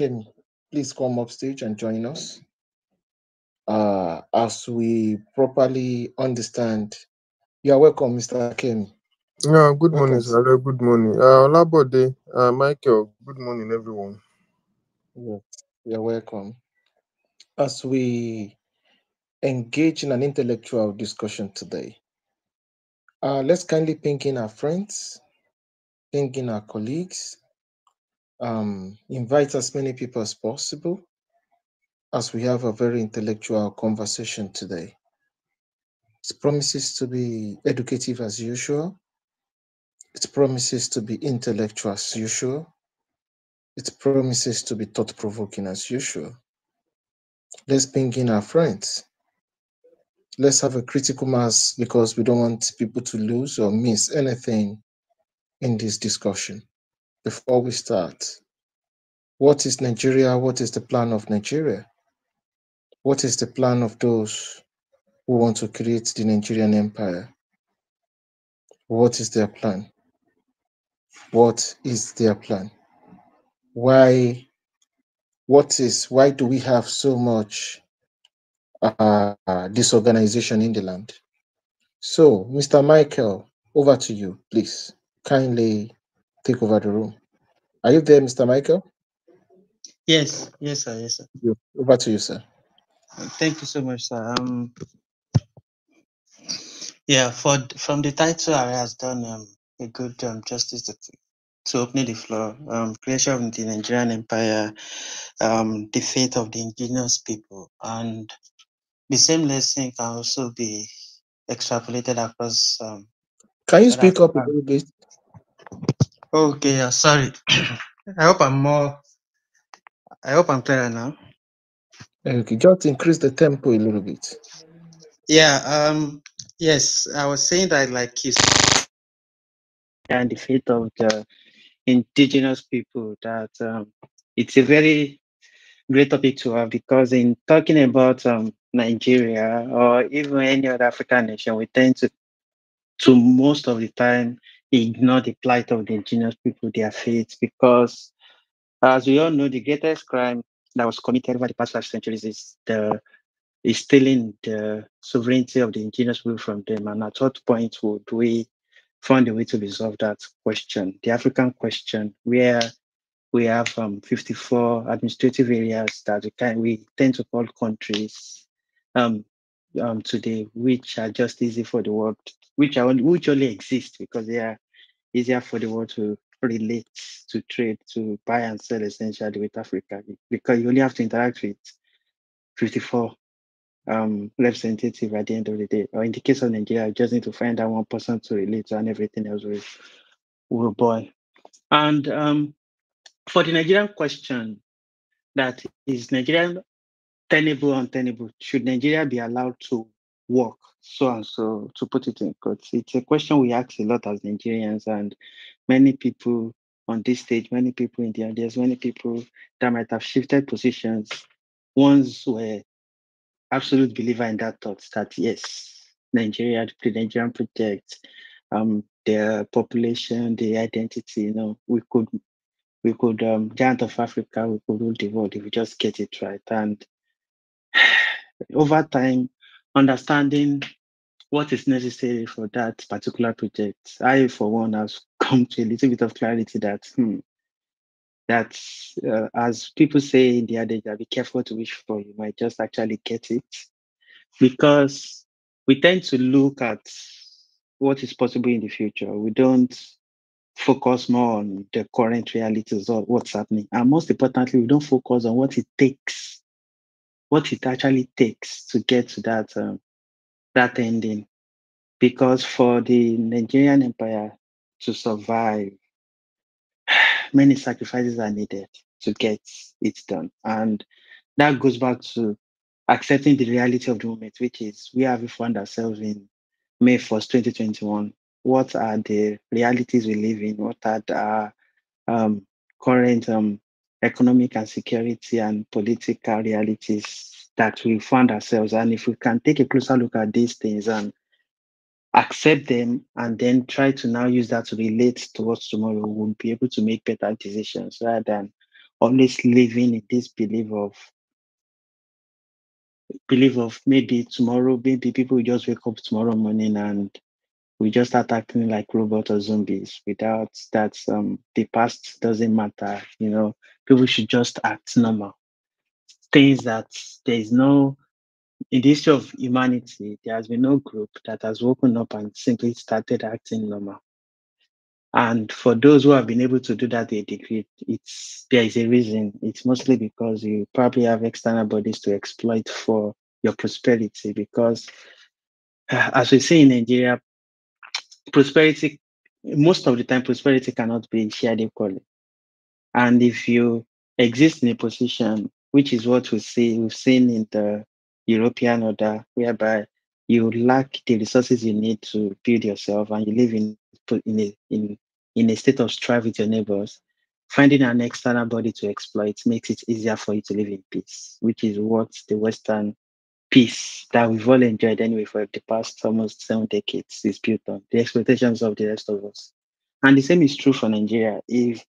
can please come up stage and join us uh, as we properly understand. You are welcome, Mr. Kim. Yeah, good morning, sir. Good morning. Uh, Labode, uh, Michael, good morning, everyone. Yes, you're welcome. As we engage in an intellectual discussion today, uh, let's kindly ping in our friends, ping in our colleagues, um, invite as many people as possible as we have a very intellectual conversation today. It promises to be educative as usual. It promises to be intellectual as usual. It promises to be thought provoking as usual. Let's bring in our friends. Let's have a critical mass because we don't want people to lose or miss anything in this discussion before we start. What is Nigeria? What is the plan of Nigeria? What is the plan of those who want to create the Nigerian empire? What is their plan? What is their plan? Why what is why do we have so much uh, disorganization in the land? So, Mr. Michael, over to you, please. Kindly take over the room. Are you there, Mr. Michael? Yes, yes, sir, yes, sir. Over to you, sir. Thank you so much, sir. Um, yeah, for from the title, I has done um, a good um, justice to, to opening the floor. Um, creation of the Nigerian Empire, um, the of the indigenous people, and the same lesson can also be extrapolated across. Um, can you speak up a little bit? Okay, yeah, sorry. I hope I'm more. I hope I'm clearer now. Okay, just increase the tempo a little bit. Yeah. Um. Yes, I was saying that like his and the fate of the indigenous people. That um, it's a very great topic to have because in talking about um, Nigeria or even any other African nation, we tend to to most of the time ignore the plight of the indigenous people, their faith, because as we all know, the greatest crime that was committed over the past five centuries is the is stealing the sovereignty of the indigenous people from them. And at what point would we find a way to resolve that question, the African question, where we have um, 54 administrative areas that we, can, we tend to call countries. Um, um, today, which are just easy for the world, which are which only exist because they are easier for the world to relate, to trade, to buy and sell essentially with Africa because you only have to interact with 54 um, representative at the end of the day. Or in the case of Nigeria, you just need to find that one person to relate to and everything else will, will boil. And um, for the Nigerian question, that is Nigerian tenable, untenable. Should Nigeria be allowed to work? So and so, to put it in quotes. It's a question we ask a lot as Nigerians, and many people on this stage, many people in the audience, many people that might have shifted positions once were absolute believer in that thought that yes, Nigeria, the Nigerian project, um, their population, their identity, you know, we could we could um, giant of Africa, we could rule the world if we just get it right. And over time, understanding what is necessary for that particular project. I, for one, have come to a little bit of clarity that, hmm, that uh, as people say in the adage, be careful to wish for, you might just actually get it. Because we tend to look at what is possible in the future. We don't focus more on the current realities or what's happening. And most importantly, we don't focus on what it takes what it actually takes to get to that um, that ending. Because for the Nigerian empire to survive, many sacrifices are needed to get it done. And that goes back to accepting the reality of the moment, which is we have found ourselves in May 1st, 2021. What are the realities we live in? What are the um, current um, economic and security and political realities that we find ourselves. And if we can take a closer look at these things and accept them and then try to now use that to relate towards tomorrow, we'll be able to make better decisions rather than always living in this belief of belief of maybe tomorrow, maybe people will just wake up tomorrow morning and we just start acting like robots or zombies without that um, the past doesn't matter you know people should just act normal. Things that there is no, in the history of humanity, there has been no group that has woken up and simply started acting normal. And for those who have been able to do that, they degree, it's there is a reason. It's mostly because you probably have external bodies to exploit for your prosperity. Because, uh, as we say in Nigeria, prosperity most of the time prosperity cannot be shared equally. And if you exist in a position, which is what we see, we've seen in the European order, whereby you lack the resources you need to build yourself and you live in, in, a, in, in a state of strife with your neighbors, finding an external body to exploit makes it easier for you to live in peace, which is what the Western peace that we've all enjoyed anyway for the past almost seven decades is built on the expectations of the rest of us. And the same is true for Nigeria. If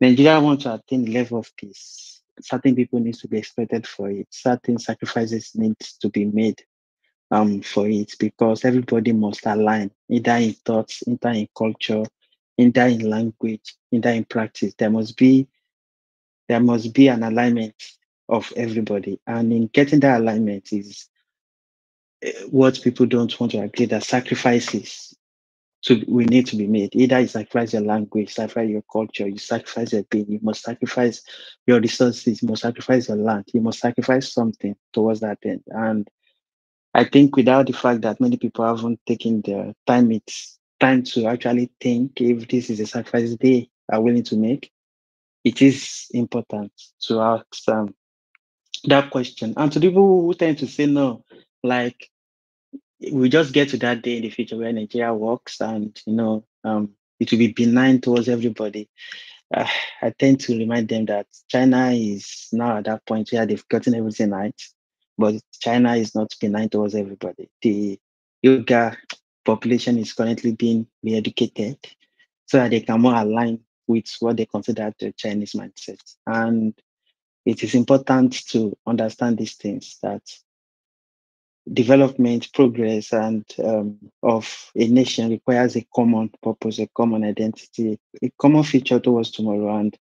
Nigeria wants to attain a level of peace. Certain people need to be expected for it. Certain sacrifices need to be made um, for it because everybody must align, either in thoughts, either in culture, either in language, either in practice. There must be there must be an alignment of everybody. And in getting that alignment is eh, what people don't want to agree that sacrifices so we need to be made. Either you sacrifice your language, sacrifice your culture, you sacrifice your thing, you must sacrifice your resources, you must sacrifice your land, you must sacrifice something towards that end. And I think without the fact that many people haven't taken the time, it's time to actually think if this is a sacrifice they are willing to make. It is important to ask um, that question. And to people who tend to say no, like we just get to that day in the future where Nigeria works and you know um, it will be benign towards everybody. Uh, I tend to remind them that China is now at that point where they've gotten everything right, but China is not benign towards everybody. The yoga population is currently being re-educated so that they can more align with what they consider the Chinese mindset. And it is important to understand these things that development, progress, and um, of a nation requires a common purpose, a common identity, a common future towards tomorrow. And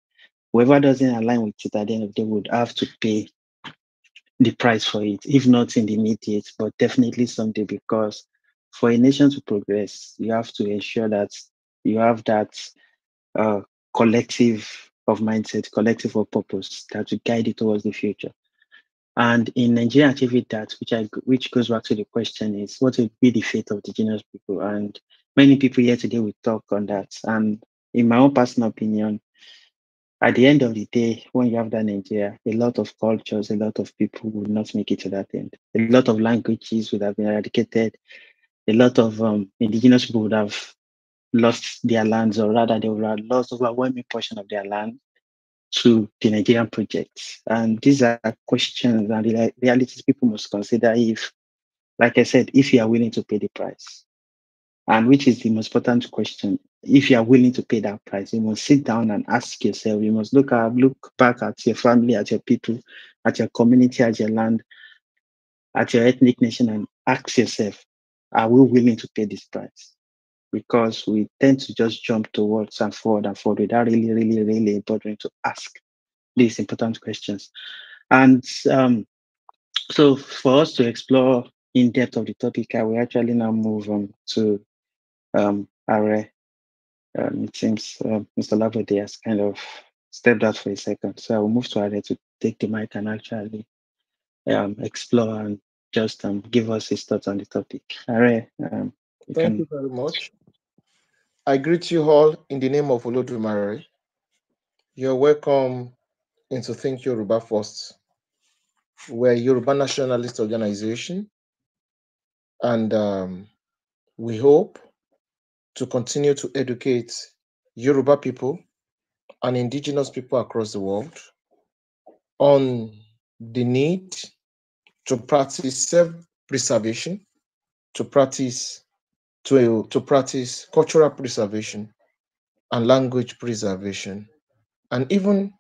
whoever doesn't align with it at the end of the day would have to pay the price for it, if not in the immediate, but definitely someday, because for a nation to progress, you have to ensure that you have that uh, collective of mindset, collective of purpose that will guide it towards the future. And in Nigeria achieving that, which I which goes back to the question is what will be the fate of the genius people? And many people here today will talk on that. And in my own personal opinion, at the end of the day, when you have that Nigeria, a lot of cultures, a lot of people would not make it to that end. A lot of languages would have been eradicated. A lot of um, indigenous people would have lost their lands, or rather, they would have lost overwhelming portion of their land to the Nigerian projects. And these are questions and realities people must consider if, like I said, if you are willing to pay the price. And which is the most important question. If you are willing to pay that price, you must sit down and ask yourself, you must look up, look back at your family, at your people, at your community, at your land, at your ethnic nation, and ask yourself, are we willing to pay this price? because we tend to just jump towards and forward and forward without really, really, really bothering to ask these important questions. And um, so, for us to explore in depth of the topic, I will actually now move on to um, our. Um, it seems uh, um, Mr. Labode has kind of stepped out for a second, so I will move to Are to take the mic and actually um, explore and just um, give us his thoughts on the topic. Are, um, you Thank can... you very much. I greet you all in the name of Olodumare. You're welcome into Think Yoruba First. We're a Yoruba nationalist organization, and um, we hope to continue to educate Yoruba people and indigenous people across the world on the need to practice self preservation, to practice to, to practice cultural preservation and language preservation, and even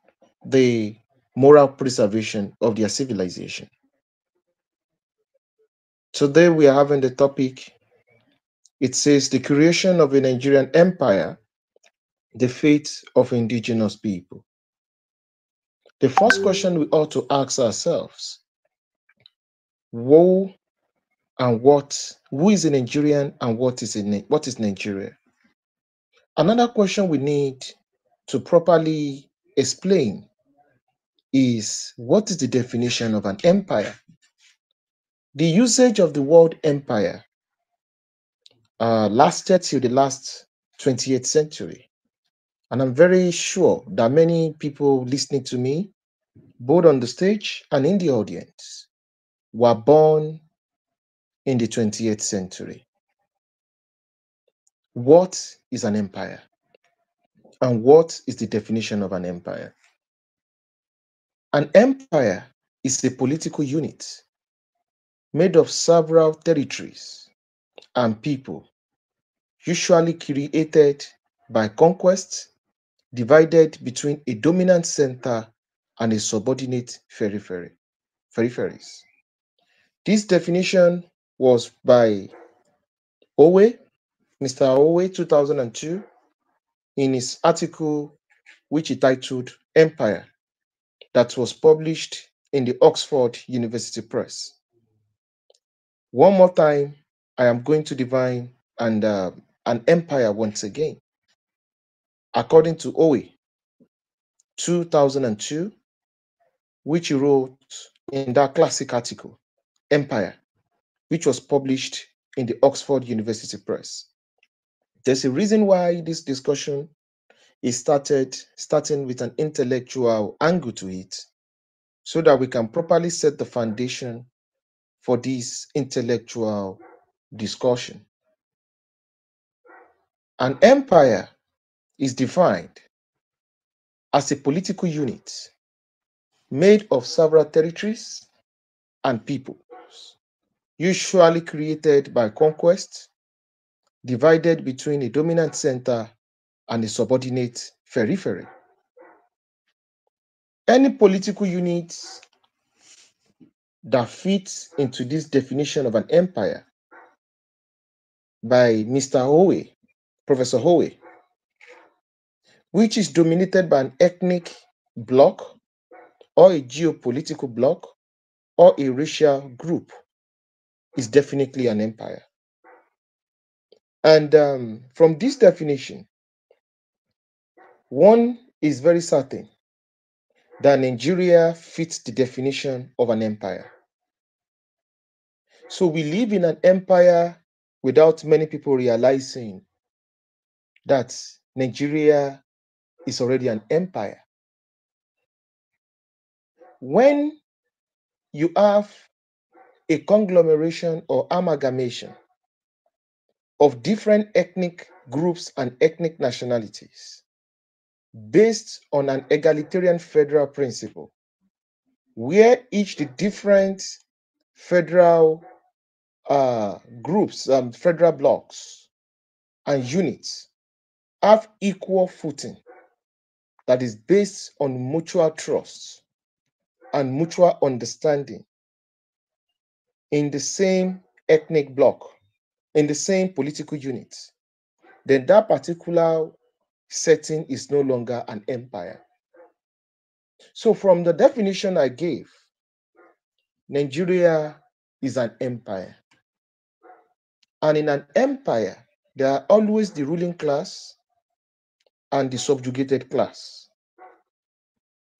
the moral preservation of their civilization. Today we are having the topic, it says the creation of a Nigerian empire, the fate of indigenous people. The first question we ought to ask ourselves, who and what who is a Nigerian and what is in what is Nigeria. Another question we need to properly explain is what is the definition of an empire? The usage of the word empire uh, lasted till the last 28th century. And I'm very sure that many people listening to me, both on the stage and in the audience, were born in the 28th century. What is an empire? And what is the definition of an empire? An empire is a political unit made of several territories and people, usually created by conquest, divided between a dominant center and a subordinate periphery, peripheries. This definition was by Owe, Mr. Owe, 2002, in his article, which he titled Empire, that was published in the Oxford University Press. One more time, I am going to divine and uh, an empire once again. According to Owe, 2002, which he wrote in that classic article, Empire which was published in the Oxford University Press. There's a reason why this discussion is started starting with an intellectual angle to it, so that we can properly set the foundation for this intellectual discussion. An empire is defined as a political unit made of several territories and people usually created by conquest, divided between a dominant center and a subordinate periphery. Any political unit that fits into this definition of an empire by Mr. Howe, Professor Howe, which is dominated by an ethnic bloc or a geopolitical bloc or a racial group is definitely an empire. And um, from this definition, one is very certain that Nigeria fits the definition of an empire. So we live in an empire without many people realizing that Nigeria is already an empire. When you have a conglomeration or amalgamation of different ethnic groups and ethnic nationalities based on an egalitarian federal principle where each the different federal uh, groups, um, federal blocks, and units have equal footing that is based on mutual trust and mutual understanding in the same ethnic bloc, in the same political unit, then that particular setting is no longer an empire. So, from the definition I gave, Nigeria is an empire. And in an empire, there are always the ruling class and the subjugated class.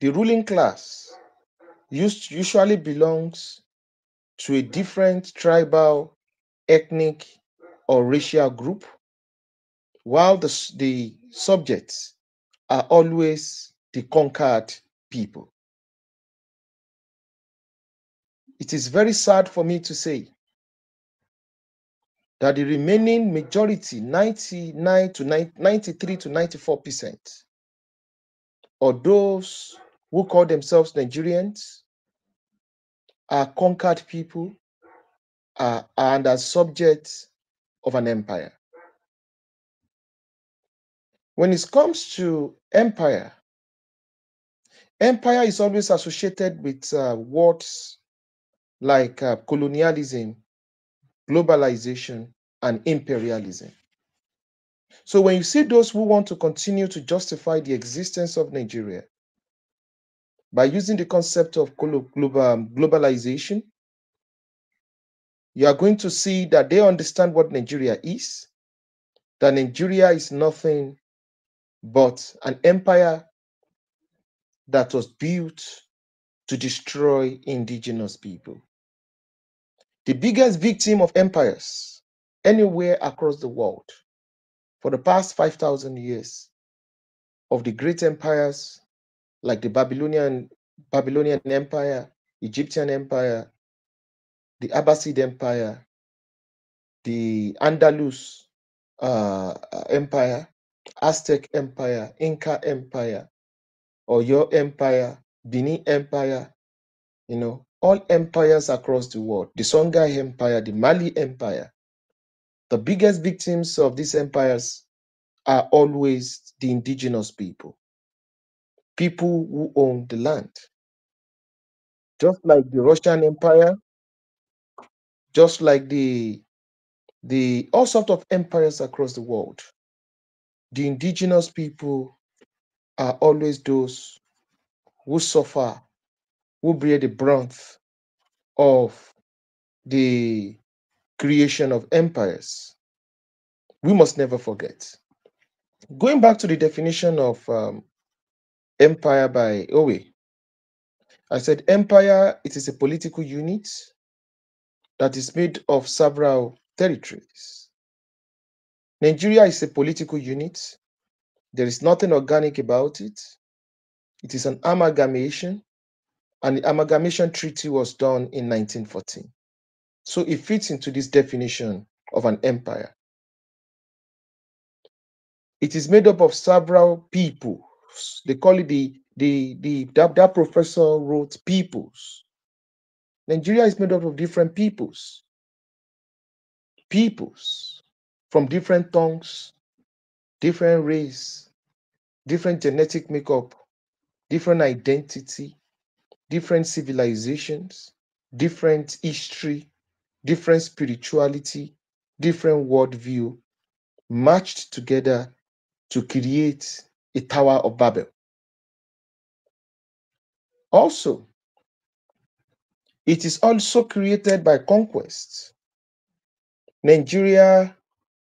The ruling class usually belongs to a different tribal, ethnic, or racial group, while the, the subjects are always the conquered people. It is very sad for me to say that the remaining majority, 99 to 93 to 94 percent, or those who call themselves Nigerians are conquered people, are, are under subjects of an empire. When it comes to empire, empire is always associated with uh, words like uh, colonialism, globalization, and imperialism. So when you see those who want to continue to justify the existence of Nigeria by using the concept of um, globalization, you are going to see that they understand what Nigeria is, that Nigeria is nothing but an empire that was built to destroy indigenous people. The biggest victim of empires anywhere across the world for the past 5,000 years of the great empires like the Babylonian Babylonian Empire, Egyptian Empire, the Abbasid Empire, the Andalus uh, uh Empire, Aztec Empire, Inca Empire, or your Empire, Bini Empire, you know, all empires across the world, the Songhai Empire, the Mali Empire. The biggest victims of these empires are always the indigenous people people who own the land. Just like the Russian Empire, just like the the all sorts of empires across the world, the indigenous people are always those who suffer, who bear the brunt of the creation of empires. We must never forget. Going back to the definition of um, empire by Owe. I said empire, it is a political unit that is made of several territories. Nigeria is a political unit. There is nothing organic about it. It is an amalgamation, and the amalgamation treaty was done in 1914. So it fits into this definition of an empire. It is made up of several people they call it the the the that, that professor wrote peoples. Nigeria is made up of different peoples. Peoples from different tongues, different race, different genetic makeup, different identity, different civilizations, different history, different spirituality, different worldview, matched together to create a Tower of Babel. Also, it is also created by conquest. Nigeria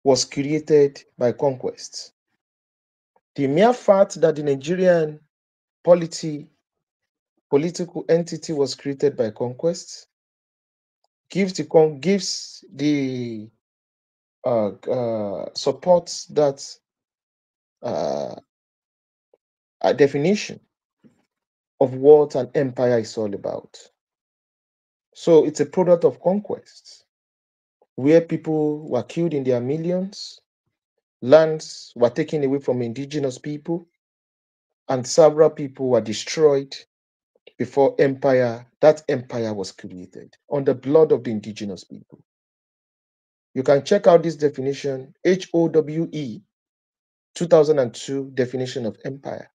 was created by conquest. The mere fact that the Nigerian polity, political entity was created by conquest gives the, gives the uh, uh, supports that uh, definition of what an empire is all about. So it's a product of conquests where people were killed in their millions, lands were taken away from indigenous people, and several people were destroyed before empire that empire was created on the blood of the indigenous people you can check out this definition h-o-w-e 2002 definition of empire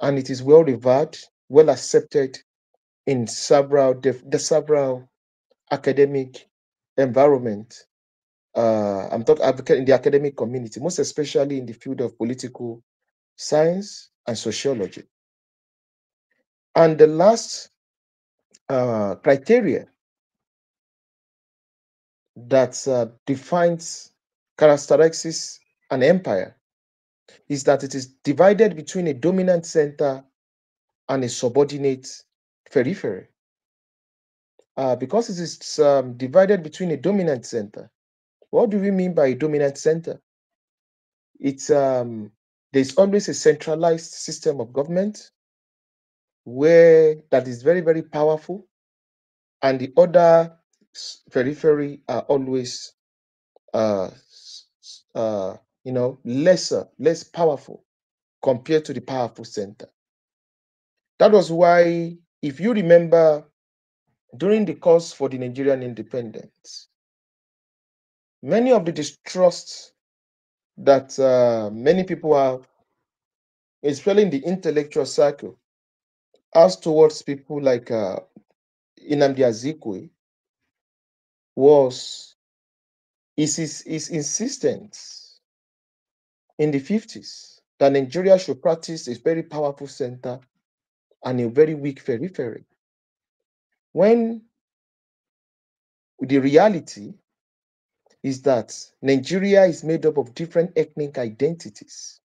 and it is well revered, well accepted in several the several academic environment. Uh, I'm talking in the academic community, most especially in the field of political science and sociology. And the last uh, criteria that uh, defines characteristics an empire is that it is divided between a dominant center and a subordinate periphery. Uh, because it is um, divided between a dominant center, what do we mean by a dominant center? It's um, there's always a centralized system of government where that is very very powerful, and the other periphery are always uh, uh, you know, lesser, less powerful compared to the powerful center. That was why, if you remember, during the cause for the Nigerian independence, many of the distrusts that uh, many people have, especially in the intellectual circle, as towards people like uh, Inamdi Azikwe, was is his, his insistence in the 50s that Nigeria should practice a very powerful center and a very weak periphery. When the reality is that Nigeria is made up of different ethnic identities,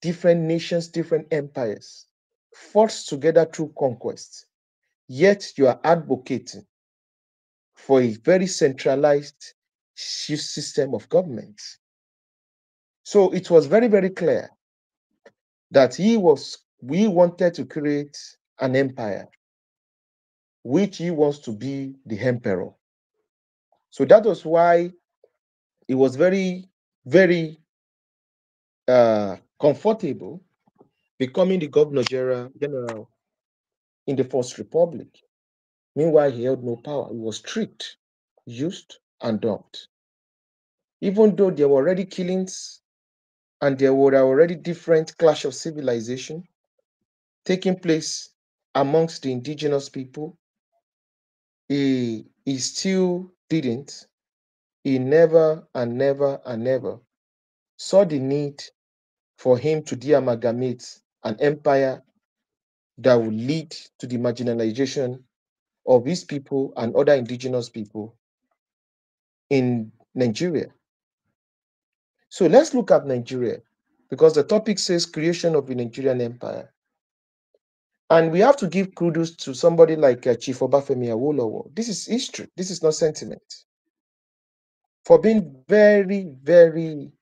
different nations, different empires, forced together through conquest. Yet you are advocating for a very centralized system of government. So it was very, very clear that he was, we wanted to create an empire, which he wants to be the emperor. So that was why it was very, very uh, comfortable becoming the governor general in the First Republic. Meanwhile, he held no power. He was tricked, used, and dumped. Even though there were already killings and there were already different clash of civilization taking place amongst the indigenous people. He, he still didn't. He never and never and never saw the need for him to deamalgamate an empire that would lead to the marginalization of his people and other indigenous people in Nigeria. So let's look at Nigeria because the topic says creation of the Nigerian empire. And we have to give kudos to somebody like uh, Chief Obafemi Awolowo. This is history. This is not sentiment. For being very, very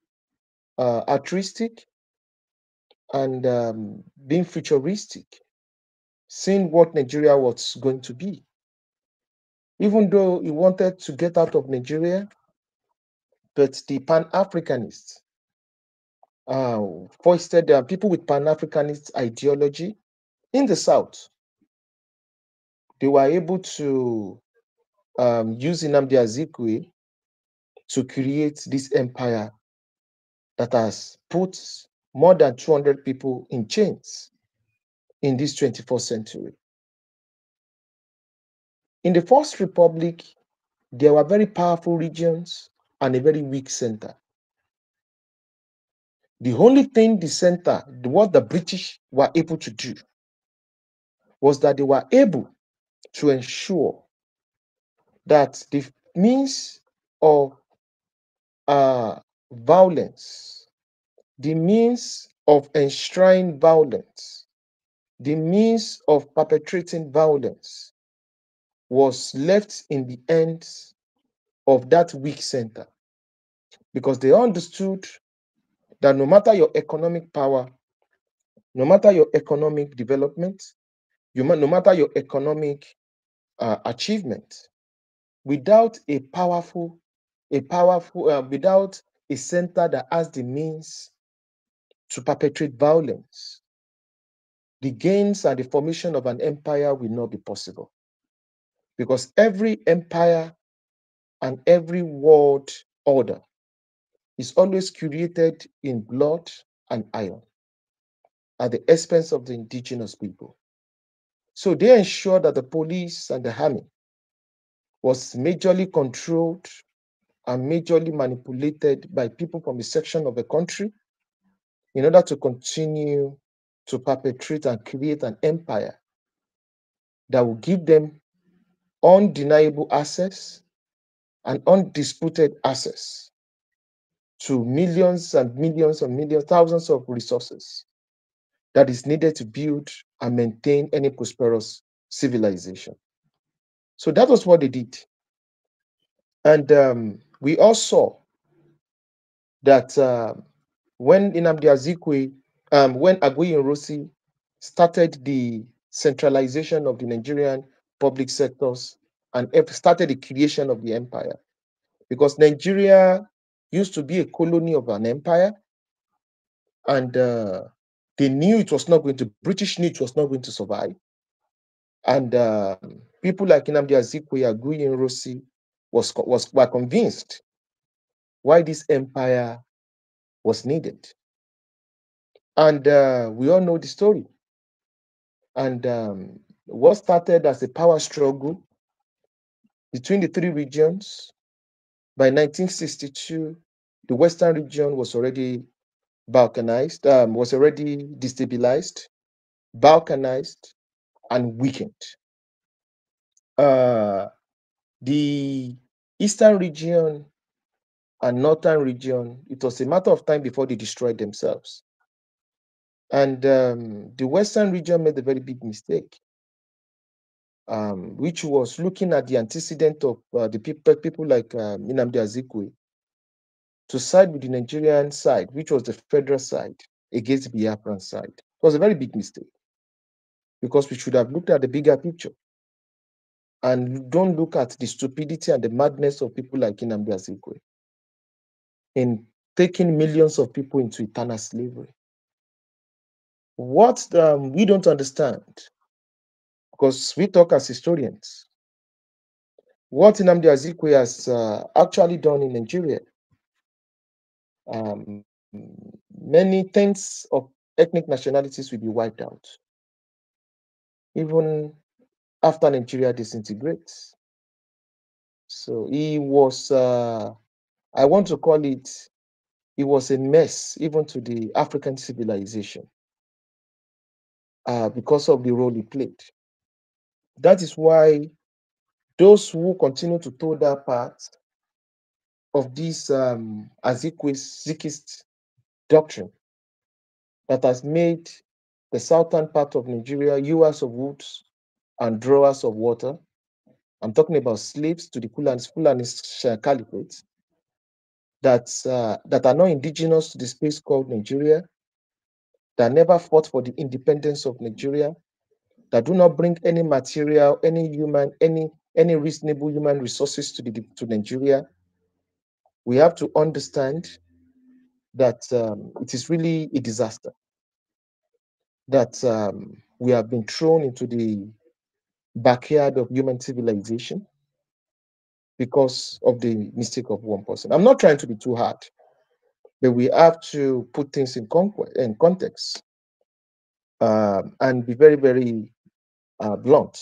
uh, altruistic and um, being futuristic, seeing what Nigeria was going to be. Even though he wanted to get out of Nigeria, but the Pan Africanists uh, foisted uh, people with Pan Africanist ideology in the South. They were able to um, use Inamdi Azikwe to create this empire that has put more than 200 people in chains in this 21st century. In the First Republic, there were very powerful regions and a very weak center. The only thing the center, what the British were able to do, was that they were able to ensure that the means of uh, violence, the means of enshrining violence, the means of perpetrating violence was left in the hands of that weak center because they understood that no matter your economic power, no matter your economic development, you, no matter your economic uh, achievement, without a powerful, a powerful, uh, without a center that has the means to perpetrate violence, the gains and the formation of an empire will not be possible. Because every empire and every world order is always created in blood and iron at the expense of the indigenous people. So they ensured that the police and the army was majorly controlled and majorly manipulated by people from a section of the country in order to continue to perpetrate and create an empire that will give them undeniable access and undisputed access to millions and millions and millions, thousands of resources that is needed to build and maintain any prosperous civilization. So that was what they did. And um, we all saw that uh, when Inamdi Azikwe, um, when um, Aguiyin Rossi started the centralization of the Nigerian public sectors and started the creation of the empire. Because Nigeria used to be a colony of an empire, and uh, they knew it was not going to, British knew it was not going to survive. And uh, people like Nnamdi Azikiwe, Aguiyi Nwosu was, was, were convinced why this empire was needed. And uh, we all know the story. And um, what started as a power struggle between the three regions. By 1962, the Western region was already balkanized, um, was already destabilized, balkanized, and weakened. Uh, the Eastern region and Northern region, it was a matter of time before they destroyed themselves. And um, the Western region made a very big mistake um, which was looking at the antecedent of uh, the people, people like uh, um, Minamdi Azikwe to side with the Nigerian side, which was the federal side, against the Biafran side. It was a very big mistake because we should have looked at the bigger picture and don't look at the stupidity and the madness of people like Inambi Azikwe in taking millions of people into eternal slavery. What um, we don't understand because we talk as historians. What Nnamdi Azikwe has uh, actually done in Nigeria, um, many tens of ethnic nationalities will be wiped out, even after Nigeria disintegrates. So he was, uh, I want to call it, it was a mess even to the African civilization uh, because of the role he played. That is why those who continue to toe that path of this um, Azikist doctrine that has made the southern part of Nigeria hewers of woods and drawers of water. I'm talking about slaves to the Fulani, Fulani Caliphate that, uh, that are not indigenous to the space called Nigeria, that never fought for the independence of Nigeria, that do not bring any material, any human, any any reasonable human resources to the to Nigeria. We have to understand that um, it is really a disaster. That um, we have been thrown into the backyard of human civilization because of the mistake of one person. I'm not trying to be too hard, but we have to put things in, in context um, and be very, very uh, blunt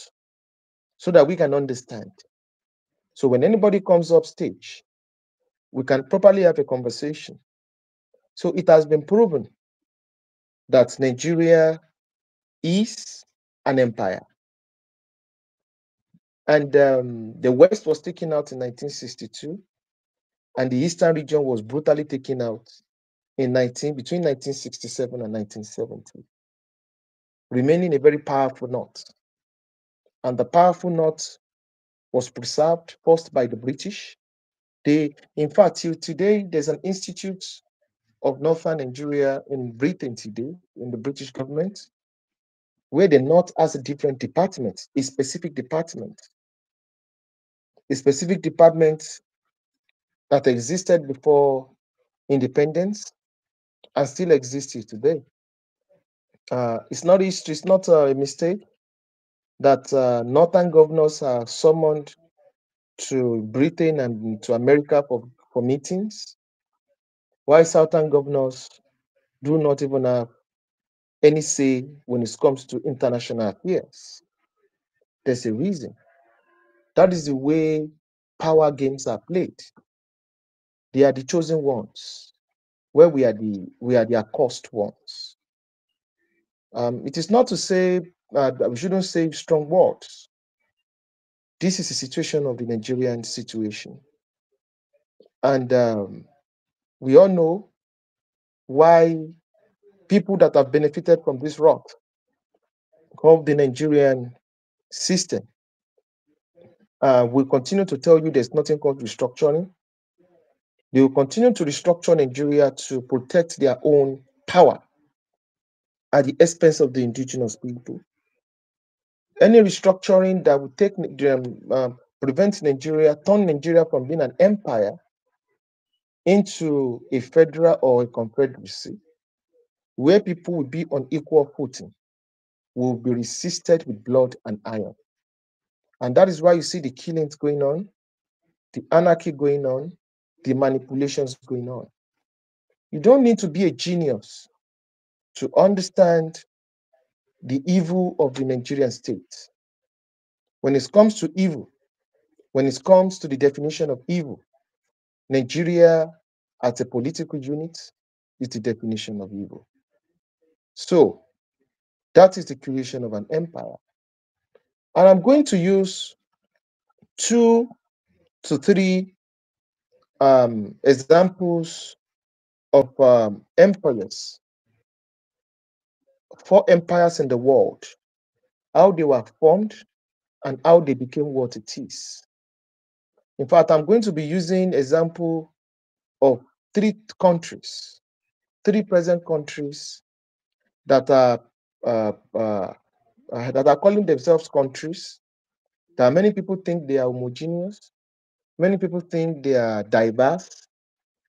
so that we can understand. So when anybody comes up stage, we can properly have a conversation. So it has been proven that Nigeria is an empire. And um, the West was taken out in 1962, and the Eastern region was brutally taken out in 19 between 1967 and 1970, remaining a very powerful North and the powerful north was preserved first by the British. They, in fact, till today, there's an institute of northern Nigeria in Britain today, in the British government, where the north has a different department, a specific department. A specific department that existed before independence and still exists today. Uh, it's not history, it's not uh, a mistake that uh, northern governors are summoned to Britain and to America for, for meetings, while southern governors do not even have any say when it comes to international affairs. There's a reason. That is the way power games are played. They are the chosen ones, where we are the we are the accursed ones. Um, it is not to say uh, we shouldn't say strong words. This is the situation of the Nigerian situation. And um, we all know why people that have benefited from this rot called the Nigerian system uh, will continue to tell you there's nothing called restructuring. They will continue to restructure Nigeria to protect their own power at the expense of the indigenous people. Any restructuring that would take um, um, prevent Nigeria, turn Nigeria from being an empire into a federal or a confederacy, where people would be on equal footing, will be resisted with blood and iron. And that is why you see the killings going on, the anarchy going on, the manipulations going on. You don't need to be a genius to understand the evil of the Nigerian state. When it comes to evil, when it comes to the definition of evil, Nigeria as a political unit is the definition of evil. So that is the creation of an empire. And I'm going to use two to three um, examples of um, empires four empires in the world, how they were formed, and how they became what it is. In fact, I'm going to be using example of three countries, three present countries that are uh, uh, uh, that are calling themselves countries. That many people think they are homogeneous, many people think they are diverse,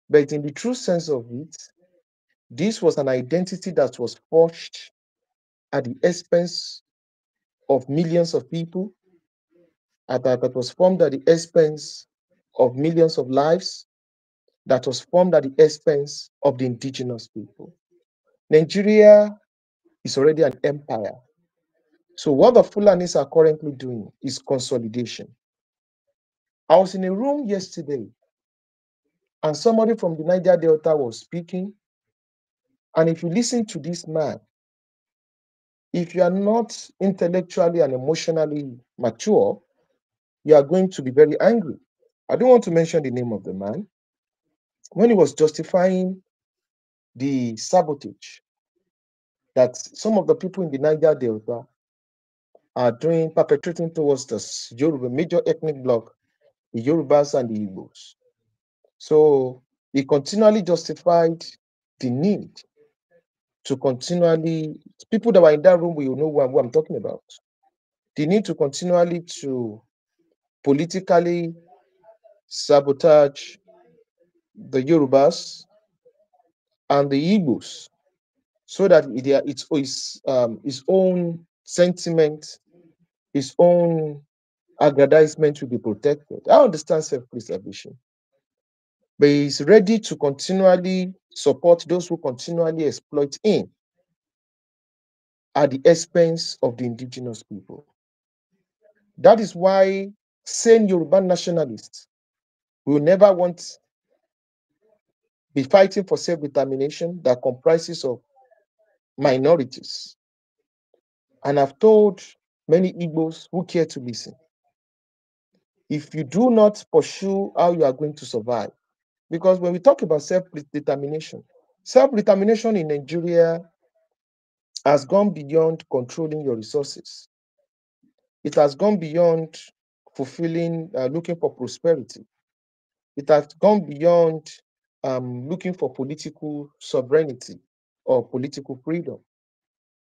but in the true sense of it, this was an identity that was forged at the expense of millions of people, that, was formed at the expense of millions of lives, that was formed at the expense of the indigenous people. Nigeria is already an empire. So what the Fulanis are currently doing is consolidation. I was in a room yesterday, and somebody from the Niger Delta was speaking. And if you listen to this man, if you are not intellectually and emotionally mature, you are going to be very angry. I don't want to mention the name of the man. When he was justifying the sabotage that some of the people in the Niger Delta are doing, perpetrating towards the Yoruba major ethnic bloc, the Yorubas and the Igbos. So he continually justified the need to continually, people that were in that room will know what, I'm talking about. They need to continually to politically sabotage the Yorubas and the Igbos so that it, it's, it's um, its own sentiment, its own aggrandizement will be protected. I understand self-preservation, but he's ready to continually support those who continually exploit him at the expense of the indigenous people. That is why sane Yoruba nationalists will never want be fighting for self-determination that comprises of minorities. And I've told many Igbos who care to listen, if you do not pursue how you are going to survive, because when we talk about self-determination, self-determination in Nigeria has gone beyond controlling your resources. It has gone beyond fulfilling, uh, looking for prosperity. It has gone beyond um, looking for political sovereignty or political freedom.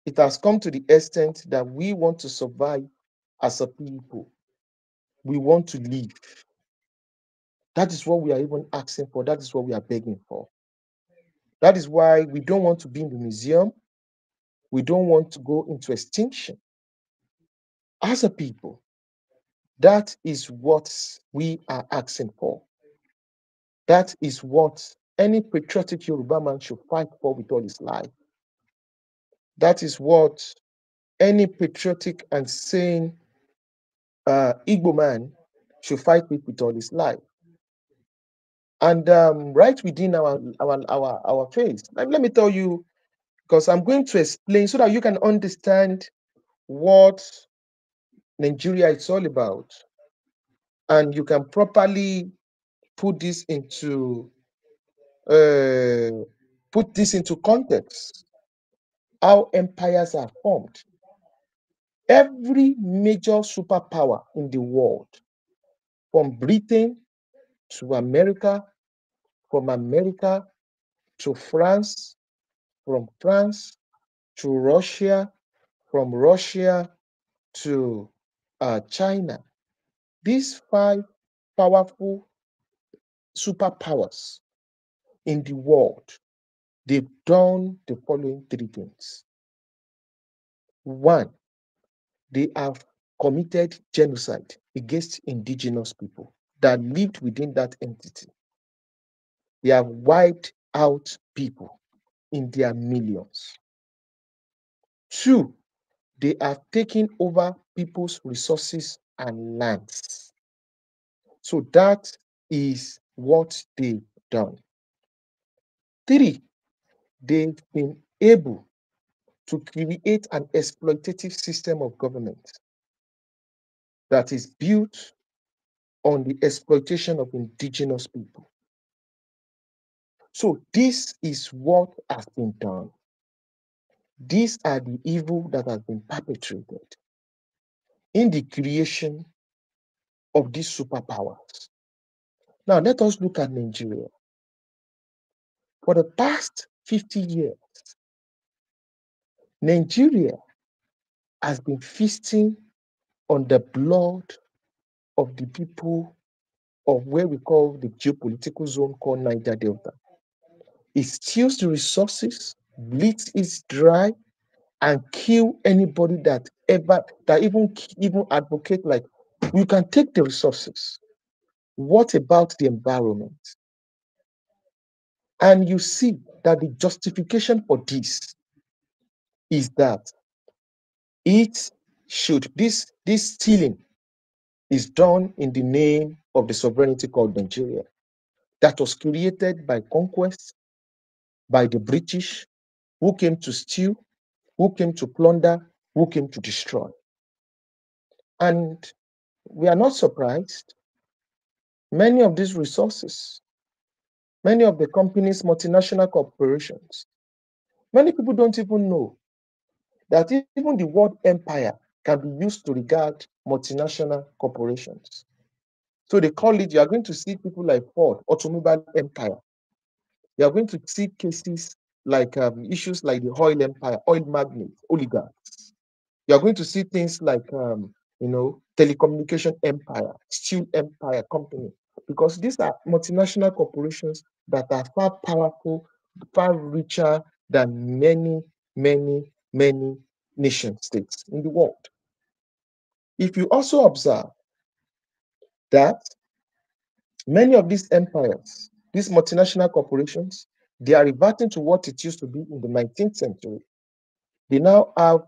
It has come to the extent that we want to survive as a people. We want to live. That is what we are even asking for. That is what we are begging for. That is why we don't want to be in the museum. We don't want to go into extinction. As a people, that is what we are asking for. That is what any patriotic Yoruba man should fight for with all his life. That is what any patriotic and sane uh, Igbo man should fight with with all his life and um, right within our our our our face. let me tell you, because I'm going to explain so that you can understand what Nigeria is all about, and you can properly put this into uh, put this into context. How empires are formed. Every major superpower in the world, from Britain to America from America to France, from France to Russia, from Russia to uh, China. These five powerful superpowers in the world, they've done the following three things. One, they have committed genocide against indigenous people that lived within that entity. They have wiped out people in their millions. Two, they are taking over people's resources and lands. So that is what they've done. Three, they've been able to create an exploitative system of government that is built on the exploitation of indigenous people. So this is what has been done. These are the evil that has been perpetrated in the creation of these superpowers. Now let us look at Nigeria. For the past 50 years, Nigeria has been feasting on the blood of the people of where we call the geopolitical zone called Niger Delta it steals the resources, bleeds it dry, and kill anybody that ever that even even advocate like you can take the resources. What about the environment? And you see that the justification for this is that it should this this stealing is done in the name of the sovereignty called Nigeria that was created by conquest by the British, who came to steal, who came to plunder, who came to destroy. And we are not surprised. Many of these resources, many of the companies, multinational corporations, many people don't even know that even the word empire can be used to regard multinational corporations. So they call it, you are going to see people like Ford, Automobile Empire. You are going to see cases like um, issues like the oil empire, oil magnates, oligarchs. You are going to see things like um, you know telecommunication empire, steel empire company, because these are multinational corporations that are far powerful, far richer than many, many, many nation states in the world. If you also observe that many of these empires these multinational corporations, they are reverting to what it used to be in the 19th century. They now have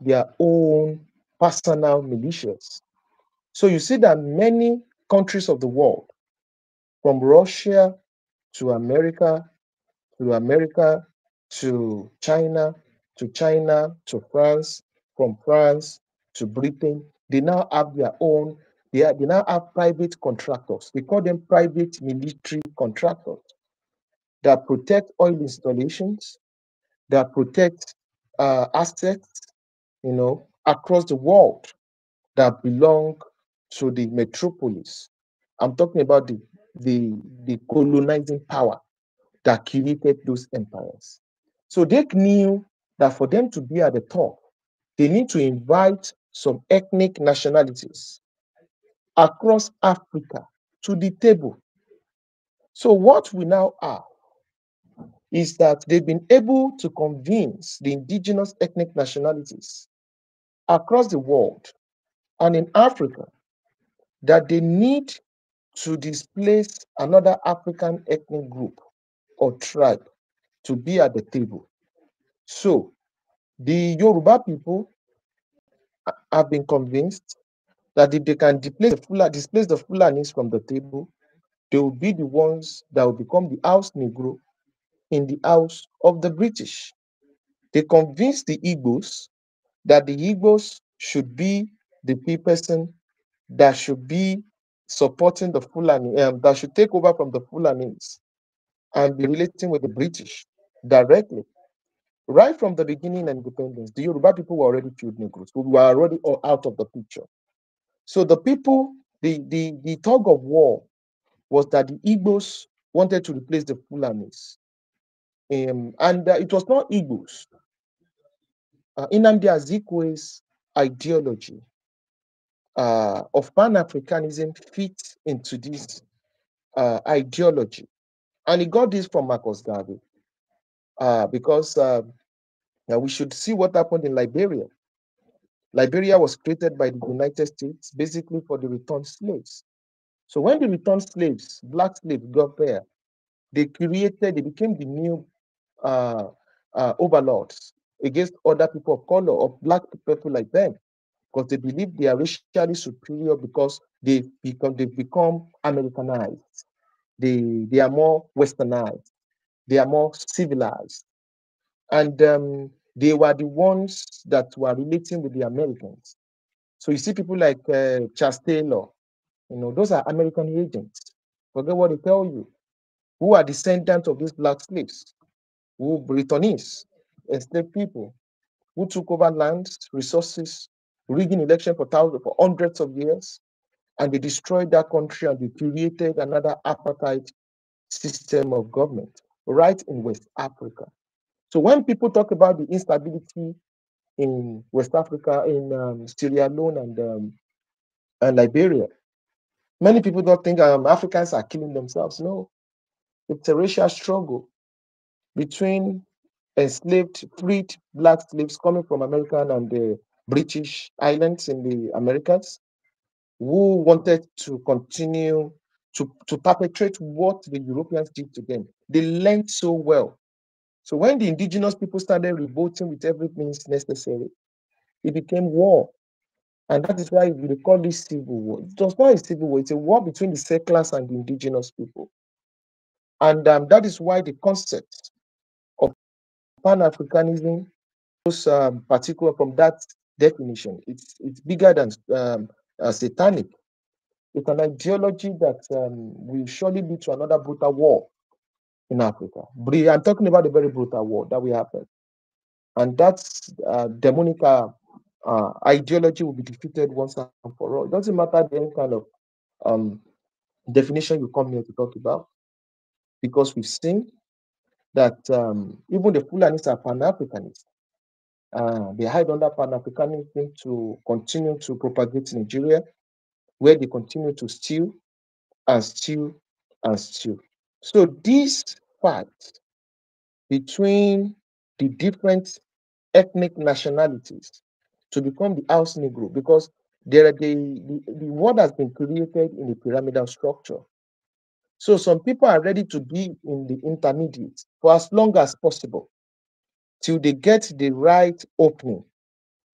their own personal militias. So you see that many countries of the world, from Russia to America, to America to China, to China to France, from France to Britain, they now have their own they, are, they now have private contractors. We call them private military contractors that protect oil installations, that protect uh, assets, you know, across the world that belong to the metropolis. I'm talking about the, the, the colonizing power that created those empires. So they knew that for them to be at the top, they need to invite some ethnic nationalities across Africa to the table. So, what we now are is that they've been able to convince the indigenous ethnic nationalities across the world and in Africa that they need to displace another African ethnic group or tribe to be at the table. So the Yoruba people have been convinced that if they can displace the, Fula, displace the Fulanis from the table, they will be the ones that will become the house Negro in the house of the British. They convinced the Igbos that the Igbos should be the person that should be supporting the Fulani, um, that should take over from the Fulanis and be relating with the British directly. Right from the beginning of independence, the Yoruba people were already killed Negroes. who were already all out of the picture. So the people, the, the, the tug of war was that the Igbos wanted to replace the Fulanis. Um, and uh, it was not Igbos. Uh, Inamdi Azikwe's ideology uh, of Pan Africanism fits into this uh, ideology. And he got this from Marcus Garvey uh, because uh, we should see what happened in Liberia Liberia was created by the United States basically for the returned slaves. So when the returned slaves, black slaves, got there, they created, they became the new uh, uh, overlords against other people of color or black people like them, because they believe they are racially superior because they become they become Americanized. They they are more westernized. They are more civilized. And um, they were the ones that were relating with the Americans. So you see people like uh, Charles Taylor, you know, those are American agents. Forget what they tell you. Who are descendants of these black slaves? Who Brittonies, enslaved people, who took over lands, resources, rigging election for thousands, for hundreds of years, and they destroyed that country and they created another apartheid system of government right in West Africa. So when people talk about the instability in West Africa, in um, Sierra Leone and um, and Liberia, many people don't think um, Africans are killing themselves. No, it's a racial struggle between enslaved, freed black slaves coming from American and the British islands in the Americas who wanted to continue to, to perpetrate what the Europeans did to them. They learned so well so when the indigenous people started revolting with everything necessary, it became war. And that is why we call this civil war. It was not a civil war, it's a war between the settlers and the indigenous people. And um, that is why the concept of Pan Africanism was um, particular from that definition. It's, it's bigger than um, uh, satanic. It's an ideology that um, will surely lead to another brutal war in Africa. I'm talking about the very brutal war that will happen. And that's uh, demonic uh, uh, ideology will be defeated once and for all. It doesn't matter the any kind of um, definition you come here to talk about, because we've seen that um, even the Fulanis are Pan Africanists. Uh, they hide under Pan Africanism to continue to propagate Nigeria, where they continue to steal and steal and steal. So this part between the different ethnic nationalities to become the house Negro because there are the, the, the world has been created in the pyramidal structure. So some people are ready to be in the intermediate for as long as possible till they get the right opening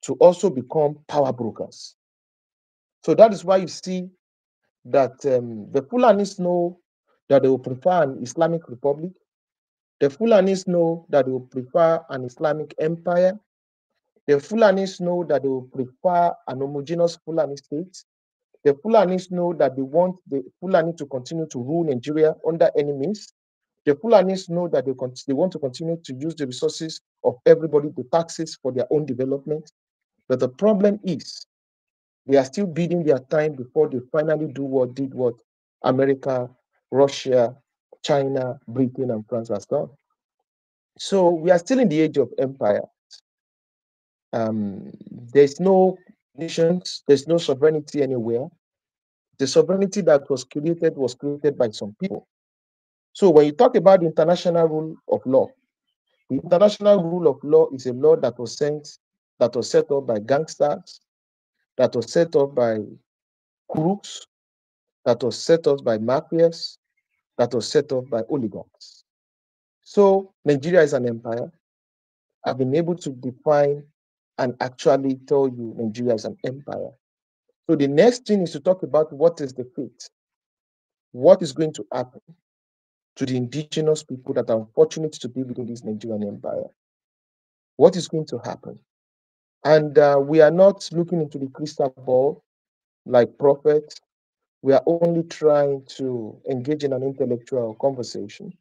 to also become power brokers. So that is why you see that um, the Fulanis know that they will prefer an Islamic republic. The Fulanis know that they will prefer an Islamic empire. The Fulanis know that they will prefer an homogeneous Fulani state. The Fulanis know that they want the Fulani to continue to rule Nigeria under any means. The Fulanis know that they, they want to continue to use the resources of everybody, the taxes, for their own development. But the problem is they are still bidding their time before they finally do what did what America Russia, China, Britain, and France has done. So we are still in the age of empires. Um, there's no nations, there's no sovereignty anywhere. The sovereignty that was created was created by some people. So when you talk about the international rule of law, the international rule of law is a law that was sent, that was set up by gangsters, that was set up by crooks, that was set up by mafias, that was set up by oligarchs. So Nigeria is an empire. I've been able to define and actually tell you Nigeria is an empire. So the next thing is to talk about what is the fate, what is going to happen to the indigenous people that are fortunate to be within this Nigerian empire. What is going to happen? And uh, we are not looking into the crystal ball like prophets we are only trying to engage in an intellectual conversation,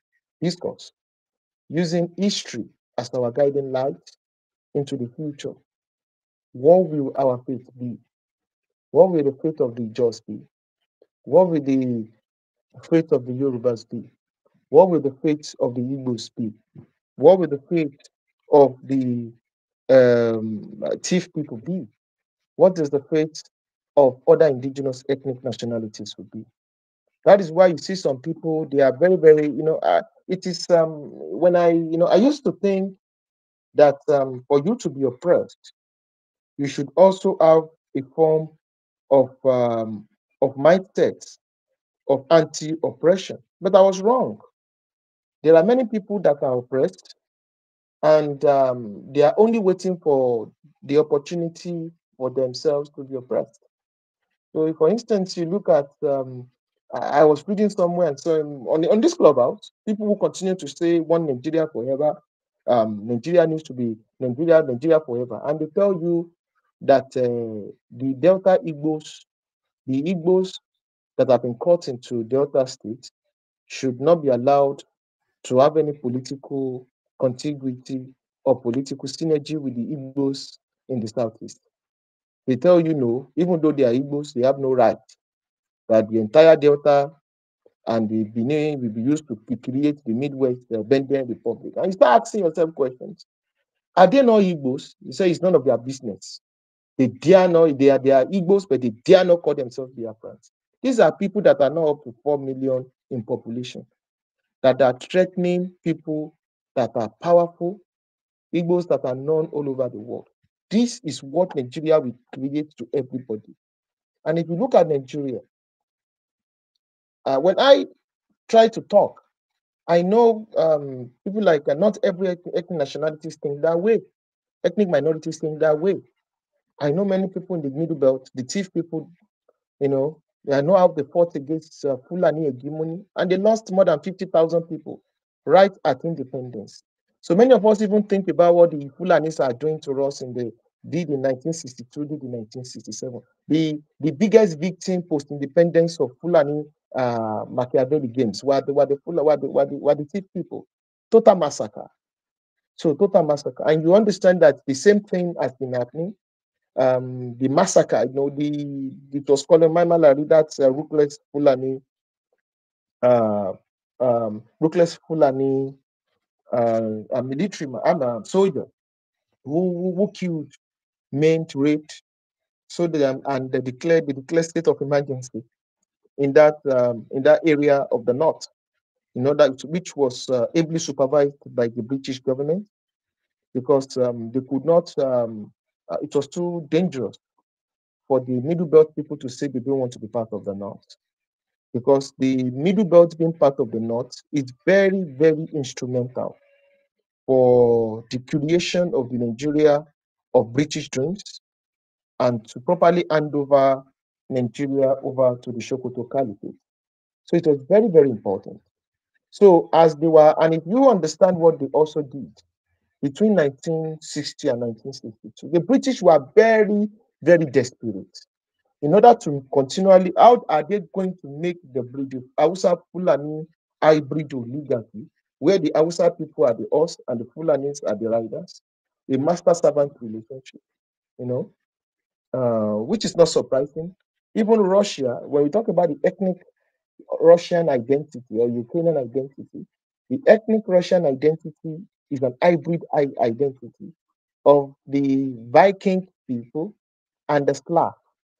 discourse, using history as our guiding light into the future. What will our faith be? What will the faith of the just be? What will the faith of the Yorubas be? What will the faith of the Igbos be? What will the faith of the um, chief people be? What does the faith of other indigenous ethnic nationalities would be. That is why you see some people, they are very, very, you know, uh, it is um, when I, you know, I used to think that um, for you to be oppressed, you should also have a form of um, of mindset of anti-oppression. But I was wrong. There are many people that are oppressed, and um, they are only waiting for the opportunity for themselves to be oppressed. So, for instance, you look at um, I was reading somewhere and so um, on on this clubhouse, people will continue to say one Nigeria forever. Um, Nigeria needs to be Nigeria, Nigeria forever, and they tell you that uh, the Delta Igbos, the Igbos that have been caught into Delta State, should not be allowed to have any political contiguity or political synergy with the Igbos in the southeast. They tell you no, even though they are Igbos, they have no right. That the entire Delta and the Benin will be used to create the Midwest the Bendian Republic. And you start asking yourself questions. Are they not Igbos? You say it's none of their business. They dare not, they are, they are Igbos, but they dare not call themselves friends. These are people that are not up to 4 million in population, that are threatening people that are powerful, Igbos that are known all over the world. This is what Nigeria will create to everybody. And if you look at Nigeria, uh, when I try to talk, I know um, people like uh, not every ethnic nationalities think that way, ethnic minorities think that way. I know many people in the middle belt, the chief people, you know, they know how they fought against uh, Fulani hegemony, and they lost more than 50,000 people right at independence. So many of us even think about what the Fulanis are doing to us in the did in 1962, did in 1967. The, the biggest victim post-independence of Fulani uh, Machiavelli games were the, were, the, were, the, were, the, were the thief people. Total massacre. So total massacre. And you understand that the same thing has been happening. Um, the massacre, you know, the, it was called malaria. that uh, ruthless Fulani, uh, um, ruthless Fulani uh, a military man, a soldier who, who, who killed, maimed, raped, so that um, and they declared the declared state of emergency in that um, in that area of the north, you know that which was uh, ably supervised by the British government because um, they could not. Um, uh, it was too dangerous for the Middle Belt people to say they don't want to be part of the north because the middle belt being part of the north is very, very instrumental for the creation of the Nigeria of British dreams and to properly hand over Nigeria over to the Shokoto Caliphate. So it was very, very important. So as they were, and if you understand what they also did between 1960 and 1962, the British were very, very desperate in order to continually, how are they going to make the breed of Hausa Fulani hybrid oligarchy, where the Hausa people are the horse and the Fulanis are the riders, a master servant relationship, you know, uh, which is not surprising. Even Russia, when we talk about the ethnic Russian identity or Ukrainian identity, the ethnic Russian identity is an hybrid identity of the Viking people and the Slav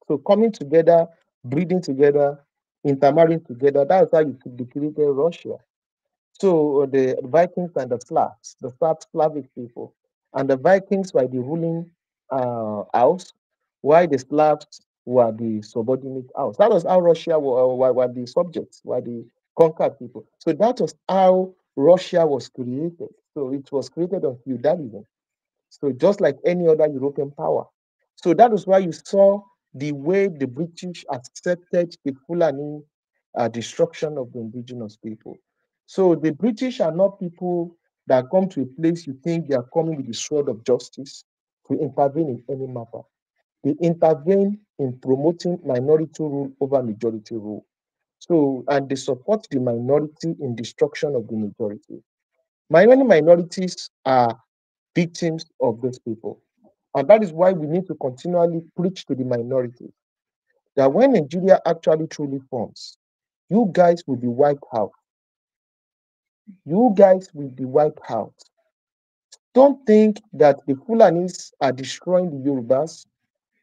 so coming together, breeding together, intermarrying together, that's how you created Russia. So uh, the Vikings and the Slavs, the Slavs, Slavic people, and the Vikings were the ruling uh, house, while the Slavs were the subordinate house. That was how Russia were, were, were the subjects, were the conquered people. So that was how Russia was created. So it was created on feudalism. So just like any other European power. So that was why you saw the way the British accepted the Fulani uh, destruction of the indigenous people. So the British are not people that come to a place you think they are coming with the sword of justice to intervene in any matter. They intervene in promoting minority rule over majority rule. So, and they support the minority in destruction of the majority. Many minorities are victims of those people. And that is why we need to continually preach to the minority that when Nigeria actually truly forms, you guys will be wiped out. You guys will be wiped out. Don't think that the Fulanis are destroying the Yorubas,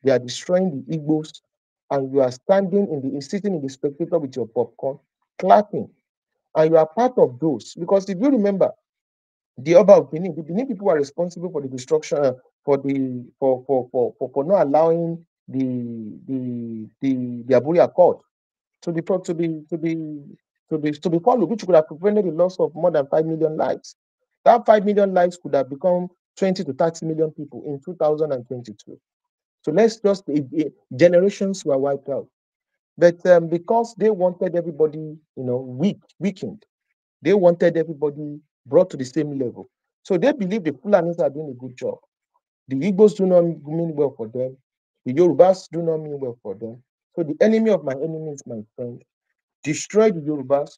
they are destroying the Igbos, and you are standing in the sitting in the spectator with your popcorn, clapping, and you are part of those. Because if you remember, the Oba of Benin, the Benin people are responsible for the destruction, for the for for for for, for not allowing the the the the Abuja court to be to be to be to be to be followed, which could have prevented the loss of more than five million lives. That five million lives could have become 20 to 30 million people in 2022. So let's just it, eh, it, eh, generations were wiped out. But um, because they wanted everybody, you know, weak, weakened, they wanted everybody brought to the same level. So they believe the Fulanis are doing a good job. The Igbos do not mean well for them. The Yorubas do not mean well for them. So the enemy of my enemy is my friend. Destroy the Yorubas,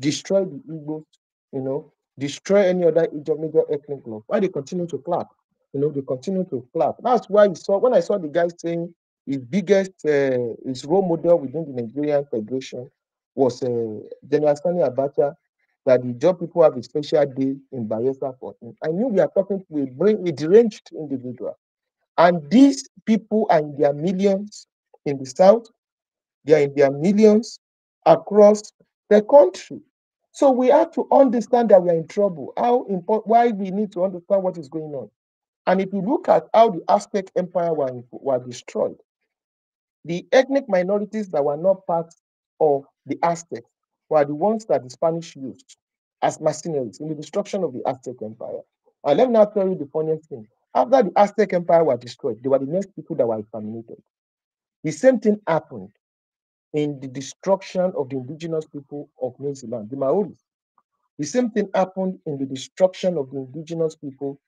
destroy the Igbos, you know, destroy any other major ethnic group. Why they continue to clap? You know, they continue to clap. That's why you saw when I saw the guy saying his biggest uh, his role model within the Nigerian Federation was uh, General Sani Abacha that the job people have a special day in Bayelsa for him. I knew we are talking to a brain a deranged individual. And these people are in their millions in the South, they are in their millions across the country. So we have to understand that we are in trouble, how important why we need to understand what is going on. And if you look at how the Aztec Empire were, were destroyed, the ethnic minorities that were not part of the Aztecs were the ones that the Spanish used as mercenaries in the destruction of the Aztec Empire. And let me now tell you the funniest thing. After the Aztec Empire was destroyed, they were the next people that were exterminated. The same thing happened in the destruction of the indigenous people of New Zealand, the Maoris. The same thing happened in the destruction of the indigenous people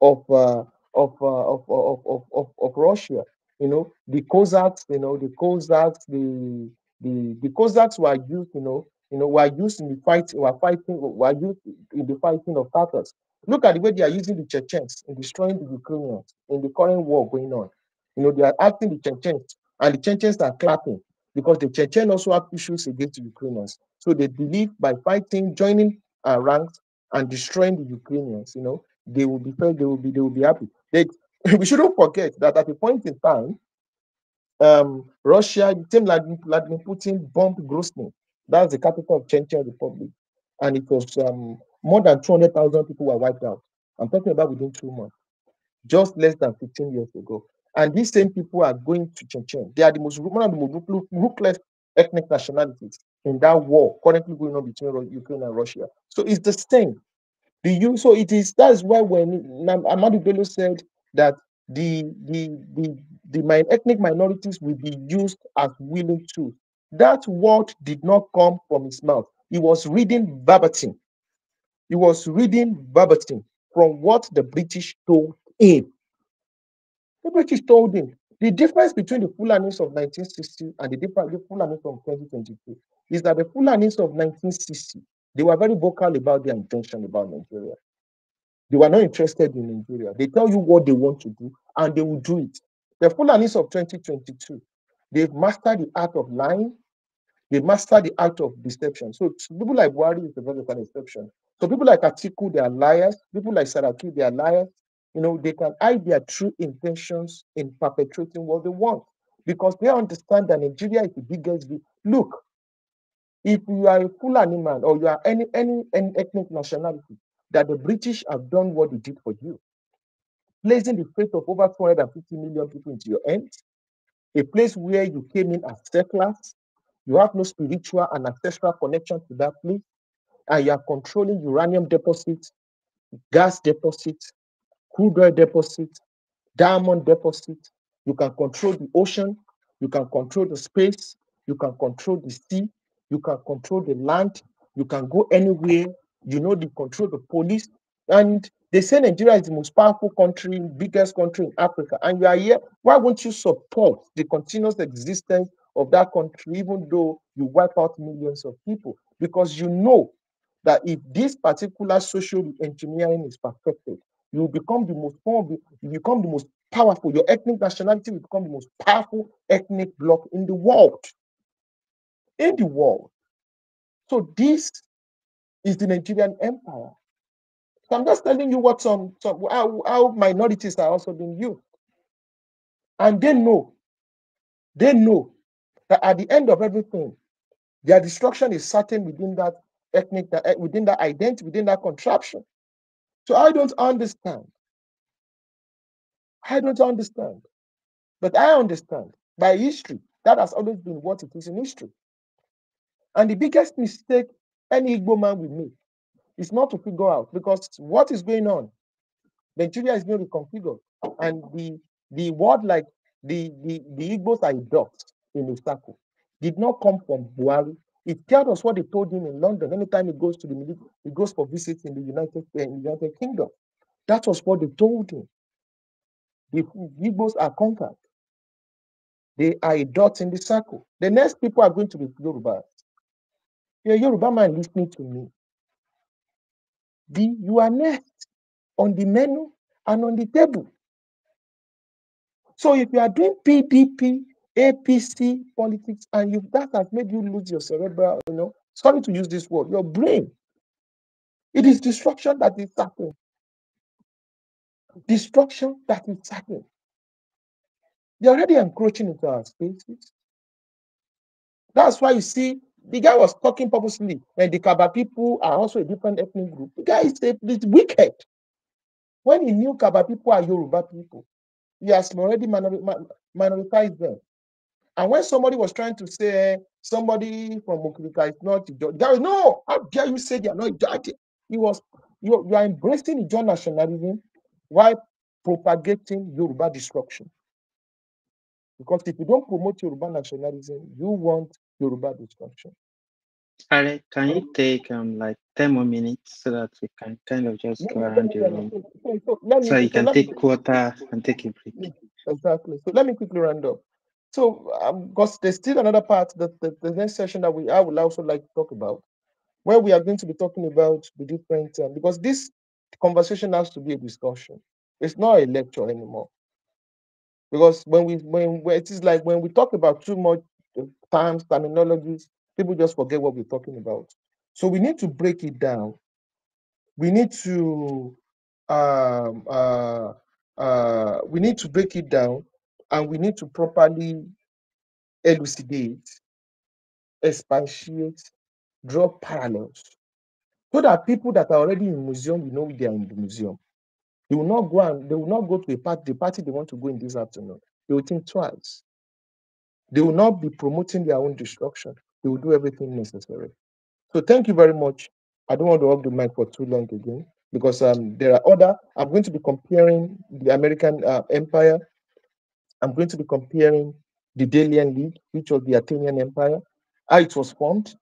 of uh, of, uh, of, of, of, of, of, Russia. You know, the Cossacks, you know, the Cossacks, the the, the Cossacks were used, you know, you know, we are used in the fight, we are fighting, we are used in the fighting of Tatars. Look at the way they are using the Chechens in destroying the Ukrainians in the current war going on. You know, they are acting the Chechens, and the Chechens are clapping because the Chechens also have issues against the Ukrainians. So they believe by fighting, joining ranks, and destroying the Ukrainians, you know, they will be fair. they will be, they will be happy. They, we shouldn't forget that at a point in time, um, Russia, the same Vladimir Putin bombed Grozny that's the capital of Chechnya Republic. And it was um, more than 200,000 people were wiped out. I'm talking about within two months, just less than 15 years ago. And these same people are going to Chechnya. They are the most, one of the most ruthless ethnic nationalities in that war currently going on between Ukraine and Russia. So it's the same. The use. so it is that's why when Amadu Bello said that the the the the ethnic minorities will be used as willing tools that word did not come from his mouth. He was reading verbatim. He was reading verbatim from what the British told him. The British told him the difference between the Fulanis of 1960 and the different Fulanis of 2022 is that the Fulanis of 1960 they were very vocal about their intention about Nigeria. They were not interested in Nigeria. They tell you what they want to do and they will do it. The Fulanis of 2022 They've mastered the art of lying. They mastered the art of deception. So people like Buhari is the of an exception. So people like Atiku, they are liars. People like Saraki, they are liars. You know, they can hide their true intentions in perpetrating what they want because they understand that Nigeria is the biggest. Look, if you are a Fulani man or you are any, any any ethnic nationality, that the British have done what they did for you, placing the fate of over 250 million people into your hands, a place where you came in as settlers, you have no spiritual and ancestral connection to that place, and you are controlling uranium deposits, gas deposits, crude oil deposits, diamond deposits. You can control the ocean, you can control the space, you can control the sea, you can control the land, you can go anywhere, you know, you control the police, and they say Nigeria is the most powerful country, biggest country in Africa, and you are here. Why won't you support the continuous existence of that country, even though you wipe out millions of people? Because you know that if this particular social engineering is perfected, you become the most you become the most powerful. Your ethnic nationality will become the most powerful ethnic bloc in the world. In the world. So this is the Nigerian empire. I'm just telling you what some, some how, how minorities are also being used. And they know, they know that at the end of everything, their destruction is certain within that ethnic, that, eh, within that identity, within that contraption. So I don't understand. I don't understand. But I understand by history. That has always been what it is in history. And the biggest mistake any Igbo man will make it's not to figure out because what is going on? Nigeria is being reconfigured, and the the word like the the the Igbos are ducks in a circle did not come from Buhari. It tells us what they told him in London. Anytime he goes to the military, he goes for visits in the United eh, in the United Kingdom. That was what they told him. The Igbos are conquered. They are a dot in the circle. The next people are going to be Yorubas. A Yoruba man listening to me the you are next on the menu and on the table. So if you are doing PDP, APC politics, and you that has made you lose your cerebral, you know, sorry to use this word, your brain. It is destruction that is happening. Destruction that is happening. They're already encroaching into our spaces. That's why you see the guy was talking purposely. And the Kaba people are also a different ethnic group. The guy is a, wicked. When he knew Kaba people are Yoruba people, he has already minor, minoritized them. And when somebody was trying to say somebody from Okrika is not Ijo, guy, no, how dare you say they are not Ijo? He was, you, you are embracing Yoruba nationalism while propagating Yoruba destruction. Because if you don't promote Yoruba nationalism, you want Yoruba discussion. All right, can you take um like 10 more minutes so that we can kind of just go around the room? So, you can take quarter and take a break. Mm, exactly. So let me quickly round up. So um, because there's still another part that the, the next session that we I will also like to talk about, where we are going to be talking about the different um, because this conversation has to be a discussion. It's not a lecture anymore. Because when we when it is like when we talk about too much terms, terminologies. People just forget what we're talking about. So we need to break it down. We need to um, uh, uh, we need to break it down, and we need to properly elucidate, expatiate, draw parallels, so that people that are already in museum, we know they are in the museum. They will not go and they will not go to a party, the party they want to go in this afternoon. They will think twice. They will not be promoting their own destruction. They will do everything necessary. So thank you very much. I don't want to hold the mic for too long again because um, there are other. I'm going to be comparing the American uh, Empire. I'm going to be comparing the Delian League, which was the Athenian Empire, how it was formed.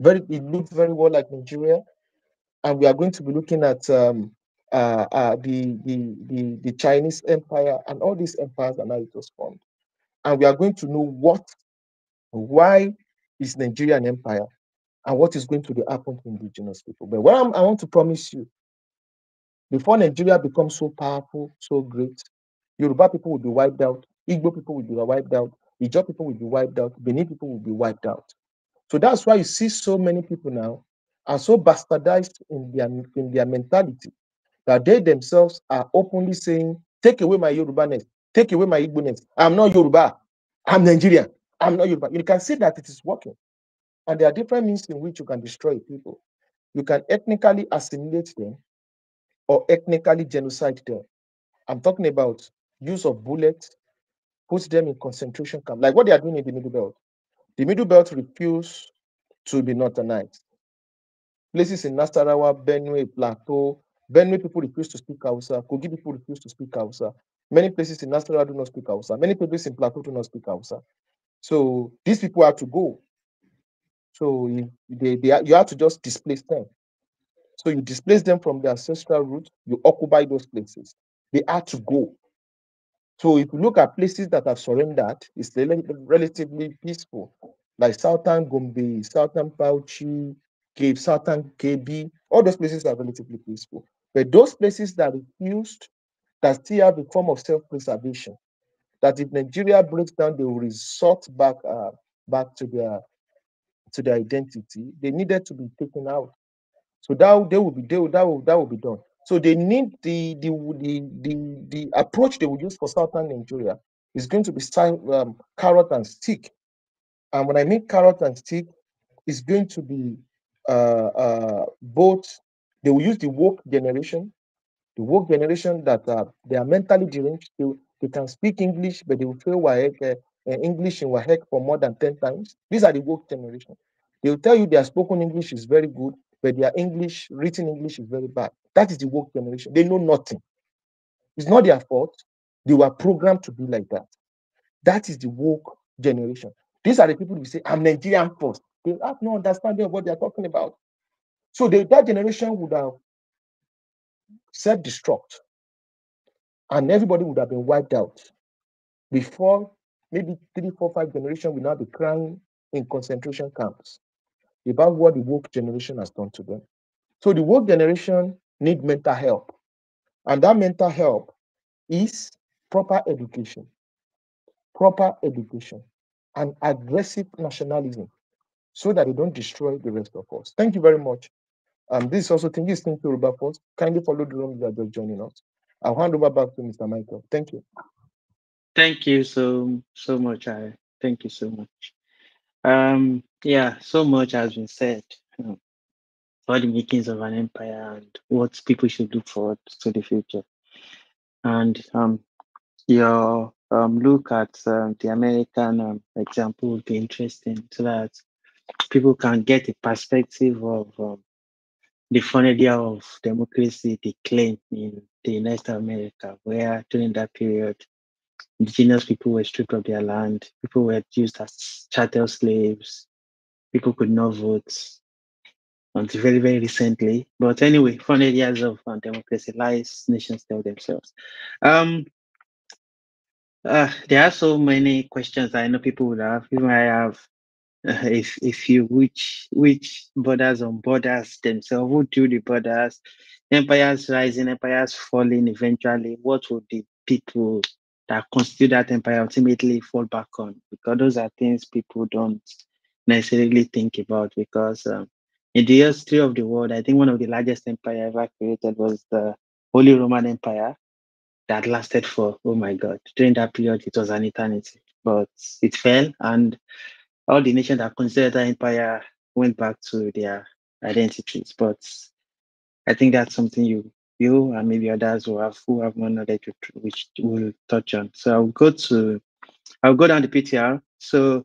Very, it looked very well like Nigeria, and we are going to be looking at um, uh, uh, the, the, the the Chinese Empire and all these empires and how it was formed and we are going to know what, why is Nigeria an empire, and what is going to happen to indigenous people. But what I'm, I want to promise you, before Nigeria becomes so powerful, so great, Yoruba people will be wiped out, Igbo people will be wiped out, Ijaw people will be wiped out, Benin people will be wiped out. So that's why you see so many people now are so bastardized in their in their mentality that they themselves are openly saying, "Take away my Yorubaness, Take away my ignorance. I'm not Yoruba. I'm Nigerian. I'm not Yoruba. You can see that it is working. And there are different means in which you can destroy people. You can ethnically assimilate them or ethnically genocide them. I'm talking about use of bullets, put them in concentration camp, like what they are doing in the Middle Belt. The Middle Belt refused to be northernized. Places in Nasarawa, Benue, Plateau, Benue people refuse to speak Hausa, Kogi people refuse to speak Hausa, Many places in Nasarawa do not speak Hausa. Many places in Plateau do not speak Hausa. So these people have to go. So you, they, they, you have to just displace them. So you displace them from their ancestral root. You occupy those places. They have to go. So if you look at places that have surrendered, it's relatively peaceful, like Southern Gombe, Southern Pauchi, Cape, Southern KB. All those places are relatively peaceful. But those places that refused that still have a form of self-preservation. That if Nigeria breaks down, they will resort back uh, back to their to their identity. They needed to be taken out. So that they will be they will, that will that will be done. So they need the the the the, the approach they will use for southern Nigeria is going to be style, um, carrot and stick. And when I mean carrot and stick, it's going to be uh, uh, both. They will use the woke generation the woke generation that uh, they are mentally deranged. They, they can speak English, but they will fail WAEC, uh, uh, English in WAEC for more than 10 times. These are the woke generation. They will tell you their spoken English is very good, but their English, written English is very bad. That is the woke generation. They know nothing. It's not their fault. They were programmed to be like that. That is the woke generation. These are the people who say, I'm Nigerian first. They have no understanding of what they're talking about. So the, that generation would have self destruct, and everybody would have been wiped out before maybe three, four, five generations will now be crying in concentration camps about what the woke generation has done to them. So the woke generation need mental help, and that mental help is proper education, proper education, and aggressive nationalism, so that they don't destroy the rest of us. Thank you very much. Um, this is also thank you, thank you, Yoruba Post. Kindly follow the room that just joining us. I'll hand over back to Mr. Michael. Thank you. Thank you so so much. I thank you so much. Um, yeah, so much has been said you know, about the makings of an empire and what people should look forward to the future. And um, your um, look at um, the American um, example would be interesting so that people can get a perspective of um, the different idea of democracy they in the United States of America, where during that period, indigenous people were stripped of their land, people were used as chattel slaves, people could not vote until very, very recently. But anyway, fun ideas of um, democracy lies nations tell themselves. Um, uh, there are so many questions I know people would have. Even I have uh, if if you which which borders on borders themselves who do the borders empires rising empires falling eventually what would the people that constitute that empire ultimately fall back on because those are things people don't necessarily think about because um, in the history of the world i think one of the largest empires ever created was the holy roman empire that lasted for oh my god during that period it was an eternity but it fell and all the nations that considered that empire went back to their identities. But I think that's something you you and maybe others who have who have more knowledge which will touch on. So I'll go to I'll go down the PTR. So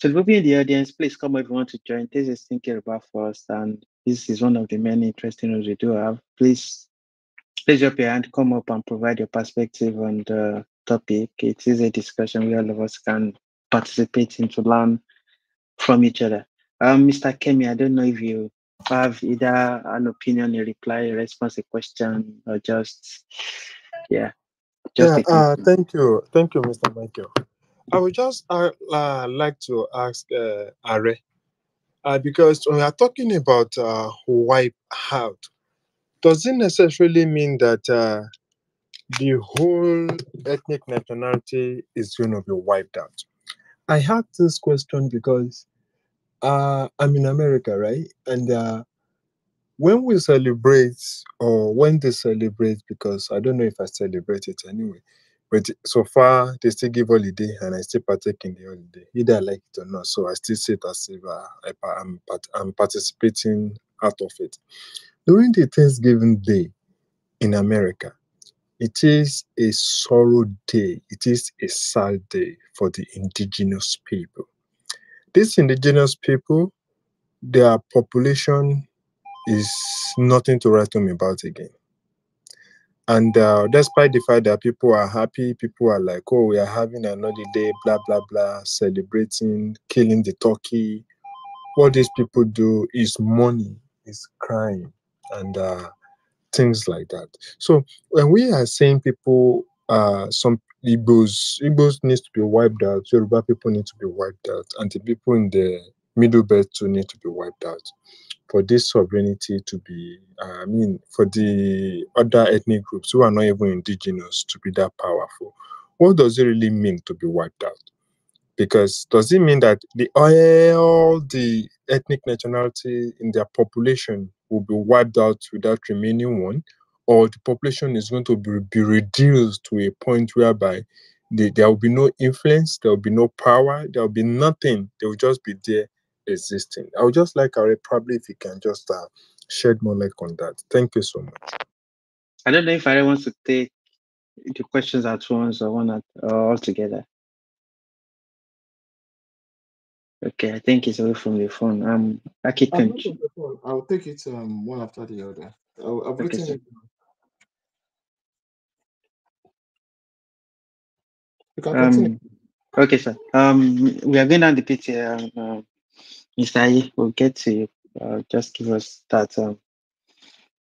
to the people in the audience, please come if you want to join. This is thinking about first, and this is one of the many interesting ones we do have. Please please your hand, come up and provide your perspective on the topic. It is a discussion where all of us can participate in to learn from each other. Um, Mr. Kemi, I don't know if you have either an opinion, a reply, a response, a question, or just, yeah. Just yeah uh, thank you. Thank you, Mr. Michael. I would just uh, uh, like to ask uh, Are, uh, because when we are talking about uh, wipe out, doesn't necessarily mean that uh, the whole ethnic nationality is going to be wiped out. I had this question because uh, I'm in America, right? And uh, when we celebrate, or when they celebrate, because I don't know if I celebrate it anyway, but so far they still give holiday and I still partake in the holiday, either I like it or not. So I still it as if uh, I, am I'm participating out of it. During the Thanksgiving Day in America, it is a sorrow day, it is a sad day for the indigenous people these indigenous people, their population is nothing to write home about again. And uh, despite the fact that people are happy, people are like, oh, we are having another day, blah, blah, blah, celebrating, killing the turkey. What these people do is money, is crime, and uh, things like that. So when we are saying people, uh, some Igbos, Igbos needs to be wiped out. Yoruba people need to be wiped out, and the people in the Middle Belt too need to be wiped out. For this sovereignty to be, I mean, for the other ethnic groups who are not even indigenous to be that powerful, what does it really mean to be wiped out? Because does it mean that the all the ethnic nationality in their population will be wiped out without remaining one? or the population is going to be, be reduced to a point whereby they, there will be no influence, there will be no power, there will be nothing. They will just be there existing. I would just like, Ari, probably if you can just uh, shed more light on that. Thank you so much. I don't know if Ari wants to take the questions at once or one at uh, all together. Okay, I think it's away from the phone. Um, Aki can. I'll take it um, one after the other. i have written it Um, okay, sir. Um, we are going down the pit here. And, um, uh, Mr. we will get to you. Uh, just give us that, um,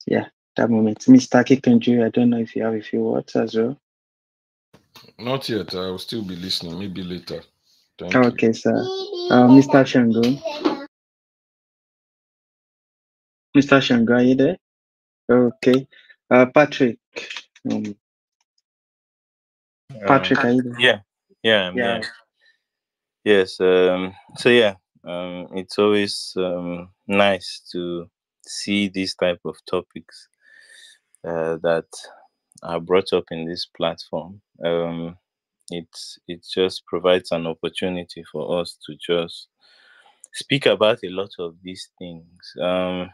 yeah, that moment. Mr. Kikunju, I don't know if you have a few words as well. Not yet. I will still be listening. Maybe later. Thank okay, you. sir. Uh, Mr. Shango. Mr. Shango, are you there? Okay. Uh, Patrick, um, um, Patrick Yeah, yeah, yeah. yeah. Yes. Um, so yeah, um, it's always um, nice to see these type of topics uh, that are brought up in this platform. Um, it it just provides an opportunity for us to just speak about a lot of these things. Um,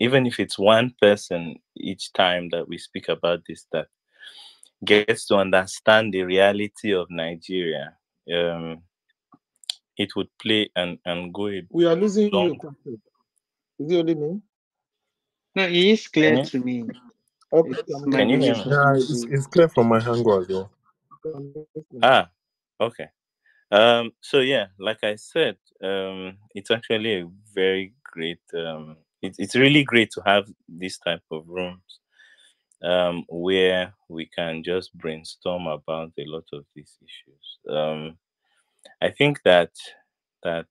even if it's one person each time that we speak about this, that gets to understand the reality of Nigeria, um, it would play and and go. we are losing long. you. Is it only me? No, it is clear to me. Okay. It's, Can you Yeah, it's, it's clear from my angle as well. Ah, okay. Um, so yeah, like I said, um, it's actually a very great. Um, it, it's really great to have this type of rooms um, where we can just brainstorm about a lot of these issues. Um, I think that that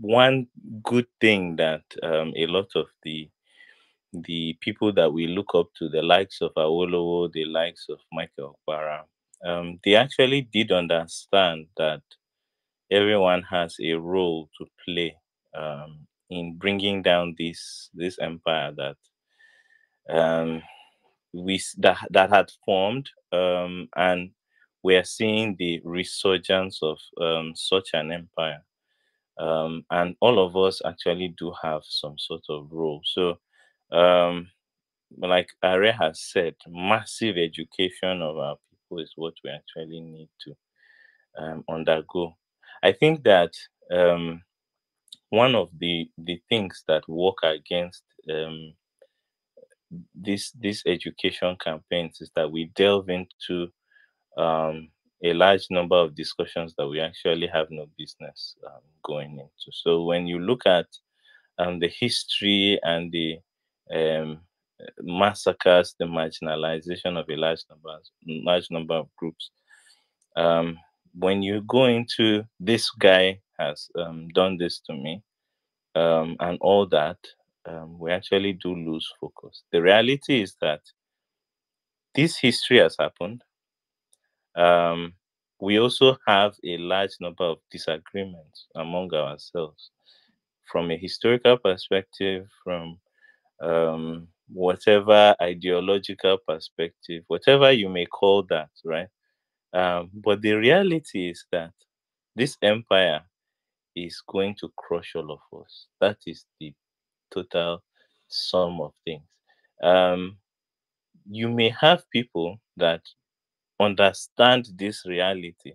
one good thing that um, a lot of the the people that we look up to, the likes of Awolowo, the likes of Michael Okpara, um, they actually did understand that everyone has a role to play um, in bringing down this this empire that um, we that that had formed, um, and we are seeing the resurgence of um, such an empire. Um, and all of us actually do have some sort of role. So, um, like Are has said, massive education of our people is what we actually need to um, undergo. I think that um, one of the the things that work against um, this this education campaigns is that we delve into um, a large number of discussions that we actually have no business um, going into. So when you look at um, the history and the um, massacres, the marginalization of a large number large number of groups, um, when you go into this guy has um, done this to me and all that, um, we actually do lose focus. The reality is that this history has happened. Um, we also have a large number of disagreements among ourselves from a historical perspective, from um, whatever ideological perspective, whatever you may call that, right? Um, but the reality is that this empire is going to crush all of us. That is the total sum of things. Um, you may have people that understand this reality.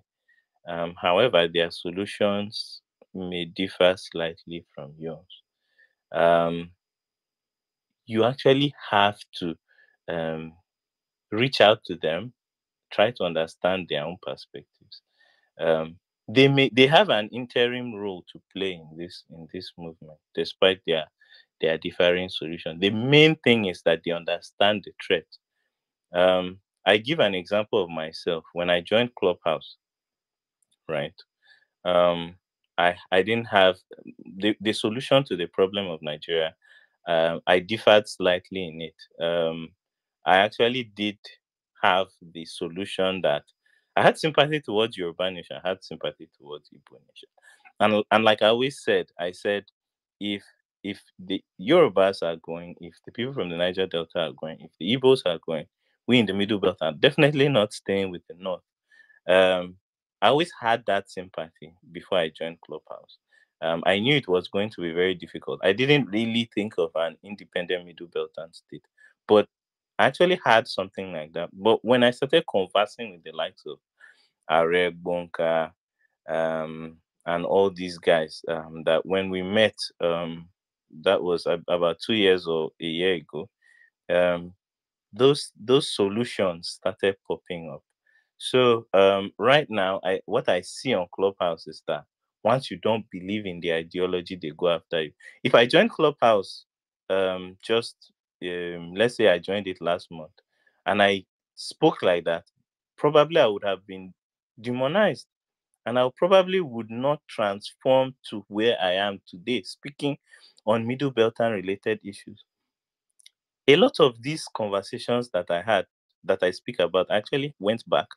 Um, however, their solutions may differ slightly from yours. Um, you actually have to um, reach out to them, try to understand their own perspectives. Um, they may they have an interim role to play in this in this movement, despite their there are different solutions. The main thing is that they understand the threat. Um, I give an example of myself. When I joined Clubhouse, right, um, I, I didn't have the, the solution to the problem of Nigeria. Uh, I differed slightly in it. Um, I actually did have the solution that I had sympathy towards Yoruba Nation, I had sympathy towards Igbo Nation. And, and like I always said, I said, if if the Yorubas are going, if the people from the Niger Delta are going, if the Igbos are going, we in the Middle Belt are definitely not staying with the North. Um, I always had that sympathy before I joined Clubhouse. Um, I knew it was going to be very difficult. I didn't really think of an independent Middle Belt and state, but I actually had something like that. But when I started conversing with the likes of Are Bonka, um, and all these guys um, that when we met um, that was about two years or a year ago, um, those those solutions started popping up. So um, right now, I what I see on Clubhouse is that once you don't believe in the ideology, they go after you. If I join Clubhouse, um, just um, let's say I joined it last month, and I spoke like that, probably I would have been demonized, and I probably would not transform to where I am today, speaking on Middle Belt and related issues. A lot of these conversations that I had, that I speak about, actually went back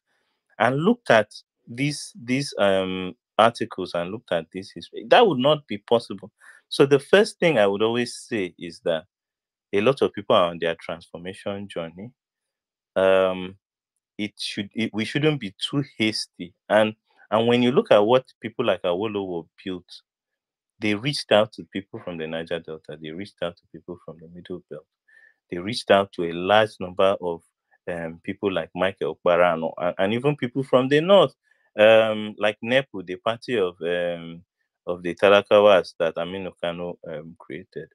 and looked at these these um, articles and looked at this history. That would not be possible. So the first thing I would always say is that a lot of people are on their transformation journey. Um, it should it, we shouldn't be too hasty. And and when you look at what people like Awolowo built, they reached out to people from the Niger Delta. They reached out to people from the Middle Belt. They reached out to a large number of um, people like Michael Barano and, and, even people from the north, um, like NEPU, the party of um, of the Talakawas that Aminu Kano um, created.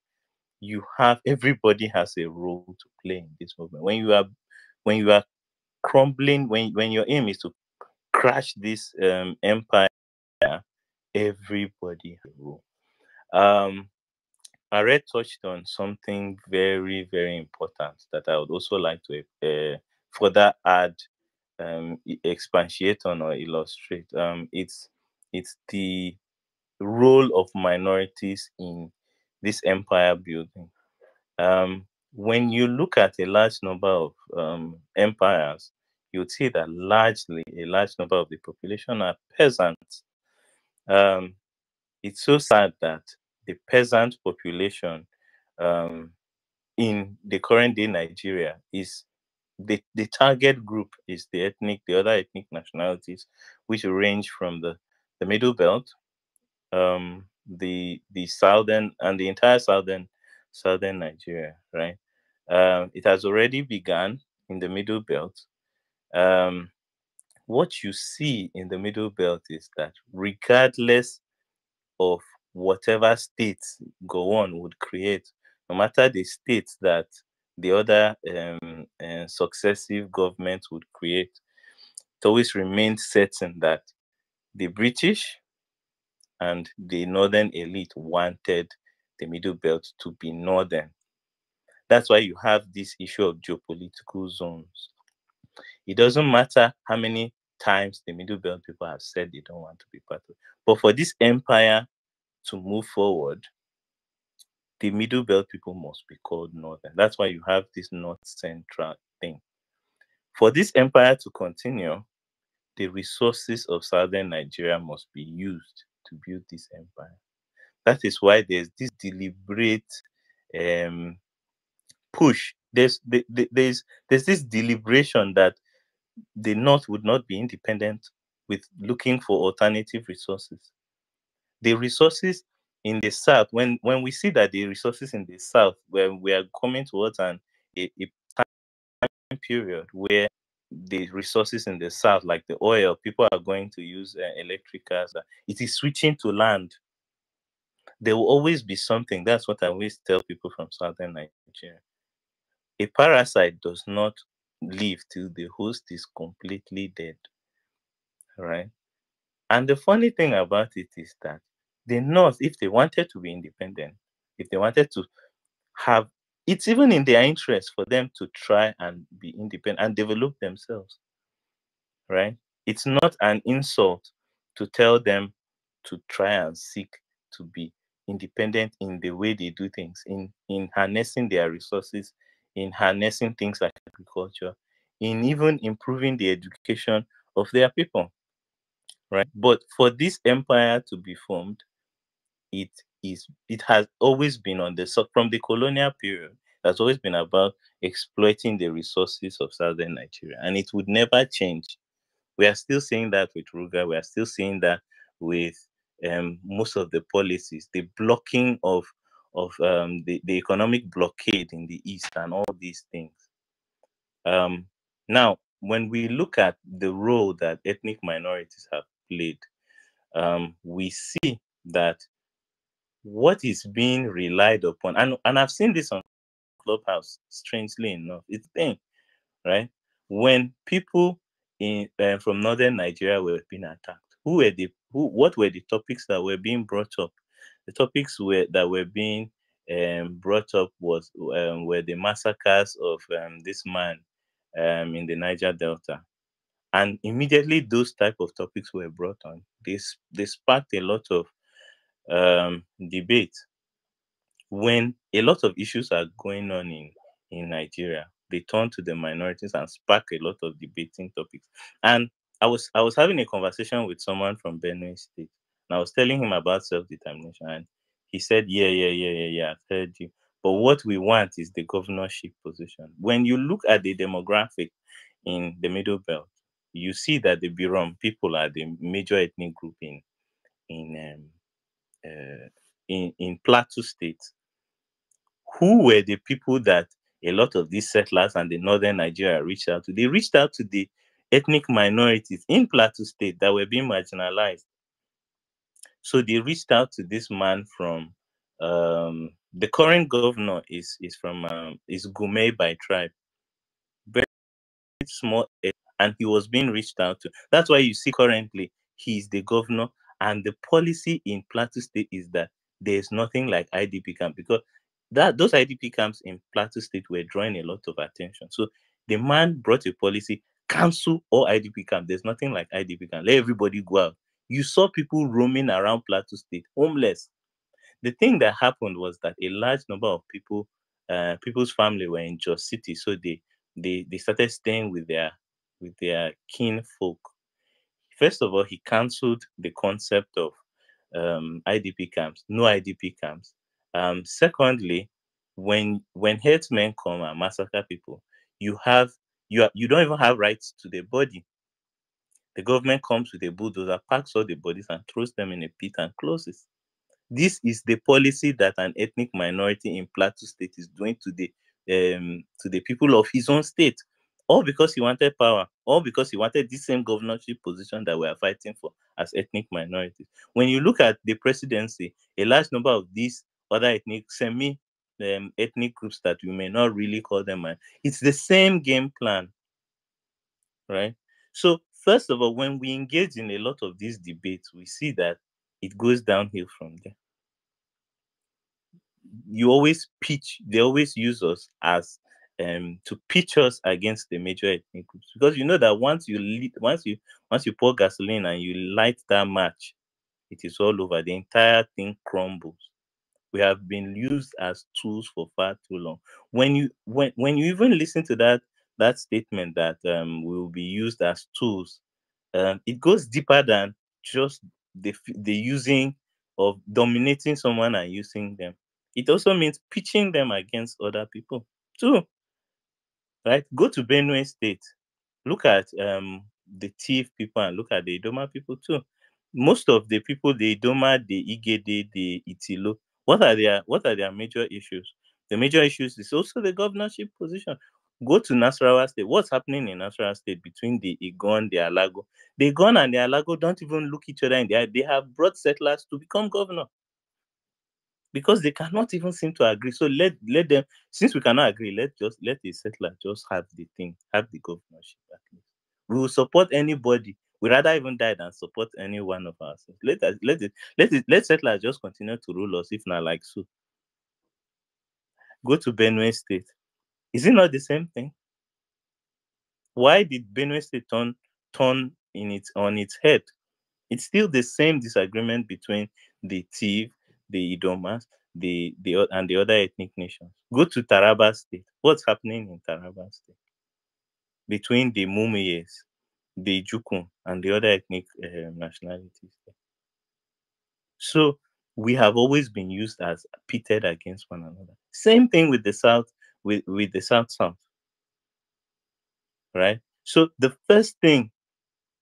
You have everybody has a role to play in this movement. When you are when you are crumbling, when when your aim is to crash this um, empire, everybody has a role. Um, Arete touched on something very, very important that I would also like to uh, further add, um, expatiate on or illustrate. Um, it's it's the role of minorities in this empire building. Um, when you look at a large number of um, empires, you see that largely a large number of the population are peasants. Um, it's so sad that the peasant population um, in the current day Nigeria is the, the target group is the ethnic, the other ethnic nationalities, which range from the, the middle belt, um, the the southern and the entire southern southern Nigeria, right? Um, it has already begun in the middle belt. Um, what you see in the middle belt is that regardless of whatever state go on would create, no matter the state that the other um, uh, successive governments would create, it always remained certain that the British and the northern elite wanted the Middle Belt to be northern. That's why you have this issue of geopolitical zones. It doesn't matter how many times the Middle Belt people have said they don't want to be part of it. But for this empire to move forward, the middle belt people must be called northern. That's why you have this north central thing. For this empire to continue, the resources of southern Nigeria must be used to build this empire. That is why there's this deliberate um, push. There's there's there's this deliberation that the North would not be independent with looking for alternative resources the resources in the south when when we see that the resources in the south when we are coming towards an a, a time period where the resources in the south like the oil people are going to use uh, electric cars uh, it is switching to land there will always be something that's what i always tell people from southern nigeria a parasite does not live till the host is completely dead right and the funny thing about it is that the North, if they wanted to be independent, if they wanted to have, it's even in their interest for them to try and be independent and develop themselves, right? It's not an insult to tell them to try and seek to be independent in the way they do things, in, in harnessing their resources, in harnessing things like agriculture, in even improving the education of their people, right? But for this empire to be formed, it is it has always been on the so from the colonial period has always been about exploiting the resources of southern Nigeria, and it would never change. We are still seeing that with Ruga. We are still seeing that with um, most of the policies, the blocking of of um, the, the economic blockade in the east, and all these things. Um, now, when we look at the role that ethnic minorities have played, um, we see that what is being relied upon. And and I've seen this on Clubhouse, strangely enough. It's thing, right? When people in uh, from northern Nigeria were being attacked, who were the who what were the topics that were being brought up? The topics were that were being um, brought up was um, were the massacres of um, this man um, in the Niger Delta, and immediately those type of topics were brought on. This they sparked a lot of um, debate when a lot of issues are going on in, in Nigeria. They turn to the minorities and spark a lot of debating topics. And I was I was having a conversation with someone from Benue State, and I was telling him about self-determination, and he said, "Yeah, yeah, yeah, yeah, yeah, I've heard you." But what we want is the governorship position. When you look at the demographic in the Middle Belt, you see that the Birom people are the major ethnic group in in um, uh, in, in Plateau State, who were the people that a lot of these settlers and the northern Nigeria reached out to? They reached out to the ethnic minorities in Plateau State that were being marginalized. So they reached out to this man from um, the current governor is is from um, is Gume by tribe, very small, and he was being reached out to. That's why you see currently he is the governor and the policy in Plateau State is that there's nothing like IDP camp because that those IDP camps in Plateau State were drawing a lot of attention. So the man brought a policy, cancel all IDP camp. There's nothing like IDP camp. Let everybody go out. You saw people roaming around Plateau State, homeless. The thing that happened was that a large number of people, uh, people's family were in Jos City, so they they they started staying with their with their kin folk First of all, he cancelled the concept of um, IDP camps, no IDP camps. Um, secondly, when when herdsmen come and massacre people, you have you are, you don't even have rights to the body. The government comes with a bulldozer, packs all the bodies and throws them in a pit and closes. This is the policy that an ethnic minority in Plateau State is doing to the um, to the people of his own state all because he wanted power, all because he wanted the same governorship position that we are fighting for as ethnic minorities. When you look at the presidency, a large number of these other ethnic, semi um, ethnic groups that we may not really call them, it's the same game plan, right? So, first of all, when we engage in a lot of these debates, we see that it goes downhill from there. You always pitch, they always use us as um, to pitch us against the major ethnic groups because you know that once you lead, once you once you pour gasoline and you light that match, it is all over. The entire thing crumbles. We have been used as tools for far too long. When you when when you even listen to that that statement that um, will be used as tools, um, it goes deeper than just the the using of dominating someone and using them. It also means pitching them against other people too right? Go to Benue State, look at um, the Tiv people and look at the Idoma people too. Most of the people, the Idoma, the Igede, the Itilo, what are their what are their major issues? The major issues is also the governorship position. Go to Nasarawa State. What's happening in Nasarawa State between the Igon, the Alago? The Igon and the Alago don't even look each other in the eye. They have brought settlers to become governor because they cannot even seem to agree. So let let them since we cannot agree, let just let the settler just have the thing, have the governorship at least. We will support anybody. We rather even die than support any one of us. Let us let it let it let settlers just continue to rule us if not like so. Go to Benue State. Is it not the same thing? Why did Benue State turn turn in its on its head? It's still the same disagreement between the thief the Idomas, the the and the other ethnic nations. Go to Taraba State. What's happening in Taraba State? Between the Mumiyes, the Jukun, and the other ethnic uh, nationalities. So we have always been used as pitted against one another. Same thing with the South, with, with the South South. Right? So the first thing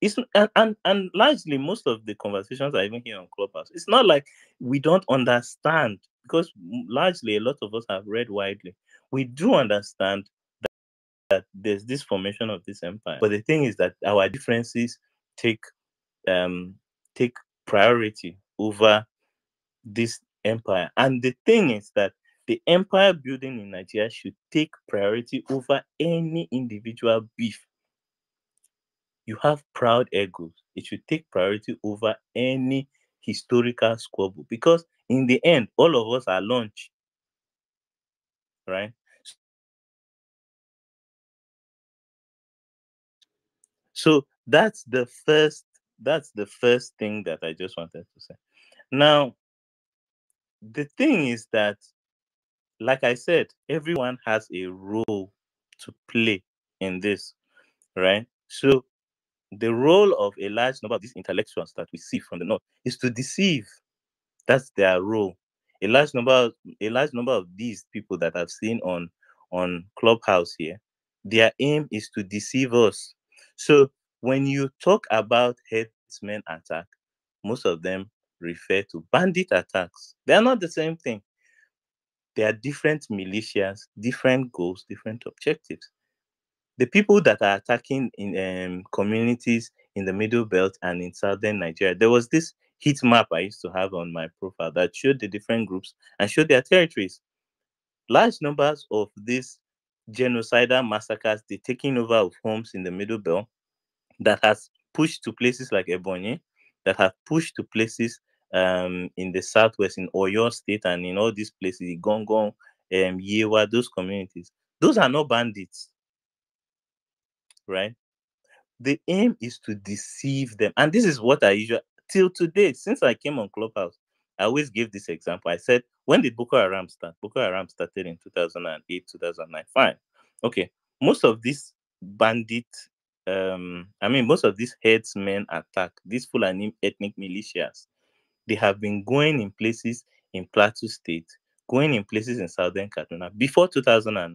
it's and and largely most of the conversations are even here on Clubhouse. It's not like we don't understand because largely a lot of us have read widely. We do understand that, that there's this formation of this empire, but the thing is that our differences take um, take priority over this empire. And the thing is that the empire building in Nigeria should take priority over any individual beef you have proud egos. It should take priority over any historical squabble because in the end, all of us are lunch. Right? So that's the first that's the first thing that I just wanted to say. Now, the thing is that, like I said, everyone has a role to play in this, right? So the role of a large number of these intellectuals that we see from the north is to deceive. That's their role. A large number, a large number of these people that I've seen on on Clubhouse here, their aim is to deceive us. So when you talk about headsmen attack, most of them refer to bandit attacks. They are not the same thing. They are different militias, different goals, different objectives. The people that are attacking in um, communities in the Middle Belt and in southern Nigeria, there was this heat map I used to have on my profile that showed the different groups and showed their territories. Large numbers of these genocidal massacres, the taking over of homes in the Middle Belt, that has pushed to places like Ebonyi, that have pushed to places um, in the southwest, in Oyo State, and in all these places, Gongong, um, Yewa, those communities. Those are not bandits right? The aim is to deceive them. And this is what I usually, till today, since I came on Clubhouse, I always give this example. I said, when did Boko Haram start? Boko Haram started in 2008, 2009. Fine. Okay. Most of these bandit, um, I mean, most of these headsmen attack, these Fulani ethnic militias, they have been going in places in Plateau State, going in places in Southern Kaduna before 2009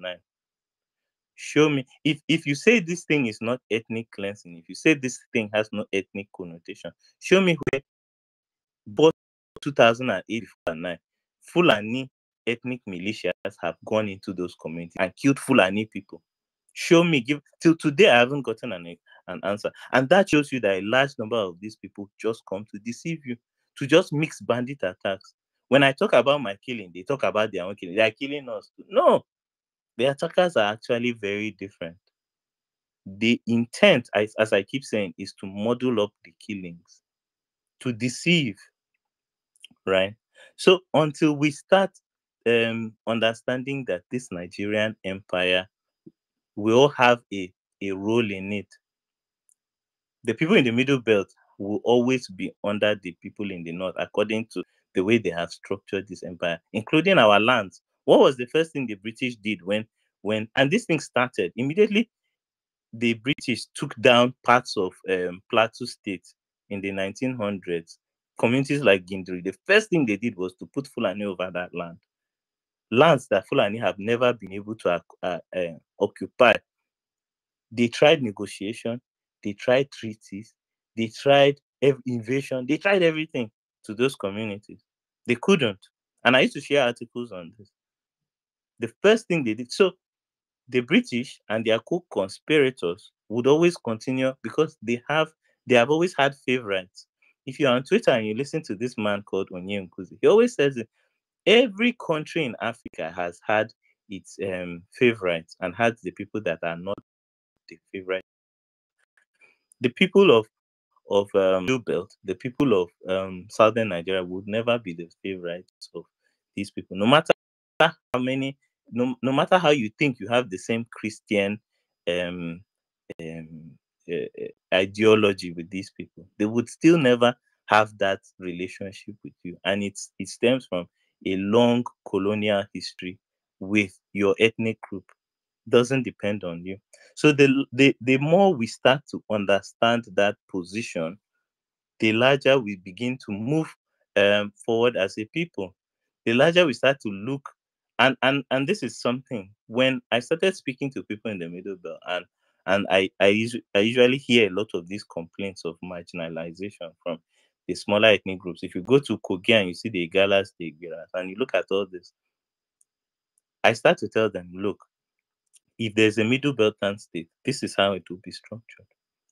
show me if if you say this thing is not ethnic cleansing if you say this thing has no ethnic connotation show me where both 2008 and 9 fulani ethnic militias have gone into those communities and killed fulani people show me give till today i haven't gotten an, an answer and that shows you that a large number of these people just come to deceive you to just mix bandit attacks when i talk about my killing they talk about their own killing they are killing us no the attackers are actually very different. The intent, as, as I keep saying, is to model up the killings, to deceive, right? So until we start um, understanding that this Nigerian empire will have a, a role in it, the people in the middle belt will always be under the people in the north, according to the way they have structured this empire, including our lands. What was the first thing the British did when when and this thing started immediately? The British took down parts of um, Plateau State in the 1900s. Communities like Gindri. The first thing they did was to put Fulani over that land, lands that Fulani have never been able to uh, uh, occupy. They tried negotiation. They tried treaties. They tried invasion. They tried everything to those communities. They couldn't. And I used to share articles on this the first thing they did, so the British and their co-conspirators would always continue because they have they have always had favorites. If you're on Twitter and you listen to this man called Onye he always says that every country in Africa has had its um, favorites and has the people that are not the favorite. The people of of um, Blue Belt, the people of um, southern Nigeria would never be the favorites of these people, no matter how many no, no matter how you think, you have the same Christian um, um, uh, ideology with these people. They would still never have that relationship with you, and it's it stems from a long colonial history with your ethnic group. Doesn't depend on you. So the the, the more we start to understand that position, the larger we begin to move um, forward as a people. The larger we start to look and and and this is something when i started speaking to people in the middle belt and and i i, I usually hear a lot of these complaints of marginalization from the smaller ethnic groups if you go to kogi and you see the igalas the igbiras and you look at all this i start to tell them look if there's a middle belt and state this is how it will be structured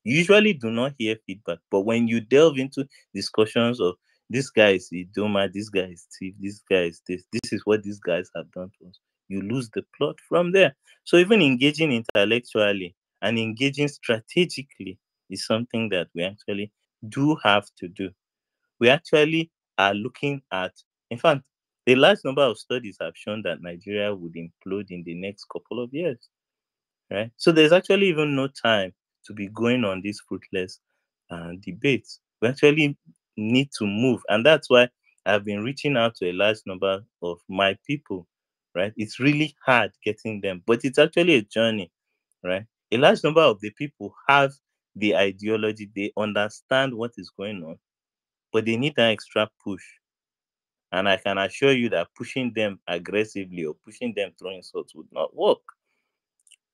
you usually do not hear feedback but when you delve into discussions of this guy is Idoma, this guy is thief, this guy is this. This is what these guys have done to us. You lose the plot from there. So even engaging intellectually and engaging strategically is something that we actually do have to do. We actually are looking at, in fact, the large number of studies have shown that Nigeria would implode in the next couple of years. Right? So there's actually even no time to be going on this fruitless uh, debates. We actually need to move. And that's why I've been reaching out to a large number of my people, right? It's really hard getting them, but it's actually a journey, right? A large number of the people have the ideology, they understand what is going on, but they need an extra push. And I can assure you that pushing them aggressively or pushing them throwing insults would not work,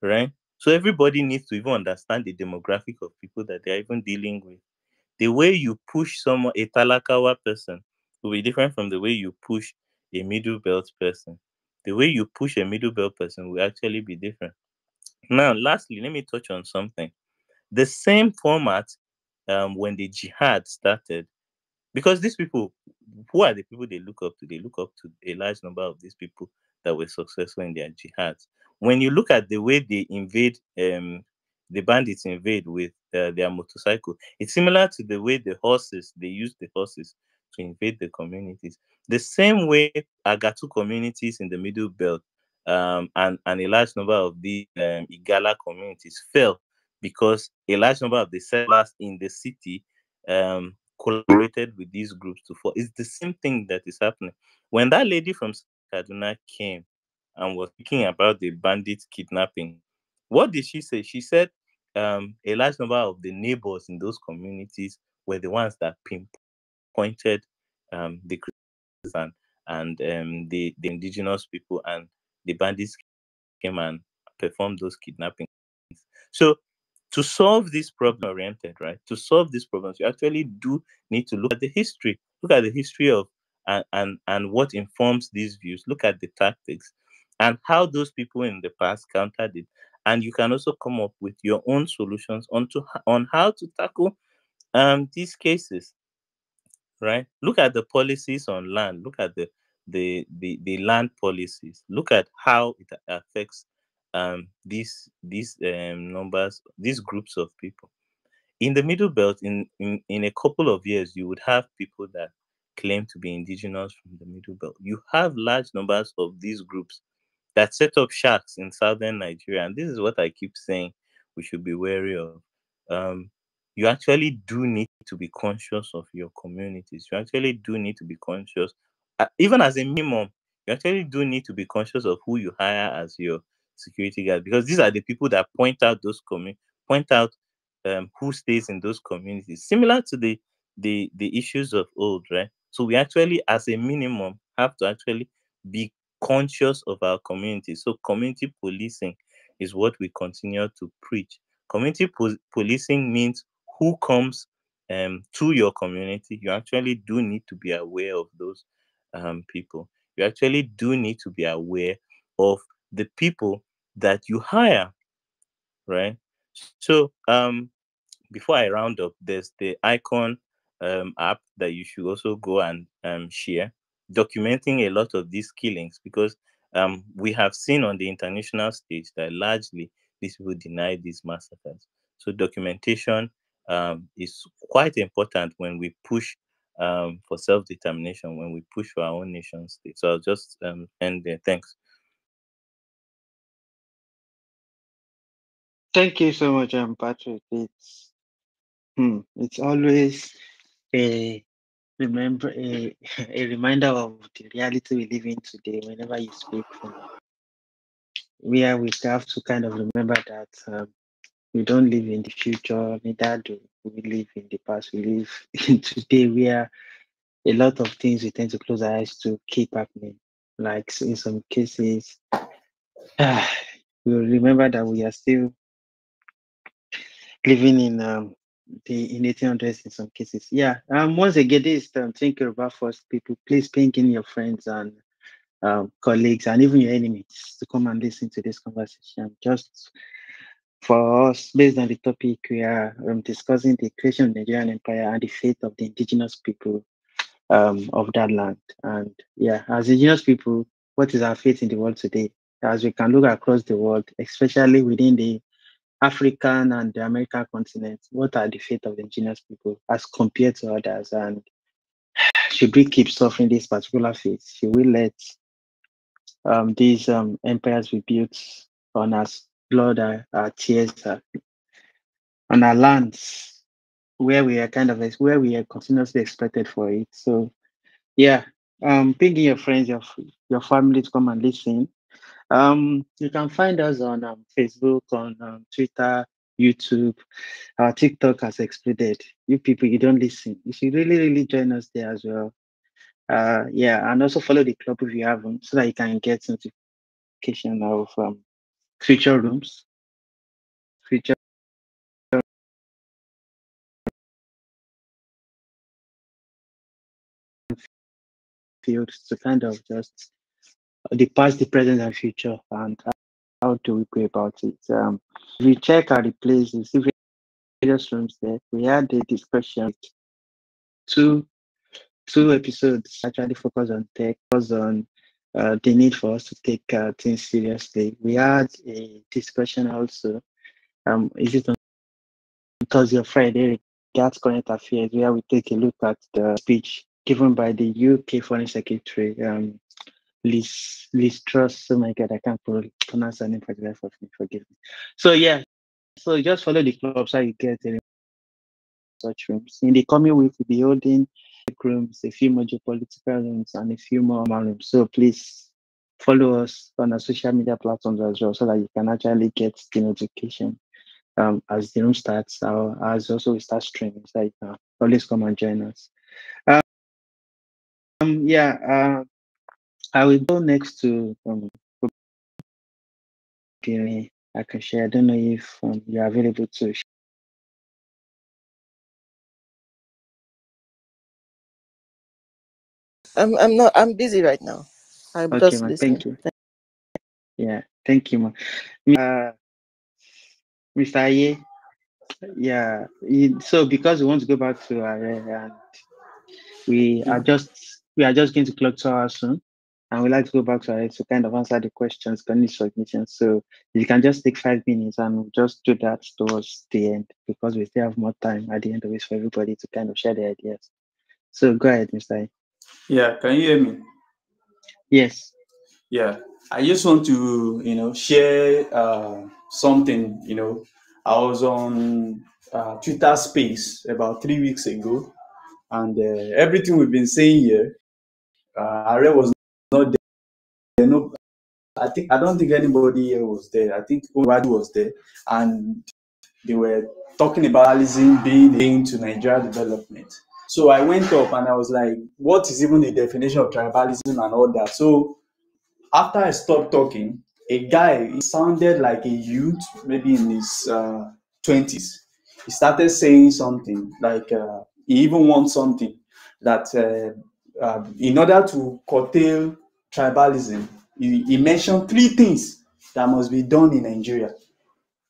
right? So everybody needs to even understand the demographic of people that they're even dealing with the way you push someone, a Talakawa person, will be different from the way you push a middle belt person. The way you push a middle belt person will actually be different. Now, lastly, let me touch on something. The same format um, when the jihad started, because these people, who are the people they look up to? They look up to a large number of these people that were successful in their jihads. When you look at the way they invade um, the bandits invade with uh, their motorcycle. It's similar to the way the horses, they use the horses to invade the communities. The same way Agatu communities in the Middle Belt um, and, and a large number of the um, Igala communities fell because a large number of the settlers in the city um, collaborated with these groups to fall. It's the same thing that is happening. When that lady from Kaduna came and was speaking about the bandit kidnapping, what did she say? She said um, a large number of the neighbors in those communities were the ones that pinpointed um, the Christians and, and um, the, the indigenous people, and the bandits came and performed those kidnappings. So, to solve this problem oriented, right? To solve these problems, you actually do need to look at the history. Look at the history of and and, and what informs these views. Look at the tactics and how those people in the past countered it and you can also come up with your own solutions on to on how to tackle um, these cases right look at the policies on land look at the the the, the land policies look at how it affects um, these these um, numbers these groups of people in the middle belt in, in in a couple of years you would have people that claim to be indigenous from the middle belt you have large numbers of these groups that set up sharks in southern Nigeria. And this is what I keep saying we should be wary of. Um, you actually do need to be conscious of your communities. You actually do need to be conscious, uh, even as a minimum, you actually do need to be conscious of who you hire as your security guard because these are the people that point out those commun- point out um, who stays in those communities. Similar to the the the issues of old, right? So we actually, as a minimum, have to actually be conscious of our community. So, community policing is what we continue to preach. Community po- policing means who comes um, to your community. You actually do need to be aware of those um, people. You actually do need to be aware of the people that you hire, right? So, um, before I round up, there's the icon um, app that you should also go and um, share documenting a lot of these killings because um, we have seen on the international stage that largely these people deny these massacres. So documentation um, is quite important when we push um, for self-determination, when we push for our own nation state. So I'll just um, end there. Thanks. Thank you so much, um, Patrick. It's hmm, it's always a remember a, a reminder of the reality we live in today whenever you speak from are we have to kind of remember that um, we don't live in the future neither do we live in the past we live in today We are a lot of things we tend to close our eyes to keep happening like in some cases uh, we remember that we are still living in um, the innate in some cases. Yeah. Um, once again, this is um, Think about First, people. Please ping in your friends and um, colleagues and even your enemies to come and listen to this conversation. Just for us, based on the topic, we are um, discussing the creation of Nigerian empire and the fate of the indigenous people um, of that land. And yeah, as indigenous people, what is our fate in the world today? As we can look across the world, especially within the African and the American continent, what are the fate of indigenous people as compared to others? And should we keep suffering this particular fate? Should we let um, these um, empires be built on our blood, our, uh, our tears, our, uh, on our lands, where we are kind of where we are continuously expected for it? So, yeah, um, bringing your friends, your your family to come and listen um, you can find us on um, Facebook, on um, Twitter, YouTube, our TikTok has exploded. You people, you don't listen. You should really, really join us there as well. Uh, yeah, and also follow the club if you haven't, so that you can get notification of um, future rooms, future fields to kind of just the past, the present, and future, and how do we go about it? Um, we check out the places, if various rooms there, we had a discussion two two episodes actually focus on tech, focus on uh, the need for us to take uh, things seriously. We had a discussion also. Um, is it on Thursday or Friday? Regards current affairs, where we take a look at the speech given by the UK Foreign Secretary um, Listros. Oh my God, I can't pronounce her name for the life of me. Forgive me. So yeah, so just follow the club so you get a such rooms. In the coming week, we'll be holding rooms, a few more political rooms, and a few more rooms. So please follow us on our social media platforms as well, so that you can actually get the notification um, as the room starts, or as also we start streaming. So you can always come and join us. Um, yeah, uh, I will go next to um, Gary Akashi. I don't know if um, you're available to I'm I'm not I'm busy right now. I'm okay, just listening. Thank you. Thank you. Yeah, thank you, ma. Uh, Mr. Aye, yeah. So because we want to go back to Aye, and we are hmm. just we are just going to clock to hours soon. And we'd like to go back to to kind of answer the questions, currently submissions. So you can just take five minutes and just do that towards the end because we still have more time at the end of this for everybody to kind of share their ideas. So go ahead, Mr. Yeah, can you hear me? Yes. Yeah, I just want to, you know, share uh, something, you know, I was on uh, Twitter space about three weeks ago and uh, everything we've been saying here, uh, was not there. No, I think I don't think anybody here was there. I think Owadu was there, and they were talking about Alizin being into Nigeria development. So I went up and I was like, "What is even the definition of tribalism and all that?" So after I stopped talking, a guy he sounded like a youth, maybe in his uh, twenties. Uh, he started saying something like uh, he even wants something that. Uh, uh, in order to curtail tribalism, he, he mentioned three things that must be done in Nigeria.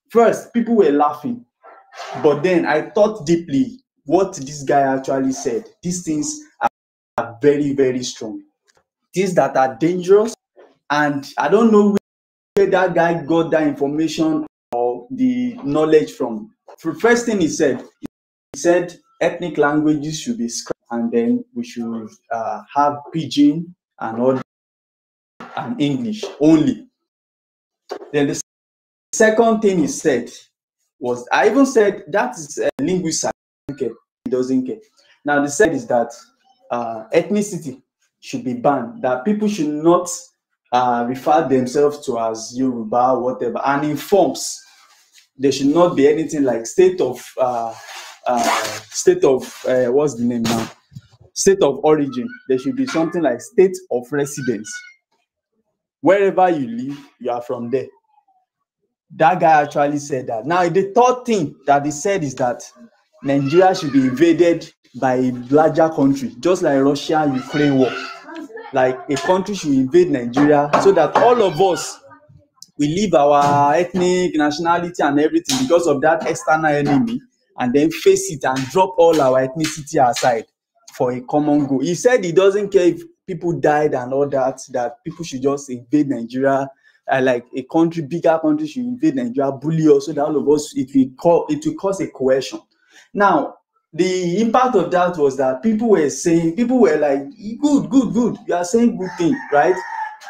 First, people were laughing, but then I thought deeply what this guy actually said. These things are very, very strong. Things that are dangerous, and I don't know where that guy got that information or the knowledge from. first thing he said, he said ethnic languages should be scrapped, and then we should uh, have pidgin and all and English only. Then the second thing he said was, I even said that is uh, linguist doesn't care. Now the said is that uh, ethnicity should be banned. That people should not uh, refer themselves to as Yoruba, whatever, and in forms there should not be anything like state of uh, uh state of uh, what's the name now? State of origin. There should be something like state of residence wherever you live, you are from there. That guy actually said that. Now, the third thing that he said is that Nigeria should be invaded by a larger country, just like Russia Ukraine war. Like a country should invade Nigeria so that all of us we leave our ethnic nationality and everything because of that external enemy and then face it and drop all our ethnicity aside for a common goal. He said he doesn't care if people died and all that, that people should just invade Nigeria. Uh, like a country, bigger country should invade Nigeria, bully us so that all of us, it will, co- it will cause a coercion. Now, the impact of that was that people were saying, people were like, good, good, good, you are saying good thing, right?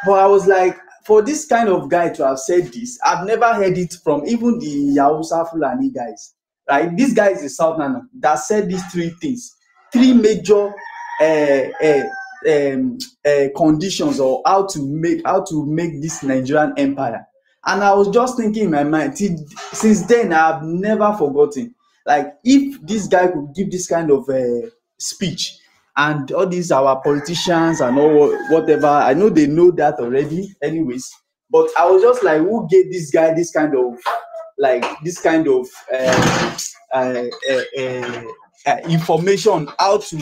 But I was like, for this kind of guy to have said this, I've never heard it from even the Yahusa Fulani guys, right? This guy is a Southerner that said these three things, three major uh, uh, um, uh, conditions or how to make how to make this Nigerian empire. And I was just thinking in my mind since then I've never forgotten. Like if this guy could give this kind of uh, speech, and all these our politicians and all whatever, I know they know that already. Anyways, but I was just like, who gave this guy this kind of like this kind of um, uh, uh, uh, uh, information how to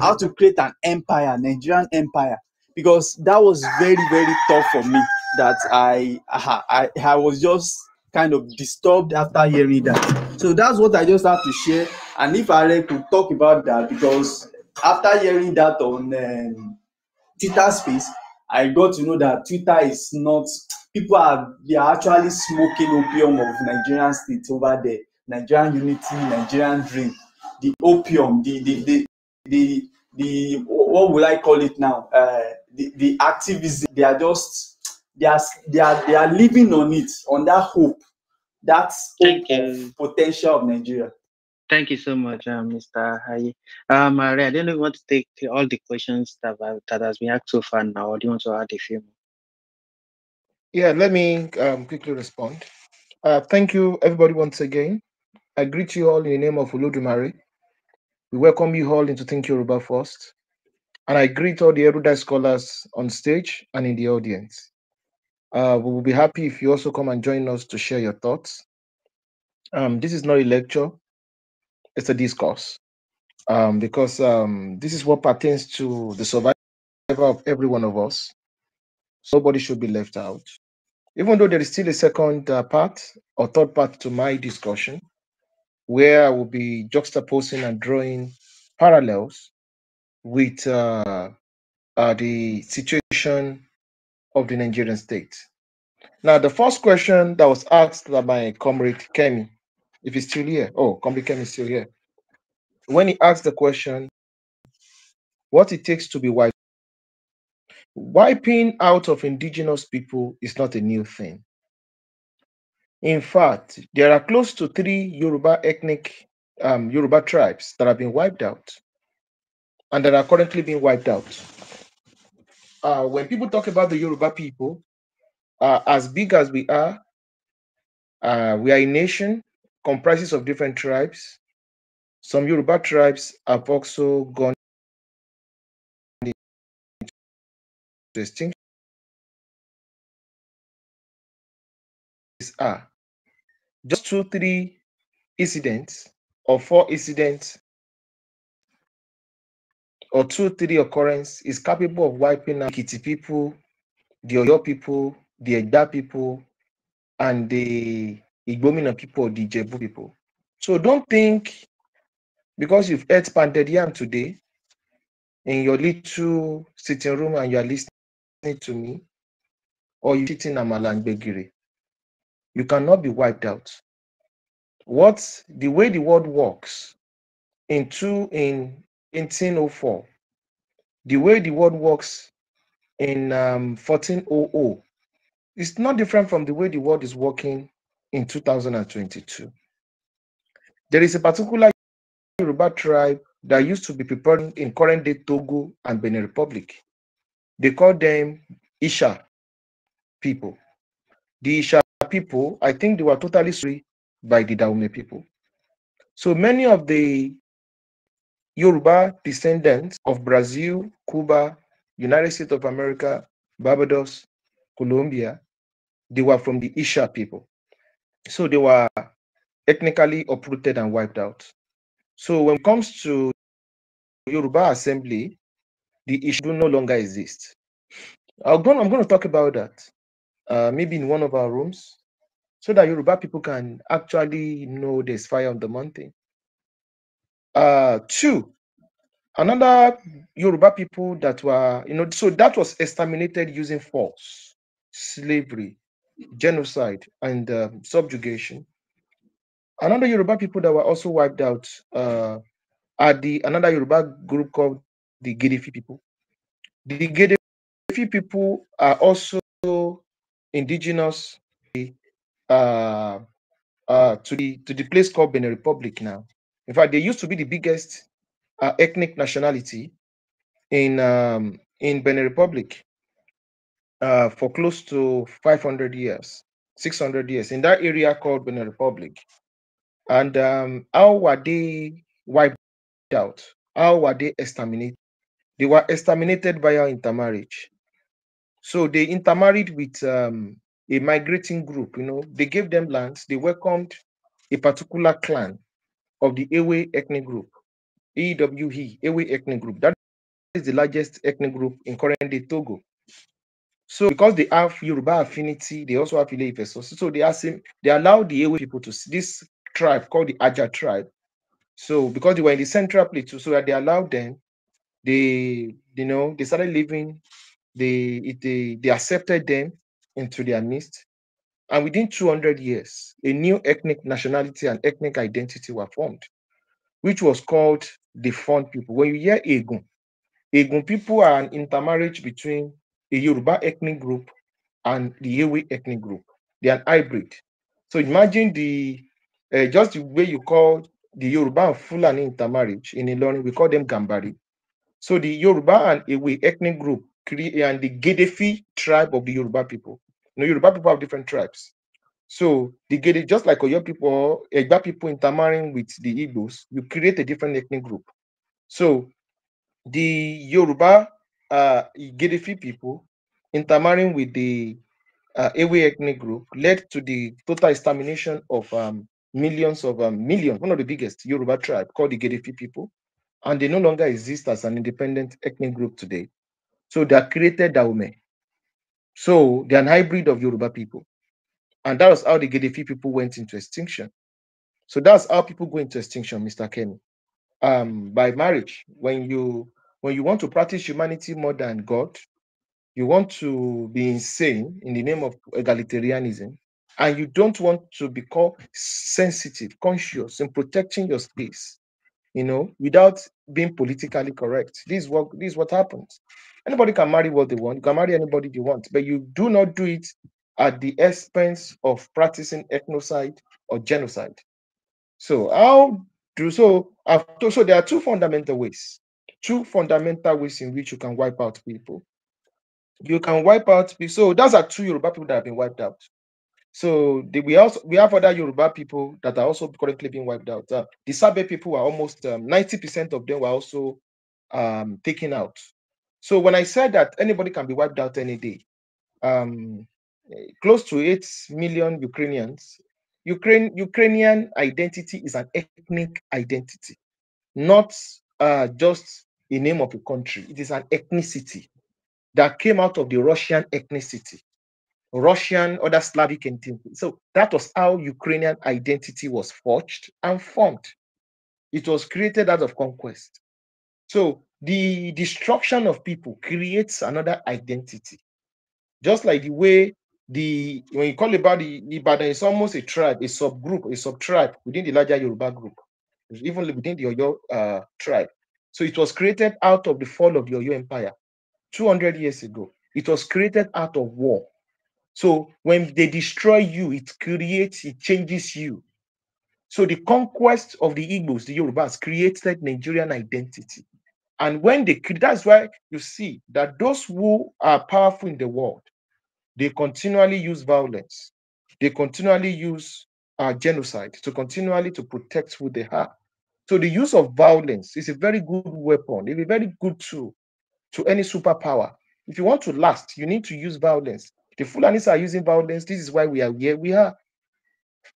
how to create an empire, Nigerian empire, because that was very very tough for me. That I I I was just kind of disturbed after hearing that. So that's what I just have to share. And if I could talk about that, because after hearing that on um, Twitter space, I got to know that Twitter is not people are they are actually smoking opium of Nigerian state over there, Nigerian unity, Nigerian dream the opium, the the the the, the what will I call it now? Uh, the, the activism. They are just they are they are they are living on it on that hope. That's hope potential of Nigeria. Thank you so much, uh, um, Mr. Hayi. Um, Maria, I don't know if you want to take all the questions that, that has been asked so far now, or do you want to add a few more? Yeah, let me um, quickly respond. Uh, thank you, everybody, once again. I greet you all in the name of Uludumare. We welcome you all into Think Yoruba First, and I greet all the erudite scholars on stage and in the audience. Uh, we will be happy if you also come and join us to share your thoughts. Um, this is not a lecture, it's a discourse, um, because um, this is what pertains to the survival of every one of us. Nobody should be left out. Even though there is still a second uh, part or third part to my discussion, where I will be juxtaposing and drawing parallels with uh, uh, the situation of the Nigerian state. Now, the first question that was asked by my comrade Kemi, if he's still here, oh, comrade Kemi is still here. When he asked the question, what it takes to be wiped, wiping out of indigenous people is not a new thing. In fact, there are close to three Yoruba ethnic um, Yoruba tribes that have been wiped out and that are currently being wiped out. Uh, when people talk about the Yoruba people, uh, as big as we are, uh, we are a nation comprises of different tribes. Some Yoruba tribes have also gone into extinction. are just two, three incidents or four incidents or two, three occurrence is capable of wiping out Kiti people, the Oyo people, the Egda people, and the Igbomina people, the Jebu people. So don't think because you've ate pounded yam today in your little sitting room and you are listening to me, or you're eating a and begiri. You cannot be wiped out. What the way the world works in two in 1804, the way the world works in um, 1400 is not different from the way the world is working in 2022. There is a particular Yoruba tribe that used to be prepared in current day Togo and Benin Republic. They call them Isha people. The Isha people, I think they were totally free by the Dahomey people. So many of the Yoruba descendants of Brazil, Cuba, United States of America, Barbados, Colombia, they were from the Isha people. So they were ethnically uprooted and wiped out. So when it comes to Yoruba assembly, the issue no longer exists. I'm going, to talk about that uh, maybe in one of our rooms so that Yoruba people can actually know there's fire on the mountain. Uh, two, another Yoruba people that were, you know, so that was exterminated using force, slavery, genocide, and uh, subjugation. Another Yoruba people that were also wiped out uh, are the another Yoruba group called the Gedefi people. The Gedefi people are also indigenous uh, uh, to the to the place called Benin Republic now. In fact, they used to be the biggest uh, ethnic nationality in um, in Benin Republic uh, for close to 500 years, 600 years in that area called Benin Republic. And um, how were they wiped out? How were they exterminated? They were exterminated via intermarriage. So they intermarried with um, a migrating group. You know, they gave them lands. They welcomed a particular clan of the Ewe ethnic group, EWE, Ewe ethnic group. That is the largest ethnic group in current day Togo. So because they have Yoruba affinity, they also have Ile So they ask him, they allow the Ewe people to this tribe called the Aja tribe. So because they were in the central plateau, so they allowed them, they you know they started living, they they they accepted them, into their midst. And within 200 years, a new ethnic nationality and ethnic identity were formed, which was called the Fon people. When you hear Egun, Egun people are an intermarriage between a Yoruba ethnic group and the Yewe ethnic group. They are an hybrid. So imagine the uh, just the way you call the Yoruba and Fulani intermarriage in Ilorin, we call them Gambari. So the Yoruba and Ewe ethnic group and the Gedefi tribe of the Yoruba people you know, Yoruba people have different tribes. So they get it just like Oyo people, Egba people intermarrying with the Igbos, you create a different ethnic group. So the Yoruba uh, Gedefi people intermarrying with the uh, Ewe ethnic group led to the total extermination of um, millions of um, millions, one of the biggest Yoruba tribe called the Gedefi people, and they no longer exist as an independent ethnic group today. So they are created Daume. So they're an hybrid of Yoruba people. And that was how the Gedefi people went into extinction. So that's how people go into extinction, Mr. Kenny. Um, by marriage, when you when you want to practice humanity more than God, you want to be insane in the name of egalitarianism, and you don't want to become sensitive, conscious in protecting your space, you know, without being politically correct. This is what this is what happens. Anybody can marry what they want. You can marry anybody they want, but you do not do it at the expense of practicing ethnocide or genocide. So how do so? After, so there are two fundamental ways, two fundamental ways in which you can wipe out people. You can wipe out people. So those are two Yoruba people that have been wiped out. So the, we also we have other Yoruba people that are also currently being wiped out. Uh, the Sabe people are almost um, ninety um, percent of them were also um, taken out. So when I said that anybody can be wiped out any day, um, close to eight million Ukrainians. Ukraine Ukrainian identity is an ethnic identity, not uh, just a name of a country. It is an ethnicity that came out of the Russian ethnicity, Russian other Slavic ethnicity. So that was how Ukrainian identity was forged and formed. It was created out of conquest. So the destruction of people creates another identity. Just like the way the when you call about the Ibadan, it's almost a tribe, a subgroup, a sub-tribe within the larger Yoruba group, even within the Oyo uh, tribe. So it was created out of the fall of the Oyo Empire 200 years ago. It was created out of war. So when they destroy you, it creates, it changes you. So the conquest of the Igbos, the Yorubas, created Nigerian identity. And when they kill, that's why you see that those who are powerful in the world, they continually use violence, they continually use uh, genocide to continually to protect who they are. So the use of violence is a very good weapon, it's a very good tool to any superpower. If you want to last, you need to use violence. The Fulanis are using violence. This is why we are here. We are.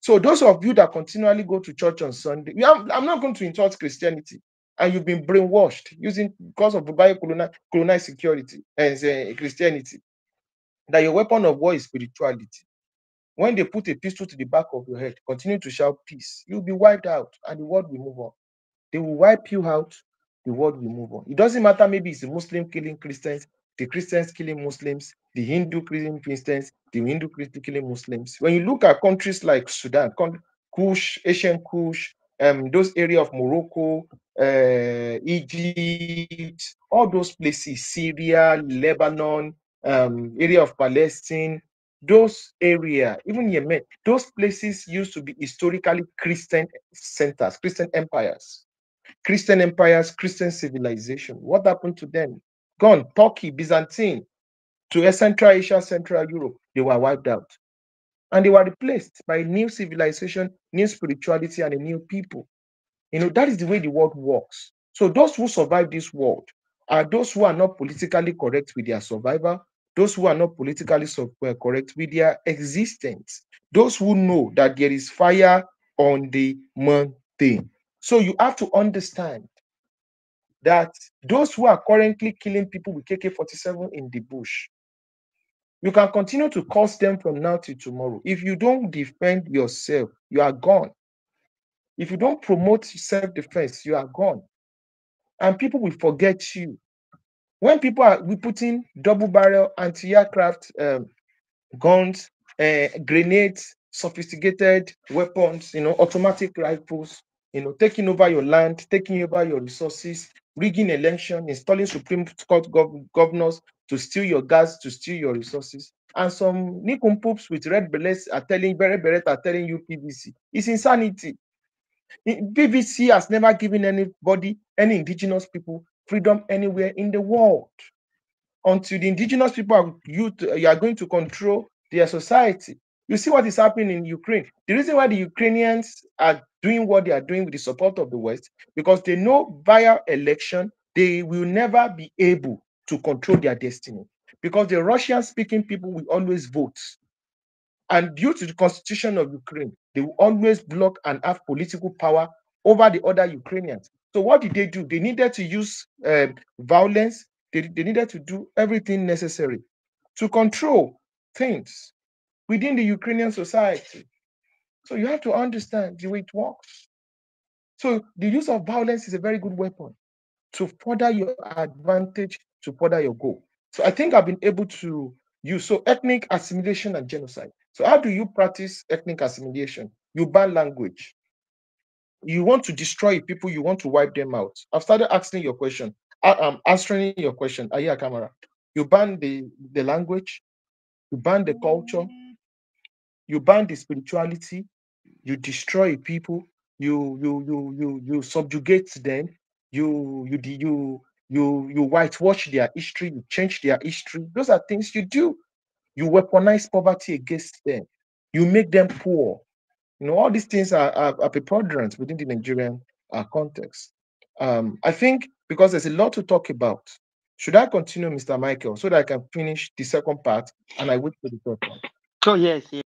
So those of you that continually go to church on Sunday, I'm not going to insult Christianity and you've been brainwashed using because of bio-colonized security and uh, eh, Christianity. That your weapon of war is spirituality. When they put a pistol to the back of your head, continue to shout peace. You'll be wiped out, and the world will move on. They will wipe you out. The world will move on. It doesn't matter. Maybe it's a Muslim killing Christians, the Christians killing Muslims, the Hindu killing Christians, the Hindu killing Muslims. When you look at countries like Sudan, Kush, Asian Kush, um, those areas of Morocco, uh, Egypt, all those places, Syria, Lebanon, um, area of Palestine, those area, even Yemen, those places used to be historically Christian centers, Christian empires, Christian empires, Christian civilization. What happened to them? Gone. Turkey, Byzantine, to Central Asia, Central Europe, they were wiped out. And they were replaced by new civilization, new spirituality, and a new people. You know, that is the way the world works. So those who survive this world are those who are not politically correct with their survival, those who are not politically uh, correct with their existence, those who know that there is fire on the mountain. So you have to understand that those who are currently killing people with KK 47 in the bush, you can continue to curse them from now till tomorrow. If you don't defend yourself, you are gone. If you don't promote self defense, you are gone. And people will forget you. When people are we putting double barrel anti aircraft um, guns, uh, grenades, sophisticated weapons, you know, automatic rifles, you know, taking over your land, taking over your resources, rigging election, installing Supreme Court gov- governors to steal your gas, to steal your resources. And some poops with red berets are telling, beret berets are telling you PVC. It's insanity. BBC has never given anybody, any indigenous people, freedom anywhere in the world. Until the indigenous people are you, to, you are going to control their society. You see what is happening in Ukraine. The reason why the Ukrainians are doing what they are doing with the support of the West, because they know via election they will never be able to control their destiny. Because the Russian speaking people will always vote and due to the constitution of Ukraine, they will always block and have political power over the other Ukrainians. So what did they do? They needed to use uh, violence. They, they needed to do everything necessary to control things within the Ukrainian society. So you have to understand the way it works. So the use of violence is a very good weapon to further your advantage, to further your goal. So I think I've been able to use so ethnic assimilation and genocide. So, how do you practice ethnic assimilation? You ban language. You want to destroy people, you want to wipe them out. I've started asking your question. I, am answering your question. Are you a camera? You ban the, the language, you ban the culture, you ban the spirituality, you destroy people, you you you you you subjugate them, you you you you you whitewash their history, you change their history. Those are things you do. You weaponize poverty against them. You make them poor. You know, all these things are, are, are preponderant within the Nigerian uh, context. Um, I think because there's a lot to talk about. Should I continue, Mr. Michael, so that I can finish the second part and I wait for the third one? So, yes, yes.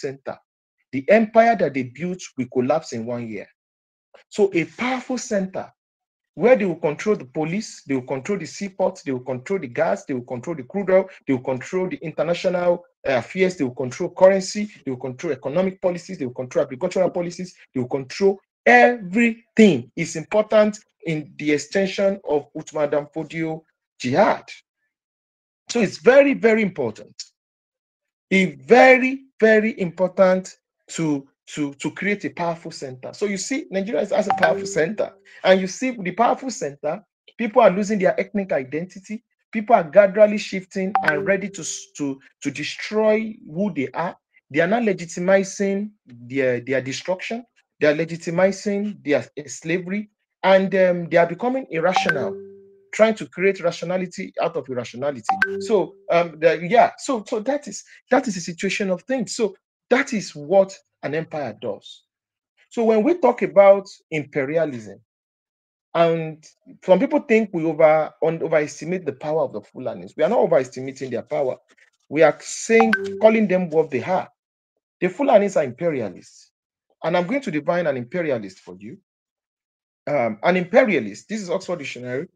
center. The empire that they built will collapse in one year. So, a powerful center where they will control the police, they will control the seaports, they will control the gas, they will control the crude oil, they will control the international uh, affairs, they will control currency, they will control economic policies, they will control agricultural policies, they will control everything. It's important in the extension of Utman Dampodio jihad. So it's very, very important. A very very important to to to create a powerful center. So you see, Nigeria as a powerful center, and you see the powerful center, people are losing their ethnic identity. People are gradually shifting and ready to to to destroy who they are. They are not legitimizing their their destruction. They are legitimizing their slavery, and um, they are becoming irrational trying to create rationality out of irrationality. So um, the, yeah, so so that is that is the situation of things. So that is what an empire does. So when we talk about imperialism, and some people think we over on, overestimate the power of the Fulanis. We are not overestimating their power. We are saying calling them what they are. The Fulanis are imperialists, and I'm going to define an imperialist for you. Um, an imperialist. This is Oxford Dictionary.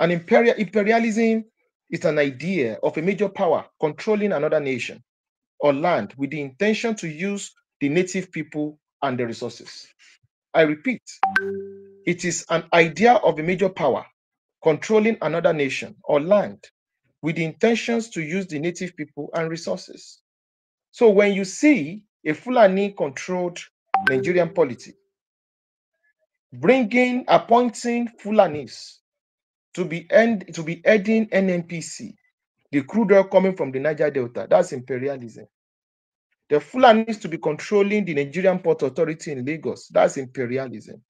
An imperial imperialism is an idea of a major power controlling another nation or land with the intention to use the native people and the resources. I repeat, it is an idea of a major power controlling another nation or land with the intentions to use the native people and resources. So when you see a Fulani controlled Nigerian polity, bringing, appointing Fulanis to be end to be adding NNPC, the crude oil coming from the Niger Delta. That's imperialism. The needs to be controlling the Nigerian Port Authority in Lagos. That's imperialism.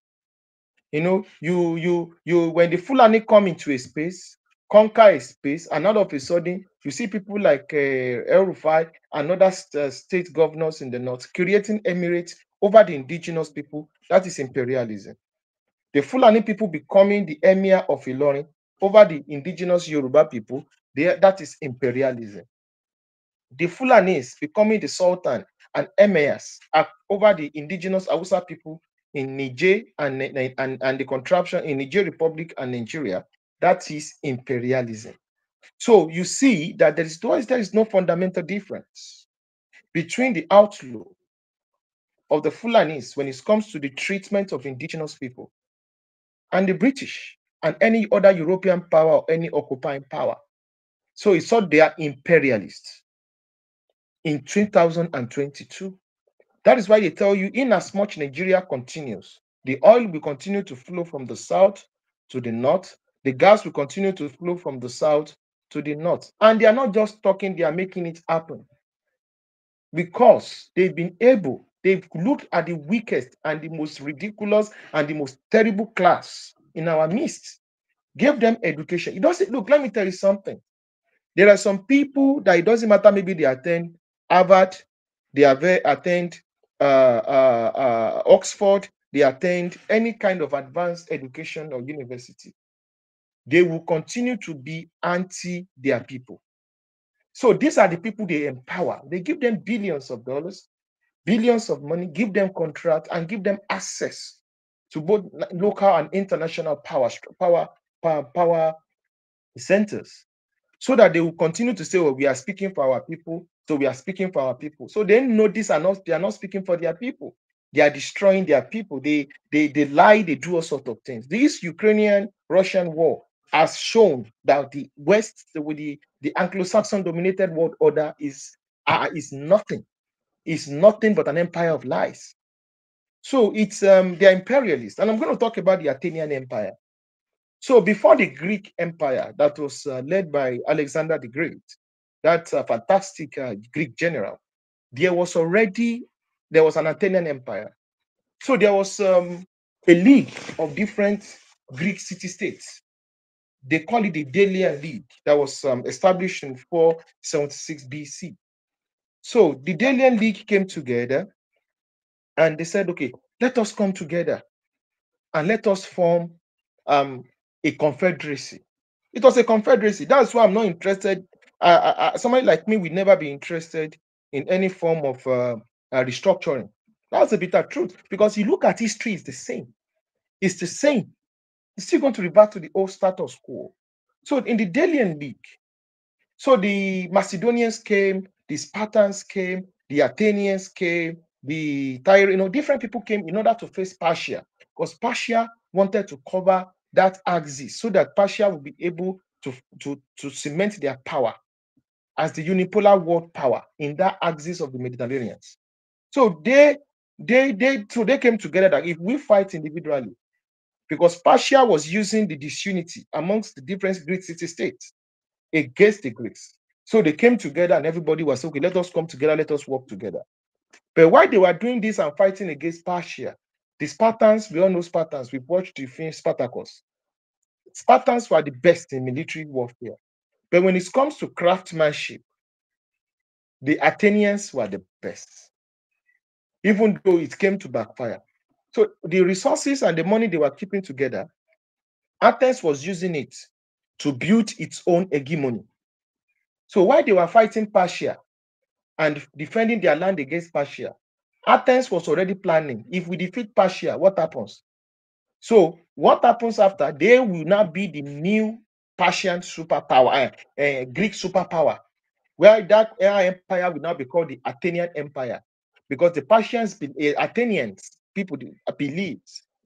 You know, you you you when the Fulani come into a space, conquer a space, and all of a sudden you see people like uh, El Rufai and other st- eh, state governors in the north creating emirates over the indigenous people. That is imperialism. The Fulani people becoming the emir of Ilorin over the indigenous Yoruba people, they, that is imperialism. The Fulanis becoming the Sultan and emirs over the indigenous Hausa people in Niger and, and, and the contraption in Niger Republic and Nigeria, that is imperialism. So you see that there is, there is no fundamental difference between the outlook of the Fulanis when it comes to the treatment of indigenous people and the British and any other European power or any occupying power. So he saw they are imperialists in 2022. That is why they tell you, in as much Nigeria continues, the oil will continue to flow from the south to the north, the gas will continue to flow from the south to the north. And they are not just talking, they are making it happen. Because they've been able, they've looked at the weakest and the most ridiculous and the most terrible class in our midst. Give them education. It doesn't look, let me tell you something. There are some people that it doesn't matter, maybe they attend Harvard, they eh, attend uh, uh, uh, Oxford, they attend any kind of advanced education or university. They will continue to be anti their people. So these are the people they empower. They give them billions of dollars, billions of money, give them contract, and give them access to both local and international power power power, power centers so that they will continue to say, well, we are speaking for our people, so we are speaking for our people. So they know this are not they are not speaking for their people. They are destroying their people. They they they lie, they do all sorts of things. This Ukrainian-Russian war has shown that the West, with the, the Anglo-Saxon dominated world order is uh, is nothing. It's nothing but an empire of lies. So it's um, they're imperialists, and I'm going to talk about the Athenian Empire. So before the Greek Empire that was uh, led by Alexander the Great, that uh, fantastic uh, Greek general, there was already there was an Athenian Empire. So there was um, a league of different Greek city-states. They call it the Delian League that was um, established in 476 BC. So the Delian League came together and they said, okay, let us come together and let us form um, a confederacy. It was a confederacy. That's why I'm not interested. Uh, uh, somebody like me would never be interested in any form of uh, uh restructuring. That's a bitter truth because you look at history, it's the same. It's the same. It's still going to revert to the old status quo. So in the Delian League, so the Macedonians came, the Spartans came, the Athenians came, the Tyre, you know, different people came in order to face Persia because Persia wanted to cover that axis so that Persia would be able to, to, to cement their power as the unipolar world power in that axis of the Mediterranean. So they they they so they came together that if we fight individually, because Persia was using the disunity amongst the different Greek city states against the Greeks. So they came together and everybody was okay, let us come together, let us work together. But while they were doing this and fighting against Persia, the Spartans, we all know Spartans, we've watched the film Spartacus. Spartans were the best in military warfare. But when it comes to craftsmanship, the Athenians were the best, even though it came to backfire. So the resources and the money they were keeping together, Athens was using it to build its own hegemony. So while they were fighting Persia, and defending their land against Persia. Athens was already planning. If we defeat Persia, what happens? So, what happens after? They will now be the new Persian superpower, uh, uh, Greek superpower, where that empire will now be called the Athenian Empire, because the Persians, uh, Athenians, people believe uh,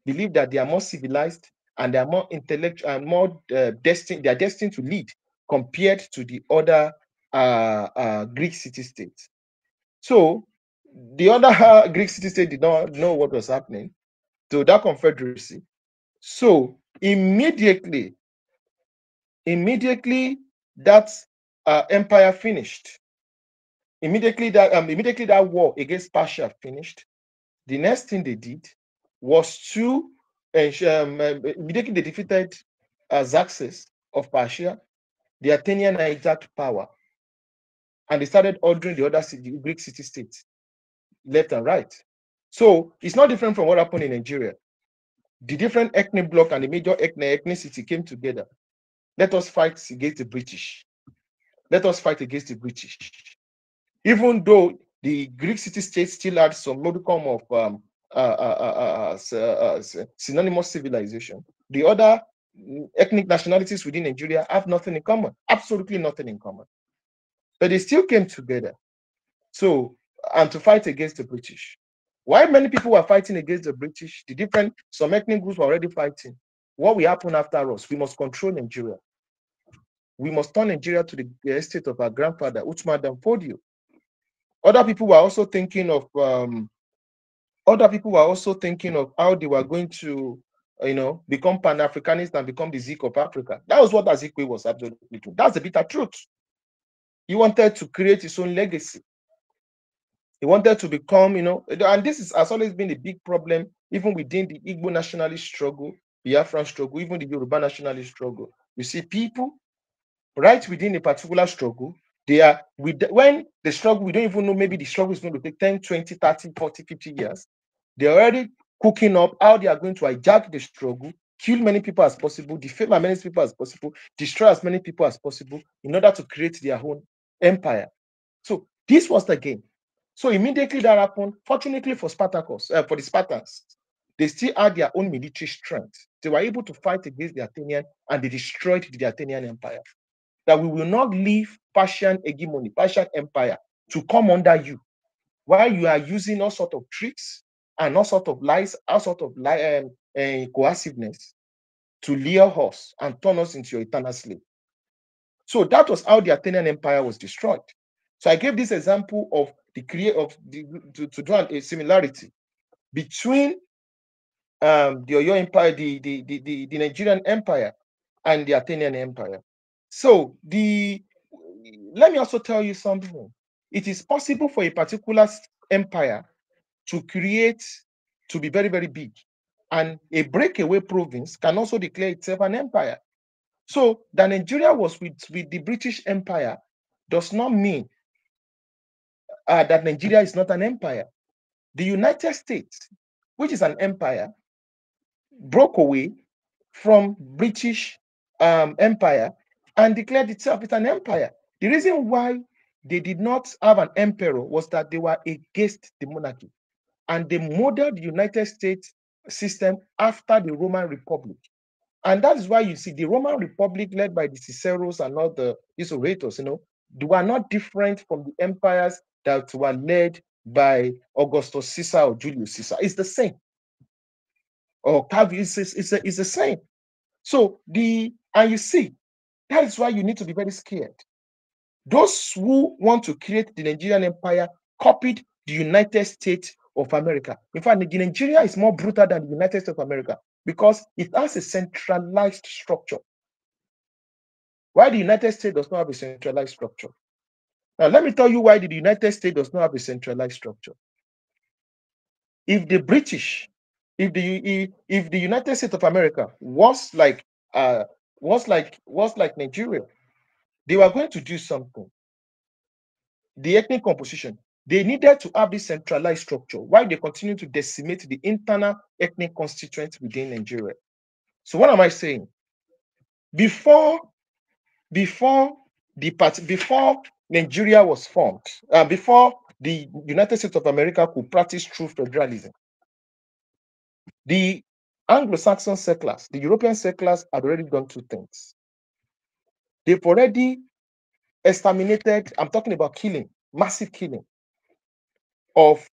believe that they are more civilized and they are more intellectual and more uh, destined. They are destined to lead compared to the other uh, uh, Greek city states. So the other uh, Greek city state did not know what was happening to that confederacy. So immediately, immediately that uh, empire finished. Immediately that um, immediately that war against Persia finished. The next thing they did was to um, uh, immediately they defeated uh, Xerxes of Persia. The Athenian exact power and they started ordering the other Greek city states left and right. So it's not different from what happened in Nigeria. The different ethnic bloc and the major ethnicity came together. Let us fight against the British. Let us fight against the British. Even though the Greek city state still had some modicum of um, uh, uh, uh, synonymous civilization, the other ethnic nationalities within Nigeria have nothing in common, absolutely nothing in common. But they still came together. So, and to fight against the British. Why many people were fighting against the British, the different, some ethnic groups were already fighting. What will happen after us? We must control Nigeria. We must turn Nigeria to the estate of our grandfather, Uthman Danfodio. Other people were also thinking of, um, other people were also thinking of how they were going to uh, you know, become Pan-Africanist and become the Zeke of Africa. That was what Azikwe was absolutely doing. That's the bitter truth. He wanted to create his own legacy. He wanted to become, you know, and this is, has always been a big problem, even within the Igbo nationalist struggle, the Biafran struggle, even the Yoruba nationalist struggle. You see, people right within a particular struggle, they are with the, when the struggle, we don't even know maybe the struggle is going to take 10, 20, 30, 40, 50 years. They're already cooking up how they are going to hijack the struggle, kill many people as possible, defame as many people as possible, destroy as many people as possible in order to create their own Empire. So this was the game. So immediately that happened, fortunately for Spartacus, uh, for the Spartans, they still had their own military strength. They were able to fight against the Athenian and they destroyed the Athenian Empire. That we will not leave Persian hegemony, Persian Empire to come under you while you are using all sort of tricks and all sort of lies, all sort of um, uh, coerciveness to lure us and turn us into your eternal slave. So that was how the Athenian Empire was destroyed. So I gave this example of the create of the, to, to draw a similarity between um, the Oyo Empire, the, the, the, the, Nigerian Empire, and the Athenian Empire. So the let me also tell you something. It is possible for a particular empire to create to be very, very big. And a breakaway province can also declare itself an empire. So that Nigeria was with, with the British Empire does not mean uh, that Nigeria is not an empire. The United States, which is an empire, broke away from British um, Empire and declared itself as an empire. The reason why they did not have an emperor was that they were against the monarchy and they modeled the United States system after the Roman Republic. And that is why you see the Roman Republic led by the Ciceros and not the Isorators, you know, they were not different from the empires that were led by Augustus Caesar or Julius Caesar. It's the same. Or Cavius is it's, it's the same. So the and you see, that is why you need to be very scared. Those who want to create the Nigerian empire copied the United States of America. In fact, Nigeria is more brutal than the United States of America because it has a centralized structure. Why the United States does not have a centralized structure? Now, let me tell you why the United States does not have a centralized structure. If the British, if the if the United States of America was like uh, was like was like Nigeria, they were going to do something. The ethnic composition they needed to have this centralized structure while they continue to decimate the internal ethnic constituents within Nigeria. So what am I saying? Before, before the part, before Nigeria was formed, uh, before the United States of America could practice true federalism, the Anglo-Saxon settlers, the European settlers, had already done two things. They've already exterminated. I'm talking about killing, massive killing of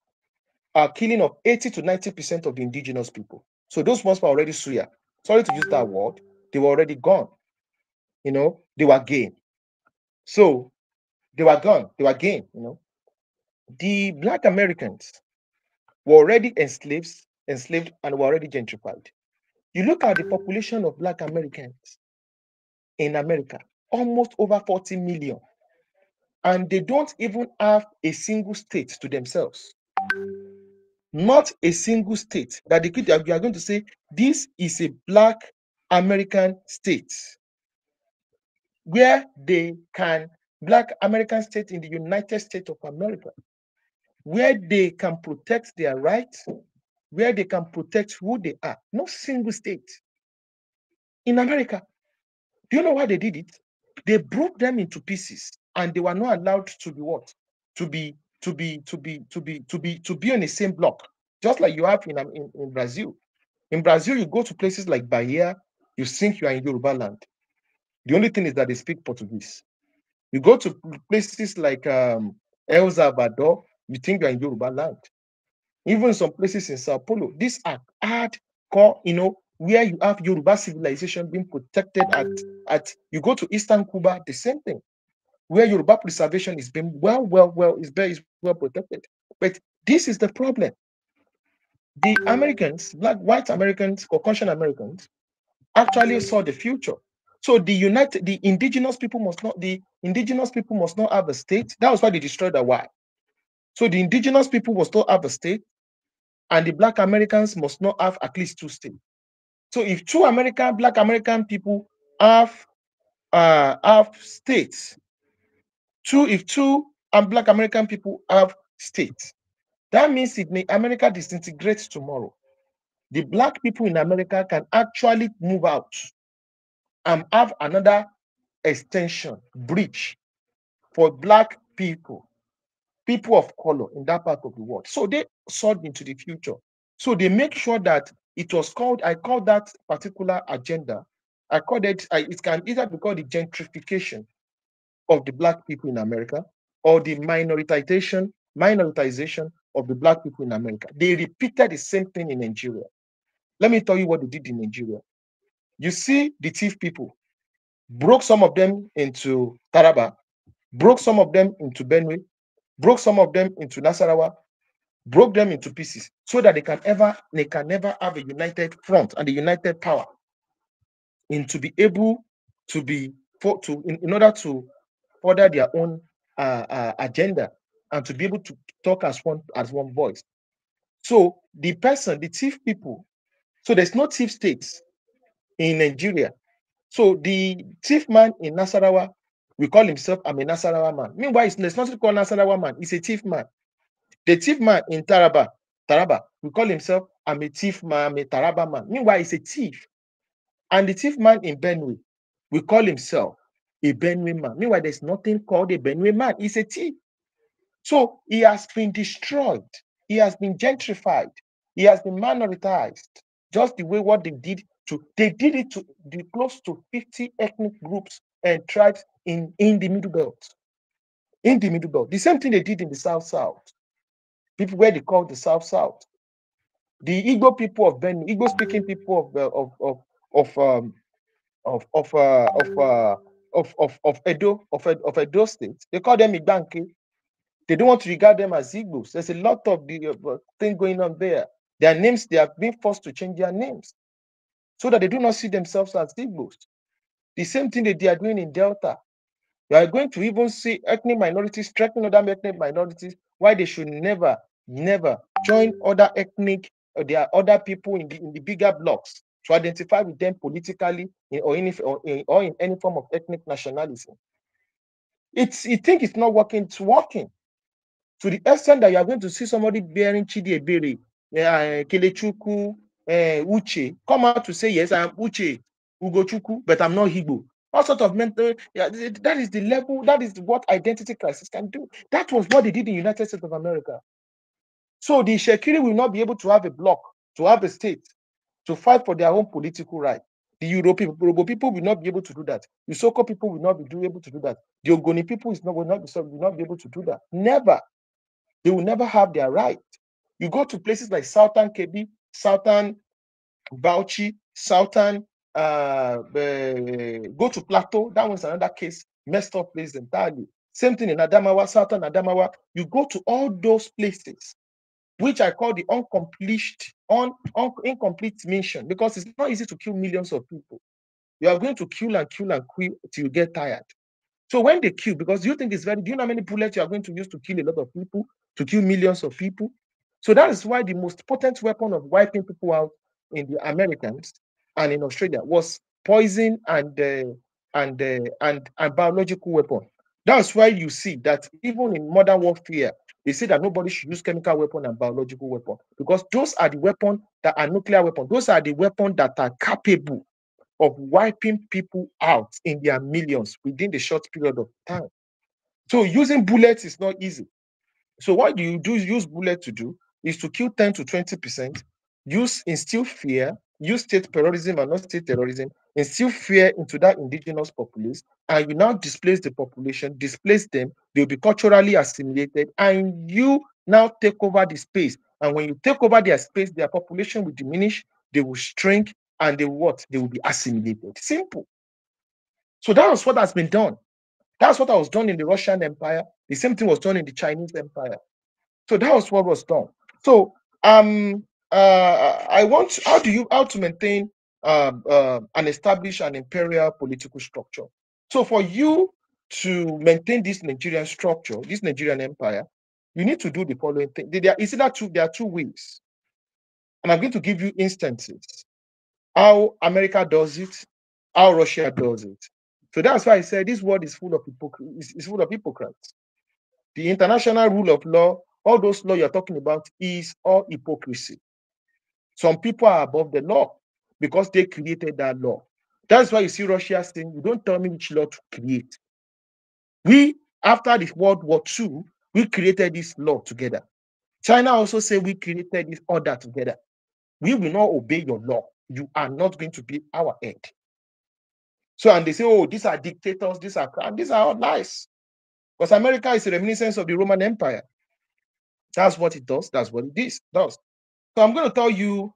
uh, killing of 80 to 90% of the indigenous people. So those ones were already Suya. Sorry to use that word. They were already gone. You know, they were game. So they were gone. They were game, you know. The black Americans were already enslaved, enslaved and were already gentrified. You look at the population of black Americans in America, almost over 40 million and they don't even have a single state to themselves. Not a single state that they could, you are going to say, this is a black American state where they can, black American state in the United States of America, where they can protect their rights, where they can protect who they are. No single state in America. Do you know why they did it? They broke them into pieces and they were not allowed to be what to be to be to be to be to be to be on the same block just like you have in um, in, in brazil in brazil you go to places like bahia you think you are in yoruba land the only thing is that they speak portuguese you go to places like um, el salvador you think you're in yoruba land even some places in sao paulo these are core, you know where you have yoruba civilization being protected at at you go to eastern cuba the same thing where Yoruba preservation is being well, well, well, is very well protected. But this is the problem. The Americans, black, white Americans, Caucasian Americans, actually saw the future. So the United, the indigenous people must not, the indigenous people must not have a state. That was why they destroyed the white. So the indigenous people must not have a state, and the black Americans must not have at least two states. So if two American, black American people have uh, have states, Two, if two and black American people have states, that means it may America disintegrates tomorrow. The black people in America can actually move out and have another extension, bridge for black people, people of color in that part of the world. So they sought into the future. So they make sure that it was called, I call that particular agenda, I call it, it can either be called the gentrification of the black people in America or the minoritization, minoritization of the black people in America. They repeated the same thing in Nigeria. Let me tell you what they did in Nigeria. You see, the thief people broke some of them into Taraba, broke some of them into Benue, broke some of them into Nasarawa, broke them into pieces so that they can ever they can never have a united front and a united power in to be able to be for to in, in order to further their own uh, uh, agenda and to be able to talk as one as one voice. So the person, the thief people, so there's no thief states in Nigeria. So the thief man in Nasarawa, we call himself I'm a Nasarawa man. Meanwhile, there's nothing called Nasarawa man. It's a thief man. The thief man in Taraba, Taraba, we call himself I'm a thief man, I'm a Taraba man. Meanwhile, he's a thief. And the thief man in Benue, we call himself a Benue man. Meanwhile, there's nothing called a Benue man. It's a T. So he has been destroyed. He has been gentrified. He has been minoritized. Just the way what they did to they did it to the close to 50 ethnic groups and tribes in, in the middle belt. In the middle belt. The same thing they did in the South South. People where they call the South South. The Igbo people of Benue, Igbo speaking people of, uh, of, of, of, um, of, of, uh, of uh, of, of, of Edo of, of Edo State. They call them Igbanke. They don't want to regard them as Igbos. There's a lot of the uh, uh, thing going on there. Their names, they have been forced to change their names so that they do not see themselves as Igbos. The same thing that they are doing in Delta. You are going to even see ethnic minorities threatening other ethnic minorities why they should never, never join other ethnic, uh, there are other people in the, in the bigger blocks to identify with them politically or, in, or, in, or in any form of ethnic nationalism. It's, you think it's not working, it's working. To the extent that you are going to see somebody bearing Chidi Ebere, uh, Kelechuku, uh, Uche, come out to say, yes, I'm Uche, Ugochuku, but I'm not Igbo. All sort of mental, yeah, that is the level, that is what identity crisis can do. That was what they did in the United States of America. So the Shekiri will not be able to have a block, to have a state, to fight for their own political right. The European people will not be able to do that. The Soko people will not be able to do that. The Ogoni people not, will, not be, will not be able to do that. Never. They will never have their right. You go to places like Southern Kebi, Southern Bauchi, Southern, uh, uh, go to Plateau. That was another case, messed up place entirely. Same thing in Adamawa, Southern Adamawa. You go to all those places which I call the uncompleted, un, un, incomplete mission, because it's not easy to kill millions of people. You are going to kill and kill and kill till you get tired. So when they kill, because you think it's very, do you know how many bullets you are going to use to kill a lot of people, to kill millions of people? So that is why the most potent weapon of wiping people out in the Americans and in Australia was poison and uh, and uh, and and biological weapon. That's why you see that even in modern warfare, they say that nobody should use chemical weapon and biological weapon because those are the weapons that are nuclear weapons. Those are the weapons that are capable of wiping people out in their millions within the short period of time. So using bullets is not easy. So what do you do use bullet to do is to kill 10 to 20 percent, use instill fear, use state terrorism and not state terrorism, instill fear into that indigenous populace, and you now displace the population, displace them, they'll be culturally assimilated, and you now take over the space. And when you take over their space, their population will diminish, they will shrink, and they what? They will be assimilated. Simple. So that was what has been done. That's what was done in the Russian Empire. The same thing was done in the Chinese Empire. So that was what was done. So um uh I want how do you how to maintain um, uh, and establish an imperial political structure. So for you to maintain this Nigerian structure, this Nigerian empire, you need to do the following thing. There is that two, there are two ways. And I'm going to give you instances how America does it, how Russia does it. So that's why I said this world is full of hypocrites. It's full of hypocrites. The international rule of law, all those law you're talking about, is all hypocrisy. Some people are above the law because they created that law. That's why you see Russia saying, You don't tell me which law to create. We, after the World War II, we created this law together. China also said we created this order together. We will not obey your law. You are not going to be our head. So, and they say, oh, these are dictators, these are crimes, these are all lies. Because America is a reminiscence of the Roman Empire. That's what it does, that's what it is, does. So I'm going to tell you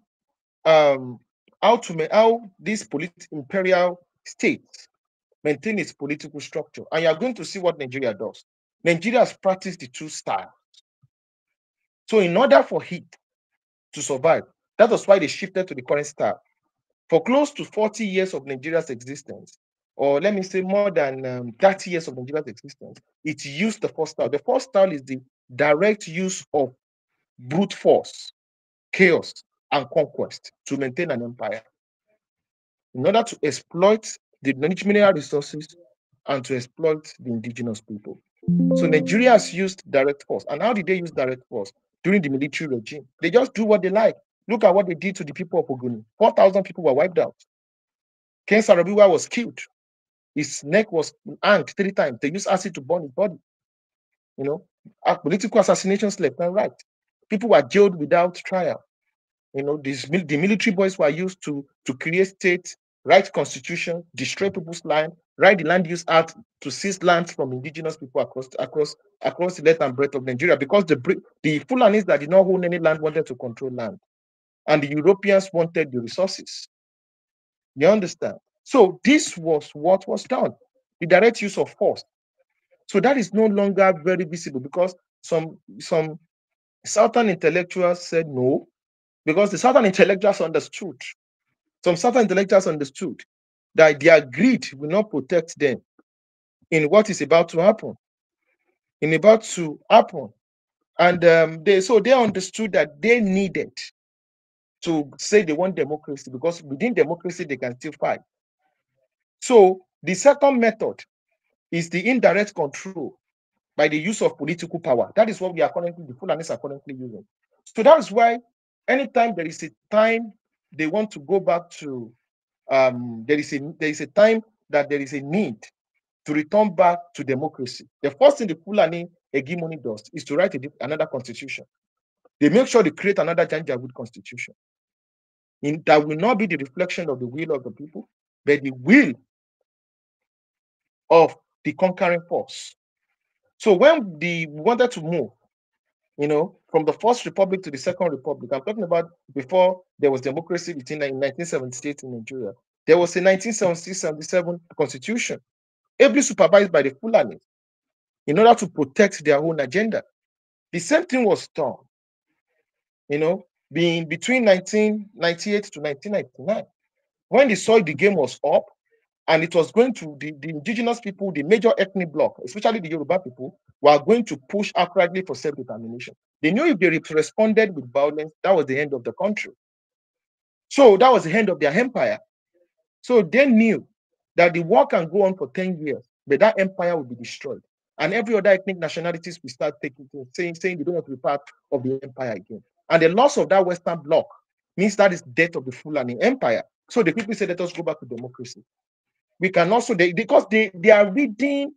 um, how to how this political imperial state maintain its political structure. And you're going to see what Nigeria does. Nigeria has practiced the two styles. So in order for it to survive, that was why they shifted to the current style. For close to 40 years of Nigeria's existence, or let me say more than um, 30 years of Nigeria's existence, it used the first style. The first style is the direct use of brute force, chaos, and conquest to maintain an empire. In order to exploit the rich mineral resources and to exploit the indigenous people. So Nigeria has used direct force. And how did they use direct force? During the military regime. They just do what they like. Look at what they did to the people of Ogoni. 4,000 people were wiped out. Ken Sarabiwa was killed. His neck was hanged three times. They used acid to burn his body. You know, political assassinations left and right. People were jailed without trial. You know, these, the military boys were used to to create state, write constitution, destroy people's land, write the land use act to seize lands from indigenous people across across across the length and breadth of Nigeria because the the Fulanis that did not own any land wanted to control land, and the Europeans wanted the resources. You understand? So this was what was done, the direct use of force. So that is no longer very visible because some some southern intellectuals said no, because the southern intellectuals understood, some southern intellectuals understood that their greed will not protect them in what is about to happen, in about to happen. And um, they so they understood that they needed to say they want democracy because within democracy they can still fight. So the second method is the indirect control by the use of political power. That is what we are currently, the Fulanis are currently using. So that is why anytime there is a time they want to go back to, um, there, is a, there is a time that there is a need to return back to democracy. The first thing the Fulani hegemony does is to write a, another constitution. They make sure they create another Janjaweed constitution. In, that will not be the reflection of the will of the people, but the will of the conquering force. So when the, we wanted to move you know, from the First Republic to the Second Republic. I'm talking about before there was democracy between 1978 in Nigeria. There was a 1976-77 constitution, every supervised by the Fulani, in order to protect their own agenda. The same thing was done, you know, being between 1998 to 1999, when they saw the game was up, and it was going to the, the indigenous people, the major ethnic bloc, especially the Yoruba people, were going to push accurately for self-determination. They knew if they responded with violence, that was the end of the country. So that was the end of their empire. So they knew that the war can go on for 10 years, but that empire will be destroyed. And every other ethnic nationalities will start taking saying, saying they don't want to be part of the empire again. And the loss of that Western bloc means that is death of the Fulani Empire. So the people say, let us go back to democracy we can also they, because they they are reading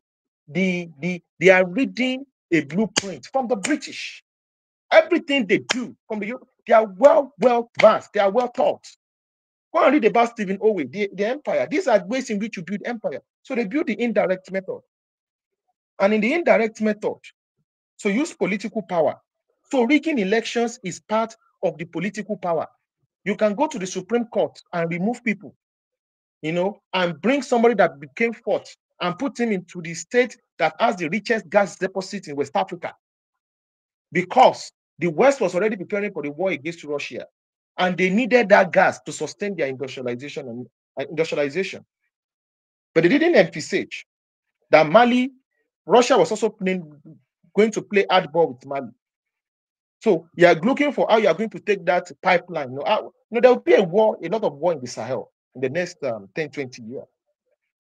the the they are reading a blueprint from the British. Everything they do from the they are well well versed. They are well taught. Go and read about Stephen Owen, the, the empire. These are ways in which you build empire. So they build the indirect method. And in the indirect method, so use political power. So rigging elections is part of the political power. You can go to the Supreme Court and remove people you know, and bring somebody that became fourth and put him into the state that has the richest gas deposit in West Africa. Because the West was already preparing for the war against Russia, and they needed that gas to sustain their industrialization and uh, industrialization. But they didn't envisage that Mali, Russia was also playing, going to play hardball with Mali. So you are looking for how you are going to take that pipeline. You know, how, you know, there will be a war, a lot of war in the Sahel in the next um, 10, 20 years.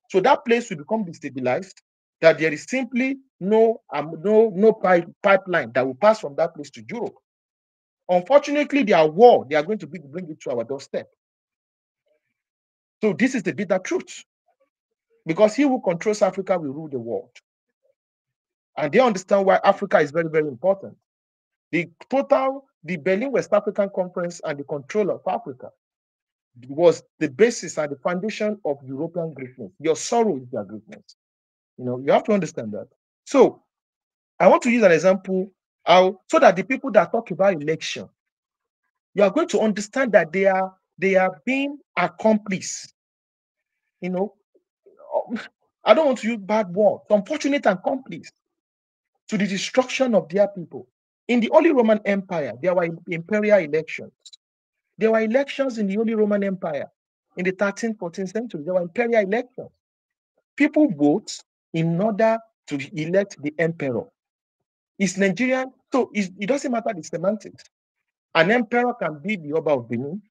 So that place will become destabilized, that there is simply no, um, no, no pipe, pipeline that will pass from that place to Europe. Unfortunately, there are war, they are going to be, bring it to our doorstep. So this is the bitter truth. Because he who controls Africa will rule the world. And they understand why Africa is very, very important. The total, the Berlin West African Conference and the control of Africa was the basis and the foundation of European greatness. Your sorrow is your greatness. You know, you have to understand that. So I want to use an example how, so that the people that talk about election, you are going to understand that they are they are being accomplice. You know, I don't want to use bad words, unfortunate accomplice to the destruction of their people. In the early Roman Empire, there were imperial elections. There were elections in the Holy Roman Empire in the 13th, 14th century. There were imperial elections. People vote in order to elect the emperor. It's Nigerian, so it's, it doesn't matter the semantics. An emperor can be the Oba of Benin,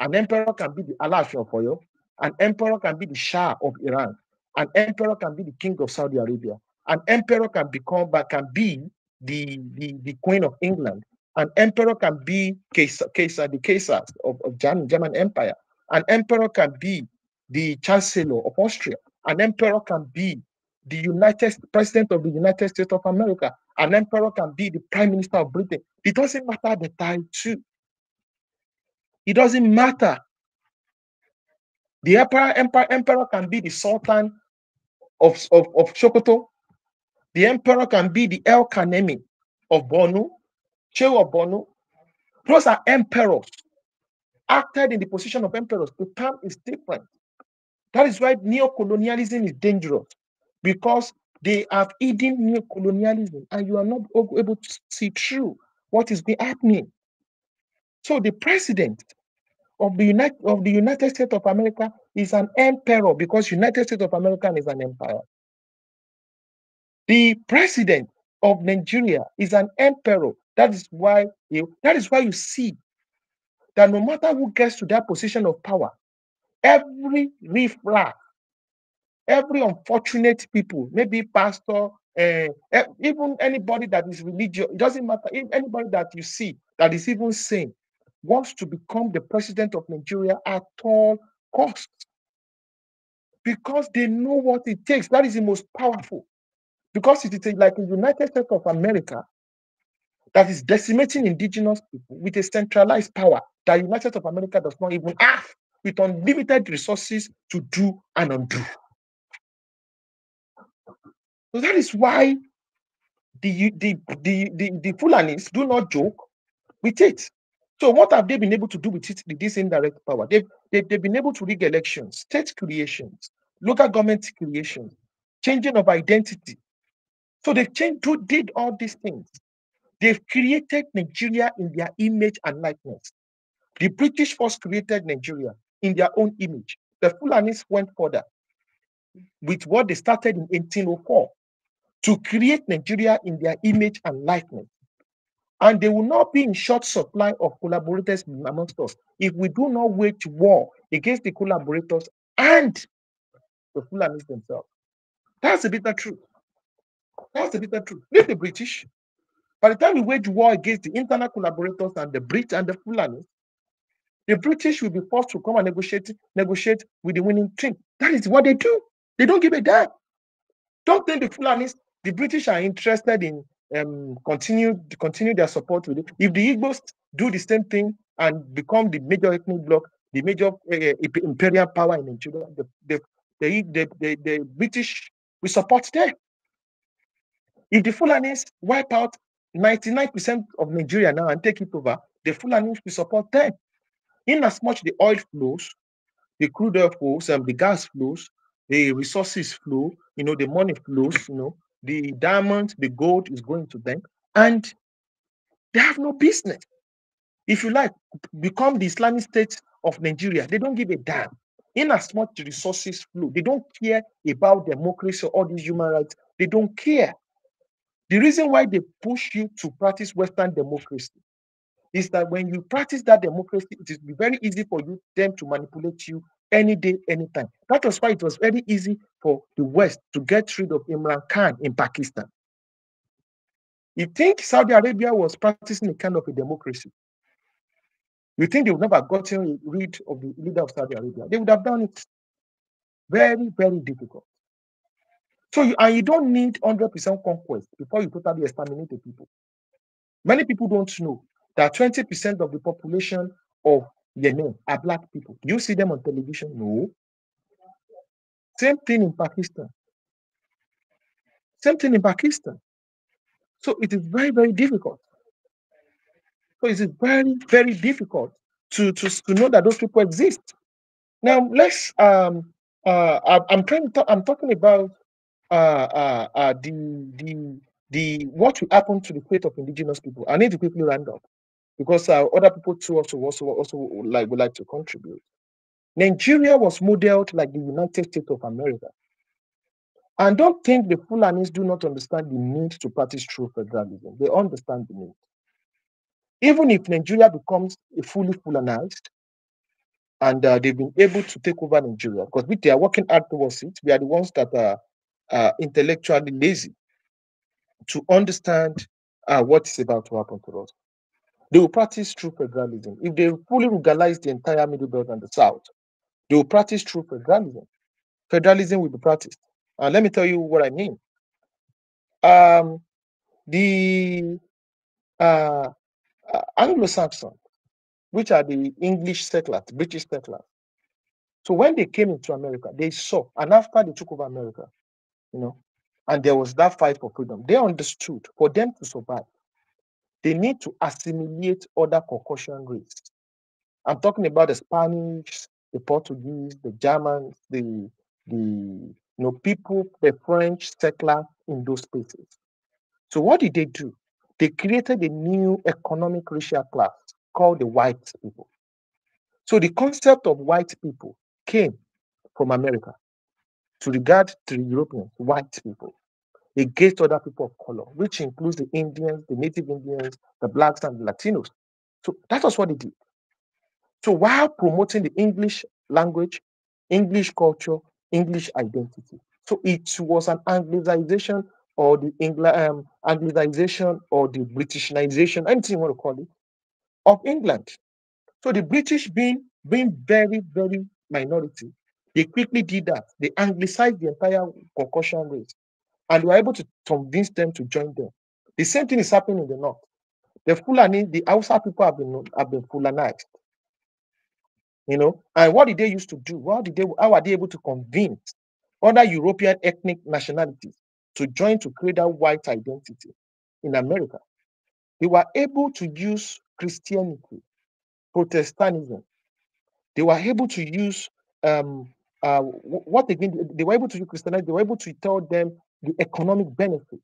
an emperor can be the Alaafin of Oyo, an emperor can be the Shah of Iran, an emperor can be the king of Saudi Arabia, an emperor can become but can be the, the, the queen of England, an emperor can be Caesar, the Caesar of, of German, German Empire. An emperor can be the Chancellor of Austria. An emperor can be the United President of the United States of America. An emperor can be the Prime Minister of Britain. It doesn't matter the title. It doesn't matter. The emperor, emperor, emperor can be the Sultan of, of, of Shokoto. The emperor can be the El Kanemi of Bonu. Chewabono, those are emperors, acted in the position of emperors. The term is different. That is why neo-colonialism is dangerous because they have hidden neo-colonialism, and you are not able to see through what is happening. So the president of the United of the United States of America is an emperor because United States of America is an empire. The president of Nigeria is an emperor that is why you, that is why you see that no matter who gets to that position of power, every riffraff, every unfortunate people, maybe pastor, uh, even anybody that is religious, it doesn't matter. If anybody that you see that is even sane wants to become the president of Nigeria at all costs because they know what it takes. That is the most powerful. Because it is like the United States of America, that is decimating indigenous people with a centralized power that United States of America does not even have with unlimited resources to do and undo. So that is why the the the the, the Fulanis do not joke with it. So what have they been able to do with it, with this indirect power? They've, they, have they have been able to rig elections, state creations, local government creations, changing of identity. So they changed, who did all these things. They've created Nigeria in their image and likeness. The British first created Nigeria in their own image. The Fulanis went further with what they started in 1804 to create Nigeria in their image and likeness. And they will not be in short supply of collaborators amongst us if we do not wage war against the collaborators and the Fulanis themselves. That's a bitter truth. That's a bitter truth. Leave the British, by the time we wage war against the internal collaborators and the Brits and the Fulanis, the British will be forced to come and negotiate, negotiate with the winning team. That is what they do. They don't give a damn. Don't think the Fulanis, the British are interested in um, continue continue their support with it. If the Igbos do the same thing and become the major ethnic bloc, the major uh, imperial power in Nigeria, the, the, the, the, the, the British will support them. If the Fulanis wipe out 99% of Nigeria now and take it over, the Fulani to support them. In as much the oil flows, the crude oil flows, and um, the gas flows, the resources flow, you know, the money flows, you know, the diamond, the gold is going to them, and they have no business. If you like, become the Islamic State of Nigeria. They don't give a damn. In as much resources flow, they don't care about democracy or all these human rights. They don't care. The reason why they push you to practice Western democracy is that when you practice that democracy, it is very easy for you them to manipulate you any day, anytime. That was why it was very easy for the West to get rid of Imran Khan in Pakistan. You think Saudi Arabia was practicing a kind of a democracy? You think they would never gotten rid of the leader of Saudi Arabia? They would have done it very, very difficult. So you, and you don't need 100% conquest before you totally exterminate the people. Many people don't know that 20% of the population of Yemen are black people. You see them on television? No. Same thing in Pakistan. Same thing in Pakistan. So it is very, very difficult. So it is very, very difficult to, to, to know that those people exist. Now let's um uh I, am trying to I'm talking about uh, uh, uh, the the the what will happen to the fate of indigenous people. I need to quickly round up because uh, other people too also also also would like would like to contribute. Nigeria was modeled like the United States of America. And don't think the Fulanis do not understand the need to practice true federalism. They understand the need. Even if Nigeria becomes a fully Fulanized, and uh, they've been able to take over Nigeria because we, they are working hard towards it. We are the ones that are uh, intellectually lazy to understand uh, what is about to happen to us. They will practice true federalism. If they fully legalize the entire Middle Belt and the South, they will practice true federalism. Federalism will be practiced. And let me tell you what I mean. Um, the uh, ah, ah, anglo saxons which are the English settlers, British settlers. So when they came into America, they saw, and after they took over America, you know, and there was that fight for freedom. They understood for them to survive, they need to assimilate other Caucasian races. I'm talking about the Spanish, the Portuguese, the Germans, the the you know people, the French settlers in those places. So what did they do? They created a new economic racial class called the white people. So the concept of white people came from America to regard to Europeans, white people, against other people of color, which includes the Indians, the native Indians, the blacks, and the Latinos. So that was what they did. So while promoting the English language, English culture, English identity. So it was an Anglicization or the Engla- um, Anglicization or the Britishization, anything you want to call it, of England. So the British being being very, very minority, they quickly did that. They anglicized the entire concussion race, and were able to convince them to join them. The same thing is happening in the north. The Fulani, the Hausa people have been have been Fulanized. You know, and what did they used to do? What did they how are they able to convince other European ethnic nationalities to join to create that white identity in America? They were able to use Christianity, Protestantism. They were able to use um, uh, what what again they were able to Christianize, they were able to tell them the economic benefit,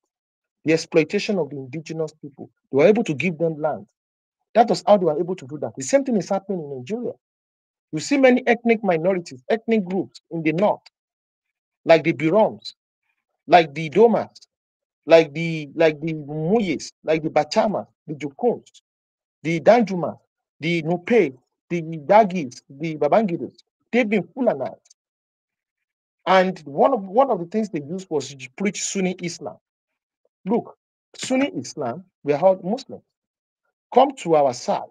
the exploitation of the indigenous people. They were able to give them land. That was how they were able to do that. The same thing is happening in Nigeria. You see many ethnic minorities, ethnic groups in the north, like the Biroms, like the Domas, like the like the Muyes, like the Bachama, the Jokuns, the Danjuma, the Nupe, the Dagis, the Babangiris. They've been fulanized. And one of one of the things they used was to preach Sunni Islam. Look, Sunni Islam, we are all Muslims. Come to our side.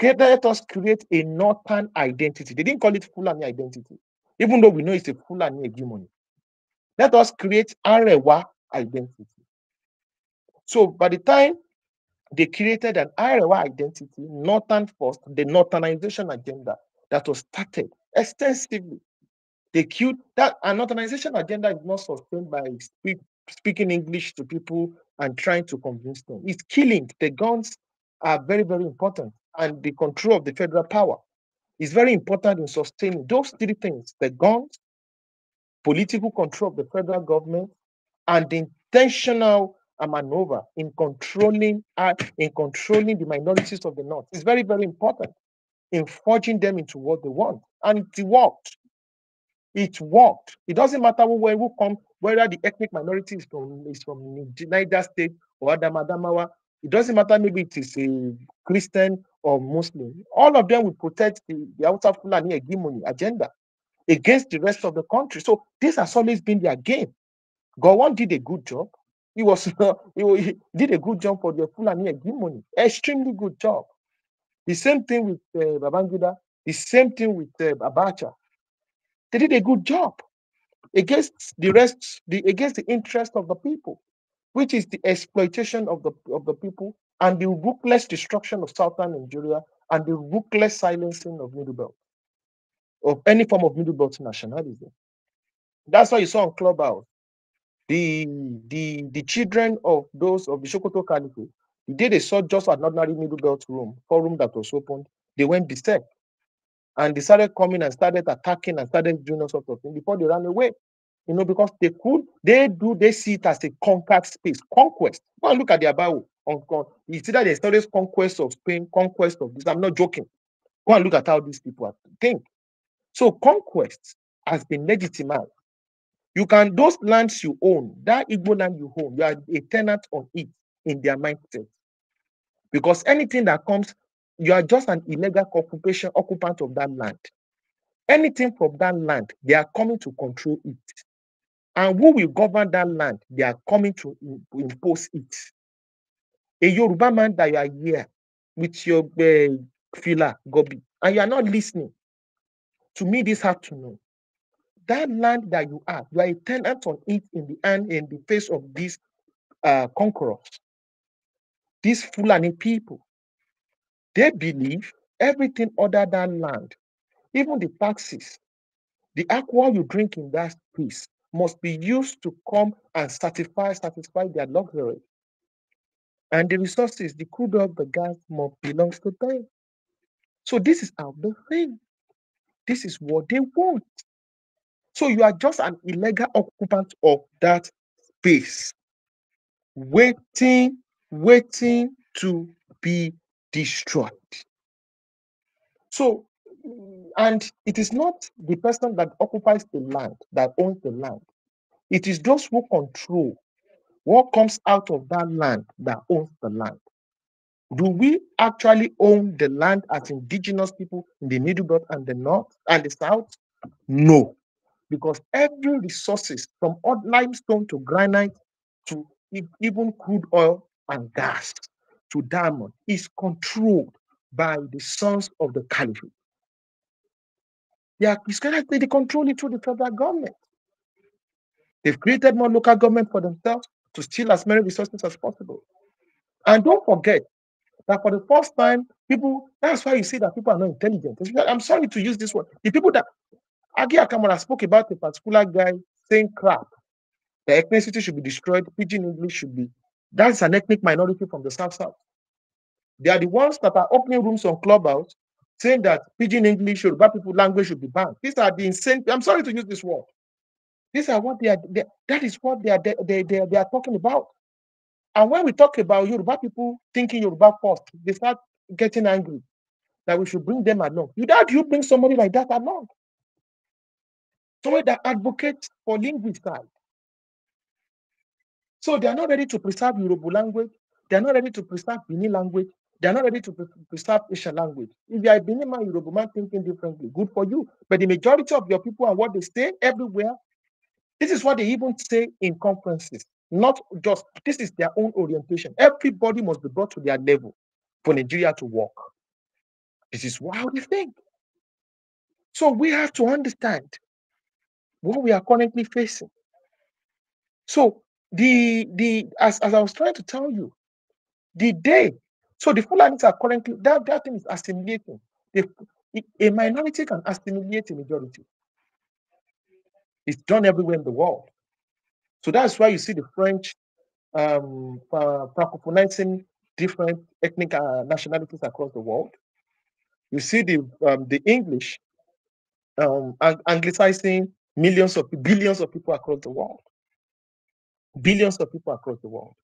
Let us create a northern identity. They didn't call it Fulani identity, even though we know it's a Fulani hegemony. Let us create Arewa identity. So by the time they created an Arewa identity, northern first, the northernization agenda that was started extensively they killed that an organization agenda is not sustained by speak, speaking English to people and trying to convince them. It's killing. The guns are very, very important. And the control of the federal power is very important in sustaining those three things the guns, political control of the federal government, and the intentional uh, maneuver in controlling uh, in controlling the minorities of the north. It's very, very important in forging them into what they want. And it worked. It worked. It doesn't matter who, where, who come, whether the ethnic minority is from is from Niger State or Adamadamawa. It doesn't matter. Maybe it is a Christian or Muslim. All of them will protect the, the outer Fulani hegemony agenda against the rest of the country. So this has always been their game. Gowon did a good job. He was he did a good job for the Fulani hegemony. Extremely good job. The same thing with uh, Babangida. The same thing with uh, Abacha. They did a good job against the rest, the, against the interest of the people, which is the exploitation of the of the people and the ruthless destruction of southern Nigeria and the ruthless silencing of Middle Belt, of any form of Middle Belt nationalism. That's why you saw on Clubhouse the the the children of those of the Shokoto Kaniku, The day they saw just an ordinary Middle Belt room, room that was opened, they went berserk. And they started coming and started attacking and started doing all sorts of things before they ran away. You know, because they could, they do, they see it as a conquered space, conquest. Go and look at their Bible. On, on, that either the stories conquest of Spain, conquest of this. I'm not joking. Go and look at how these people think. So conquest has been legitimate. You can those lands you own, that Igbo land you own, you are a tenant on it in their mindset. Because anything that comes you are just an illegal occupation occupant of that land. Anything from that land, they are coming to control it. And who will govern that land? They are coming to impose it. A Yoruba man that you are here with your uh, eh, filler, gobi, and you are not listening to me this afternoon. That land that you are, you are a tenant on it in the end, in the face of these uh, conquerors, these Fulani people. They believe everything other than land, even the taxes, the aqua you drink in that place must be used to come and satisfy satisfy their luxury. And the resources, the crude oil, the gas must belongs to them. So this is how the thing. This is what they want. So you are just an illegal occupant of that space, waiting, waiting to be destroyed. So, mm, and it is not the person that occupies the land that owns the land, it is those who control what comes out of that land that owns the land. Do we actually own the land as indigenous people in the middle belt and the north and the south? No, because every resources from limestone to granite to even crude oil and gas to diamond is controlled by the sons of the caliphate. it's kind of they control it through the federal government. They've created more local government for themselves to steal as many resources as possible. And don't forget that for the first time, people, that's why you see that people are not intelligent. I'm sorry to use this word. The people that Agi Akamara spoke about a particular guy saying crap. The ethnicity should be destroyed, pidgin English should be that's an ethnic minority from the South South. They are the ones that are opening rooms on Clubhouse saying that pidgin English, Yoruba people language should be banned. These are the insane. I'm sorry to use this word. These are what they are. They, that is what they are. They, they, they, are talking about. And when we talk about Yoruba people thinking Yoruba first, they start getting angry that we should bring them along. You Without you bring somebody like that along, somebody that advocates for linguistics. So they are not ready to preserve Yoruba language. They are not ready to preserve Bini language. They are not ready to pre preserve Asian language. If you are a Bini man, Yoruba man, thinking differently, good for you. But the majority of your people and what they say everywhere, this is what they even say in conferences. Not just, this is their own orientation. Everybody must be brought to their level for Nigeria to work. This is how they think. So we have to understand what we are currently facing. So the the as, as I was trying to tell you, the day so the Fulanis are currently that that thing is assimilating. The, a minority can assimilate a majority. It's done everywhere in the world. So that's why you see the French um, francophonizing different ethnic uh, nationalities across the world. You see the um, the English um, anglicizing millions of billions of people across the world billions of people across the world.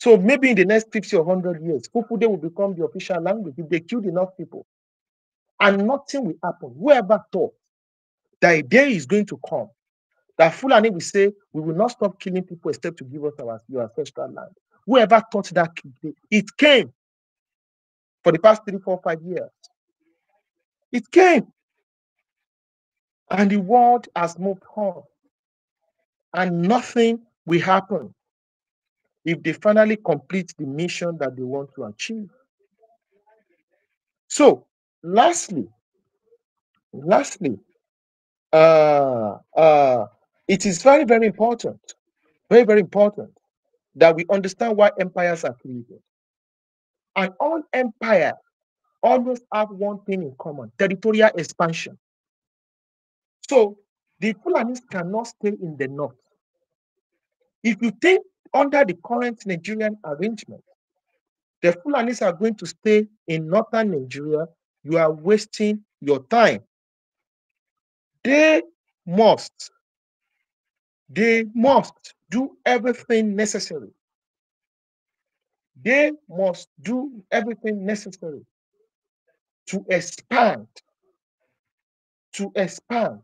So maybe in the next 50 or 100 years, Fufude will become the official language if they killed enough people. And nothing will happen. Whoever thought that a day is going to come that Fulani will say, we will not stop killing people except to give us our, your ancestral land. Whoever thought that it came for the past three, four, five years. It came. And the world has moved on. And nothing will happen if they finally complete the mission that they want to achieve. So, lastly, lastly, uh, uh, it is very, very important, very, very important that we understand why empires are created. And all empires almost have one thing in common territorial expansion. So the Fulanis cannot stay in the north. If you take under the current Nigerian arrangement, the Fulanis are going to stay in northern Nigeria. You are wasting your time. They must, they must do everything necessary. They must do everything necessary to expand, to expand,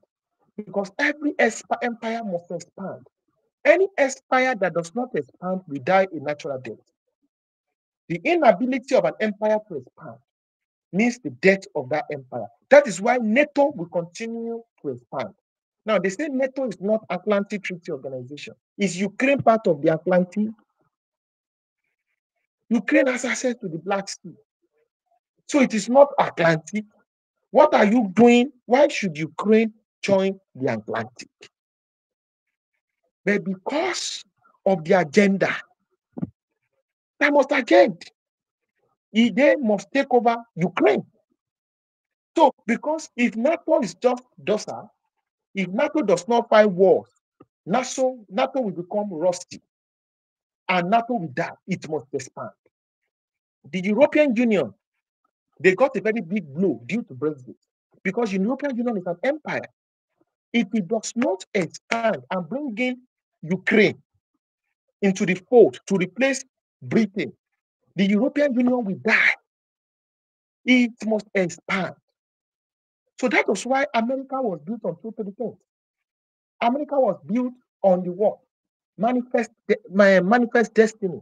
because every empire must expand. Any empire that does not expand will die a natural death. The inability of an empire to expand means the death of that empire. That is why NATO will continue to expand. Now, they say NATO is not Atlantic Treaty Organization. Is Ukraine part of the Atlantic? Ukraine has access to the Black Sea. So it is not Atlantic. What are you doing? Why should Ukraine join the Atlantic? but because of the agenda, they must agenda. They must take over Ukraine. So, because if NATO is just docile, if NATO does not fight wars, NATO, NATO will become rusty and NATO will die. It must expand. The European Union, they got a very big blow due to Brexit because the European Union is an empire. If it does not expand and bring in Ukraine into the fold to replace Britain, the European Union will die. It must expand. So that was why America was built on two things. America was built on the what? Manifest, my manifest destiny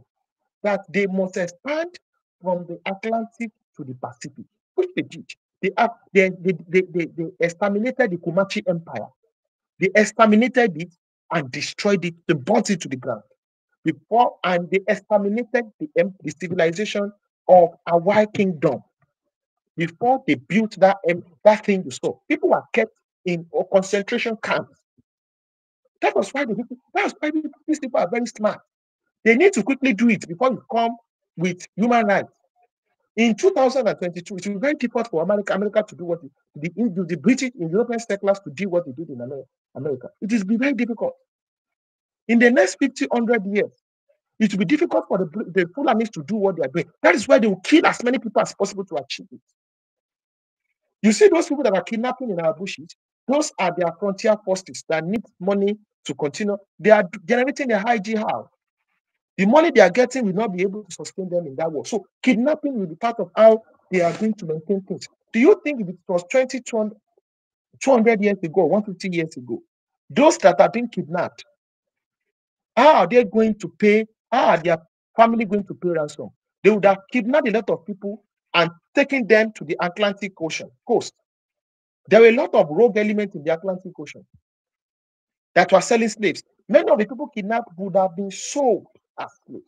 that they must expand from the Atlantic to the Pacific, which they did. They, have, they, they, they, they, exterminated the Kumachi Empire. They exterminated it and destroyed it, they burnt it to the ground. Before and they exterminated the, the civilization of Hawaii kingdom. Before they built that, that thing you saw, people were kept in uh, concentration camps. That was why the people, was why these people are very smart. They need to quickly do it before you come with human rights. In 2022, it will be very difficult for America, America to do what the, the British and European settlers to do what they did in America. It will be very difficult. In the next 50, 100 years, it will be difficult for the, the Fulanis to do what they are doing. That is why they will kill as many people as possible to achieve it. You see those people that are kidnapping in our bushes, those are their frontier forces that need money to continue. They are generating a high jihad. The money they are getting will not be able to sustain them in that war. So kidnapping will be part of how they are going to maintain things. Do you think if it was 20, 200 years ago, 150 years ago, those that are being kidnapped, how are they going to pay? How are their family going to pay ransom? They would have kidnapped a lot of people and taken them to the Atlantic Ocean coast. There were a lot of rogue elements in the Atlantic Ocean that were selling slaves. Many of the people kidnapped would have been sold as slaves.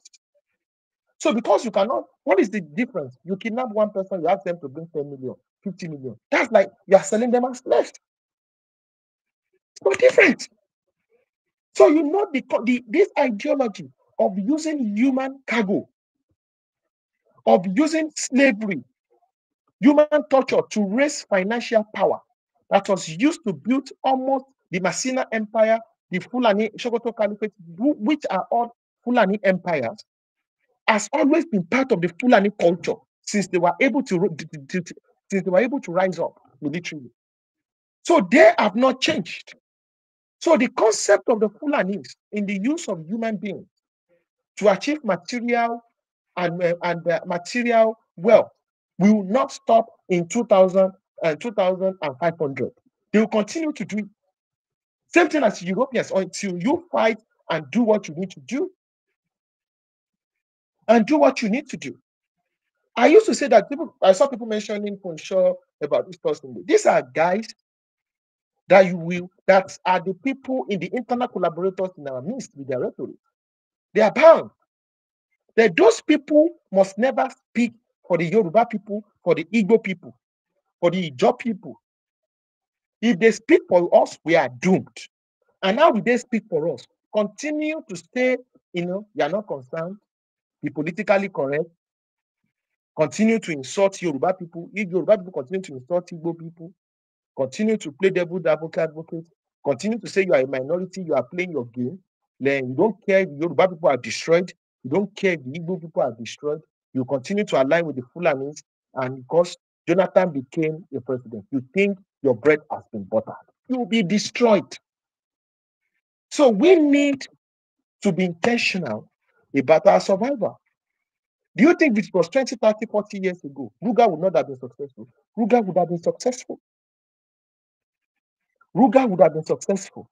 So because you cannot, what is the difference? You kidnap one person, you ask them to bring 10 million, 50 million. That's like you are selling them as slaves. It's no different. So you know the, the this ideology of using human cargo, of using slavery, human torture to raise financial power that was used to build almost the Masina Empire, the Fulani Shokoto Caliphate, which are all Fulani empires has always been part of the Fulani culture since they were able to, since they were able to rise up militarily. So they have not changed. So the concept of the Fulanis in the use of human beings to achieve material and, uh, and uh, material wealth will not stop in 2000 uh, 2500. They will continue to do it. Same thing as Europeans until you fight and do what you need to do and do what you need to do. I used to say that people, I saw people mentioning Ponshaw about this person. These are guys that you will, that are the people in the internal collaborators in our midst with their rhetoric. They are bound. That those people must never speak for the Yoruba people, for the Igbo people, for the Ijaw people. If they speak for us, we are doomed. And now they speak for us? Continue to stay, you know, you are not concerned be politically correct, continue to insult Yoruba people, if Yoruba people continue to insult Igbo people, continue to play devil's advocate, advocate, continue to say you are a minority, you are playing your game, then you don't care if Yoruba people are destroyed, you don't care if the Igbo people are destroyed, you continue to align with the Fulanis, and because Jonathan became a president, you think your bread has been buttered. You will be destroyed. So we need to be intentional a battle survivor. Do you think it was 20, 30, 40 years ago, Ruga would not have been successful? Ruga would have been successful. Ruga would have been successful.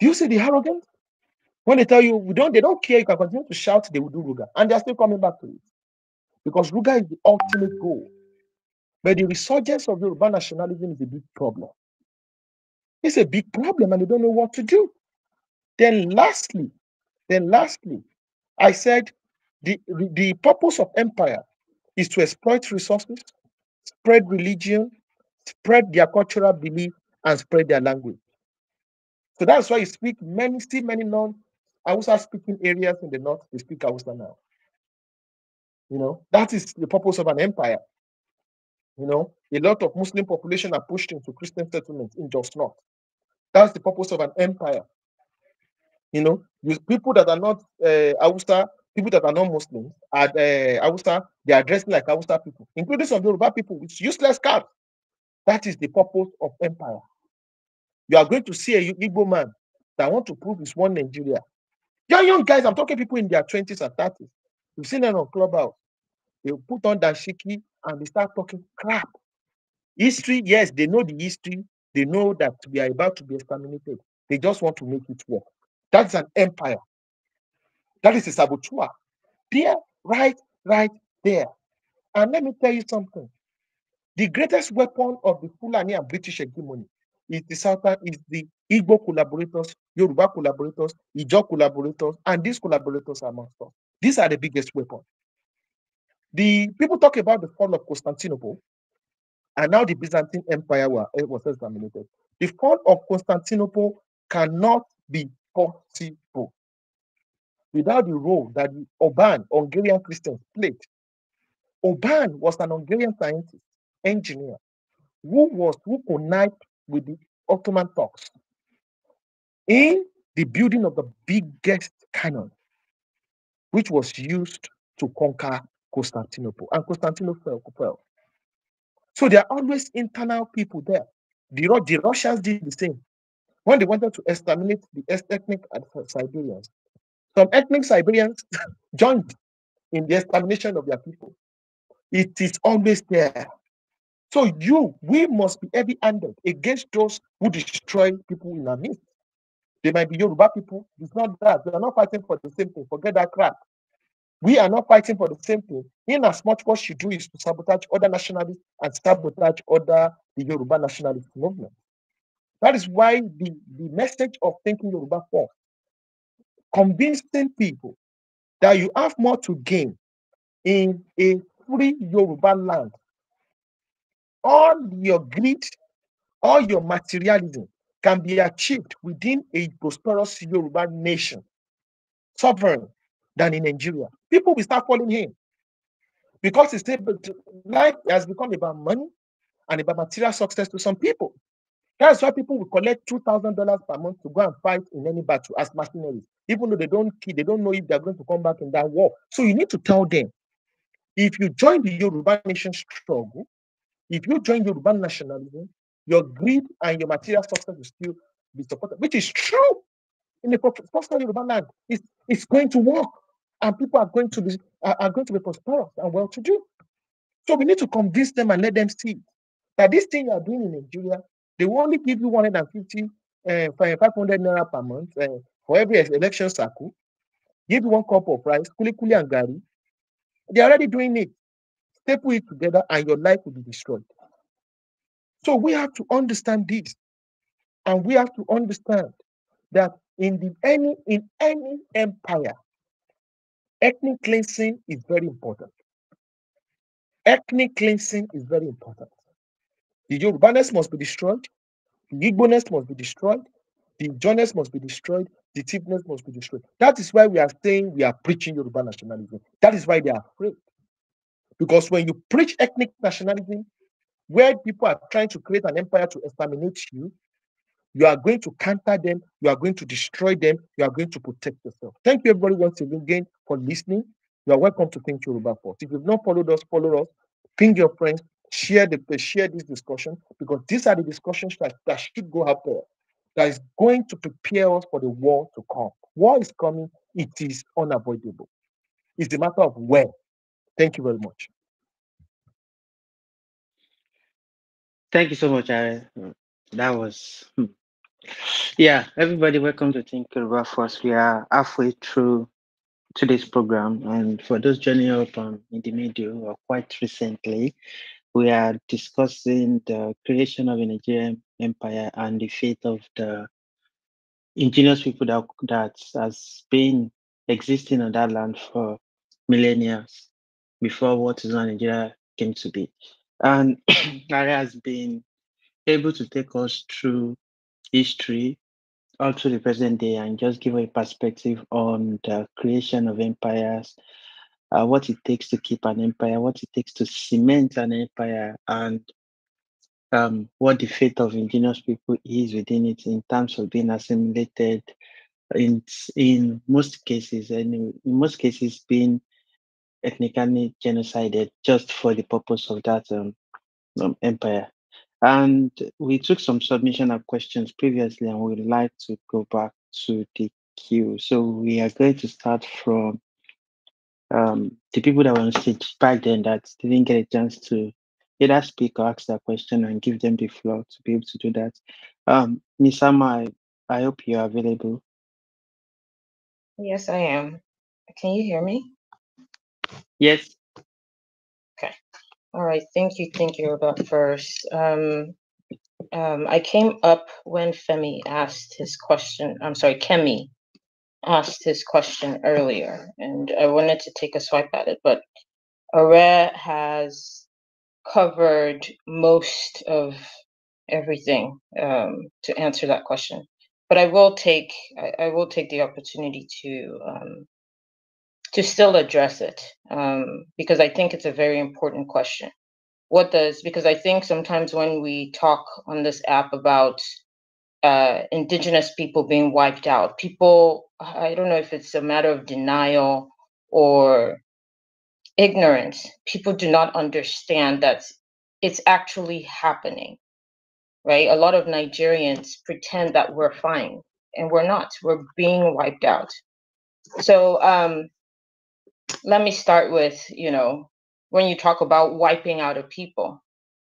Do you see the arrogance? When they tell you we don't, they don't care, you can continue to shout, they will do Ruga. And they're still coming back to it. Because Ruga is the ultimate goal. But the resurgence of Yoruba nationalism is a big problem. It's a big problem, and they don't know what to do. Then, lastly, then lastly, I said the, the purpose of empire is to exploit resources, spread religion, spread their cultural belief, and spread their language. So that's why you speak many, still many non Hausa speaking areas in the north, they speak Hausa now. You know, that is the purpose of an empire. You know, a lot of Muslim population are pushed into Christian settlements in just north. That's the purpose of an empire you know, with people that are not uh, eh, Awusa, people that are not Muslims, are uh, Awusa, they are dressed like Awusa people, including some Yoruba people with useless crap. That is the purpose of empire. You are going to see a Igbo man that want to prove he's one Nigeria. Young, young guys, I'm talking people in their 20s and 30s. You've seen them on Clubhouse. They put on that shiki and they start talking crap. History, yes, they know the history. They know that we are about to be exterminated. They just want to make it work. That's an empire. That is a saboteur. There, right, right there. And let me tell you something. The greatest weapon of the Fulani and British hegemony is the Southern, is the Igbo collaborators, Yoruba collaborators, Ijo collaborators, and these collaborators amongst us. These are the biggest weapon. The people talk about the fall of Constantinople, and now the Byzantine Empire eh, was exterminated. The fall of Constantinople cannot be possible without the role that the Hungarian Christians, played. Oban was an Hungarian scientist, engineer, who was who connived with the Ottoman Turks in the building of the biggest cannon, which was used to conquer Constantinople, and Constantinople fell. So there are always internal people there. The, the Russians did the same when they wanted to exterminate the ethnic Siberians, some ethnic Siberians joined in the extermination of their people. It is always there. So you, we must be heavy-handed against those who destroy people in our midst. They might be Yoruba people. It's not that. they are not fighting for the same thing. Forget that crap. We are not fighting for the same thing. In as much what you do is to sabotage other nationalists and sabotage other the Yoruba nationalist movement. That is why the, the message of thinking Yoruba first, convincing people that you have more to gain in a free Yoruba land. All your greed, all your materialism can be achieved within a prosperous Yoruba nation, sovereign than in Nigeria. People will start calling him because it's life has become about money and about material success to some people. That's why people will collect two thousand dollars per month to go and fight in any battle as mercenaries, even though they don't they don't know if they're going to come back in that war. So you need to tell them, if you join the Yoruba nation struggle, if you join Yoruba nationalism, your greed and your material success will still be supported, which is true in the prosperous Yoruba land. It's, it's going to work, and people are going to be are, are going to be prosperous and well-to-do. So we need to convince them and let them see that this thing you are doing in Nigeria they will only give you 150, uh, 500 naira per month uh, for every election cycle. Give you one cup of rice, kuli kuli and gari. They're already doing it. Staple it together and your life will be destroyed. So we have to understand this. And we have to understand that in the any in any empire, ethnic cleansing is very important. Ethnic cleansing is very important. The Yorubaness must be destroyed. The Igboness must be destroyed. The Johnness must be destroyed. The Tifness must be destroyed. That is why we are saying we are preaching Yoruba nationalism. That is why they are afraid. Because when you preach ethnic nationalism, where people are trying to create an empire to exterminate you, you are going to counter them, you are going to destroy them, you are going to protect yourself. Thank you, everybody, once again for listening. You are welcome to Think Yoruba Force. If you've not followed us, follow us. Ping your friends, share the share this discussion because these are the discussions that, that should go out there that is going to prepare us for the war to come. War is coming, it is unavoidable. It's a matter of when. Thank you very much. Thank you so much, I That was hmm. yeah, everybody, welcome to Think About Force. We are halfway through today's program, and for those joining up um, in the media or quite recently, we are discussing the creation of a Nigerian empire and the fate of the indigenous people that, that has been existing on that land for millennia before what is now Nigeria came to be. And Larry has been able to take us through history up to the present day and just give a perspective on the creation of empires uh, what it takes to keep an empire, what it takes to cement an empire, and um, what the fate of indigenous people is within it in terms of being assimilated, in in most cases, and in most cases being ethnically genocided just for the purpose of that um, um, empire. And we took some submission of questions previously, and we'd like to go back to the queue. So we are going to start from um, the people that were on stage back then that didn't get a chance to either speak or ask that question and give them the floor to be able to do that. Um, Nisama, I, I hope you're available. Yes, I am. Can you hear me? Yes. Okay. All right. Thank you. Thank you, About first. Um, um, I came up when Femi asked his question. I'm sorry, Kemi asked his question earlier, and I wanted to take a swipe at it, but Ara has covered most of everything um, to answer that question. But I will take I, I will take the opportunity to um, to still address it um, because I think it's a very important question. What does because I think sometimes when we talk on this app about uh, indigenous people being wiped out. People, I don't know if it's a matter of denial or ignorance. People do not understand that it's actually happening, right? A lot of Nigerians pretend that we're fine and we're not. We're being wiped out. So um, let me start with, you know, when you talk about wiping out a people,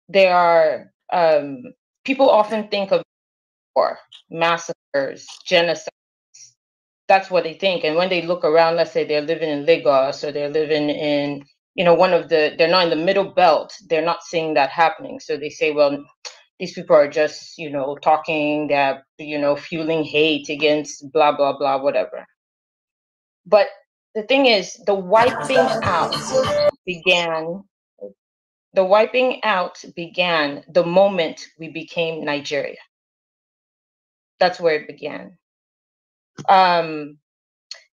there are um, people often think of war, massacres, genocides. That's what they think. And when they look around, let's say they're living in Lagos or they're living in, you know, one of the, they're not in the middle belt, they're not seeing that happening. So they say, well, these people are just, you know, talking, they're, you know, fueling hate against blah, blah, blah, whatever. But the thing is, the wiping out began the wiping out began the moment we became Nigeria that's where it began. Um,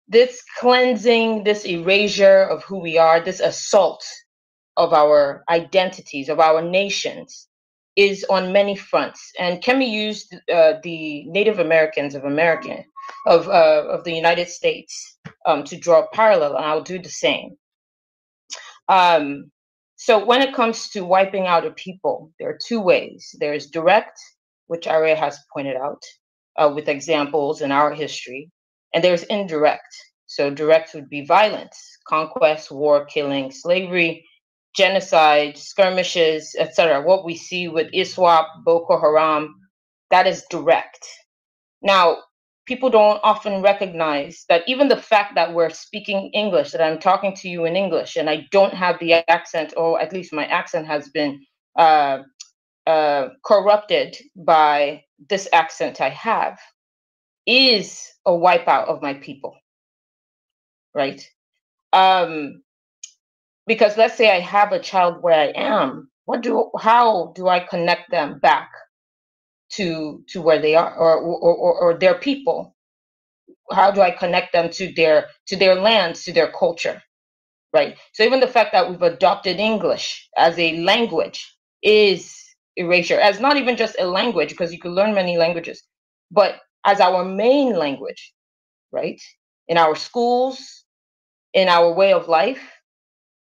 this cleansing, this erasure of who we are, this assault of our identities, of our nations, is on many fronts. And Kemi used uh, the Native Americans of America, of, uh, of the United States um, to draw a parallel, and I'll do the same. Um, so when it comes to wiping out a people, there are two ways. There's direct, which Aria has pointed out, uh, with examples in our history. And there's indirect. So direct would be violence, conquest, war, killing, slavery, genocide, skirmishes, etc. What we see with ISWAP, Boko Haram, that is direct. Now, people don't often recognize that even the fact that we're speaking English, that I'm talking to you in English, and I don't have the accent, or at least my accent has been uh, uh, corrupted by this accent I have is a wipeout of my people, right? Um, because let's say I have a child where I am, what do how do I connect them back to to where they are or or, or, or their people? How do I connect them to their to their lands, to their culture? Right. So even the fact that we've adopted English as a language is erasure as not even just a language, because you could learn many languages, but as our main language, right? In our schools, in our way of life,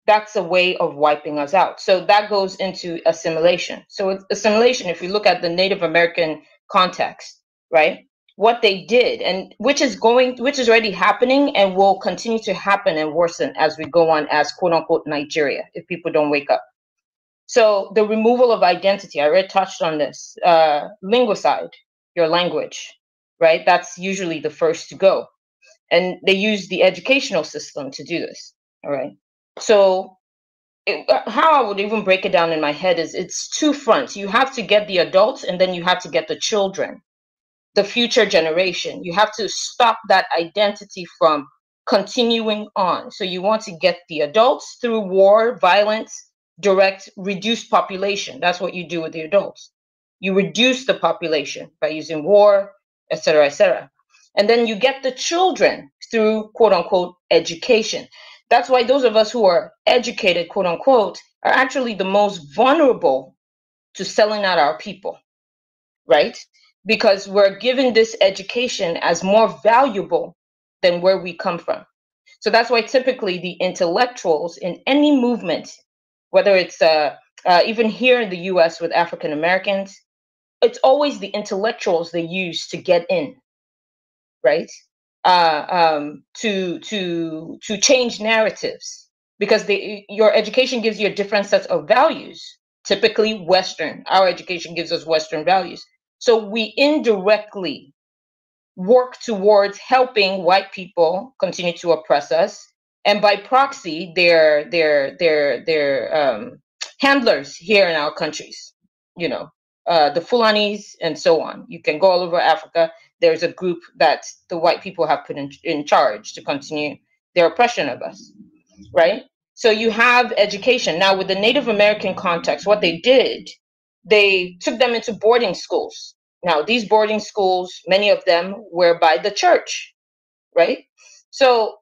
that's a way of wiping us out. So that goes into assimilation. So assimilation, if we look at the Native American context, right? What they did and which is going which is already happening and will continue to happen and worsen as we go on as quote unquote Nigeria if people don't wake up. So the removal of identity, I already touched on this. Uh, linguicide, your language, right? That's usually the first to go. And they use the educational system to do this, all right? So it, uh, how I would even break it down in my head is it's two fronts. You have to get the adults and then you have to get the children, the future generation. You have to stop that identity from continuing on. So you want to get the adults through war, violence, direct reduced population. That's what you do with the adults. You reduce the population by using war, et cetera, et cetera. And then you get the children through quote unquote education. That's why those of us who are educated, quote unquote, are actually the most vulnerable to selling out our people, right? Because we're given this education as more valuable than where we come from. So that's why typically the intellectuals in any movement whether it's uh, uh, even here in the US with African Americans, it's always the intellectuals they use to get in, right? Uh, um, to to to change narratives because they, your education gives you a different set of values. Typically, Western. Our education gives us Western values, so we indirectly work towards helping white people continue to oppress us and by proxy their their their their um, handlers here in our countries. You know, uh, the Fulanis and so on. You can go all over Africa. There's a group that the white people have put in, in charge to continue their oppression of us, right? So you have education. Now, with the Native American context, what they did, they took them into boarding schools. Now, these boarding schools, many of them were by the church, right? So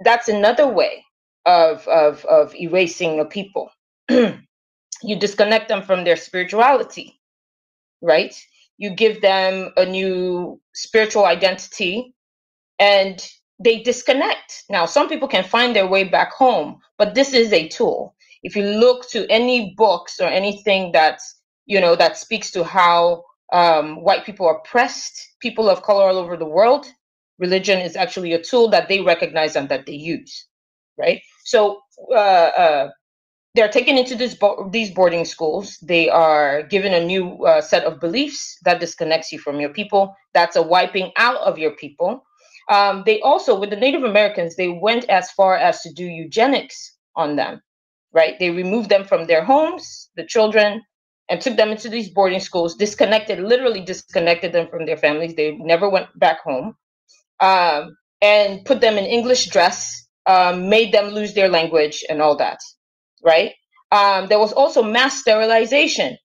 that's another way of of of erasing a people. you disconnect them from their spirituality, right? You give them a new spiritual identity and they disconnect. Now, some people can find their way back home, but this is a tool. If you look to any books or anything that's you know that speaks to how um, white people oppressed people of color all over the world, religion is actually a tool that they recognize and that they use, right? So uh, uh, they're taken into this bo- these boarding schools. They are given a new uh, set of beliefs that disconnects you from your people. That's a wiping out of your people. Um, they also, with the Native Americans, they went as far as to do eugenics on them, right? They removed them from their homes, the children, and took them into these boarding schools, disconnected, literally disconnected them from their families. They never went back home um, and put them in English dress, um, made them lose their language and all that, right? Um, there was also mass sterilization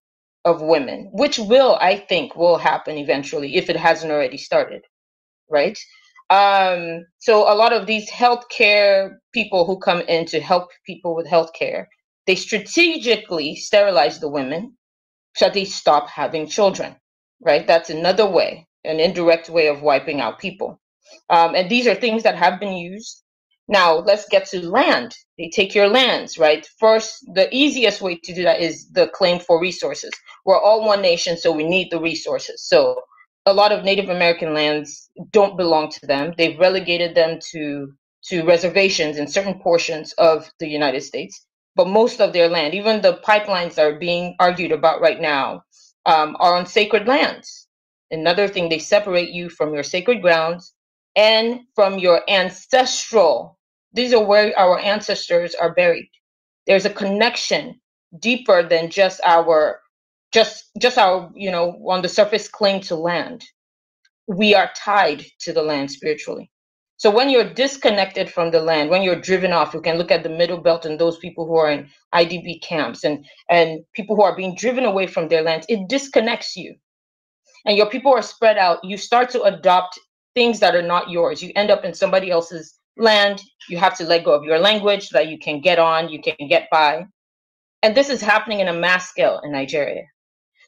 of women, which will, I think, will happen eventually if it hasn't already started, right? Um, so a lot of these healthcare people who come in to help people with healthcare, they strategically sterilize the women so they stop having children, right? That's another way, an indirect way of wiping out people. Um, and these are things that have been used. Now let's get to land. They take your lands, right? First, the easiest way to do that is the claim for resources. We're all one nation, so we need the resources. So a lot of Native American lands don't belong to them. They've relegated them to to reservations in certain portions of the United States, but most of their land, even the pipelines that are being argued about right now, um, are on sacred lands. Another thing, they separate you from your sacred grounds and from your ancestral. These are where our ancestors are buried. There's a connection deeper than just our just just our you know on the surface claim to land we are tied to the land spiritually so when you're disconnected from the land when you're driven off you can look at the middle belt and those people who are in idb camps and and people who are being driven away from their lands it disconnects you and your people are spread out you start to adopt things that are not yours. You end up in somebody else's land. You have to let go of your language so that you can get on, you can get by. And this is happening in a mass scale in Nigeria.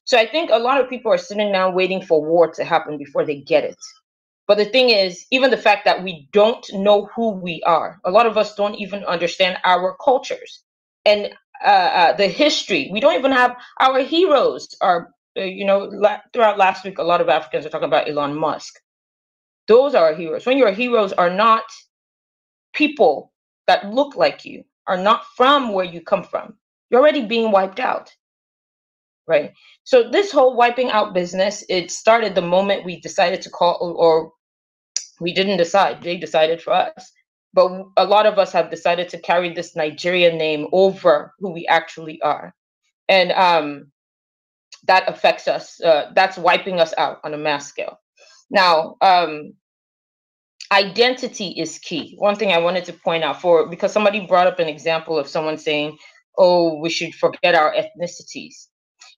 So I think a lot of people are sitting down waiting for war to happen before they get it. But the thing is, even the fact that we don't know who we are, a lot of us don't even understand our cultures and uh, uh, the history. We don't even have our heroes. Are uh, you know la- throughout last week, a lot of Africans are talking about Elon Musk. Those are heroes. When your heroes are not people that look like you, are not from where you come from, you're already being wiped out. Right. So this whole wiping out business, it started the moment we decided to call or we didn't decide. They decided for us. But a lot of us have decided to carry this Nigerian name over who we actually are. And um, that affects us. Uh, that's wiping us out on a mass scale. Now, um, identity is key. One thing I wanted to point out for because somebody brought up an example of someone saying, "Oh, we should forget our ethnicities."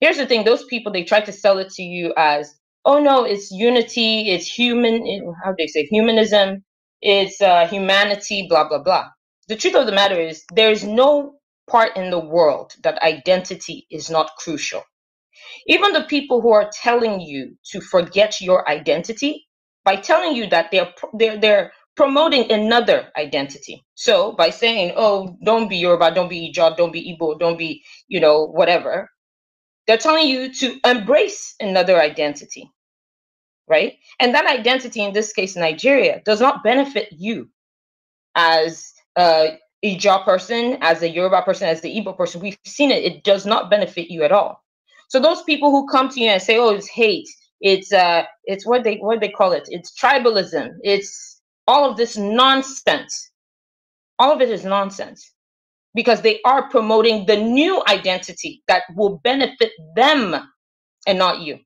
Here's the thing: those people they try to sell it to you as, "Oh no, it's unity, it's human. Eh, how do they say humanism? It's uh, humanity, blah blah blah." The truth of the matter is, there is no part in the world that identity is not crucial. Even the people who are telling you to forget your identity by telling you that they're they're they're promoting another identity. So by saying, "Oh, don't be Yoruba, don't be Ijaw, don't be Igbo, don't be you know whatever," they're telling you to embrace another identity, right? And that identity, in this case, Nigeria, does not benefit you as a Ijaw person, as a Yoruba person, as the Igbo person. We've seen it; it does not benefit you at all. So those people who come to you and say, "Oh, it's hate," It's uh, it's what they what they call it. It's tribalism. It's all of this nonsense. All of it is nonsense because they are promoting the new identity that will benefit them and not you.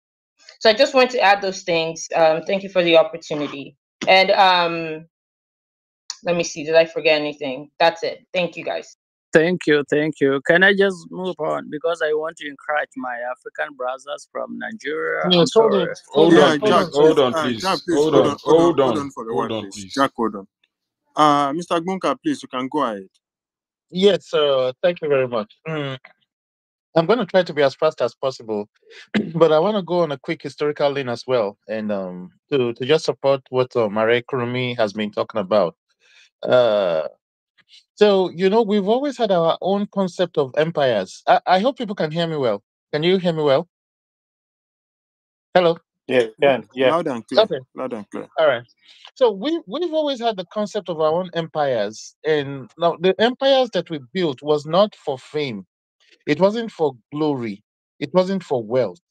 So I just want to add those things. Um, thank you for the opportunity. And um, let me see, did I forget anything? That's it. Thank you guys. Thank you, thank you. Can I just move on because I want to encourage my African brothers from Nigeria. No, hold, On. hold on, Jack, hold on, ah, please. Hold on, hold on, hold on, please. Jack, hold on. Uh, ah, Mr. Gunka, please, you can go ahead. Yes, sir. Thank you very much. Mm. I'm going to try to be as fast as possible, but I want to go on a quick historical lean as well, and um, to to just support what uh, Marie Kurumi has been talking about. Uh, so, you know, we've always had our own concept of empires. I, I hope people can hear me well. Can you hear me well? Hello? Yeah, yeah, yeah. Loud and clear. Okay. Loud and clear. All right. So we we've always had the concept of our own empires, and now the empires that we built was not for fame, it wasn't for glory, it wasn't for wealth.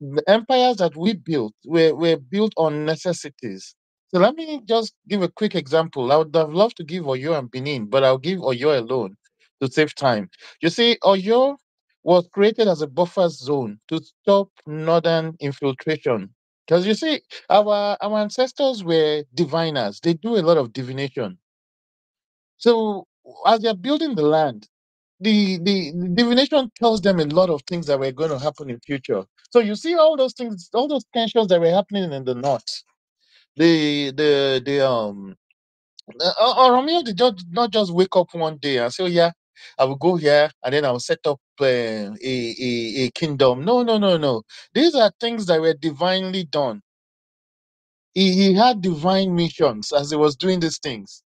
The empires that we built were, were built on necessities. So let me just give a quick example. I would have loved to give Oyo and Benin, but I'll give Oyo alone to save time. You see, Oyo was created as a buffer zone to stop northern infiltration. Because you see, our, our ancestors were diviners, they do a lot of divination. So as they're building the land, the, the, the divination tells them a lot of things that were going to happen in future. So you see all those things, all those tensions that were happening in the north the the the um Oromia uh, uh, did just not just wake up one day and say, oh, yeah, I will go here and then I will set up uh, a, a, a kingdom. No, no, no, no. These are things that were divinely done. He, he had divine missions as he was doing these things.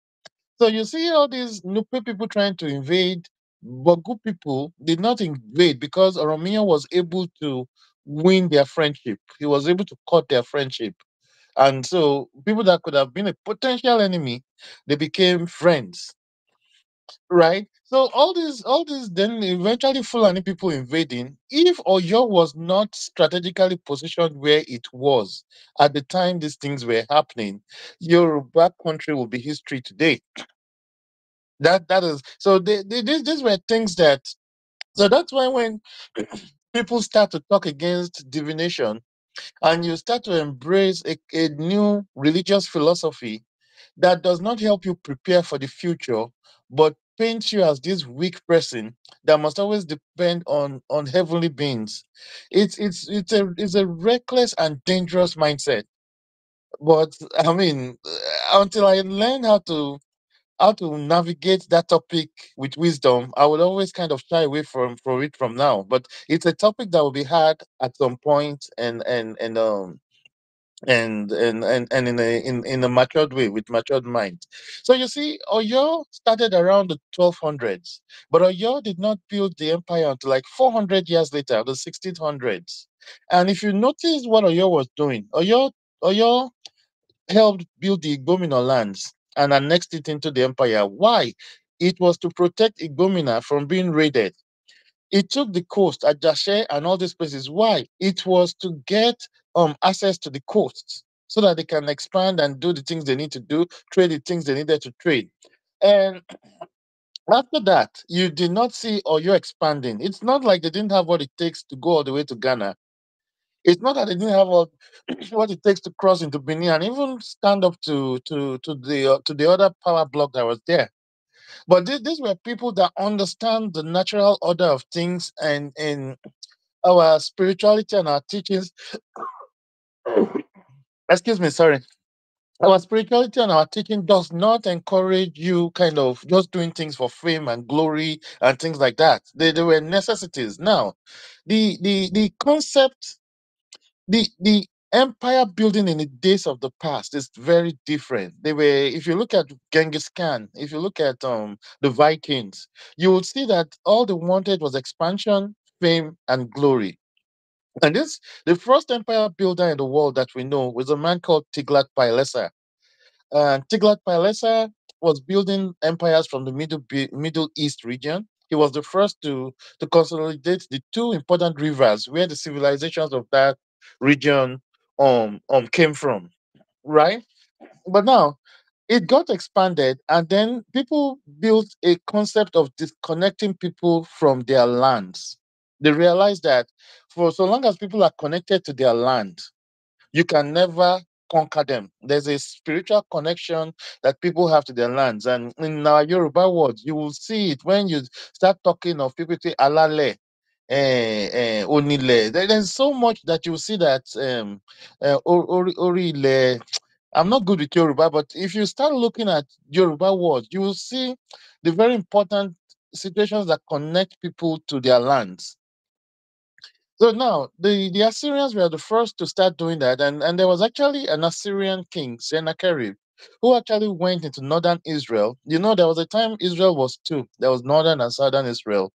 So you see all these Nupe people trying to invade, but good people did not invade because Oromia was able to win their friendship. He was able to cut their friendship. And so people that could have been a potential enemy, they became friends. Right? So all these all these then eventually Fulani people invading, if Oyo was not strategically positioned where it was at the time these things were happening, your back country will be history today. That that is so they, they, these these were things that so that's why when people start to talk against divination, and you start to embrace a, a new religious philosophy that does not help you prepare for the future, but paints you as this weak person that must always depend on on heavenly beings. It's it's it's a it's a reckless and dangerous mindset. But I mean, until I learn how to how to navigate that topic with wisdom, I would always kind of shy away from from it from now. But it's a topic that will be had at some point, and and and um and and and, and in a in, in a matured way with matured mind. So you see, Oyo started around the 1200s, but Oyo did not build the empire until like 400 years later, the 1600s. And if you notice what Oyo was doing, Oyo Oyo helped build the Igbominal lands and annexed it into the empire. Why? It was to protect Igomina from being raided. It took the coast, at Ajashe, and all these places. Why? It was to get um, access to the coast so that they can expand and do the things they need to do, trade the things they needed to trade. And after that, you did not see or you're expanding. It's not like they didn't have what it takes to go all the way to Ghana. It's not that they didn't have all, what it takes to cross into Benin and even stand up to to to the uh, to the other power block that was there. But these were people that understand the natural order of things and in our spirituality and our teachings. Excuse me, sorry our spirituality and our teaching does not encourage you kind of just doing things for fame and glory and things like that. They, they were necessities. Now, the the the concept the the empire building in the days of the past is very different. They were, if you look at Genghis Khan, if you look at um, the Vikings, you would see that all they wanted was expansion, fame, and glory. And this, the first empire builder in the world that we know was a man called Tiglath-Pileser. Uh, Tiglath-Pileser was building empires from the Middle Middle East region. He was the first to to consolidate the two important rivers where the civilizations of that region um, um came from, right? But now it got expanded, and then people built a concept of disconnecting people from their lands. They realized that for so long as people are connected to their land, you can never conquer them. There's a spiritual connection that people have to their lands. And in our Yoruba words, you will see it when you start talking of people say alale, uh, eh, eh, Onile. there's so much that you see that um, uh, eh, or Orile. I'm not good with Yoruba, but if you start looking at Yoruba words, you will see the very important situations that connect people to their lands. So now the, the Assyrians were the first to start doing that, and, and there was actually an Assyrian king, Sennacherib, who actually went into northern Israel. You know, there was a time Israel was two. There was northern and southern Israel.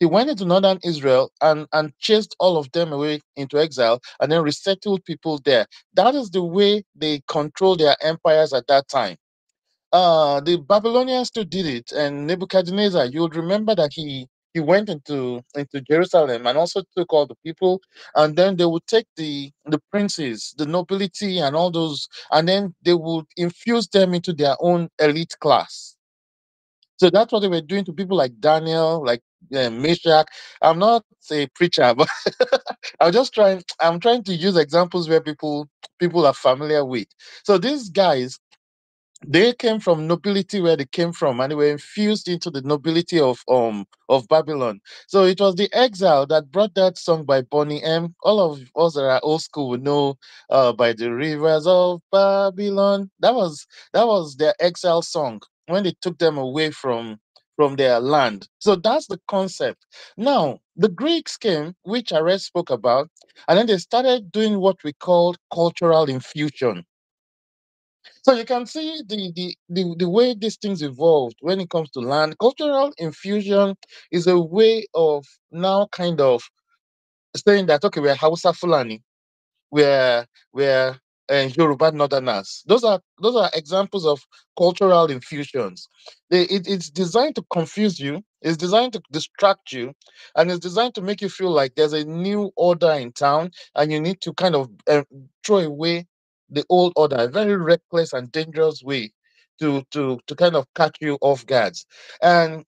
He went into northern Israel and, and chased all of them away into exile and then resettled people there. That is the way they control their empires at that time. Uh, the Babylonians too did it, and Nebuchadnezzar, you would remember that he he went into into Jerusalem and also took all the people, and then they would take the the princes, the nobility, and all those, and then they would infuse them into their own elite class. So that's what they were doing to people like Daniel, like uh, Meshach. I'm not a preacher, but I'm just trying. I'm trying to use examples where people people are familiar with. So these guys, they came from nobility where they came from, and they were infused into the nobility of um of Babylon. So it was the exile that brought that song by Bonnie M. All of us that are old school will know uh, by the rivers of Babylon. That was that was their exile song when they took them away from from their land. So that's the concept. Now, the Greeks came, which I Ares spoke about, and then they started doing what we call cultural infusion. So you can see the, the, the, the, way these things evolved when it comes to land. Cultural infusion is a way of now kind of saying that, okay, we're Hausa Fulani, we're, we're and Yoruba Northerners. Those are those are examples of cultural infusions. They, it, it's designed to confuse you. It's designed to distract you, and it's designed to make you feel like there's a new order in town, and you need to kind of uh, throw away the old order. A very reckless and dangerous way to to to kind of catch you off guard. And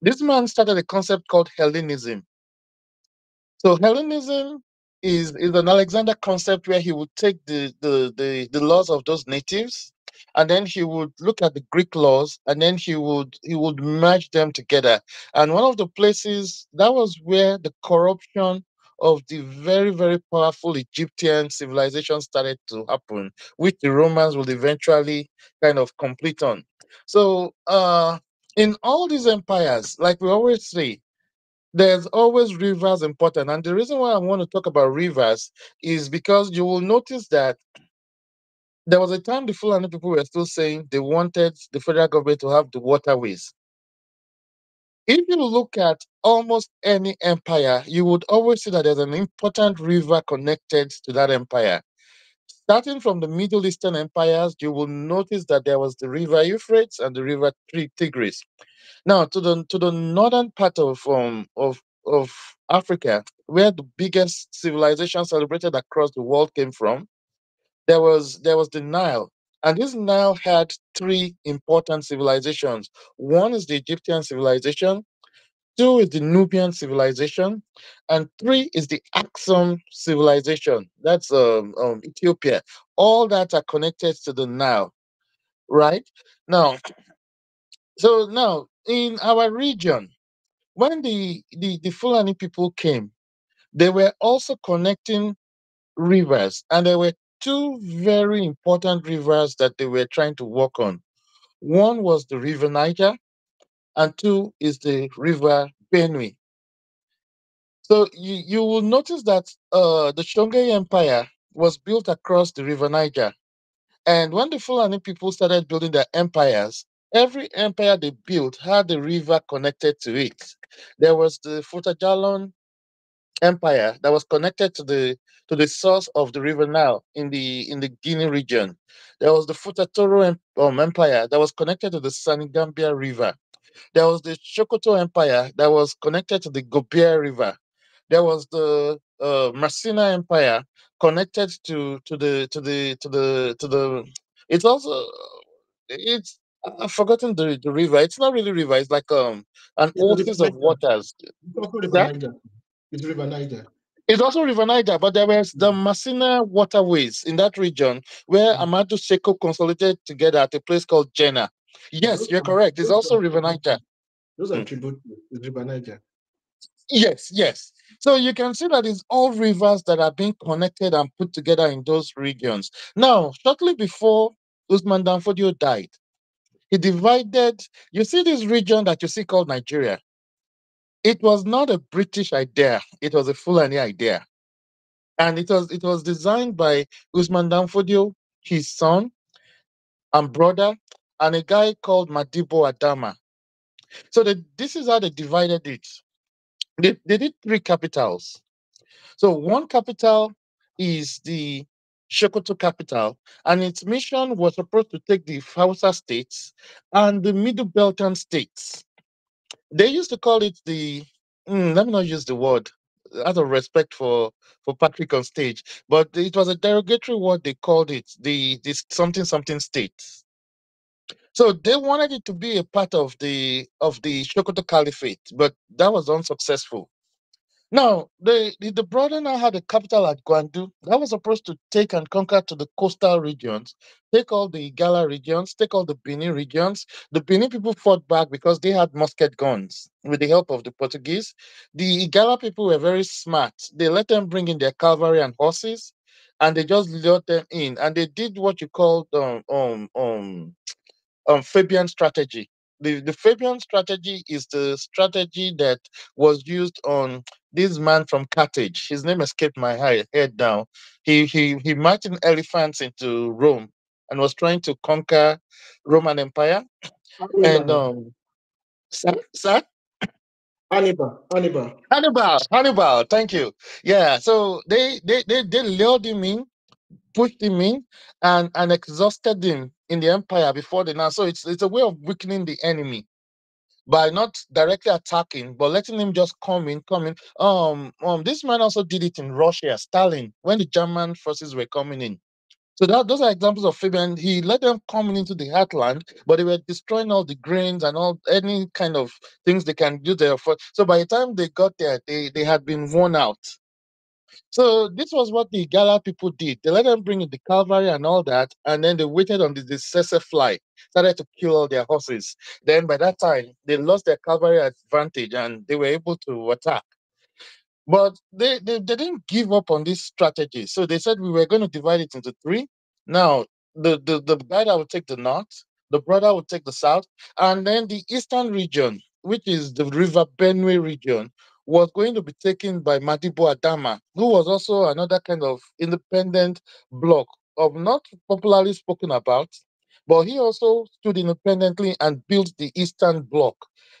this man started a concept called Hellenism. So Hellenism is, is an Alexander concept where he would take the, the, the, the laws of those natives and then he would look at the greek laws and then he would he would merge them together and one of the places that was where the corruption of the very very powerful egyptian civilization started to happen which the romans would eventually kind of complete on so uh in all these empires like we always say there's always rivers important. And the reason why I want to talk about rivers is because you will notice that there was a time the Fulani people were still saying they wanted the federal government to have the waterways. If you look at almost any empire, you would always see that there's an important river connected to that empire. Starting from the Middle Eastern empires, you will notice that there was the river Euphrates and the river Tigris. Now, to the to the northern part of um, of of Africa, where the biggest civilization celebrated across the world came from, there was there was the Nile, and this Nile had three important civilizations. One is the Egyptian civilization, two is the Nubian civilization, and three is the Axum civilization. That's um, um, Ethiopia. All that are connected to the Nile, right? Now, so now in our region, when the, the, the Fulani people came, they were also connecting rivers, and there were two very important rivers that they were trying to work on. One was the River Niger, and two is the river Benue. So you, you will notice that uh, the Shongai Empire was built across the river Niger. And when the Fulani people started building their empires, every empire they built had the river connected to it. There was the Futajalon Empire that was connected to the to the source of the river Nile in the in the Guinea region. There was the Futatoro um, Empire that was connected to the Gambia River. There was the Shokoto Empire that was connected to the Gobier River. There was the uh, Masina Empire connected to to the to the to the to the. It's also it's I've forgotten the, the river. It's not really river. It's like um an it's old of waters. It's river Niger. It's river Niger. It's also river Niger, but there was the mm. Masina waterways in that region where mm. Amadu Seko consolidated together at a place called Jena. Yes, you're correct. It's also River Niger. Those are hmm. tributaries, River Niger. Yes, yes. So you can see that it's all rivers that are being connected and put together in those regions. Now, shortly before Usman Danfodio died, he divided, you see this region that you see called Nigeria. It was not a British idea, it was a Fulani idea. And it was it was designed by Usman Danfodio, his son and brother, and a guy called Madibo Adama. So the, this is how they divided it. They, they did three capitals. So one capital is the Shokoto capital, and its mission was supposed to take the Hausa states and the Middle Beltan states. They used to call it the, mm, let me not use the word out of respect for, for Patrick on stage, but it was a derogatory word they called it, the, the something something states. So they wanted it to be a part of the of the Shokoto Caliphate, but that was unsuccessful. Now, the, the, the brother now had a capital at Guandu that was supposed to take and conquer to the coastal regions, take all the Igala regions, take all the Bini regions. The Bini people fought back because they had musket guns with the help of the Portuguese. The Igala people were very smart. They let them bring in their cavalry and horses, and they just lured them in. And they did what you called um um um um, Fabian strategy. The, the Fabian strategy is the strategy that was used on this man from Carthage. His name escaped my head now. He he he marched elephants into Rome and was trying to conquer Roman Empire. Hannibal. And um, sir, sir? Hannibal, Hannibal, Hannibal, Hannibal. Thank you. Yeah. So they they they they lured him in pushed him in and, and exhausted him in the empire before the now. So it's it's a way of weakening the enemy by not directly attacking, but letting him just come in, come in. Um, um, this man also did it in Russia, Stalin, when the German forces were coming in. So that those are examples of Fabian. He let them come into the heartland, but they were destroying all the grains and all any kind of things they can do there. For, so by the time they got there, they, they had been worn out. So this was what the Gala people did. They let them bring in the cavalry and all that, and then they waited on the decisive fly, started to kill all their horses. Then by that time, they lost their cavalry advantage and they were able to attack. But they, they, they didn't give up on this strategy. So they said we were going to divide it into three. Now, the, the, the guy that would take the north, the brother would take the south, and then the eastern region, which is the River Benue region, was going to be taken by Madibo Adama, who was also another kind of independent bloc of not popularly spoken about, but he also stood independently and built the Eastern Bloc,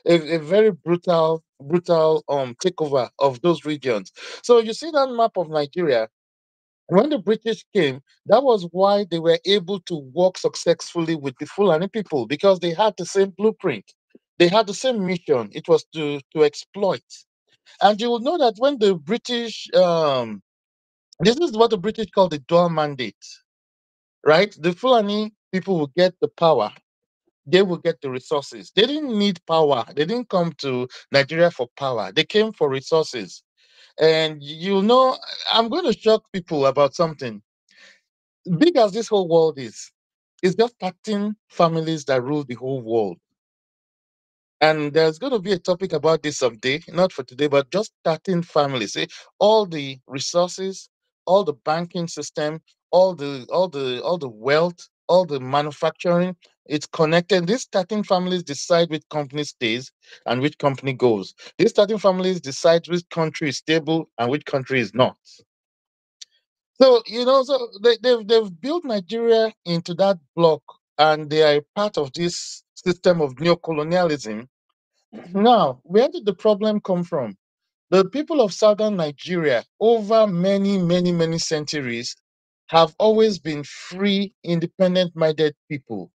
a, a very brutal, brutal um, takeover of those regions. So you see that map of Nigeria. When the British came, that was why they were able to work successfully with the Fulani people because they had the same blueprint. They had the same mission. It was to, to exploit and you will know that when the British, um, this is what the British call the dual mandate, right? The Fulani people will get the power, they will get the resources. They didn't need power, they didn't come to Nigeria for power, they came for resources. And you know, I'm going to shock people about something. Big as this whole world is, it's just 13 families that rule the whole world. And there's going to be a topic about this someday, not for today, but just starting families. See, all the resources, all the banking system, all the all the all the wealth, all the manufacturing, it's connected. These starting families decide which company stays and which company goes. These starting families decide which country is stable and which country is not. So, you know, so they, they've, they've built Nigeria into that block and they are part of this system of neocolonialism now, where did the problem come from? The people of southern Nigeria, over many, many, many centuries, have always been free, independent minded people.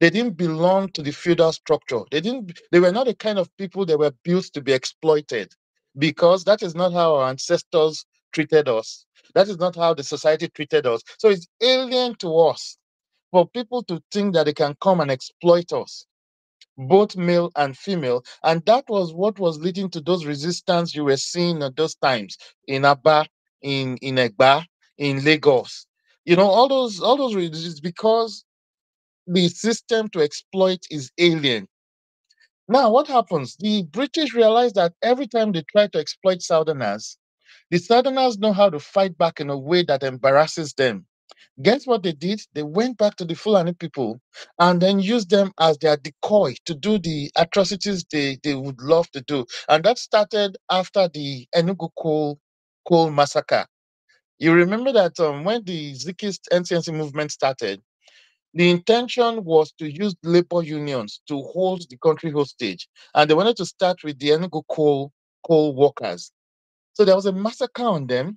They didn't belong to the feudal structure. They didn't they were not the kind of people that were built to be exploited because that is not how our ancestors treated us. That is not how the society treated us. So it's alien to us for people to think that they can come and exploit us both male and female. And that was what was leading to those resistance you were seeing at those times in Aba, in, in Egba, in Lagos. You know, all those all those reasons because the system to exploit is alien. Now, what happens? The British realize that every time they try to exploit Southerners, the Southerners know how to fight back in a way that embarrasses them. Guess what they did? They went back to the Fulani people and then used them as their decoy to do the atrocities they, they would love to do. And that started after the Enugu coal, coal massacre. You remember that um, when the Zikist NCNC movement started, the intention was to use labor unions to hold the country hostage. And they wanted to start with the Enugu coal, coal workers. So there was a massacre on them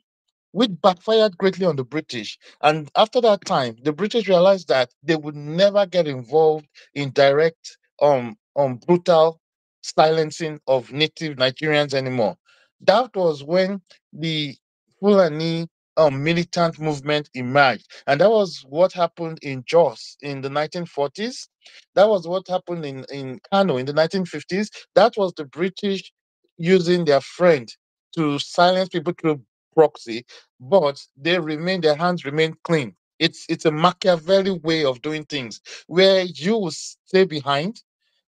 which backfired greatly on the British. And after that time, the British realized that they would never get involved in direct, um, um, brutal silencing of native Nigerians anymore. That was when the Fulani um, militant movement emerged. And that was what happened in Jos in the 1940s. That was what happened in, in Kano in the 1950s. That was the British using their friend to silence people through proxy, but they remain, their hands remain clean. It's it's a Machiavelli way of doing things where you will stay behind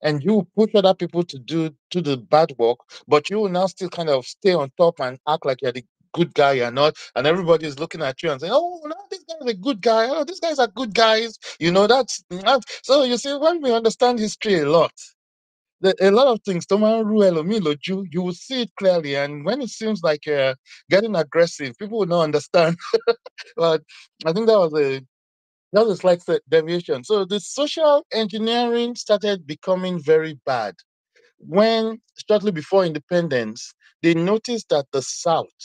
and you will push other people to do to the bad work, but you will now still kind of stay on top and act like you're the good guy you're not, and everybody is looking at you and saying, "Oh, no, this guy's a good guy. Oh, these guys are good guys." You know that's, that's so. You see, when we understand history a lot, the, a lot of things Tomorrow, you will see it clearly and when it seems like uh, getting aggressive people will not understand but I think that was a that was a slight deviation so the social engineering started becoming very bad when shortly before independence they noticed that the South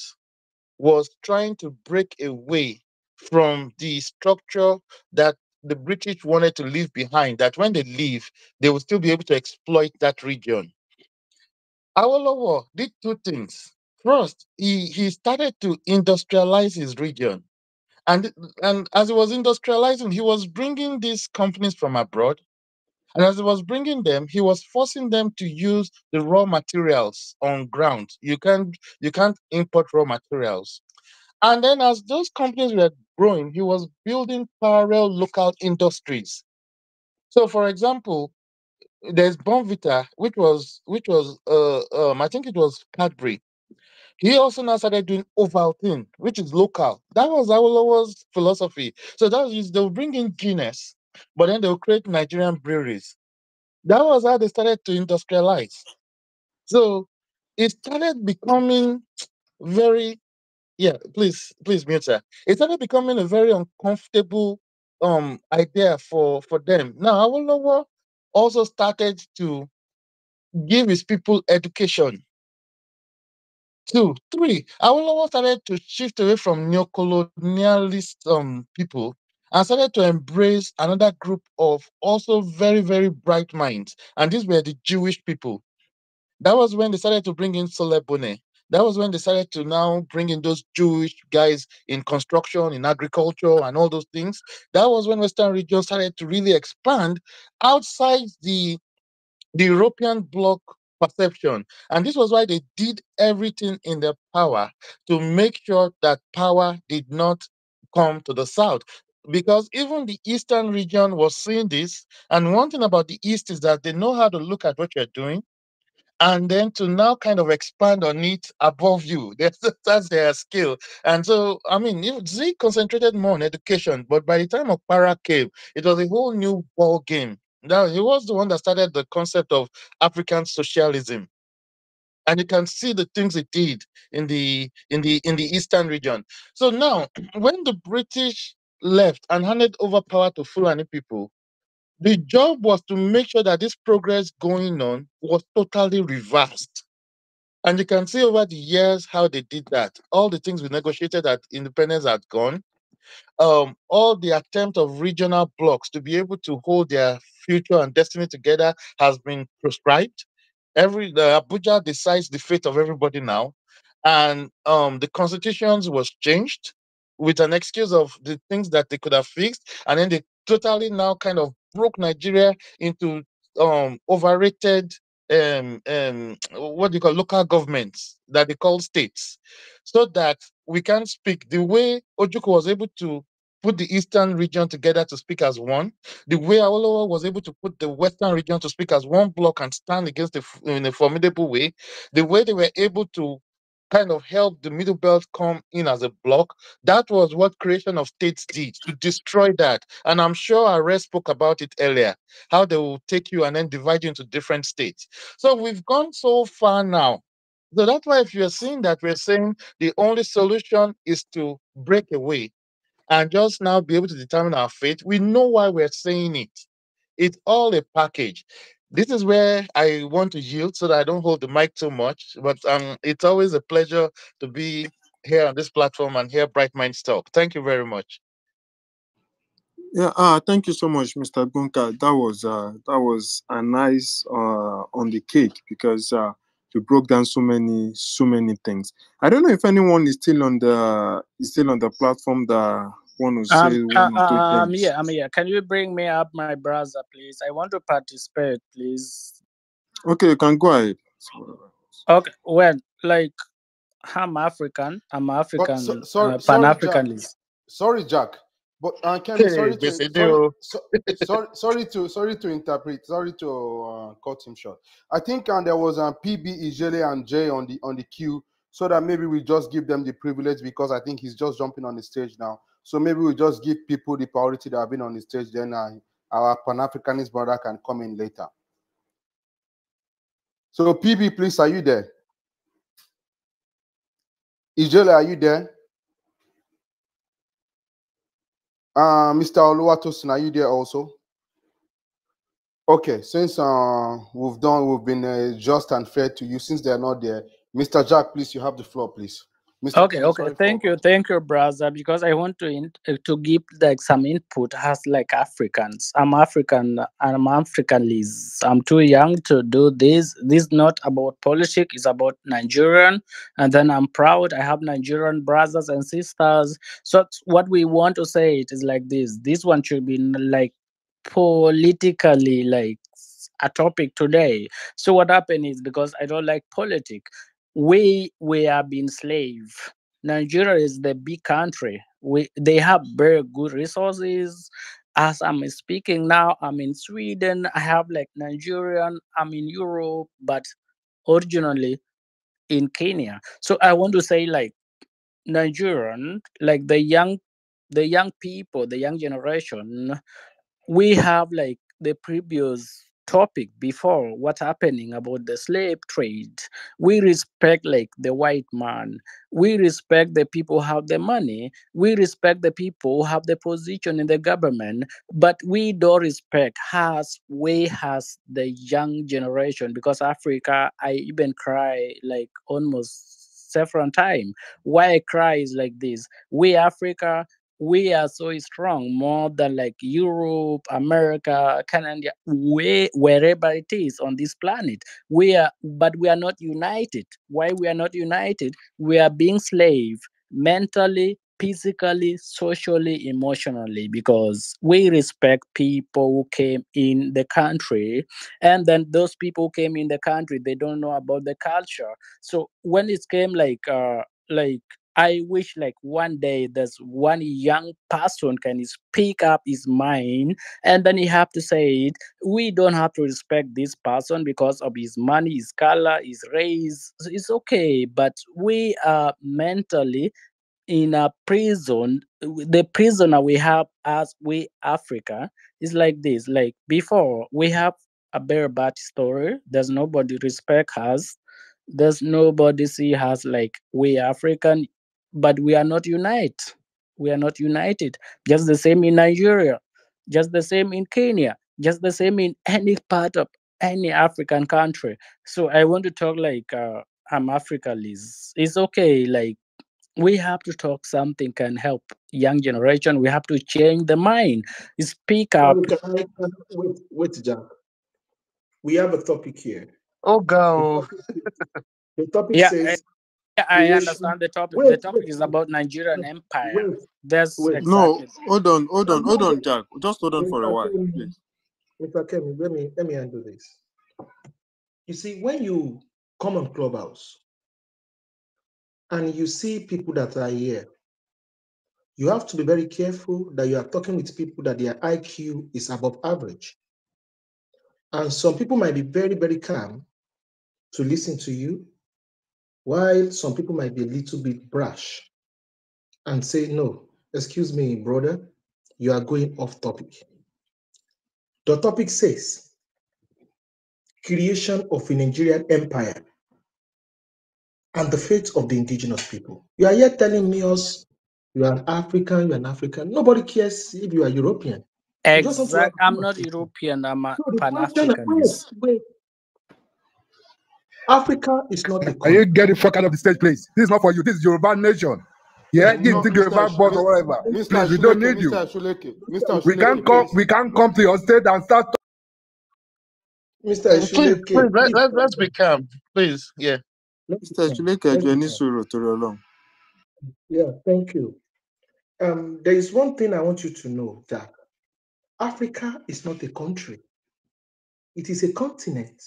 was trying to break away from the structure that the British wanted to leave behind, that when they leave, they will still be able to exploit that region. Awolowo did two things. First, he, he started to industrialize his region. And, and as he was industrializing, he was bringing these companies from abroad. And as he was bringing them, he was forcing them to use the raw materials on ground. You can't you can't import raw materials. And then as those companies were growing, he was building parallel local industries. So, for example, there's Bonvita, which was which was uh, um, I think it was Cadbury. He also now started doing Ovaltine, which is local. That was Awolowo's philosophy. So that is they'll bring in Guinness, but then they'll create Nigerian breweries. That was how they started to industrialize. So it started becoming very yeah, please, please mute her. It's started becoming a very uncomfortable um idea for for them. Now Awolowo also started to give his people education. Two, three, Awolowo started to shift away from neocolonialist um, people and started to embrace another group of also very, very bright minds. And these were the Jewish people. That was when they started to bring in Solebone. That was when they started to now bring in those Jewish guys in construction, in agriculture, and all those things. That was when Western region started to really expand outside the, the European bloc perception. And this was why they did everything in their power to make sure that power did not come to the South because even the eastern region was seeing this and one thing about the east is that they know how to look at what you're doing and then to now kind of expand on it above you. That's, their skill. And so, I mean, you concentrated more on education, but by the time Okpara came, it was a whole new ball game. Now, he was the one that started the concept of African socialism. And you can see the things it did in the in the in the eastern region. So now, when the British left and handed over power to Fulani people, the job was to make sure that this progress going on was totally reversed. And you can see over the years how they did that. All the things we negotiated that independence had gone, um, all the attempt of regional blocs to be able to hold their future and destiny together has been proscribed. Every the Abuja decides the fate of everybody now, and um, the constitutions was changed with an excuse of the things that they could have fixed, and then they totally now kind of broke Nigeria into um, overrated um, um, what do you call local governments that they call states, so that we can speak the way Ojuku was able to put the eastern region together to speak as one, the way Awolowo was able to put the western region to speak as one block and stand against the in a formidable way, the way they were able to kind of helped the middle belt come in as a block. That was what creation of states did to destroy that. And I'm sure Arre spoke about it earlier, how they will take you and then divide you into different states. So we've gone so far now. So that's why if you're seeing that we're saying the only solution is to break away and just now be able to determine our fate, we know why we're saying it. It's all a package this is where I want to yield so that I don't hold the mic too much. But um, it's always a pleasure to be here on this platform and hear Bright Minds talk. Thank you very much. Yeah, uh, thank you so much, Mr. Gunka. That was uh, that was a nice uh, on the cake because uh, you broke down so many so many things. I don't know if anyone is still on the is still on the platform that want to um, um, yeah, I am here. Can you bring me up my browser, please? I want to participate, please. Okay, you can go ahead. Okay, well, like I'm African. I'm African. So, uh, sorry, uh, Pan Africanist. Sorry, Jack. But uh, Ken, sorry, to, sorry, so, sorry, sorry, to sorry to interpret, sorry to uh, cut him short. I think uh, there was a um, PB Ijele and Jay on the on the queue, so that maybe we just give them the privilege because I think he's just jumping on the stage now. So maybe we just give people the priority that have been on the stage, then our Pan Africanist brother can come in later. So, PB, please, are you there? Israel, are you there? Uh, Mr. Oluwatosin, are you there also? Okay, since uh, we've done, we've been uh, just and fair to you. Since they're not there, Mr. Jack, please, you have the floor, please. Mr. Okay, okay. Thank you, thank you, brother. Because I want to in, to give like some input as like Africans. I'm African. I'm Africanese. I'm too young to do this. This is not about politics. It's about Nigerian. And then I'm proud. I have Nigerian brothers and sisters. So what we want to say it is like this. This one should be like politically like a topic today. So what happened is because I don't like politics we we have been slave. Nigeria is the big country. We they have very good resources. As I'm speaking now, I'm in Sweden. I have like Nigerian. I'm in Europe, but originally in Kenya. So I want to say like Nigerian, like the young, the young people, the young generation, we have like the previous topic before what's happening about the slave trade we respect like the white man we respect the people who have the money we respect the people who have the position in the government but we don't respect us we has the young generation because africa i even cry like almost several time why i cry is like this we africa we are so strong more than like Europe, America, Canada, where wherever it is on this planet. We are, but we are not united. Why we are not united? We are being slave mentally, physically, socially, emotionally, because we respect people who came in the country. And then those people who came in the country, they don't know about the culture. So when it came like uh like I wish like one day there's one young person can speak up his mind and then he have to say it. We don't have to respect this person because of his money, his color, his race. It's okay, but we are mentally in a prison. The prisoner we have as we Africa is like this. Like before, we have a very bad story. There's nobody respect us there's nobody see us like we African but we are not united. We are not united. Just the same in Nigeria, just the same in Kenya, just the same in any part of any African country. So I want to talk like uh, I'm African. it's okay? Like we have to talk something can help young generation. We have to change the mind. Speak up. Wait, wait, wait Jack. We have a topic here. Oh, go. The topic yeah, says I understand the topic. Wait, the topic wait, is about Nigerian wait, empire. Wait, There's exactly no. Hold on, hold on, hold on, Jack. Just hold on if for I a while, Mr. please. If I can, let me let me handle this. You see, when you come on Clubhouse and you see people that are here, you have to be very careful that you are talking with people that their IQ is above average. And some people might be very, very calm to listen to you while some people might be a little bit brash and say, no, excuse me, brother, you are going off topic. The topic says creation of a Nigerian empire and the fate of the indigenous people. You are here telling me us you are an African, you are an African. Nobody cares if you are European. Exactly. I'm not European, I'm a Pan African. Africa is not the. Are you getting fuck out of the stage, please? This is not for you. This is Yoruba nation. Yeah, no, you Yoruba boss or whatever. Mr. Please, we don't need Mr. you. Shuleke, Mr. Shuleke, we can't come. We can't come to your state and start. Mr. Shuleke, please, please, let, let's be calm, please. Yeah. Mr. Shuleke, Jenny Suro to Yeah, thank you. Um, there is one thing I want you to know that Africa is not a country; it is a continent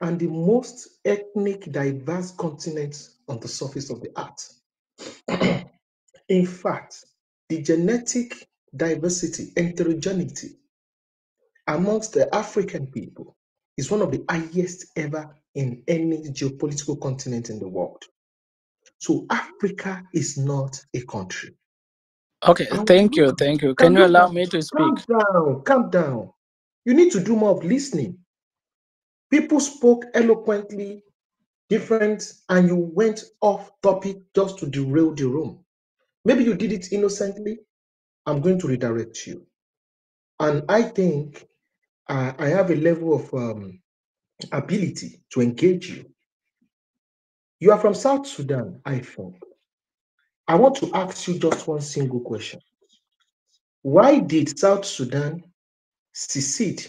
and the most ethnic diverse continent on the surface of the earth. In fact, the genetic diversity, heterogeneity amongst the African people is one of the highest ever in any geopolitical continent in the world. So Africa is not a country. Okay, and thank you, thank you. Can you allow me to speak? Calm down, calm down. You need to do more of listening. People spoke eloquently different, and you went off topic just to derail the room. Maybe you did it innocently. I'm going to redirect you. And I think uh, I have a level of um, ability to engage you. You are from South Sudan, I think. I want to ask you just one single question. Why did South Sudan secede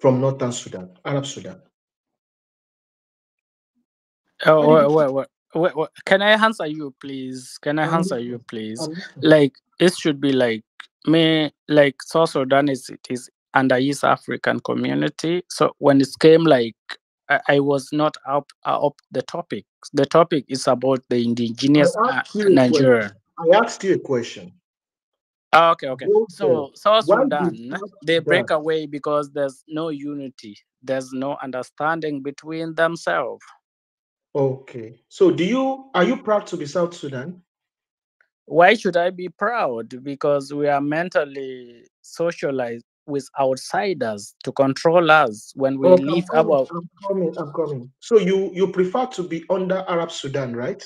from northern Sudan, Arab Sudan. Oh, wait, wait, wait, wait, Can I answer you, please? Can I um, answer you, please? Um, like, it should be like me, like South Sudan is it is under East African community. So when it came, like I, I was not up uh, up the topic. The topic is about the indigenous I uh, Nigeria. I asked you a question. Oh, okay, okay. So South Sudan, they break away because there's no unity. There's no understanding between themselves. Okay. So do you are you proud to be South Sudan? Why should I be proud? Because we are mentally socialized with outsiders to control us when we leave I'm coming, our I'm coming, I'm coming. So you you prefer to be under Arab Sudan, right?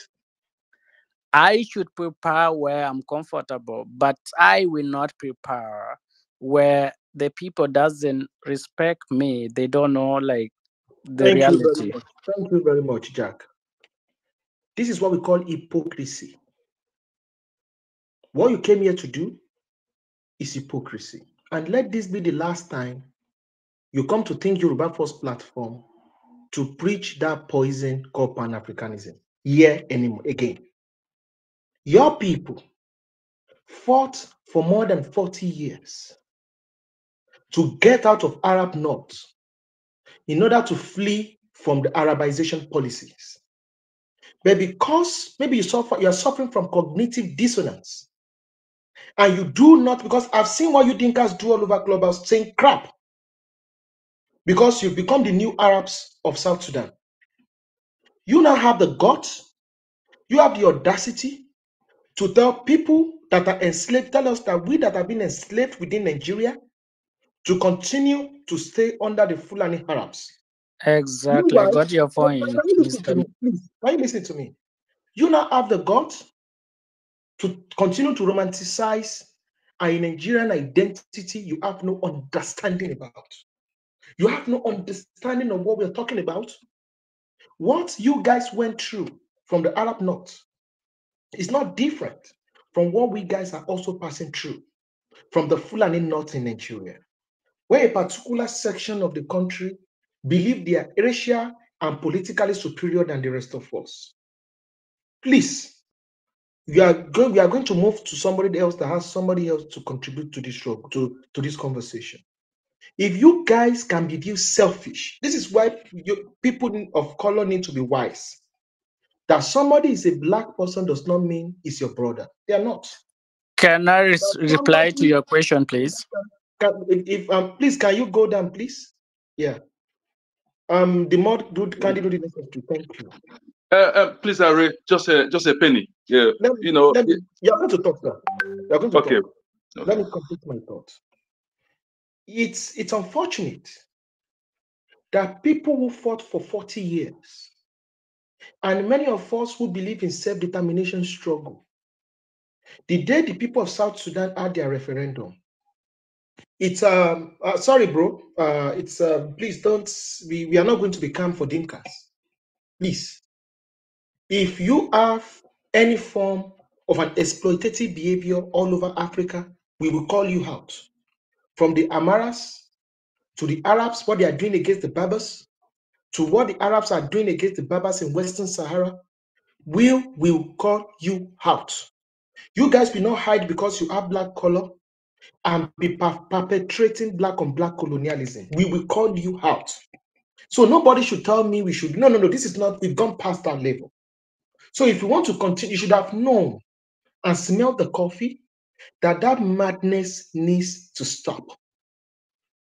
I should prepare where I'm comfortable, but I will not prepare where the people doesn't respect me. They don't know like the Thank reality. You Thank you very much, Jack. This is what we call hypocrisy. What you came here to do is hypocrisy. And let this be the last time you come to Think Yoruba First platform to preach that poison called Pan-Africanism here anymore again. Your people fought for more than 40 years to get out of Arab North in order to flee from the Arabization policies. But because maybe you suffer, you're suffering from cognitive dissonance, and you do not, because I've seen what you thinkers do all over global saying crap, because you've become the new Arabs of South Sudan. You now have the guts, you have the audacity, to tell people that are enslaved, tell us that we that have been enslaved within Nigeria to continue to stay under the Fulani Arabs. Exactly. You got your point. Can you, to me, Why can you listen to me? You now have the guts to continue to romanticize a Nigerian identity you have no understanding about. You have no understanding of what we're talking about. What you guys went through from the Arab North it's not different from what we guys are also passing through from the Fulani North in Nigeria, where a particular section of the country believe they are racial and politically superior than the rest of us. Please, we are going, we are going to move to somebody else that has somebody else to contribute to this show, to, to this conversation. If you guys can be viewed selfish, this is why you, people of color need to be wise. That somebody is a black person does not mean is your brother. They are not. Can I re reply to your question, please? Can, if um, please, can you go down, please? Yeah. Um, the more good candidate, do Thank you. Uh, uh, please, Harry, just a just a penny. Yeah, me, you know. Me, you're going to talk now. You're going to okay. talk. Okay. Let me complete my thought. It's it's unfortunate that people who fought for forty years and many of us who believe in self determination struggle. The day the people of South Sudan had their referendum, it's um uh, sorry, bro. Uh, it's uh, please don't. We, we are not going to be calm for Dinkas. Please, if you have any form of an exploitative behavior all over Africa, we will call you out. From the Amaras to the Arabs, what they are doing against the Berbers, to what the Arabs are doing against the Berbers in Western Sahara, we will call you out. You guys will not hide because you are black color and be perpetrating black on black colonialism. We will call you out. So nobody should tell me we should. No, no, no. This is not. We've gone past that level. So if you want to continue, you should have known and smelled the coffee that that madness needs to stop.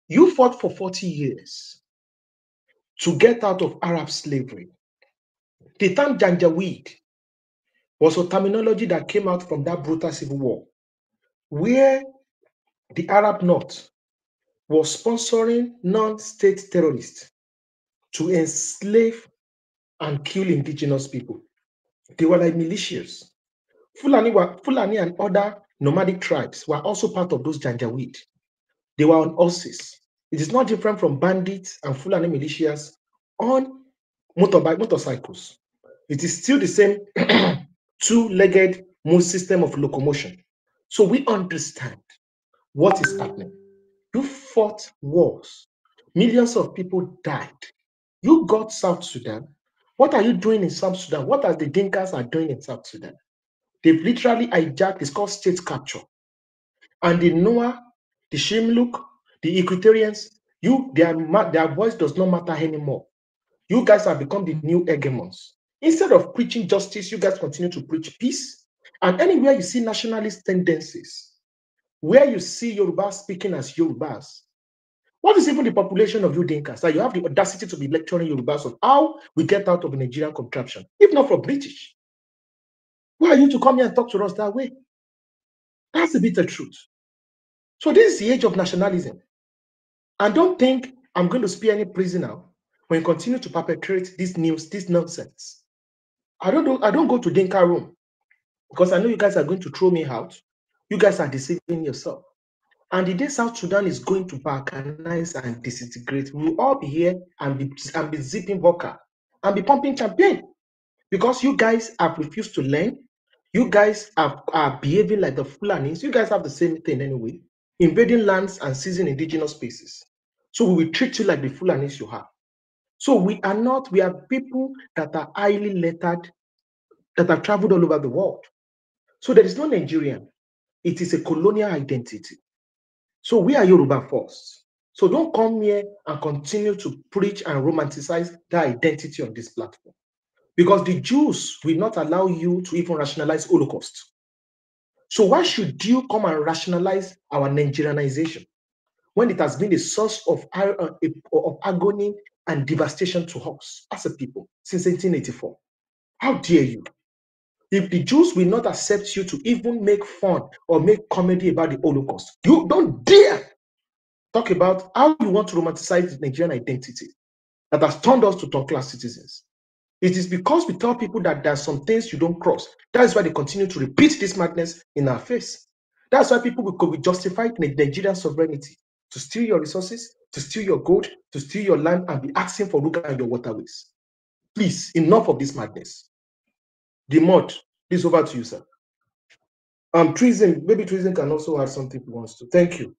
You fought for 40 years to get out of Arab slavery. The term Janjaweed was a terminology that came out from that brutal civil war, where the Arab North was sponsoring non state terrorists to enslave and kill indigenous people. They were like militias. Fulani, were, Fulani and other nomadic tribes were also part of those Janjaweed. They were on horses. It is not different from bandits and Fulani militias on motorbike motorcycles. It is still the same two-legged mode system of locomotion. So we understand what is happening. You fought wars. Millions of people died. You got South Sudan. What are you doing in South Sudan? What are the Dinkas are doing in South Sudan? They've literally hijacked, it's called state capture. And the Noah, the Shimluk, the equitarians, you their, their voice does not matter anymore. You guys have become the new hegemons. Instead of preaching justice, you guys continue to preach peace. And anywhere you see nationalist tendencies, where you see Yorubas speaking as Yorubas, what is even the population of Udinkas that you have the audacity to be lecturing Yorubas on how we get out of the Nigerian contraption, if not for British? Why are you to come here and talk to us that way? That's a bitter truth. So this is the age of nationalism. And don't think I'm going to spare any prisoner when you continue to perpetrate this news, this nonsense. I don't do, I don't go to Dinka room because I know you guys are going to throw me out. You guys are deceiving yourself. And the day South Sudan is going to balkanize and disintegrate, we'll all be here and be, and be zipping vodka and be pumping champagne because you guys have refused to learn. You guys have, are behaving like the Fulanis. You guys have the same thing anyway, invading lands and seizing indigenous spaces. So we will treat you like the fullness you have. So we are not, we are people that are highly lettered, that have traveled all over the world. So there is no Nigerian. It is a colonial identity. So we are Yoruba first. So don't come here and continue to preach and romanticize that identity on this platform. Because the Jews will not allow you to even rationalize Holocaust. So why should you come and rationalize our Nigerianization? when it has been a source of, of agony and devastation to us as a people since 1884. How dare you? If the Jews will not accept you to even make fun or make comedy about the Holocaust, you don't dare talk about how you want to romanticize the Nigerian identity that has turned us to top class citizens. It is because we tell people that there are some things you don't cross. That is why they continue to repeat this madness in our face. That's why people will, could be justified in Nigerian sovereignty to steal your resources, to steal your gold, to steal your land, and be asking for look at your waterways. Please, enough of this madness. The mod, please over to you, sir. Um, treason, maybe treason can also add something he wants to. Thank you.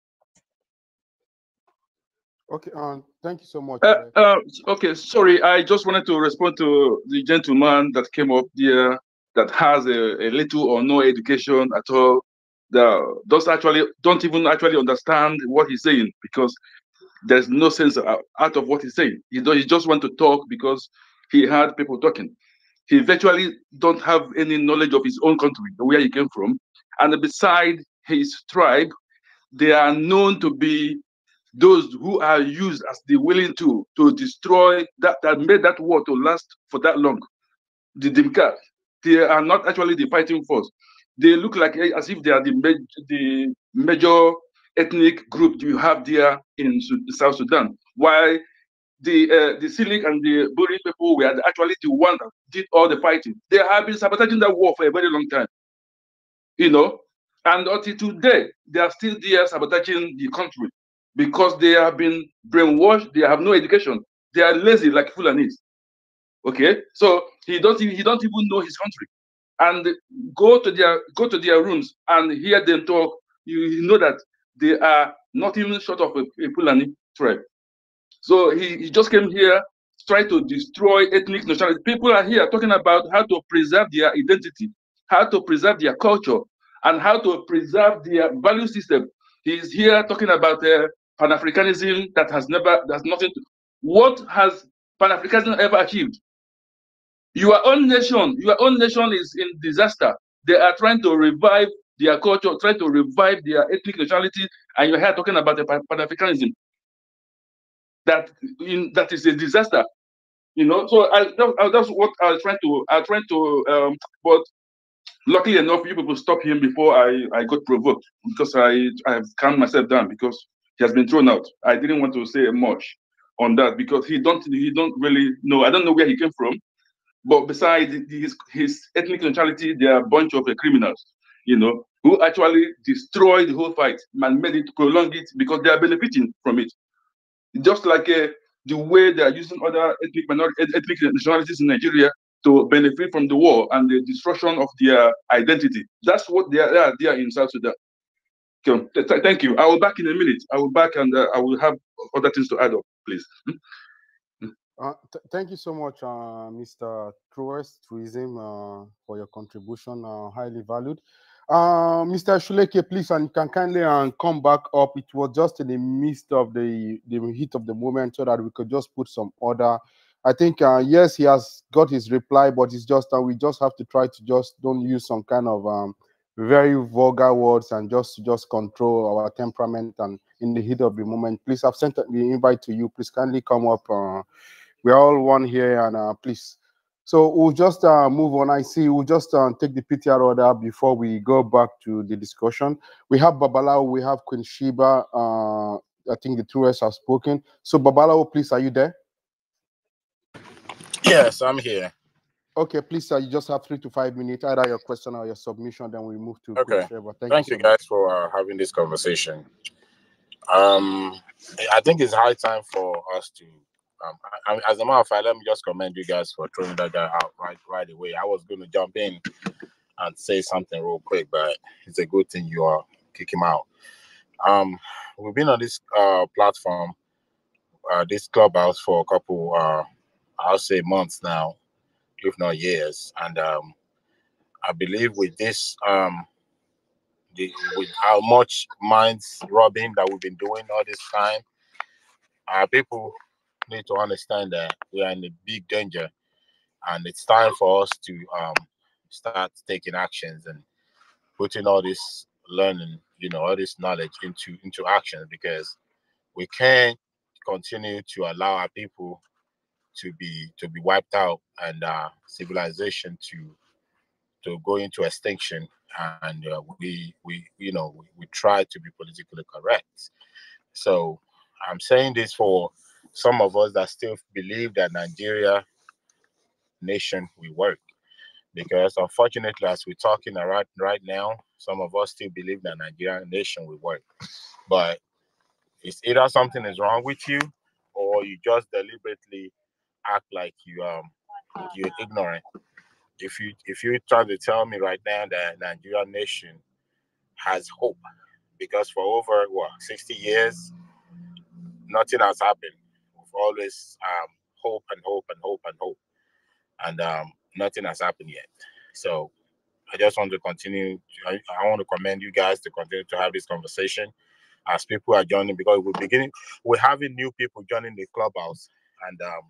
Okay, um, thank you so much. Uh, uh, okay, sorry, I just wanted to respond to the gentleman that came up there that has a, a little or no education at all the, those actually don't even actually understand what he's saying because there's no sense out of what he's saying. He, he just want to talk because he had people talking. He virtually don't have any knowledge of his own country, where he came from, and beside his tribe, they are known to be those who are used as the willing to to destroy that that made that war to last for that long. The Dimka, they are not actually the fighting force they look like eh, as if they are the, major, the major ethnic group you have there in South Sudan. While the uh, the Silik and the Buri people were actually the ones that did all the fighting. They have been sabotaging that war for a very long time, you know. And until today, they are still there sabotaging the country because they have been brainwashed. They have no education. They are lazy like Fulani. Okay, so he doesn't he don't even know his country and go to their go to their rooms and hear them talk, you, know that they are not even short of a, a Pulani tribe. So he, he just came here, tried to destroy ethnic nationality. People are here talking about how to preserve their identity, how to preserve their culture, and how to preserve their value system. He's here talking about uh, Pan-Africanism that has never, that's nothing. To, what has Pan-Africanism ever achieved? Your own nation, your own nation is in disaster. They are trying to revive their culture, trying to revive their ethnic nationality, and you're here talking about the Pan-Africanism. That in, that is a disaster. You know, so I, that, uh, that's what I was trying to I trying to um, but luckily enough you people stopped him before I, I got provoked because I, I have calmed myself down because he has been thrown out. I didn't want to say much on that because he don't he don't really know. I don't know where he came from. But besides his, his ethnic neutrality, there are a bunch of uh, criminals, you know, who actually destroyed the whole fight and made it prolong it because they are benefiting from it. Just like uh, the way they are using other ethnic minority, ethnic nationalities in Nigeria to benefit from the war and the destruction of their identity. That's what they are, they are in South Sudan. Okay. Th thank you. I will back in a minute. I will back and uh, I will have other things to add up, please. Hmm? Uh, th thank you so much, uh, Mr. Truest Tourism, uh, for your contribution, uh, highly valued. Uh, Mr. Shuleke, please, and can kindly uh, come back up. It was just in the midst of the, the heat of the moment so that we could just put some order. I think, yes, he has got his reply, but it's just that we just have to try to just don't use some kind of um, very vulgar words and just just control our temperament and in the heat of the moment. Please, I've sent the invite to you. Please kindly come up we're all one here, and uh, please. So we'll just uh, move on. I see we'll just uh, take the PTR order before we go back to the discussion. We have Babalao, we have Queen Sheba. Uh, I think the two of us have spoken. So Babalao, please, are you there? Yes, I'm here. Okay, please, sir, you just have three to five minutes, either your question or your submission, then we move to okay. Thank, Thank, you, you guys for uh, having this conversation. Um, I think it's high time for us to um, I, as a matter of fact, let me just commend you guys for throwing that guy out right right away. I was going to jump in and say something real quick, but it's a good thing you are kick him out. Um, we've been on this uh, platform, uh, this clubhouse for a couple, uh, I'll say months now, if not years, and um, I believe with this, um, the, with how much minds robbing that we've been doing all this time, uh, people need to understand that we are in a big danger, and it's time for us to um, start taking actions and putting all this learning, you know, all this knowledge into into action because we can't continue to allow our people to be to be wiped out and uh, civilization to to go into extinction and uh, we we you know we, we try to be politically correct so i'm saying this for some of us that still believe that Nigeria nation will work. Because unfortunately, as we're talking right, right now, some of us still believe that Nigeria nation will work. But it's either something is wrong with you or you just deliberately act like you um you're ignorant. If you if you try to tell me right now that Nigeria nation has hope, because for over what 60 years, nothing has happened always um, hope and hope and hope and hope, and um, nothing has happened yet. So I just want to continue. To, I, I, want to commend you guys to continue to have this conversation as people are joining because we're beginning, we're having new people joining the clubhouse, and um,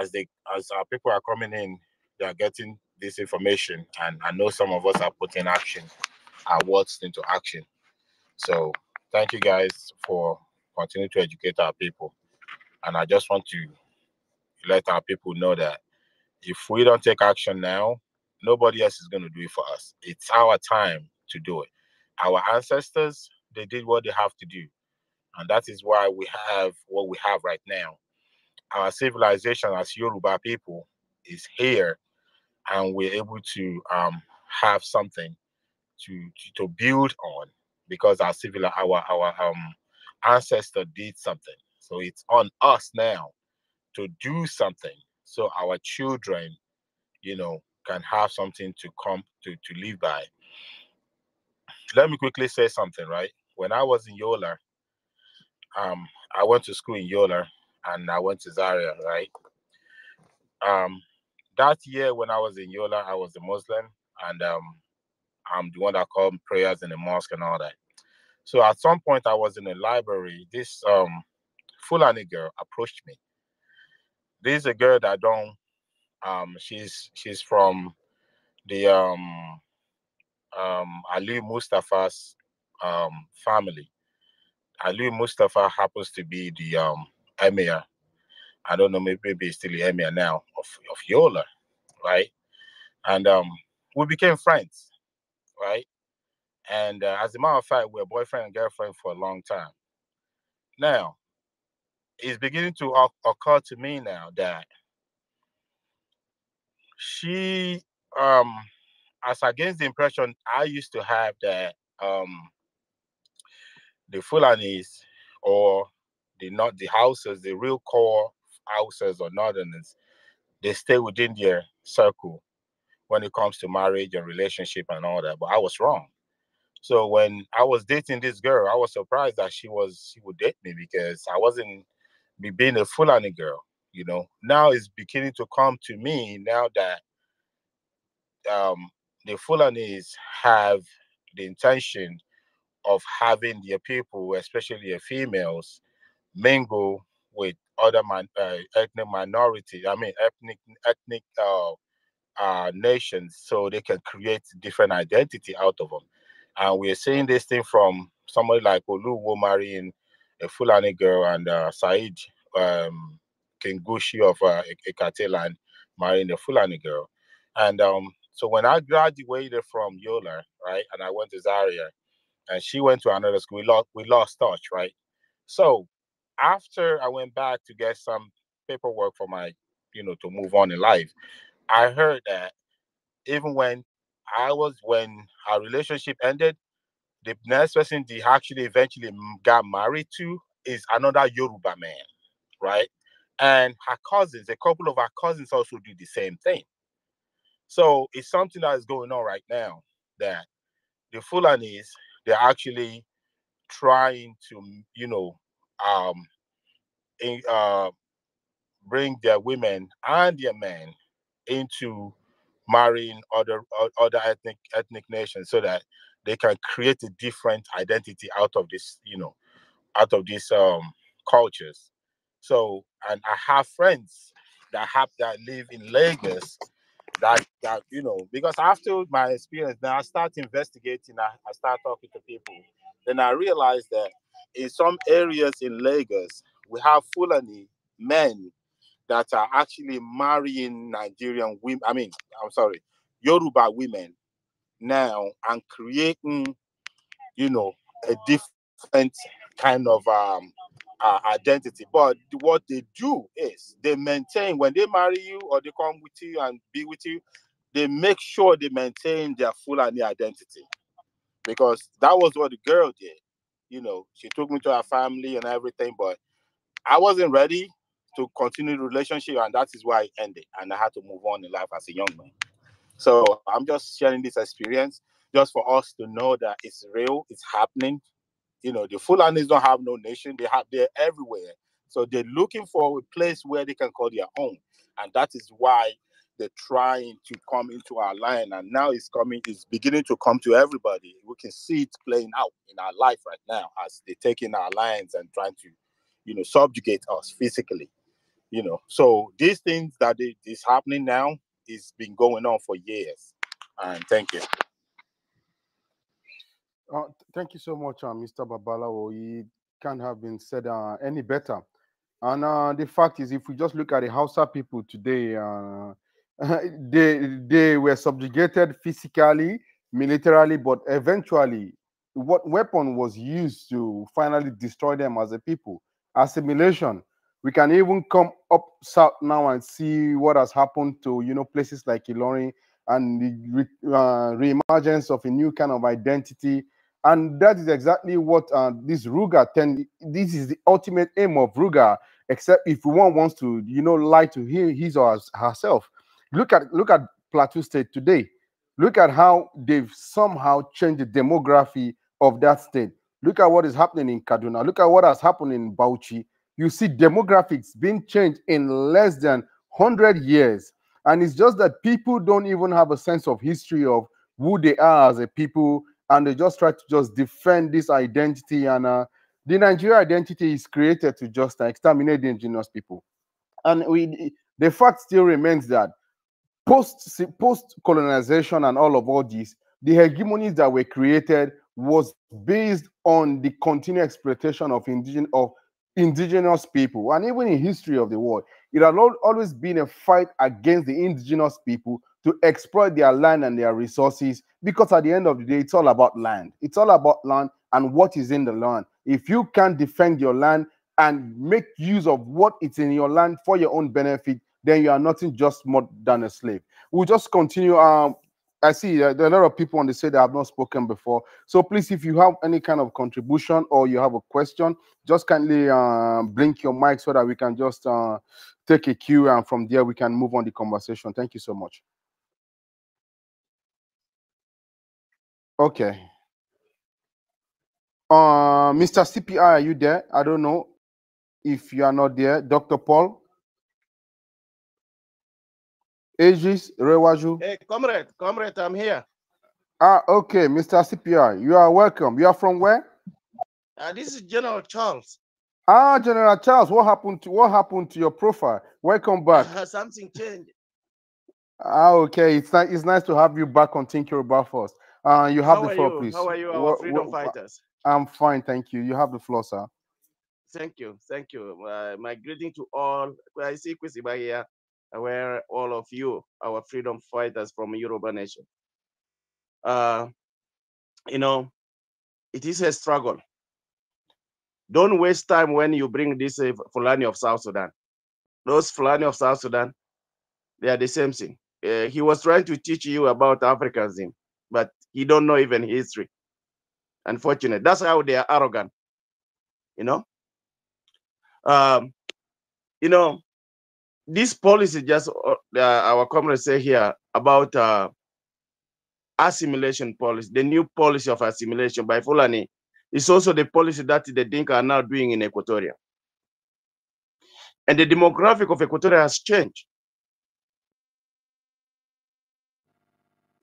as they as our people are coming in, they are getting this information, and I know some of us are putting action, our words into action. So thank you guys for continuing to educate our people. And I just want to let our people know that if we don't take action now, nobody else is going to do it for us. It's our time to do it. Our ancestors, they did what they have to do. And that is why we have what we have right now. Our civilization as Yoruba people is here, and we're able to um, have something to, to, to build on because our civil our our um ancestor did something so it's on us now to do something so our children, you know, can have something to come to, to live by. Let me quickly say something, right? When I was in Yola, um, I went to school in Yola and I went to Zaria, right? Um, that year when I was in Yola, I was a Muslim and um, I'm the one that called prayers in the mosque and all that. So at some point I was in a library. This um Fulani girl approached me. This is a girl that don't um she's she's from the um um Ali Mustafa's um family. Ali Mustafa happens to be the um emir. I don't know, maybe, maybe he's still the emir now of, of Yola, right? And um we became friends, right? And uh, as a matter of fact, we are boyfriend and girlfriend for a long time. Now, it's beginning to occur to me now that she um as against the impression I used to have that um the Fulanis or the not the houses, the real core houses or northerners, they stay within their circle when it comes to marriage and relationship and all that. But I was wrong. So when I was dating this girl, I was surprised that she was she would date me because I wasn't me being a Fulani girl, you know, now it's beginning to come to me now that um, the Fulanis have the intention of having their people, especially their females, mingle with other man, uh, ethnic minority, I mean ethnic ethnic uh, uh, nations, so they can create different identity out of them. And we're seeing this thing from somebody like Oluwo marrying a Fulani girl, and uh, Said um, Kingushi of uh, Ikate land marrying a Fulani girl. And um, so when I graduated from Yola, right, and I went to Zaria, and she went to another school, we lost, we lost touch, right? So after I went back to get some paperwork for my, you know, to move on in life, I heard that even when I was, when our relationship ended, the next person they actually eventually got married to is another Yoruba man, right? And her cousins, a couple of her cousins also do the same thing. So it's something that is going on right now that the Fulanis, they're actually trying to, you know, um, in, uh, bring their women and their men into marrying other other ethnic ethnic nations so that they can create a different identity out of this, you know, out of these um, cultures. So, and I have friends that have that live in Lagos that that you know because after my experience, then I start investigating. I, I start talking to people. Then I realized that in some areas in Lagos, we have Fulani men that are actually marrying Nigerian women. I mean, I'm sorry, Yoruba women now and creating, you know, a different kind of um, uh, identity. But what they do is they maintain when they marry you or they come with you and be with you, they make sure they maintain their full and their identity because that was what the girl did. You know, she took me to her family and everything, but I wasn't ready to continue the relationship, and that is why it ended. And I had to move on in life as a young man. So I'm just sharing this experience just for us to know that it's real, it's happening. You know, the Fulanis don't have no nation; they have they're everywhere. So they're looking for a place where they can call their own, and that is why they're trying to come into our land. And now it's coming; it's beginning to come to everybody. We can see it playing out in our life right now as they're taking our lands and trying to, you know, subjugate us physically. You know, so these things that is happening now, it's been going on for years. And thank you. Uh, thank you so much, uh, Mr. Babalawo. It can't have been said uh, any better. And uh, the fact is, if we just look at the Hausa people today, uh, they they were subjugated physically, militarily, but eventually, what weapon was used to finally destroy them as a people? Assimilation we can even come up south now and see what has happened to you know places like Ilorin and the re, uh, reemergence of a new kind of identity. And that is exactly what uh, this Ruga 10, this is the ultimate aim of Ruga, except if one wants to, you know, lie to him, his or herself. Look at look at Plateau State today. Look at how they've somehow changed the demography of that state. Look at what is happening in Kaduna. Look at what has happened in Bauchi you see demographics being changed in less than 100 years. And it's just that people don't even have a sense of history of who they are as a people, and they just try to just defend this identity. And uh, the Nigerian identity is created to just exterminate the indigenous people. And we, the fact still remains that post post colonization and all of all this, the hegemonies that were created was based on the continued exploitation of indigenous of indigenous people. And even in history of the world, it has always been a fight against the indigenous people to exploit their land and their resources because at the end of the day, it's all about land. It's all about land and what is in the land. If you can't defend your land and make use of what is in your land for your own benefit, then you are nothing just more than a slave. We'll just continue. Um, I see uh, there are a lot of people on the side that have not spoken before. So please, if you have any kind of contribution or you have a question, just kindly uh, blink your mic so that we can just uh, take a cue and from there we can move on the conversation. Thank you so much. Okay. Uh, Mr. CPI, are you there? I don't know if you are not there. Dr. Paul? Aegis Rewaju. Hey, comrade, comrade, I'm here. Ah, okay, Mr. CPR, you are welcome. You are from where? Uh, this is General Charles. Ah, General Charles, what happened to what happened to your profile? Welcome back. something changed. Ah, okay. It's nice. It's nice to have you back on Think Yoruba First. Uh, you have How the floor, you? please. How are you, our what, freedom what, fighters? I'm fine, thank you. You have the floor, sir. Thank you, thank you. Uh, my greeting to all. I see Kwesiba here where all of you, our freedom fighters from Yoruba Nation. Uh, you know, it is a struggle. Don't waste time when you bring this uh, Fulani of South Sudan. Those Fulani of South Sudan, they are the same thing. Uh, he was trying to teach you about Africanism, but he don't know even history. Unfortunate. That's how they are arrogant. You know. Um, you know, this policy, just uh, uh, our comrades say here about uh, assimilation policy, the new policy of assimilation by Fulani, is also the policy that the Dinka are now doing in Equatoria. And the demographic of Equatoria has changed.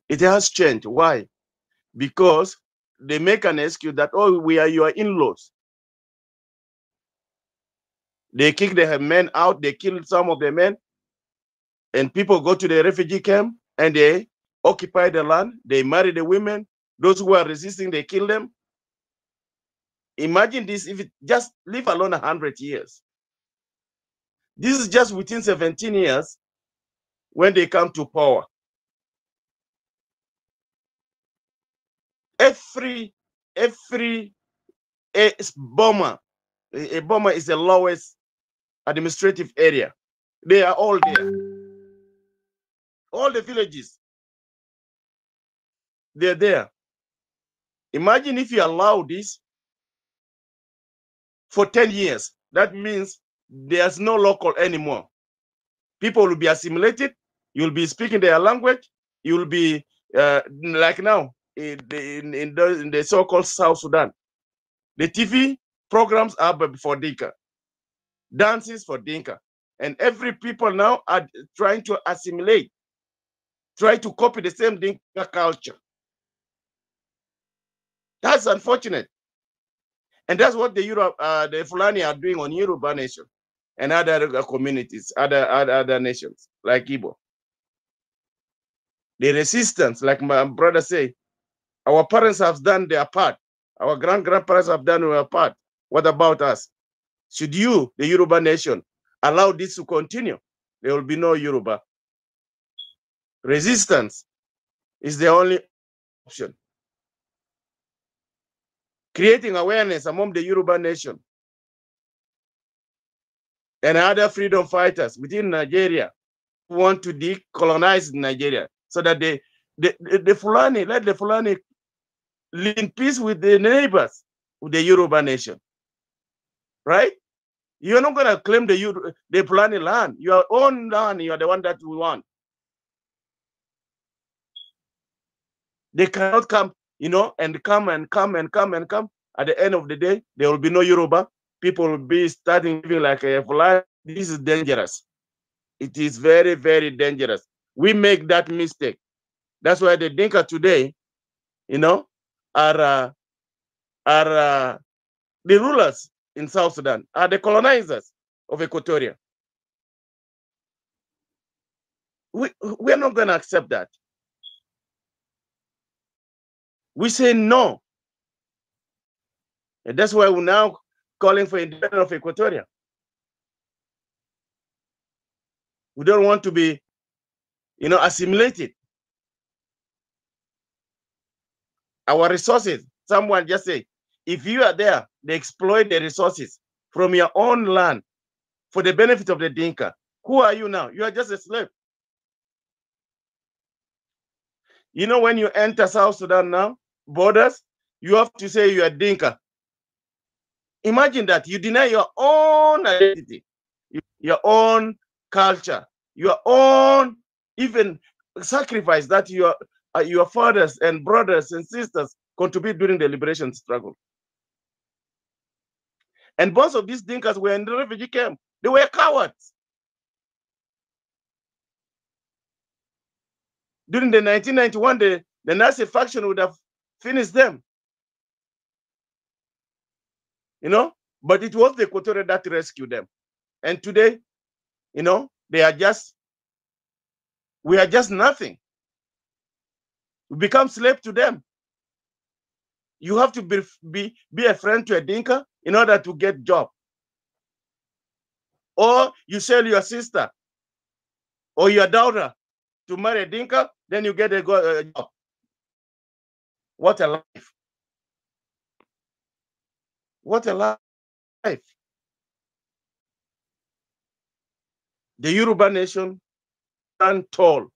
It has changed. Why? Because they make an excuse that, oh, we are your in-laws. They kick their men out. They kill some of the men. And people go to the refugee camp and they occupy the land. They marry the women. Those who are resisting, they kill them. Imagine this if it just leave alone 100 years. This is just within 17 years when they come to power. Every, every a eh, bomber, eh, a bomber is the lowest administrative area. They are all there. All the villages, they're there. Imagine if you allow this for 10 years. That means there's no local anymore. People will be assimilated. You'll be speaking their language. You'll be uh, like now in, in, in the, the so-called South Sudan. The TV programs are for Dinka dances for Dinka. And every people now are trying to assimilate, try to copy the same Dinka culture. That's unfortunate. And that's what the Europe, uh, the Fulani are doing on Yoruba nation and other communities, other, other, other nations like Igbo. The resistance, like my brother say, our parents have done their part. Our grand grandparents have done their part. What about us? Should you, the Yoruba nation, allow this to continue, there will be no Yoruba. Resistance is the only option. Creating awareness among the Yoruba nation and other freedom fighters within Nigeria who want to decolonize Nigeria so that they, the, the, the Fulani, let the Fulani live in peace with the neighbors with the Yoruba nation right? You're not going to claim the, the Pulani land. Your own land, you're the one that we want. They cannot come, you know, and come and come and come and come. At the end of the day, there will be no Yoruba. People will be starting living like a fly. This is dangerous. It is very, very dangerous. We make that mistake. That's why the Dinka today, you know, are uh, are uh, the rulers in South Sudan are the colonizers of Equatoria. We, we are not going to accept that. We say no. And that's why we're now calling for independence of Equatoria. We don't want to be, you know, assimilated. Our resources, someone just say, if you are there, they exploit the resources from your own land for the benefit of the Dinka. Who are you now? You are just a slave. You know, when you enter South Sudan now, borders, you have to say you are Dinka. Imagine that you deny your own identity, your own culture, your own even sacrifice that your, uh, your fathers and brothers and sisters contribute during the liberation struggle. And most of these thinkers were in the refugee camp. They were cowards. During the 1991, the, the Nazi faction would have finished them. You know, but it was the Equatorial that rescued them. And today, you know, they are just, we are just nothing. We become slave to them. You have to be, be, be a friend to a dinka in order to get job. Or you sell your sister or your daughter to marry a dinka, then you get a, a uh, job. What a life. What a life. The Yoruba nation stand tall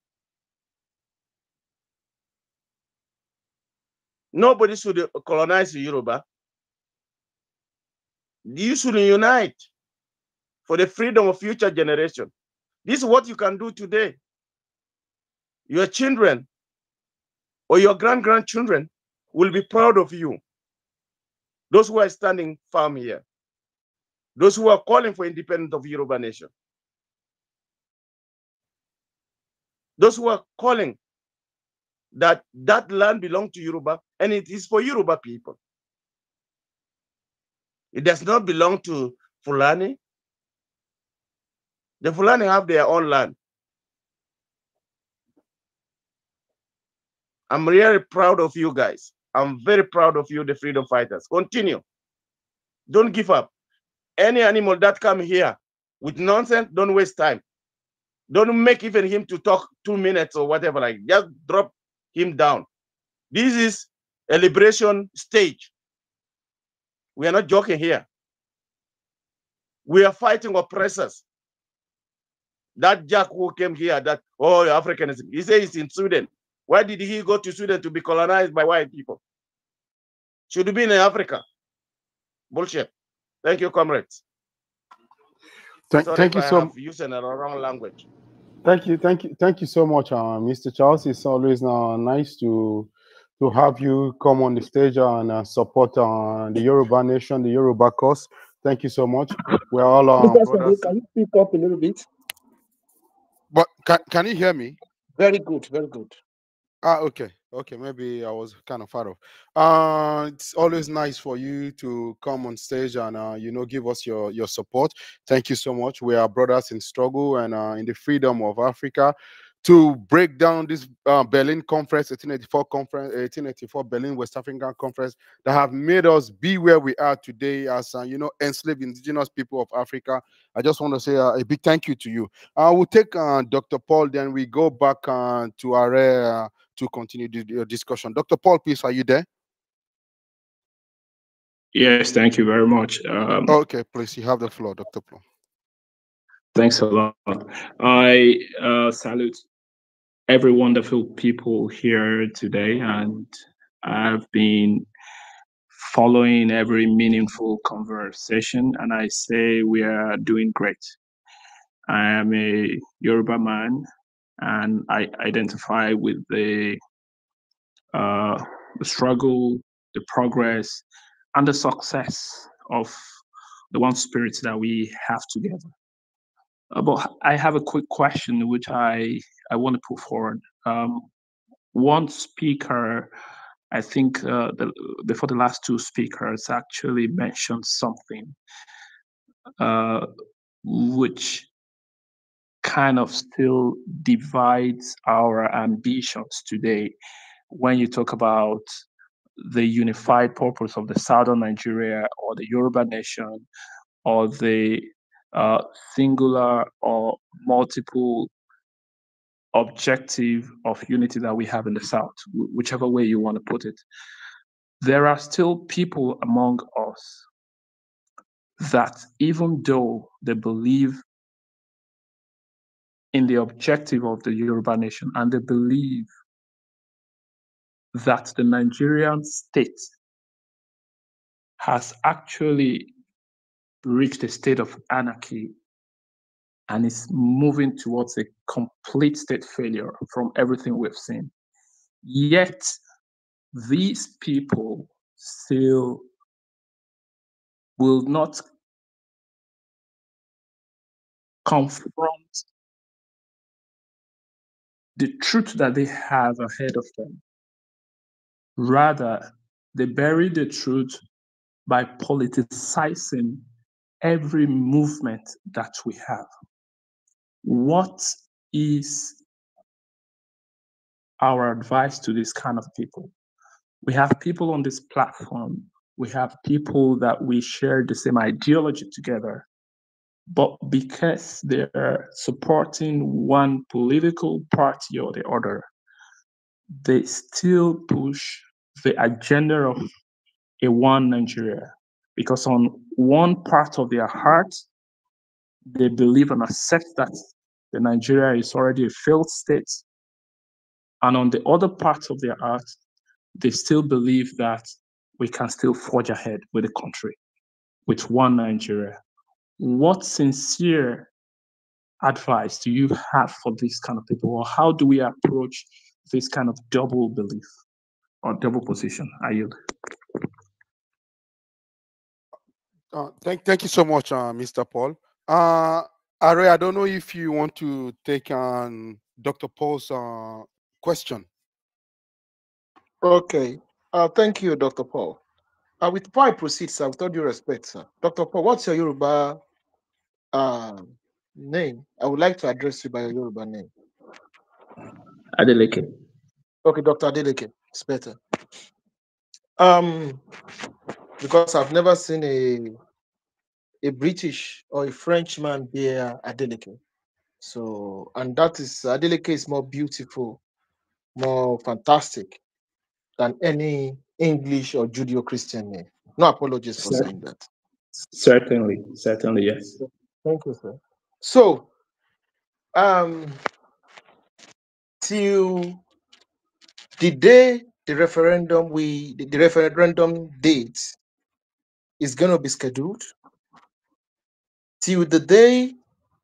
Nobody should colonize Yoruba. You should unite for the freedom of future generation. This is what you can do today. Your children or your grand-grandchildren will be proud of you. Those who are standing firm here. Those who are calling for independence of Yoruba nation. Those who are calling that that land belongs to Yoruba and it is for Yoruba people. It does not belong to Fulani. The Fulani have their own land. I'm really proud of you guys. I'm very proud of you, the freedom fighters. Continue. Don't give up. Any animal that come here with nonsense, don't waste time. Don't make even him to talk two minutes or whatever. Like just drop him down. This is a liberation stage. We are not joking here. We are fighting oppressors. That Jack who came here, that, oh, Africanism, he says he's in Sweden. Why did he go to Sweden to be colonized by white people? Should be in Africa. Bullshit. Thank you, comrades. Sorry thank you I so much. Using the wrong language. Thank you, thank you, thank you so much, uh, Mr. Charles. It's always uh, nice to to have you come on the stage and uh, support uh, the Yoruba Nation, the Yoruba cause. Thank you so much. We're all on. Uh, can you speak up a little bit? But can, can you hear me? Very good, very good. Ah, okay, okay. Maybe I was kind of far off. Uh, it's always nice for you to come on stage and uh, you know give us your your support. Thank you so much. We are brothers in struggle and uh, in the freedom of Africa to break down this uh, Berlin conference, 1884 conference, 1884 Berlin West African conference that have made us be where we are today as uh, you know enslaved indigenous people of Africa. I just want to say uh, a big thank you to you. I will take uh, Dr. Paul, then we go back uh, to our uh, to continue the, discussion. Dr. Paul, please, are you there? Yes, thank you very much. Um, okay, please, you have the floor, Dr. Paul. Thanks a lot. I uh, salute every wonderful people here today, and I've been following every meaningful conversation, and I say we are doing great. I am a Yoruba man, and I identify with the, uh, the struggle, the progress, and the success of the one spirit that we have together. Uh, but I have a quick question, which I I want to put forward. Um, one speaker, I think uh, the, before the last two speakers actually mentioned something uh, which kind of still divides our ambitions today. When you talk about the unified purpose of the southern Nigeria or the Yoruba nation or the uh, singular or multiple objective of unity that we have in the South, whichever way you want to put it, there are still people among us that, even though they believe in the objective of the Yoruba nation and they believe that the Nigerian state has actually reached a state of anarchy and it's moving towards a complete state failure from everything we've seen. Yet, these people still will not confront the truth that they have ahead of them. Rather, they bury the truth by politicizing every movement that we have. What is our advice to this kind of people? We have people on this platform. We have people that we share the same ideology together. But because they're supporting one political party or the other, they still push the agenda of a one Nigeria. Because on one part of their heart, they believe and accept that that Nigeria is already a failed state. And on the other part of their art, they still believe that we can still forge ahead with the country, with one Nigeria. What sincere advice do you have for these kind of people? Or how do we approach this kind of double belief or double position? I yield. Uh, thank, thank you so much, uh, Mr. Paul. Uh, Ari, I don't know if you want to take on Dr. Paul's uh, question. Okay. Uh, thank you, Dr. Paul. Uh, with before I proceed, sir, with all due respect, sir, Dr. Paul, what's your Yoruba uh, name? I would like to address you by your Yoruba name. Adeleke. Okay, Dr. Adeleke. It's better. Um, because I've never seen a a British or a Frenchman bear Adelica, So, and that is Adelica is more beautiful, more fantastic than any English or Judeo-Christian name. No apologies for certainly, saying that. Certainly, certainly, yes. Thank you, sir. So, um, till the day the referendum we the, the referendum date is going to be scheduled till the day,